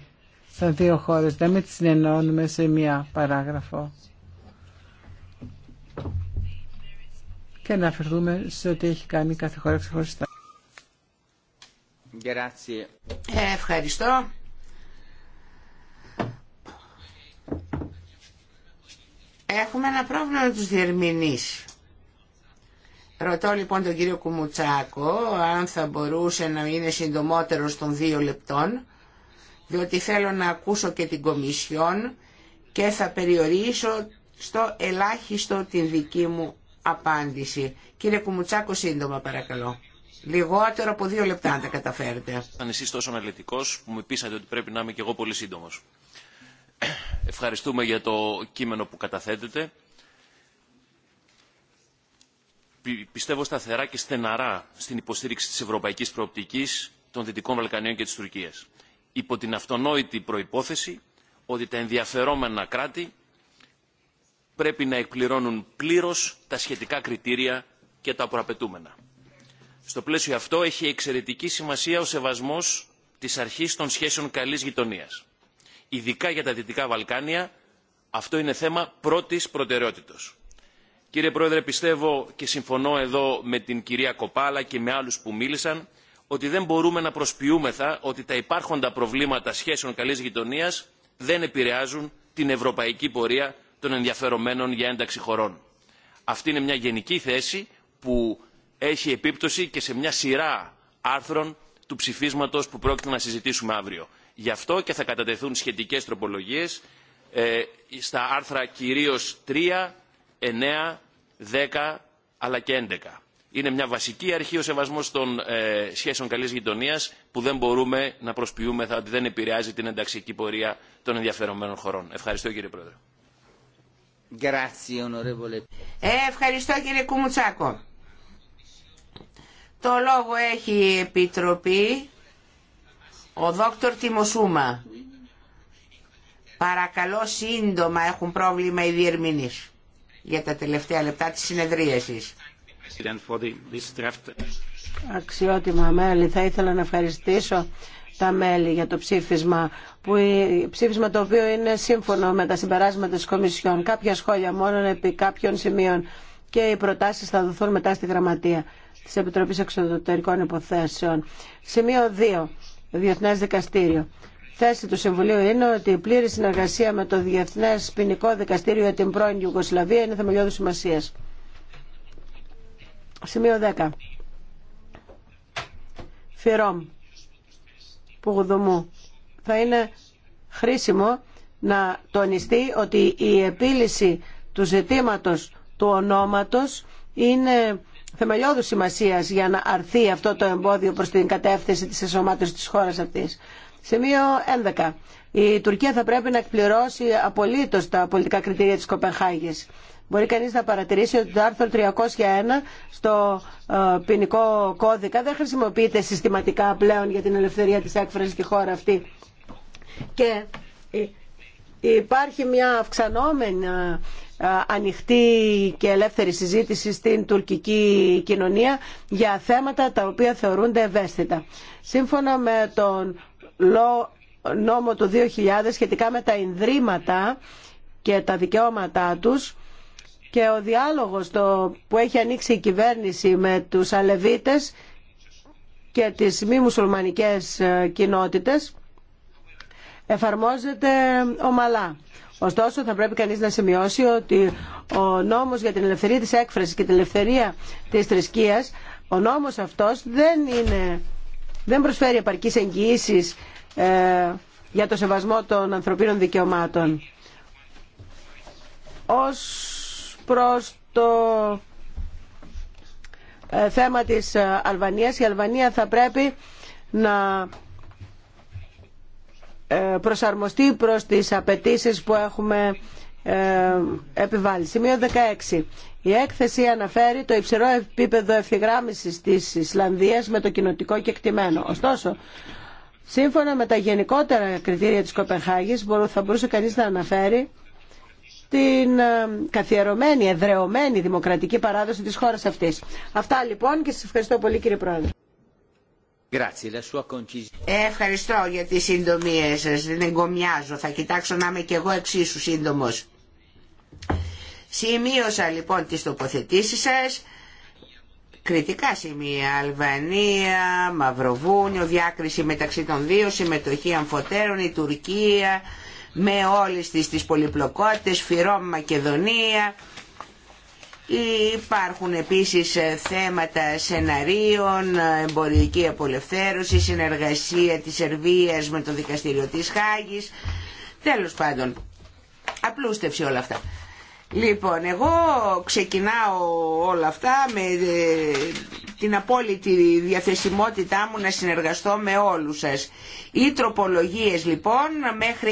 Speaker 4: σαν δύο χώρες. Να μην τις συνενώνουμε σε μία παράγραφο. Και να αναφερθούμε σε ό,τι έχει κάνει κάθε χώρα ξεχωριστά. Ε,
Speaker 1: ευχαριστώ.
Speaker 2: Έχουμε ένα πρόβλημα με τους διερμηνείς. Ρωτώ λοιπόν τον κύριο Κουμουτσάκο αν θα μπορούσε να είναι συντομότερος των δύο λεπτών διότι θέλω να ακούσω και την Κομισιόν και θα περιορίσω στο ελάχιστο την δική μου απάντηση. Κύριε Κουμουτσάκο, σύντομα παρακαλώ. Λιγότερο από δύο λεπτά αν τα καταφέρετε.
Speaker 9: Ήταν εσείς τόσο αναλυτικός που μου πείσατε ότι πρέπει να είμαι και εγώ πολύ σύντομος. Ευχαριστούμε για το κείμενο που καταθέτετε πιστεύω σταθερά και στεναρά στην υποστήριξη της ευρωπαϊκής προοπτικής των Δυτικών Βαλκανίων και της Τουρκίας. Υπό την αυτονόητη προϋπόθεση ότι τα ενδιαφερόμενα κράτη πρέπει να εκπληρώνουν πλήρως τα σχετικά κριτήρια και τα προαπαιτούμενα. Στο πλαίσιο αυτό έχει εξαιρετική σημασία ο σεβασμός της αρχής των σχέσεων καλής γειτονίας. Ειδικά για τα Δυτικά Βαλκάνια αυτό είναι θέμα πρώτης προτεραιότητος Κύριε Πρόεδρε, πιστεύω και συμφωνώ εδώ με την κυρία Κοπάλα και με άλλους που μίλησαν ότι δεν μπορούμε να προσποιούμεθα ότι τα υπάρχοντα προβλήματα σχέσεων καλής γειτονίας δεν επηρεάζουν την ευρωπαϊκή πορεία των ενδιαφερομένων για ένταξη χωρών. Αυτή είναι μια γενική θέση που έχει επίπτωση και σε μια σειρά άρθρων του ψηφίσματος που πρόκειται να συζητήσουμε αύριο. Γι' αυτό και θα κατατεθούν σχετικές τροπολογίες ε, στα άρθρα κυρίως 3, 9, 10 αλλά και 11. Είναι μια βασική αρχή ο σεβασμός των ε, σχέσεων καλής γειτονίας που δεν μπορούμε να προσποιούμε ότι δεν επηρεάζει την ενταξική πορεία των ενδιαφερομένων χωρών. Ευχαριστώ κύριε Πρόεδρε.
Speaker 2: Ε, ευχαριστώ κύριε Κουμουτσάκο. Το λόγο έχει η Επιτροπή ο Δόκτωρ Τιμοσούμα. Παρακαλώ σύντομα έχουν πρόβλημα οι διερμηνείς για τα τελευταία λεπτά της συνεδρίασης.
Speaker 3: Αξιότιμα μέλη, θα ήθελα να ευχαριστήσω τα μέλη για το ψήφισμα, που, ψήφισμα το οποίο είναι σύμφωνο με τα συμπεράσματα της Κομισιόν. Κάποια σχόλια μόνο επί κάποιων σημείων και οι προτάσεις θα δοθούν μετά στη Γραμματεία της Επιτροπής Εξωτερικών Υποθέσεων. Σημείο 2. Διεθνές Δικαστήριο θέση του Συμβουλίου είναι ότι η πλήρη συνεργασία με το Διεθνές Ποινικό Δικαστήριο για την πρώην Ιουγκοσλαβία είναι θεμελιώδης σημασία. Σημείο 10. Φιρόμ, Πουγδουμού. Θα είναι χρήσιμο να τονιστεί ότι η επίλυση του ζητήματος του ονόματος είναι θεμελιώδου σημασίας για να αρθεί αυτό το εμπόδιο προς την κατεύθυνση της εσωμάτωσης της χώρας αυτής. Σημείο 11. Η Τουρκία θα πρέπει να εκπληρώσει απολύτως τα πολιτικά κριτήρια της Κοπενχάγης. Μπορεί κανείς να παρατηρήσει ότι το άρθρο 301 στο ε, ποινικό κώδικα δεν χρησιμοποιείται συστηματικά πλέον για την ελευθερία της έκφρασης στη χώρα αυτή. Και υπάρχει μια αυξανόμενη ε, ανοιχτή και ελεύθερη συζήτηση στην τουρκική κοινωνία για θέματα τα οποία θεωρούνται ευαίσθητα. Σύμφωνα με τον νόμο του 2000 σχετικά με τα ιδρύματα και τα δικαιώματά τους και ο διάλογος το που έχει ανοίξει η κυβέρνηση με τους Αλεβίτες και τις μη μουσουλμανικές ε, κοινότητες εφαρμόζεται ομαλά. Ωστόσο θα πρέπει κανείς να σημειώσει ότι ο νόμος για την ελευθερία της έκφρασης και την ελευθερία της θρησκείας, ο νόμος αυτός δεν είναι δεν προσφέρει επαρκείς εγγυήσεις ε, για το σεβασμό των ανθρωπίνων δικαιωμάτων. Ως προς το ε, θέμα της ε, Αλβανίας, η Αλβανία θα πρέπει να προσαρμοστεί προς τις απαιτήσεις που έχουμε ε, επιβάλλει. Σημείο 16. Η έκθεση αναφέρει το υψηλό επίπεδο ευθυγράμμιση τη Ισλανδία με το κοινοτικό κεκτημένο. Ωστόσο, σύμφωνα με τα γενικότερα κριτήρια τη Κοπενχάγη, θα μπορούσε κανεί να αναφέρει την ε, καθιερωμένη, εδρεωμένη δημοκρατική παράδοση της χώρας αυτής. Αυτά λοιπόν και σας ευχαριστώ πολύ κύριε Πρόεδρε. Ε, ευχαριστώ για
Speaker 2: τις συντομίες σας. Δεν εγκομιάζω. Θα κοιτάξω να είμαι και εγώ εξίσου σύντομος. Σημείωσα λοιπόν τις τοποθετήσεις σας, κριτικά σημεία, Αλβανία, Μαυροβούνιο, διάκριση μεταξύ των δύο, συμμετοχή αμφωτέρων, η Τουρκία, με όλες τις, τις πολυπλοκότητες, Φυρόμ, Μακεδονία. Υπάρχουν επίσης ε, θέματα σεναρίων, ε, εμπορική απολευθέρωση, συνεργασία της Σερβίας με το δικαστήριο της Χάγης, τέλος πάντων, απλούστευση όλα αυτά. Λοιπόν, εγώ ξεκινάω όλα αυτά με ε, την απόλυτη διαθεσιμότητά μου να συνεργαστώ με όλους σας. Οι τροπολογίες λοιπόν μέχρι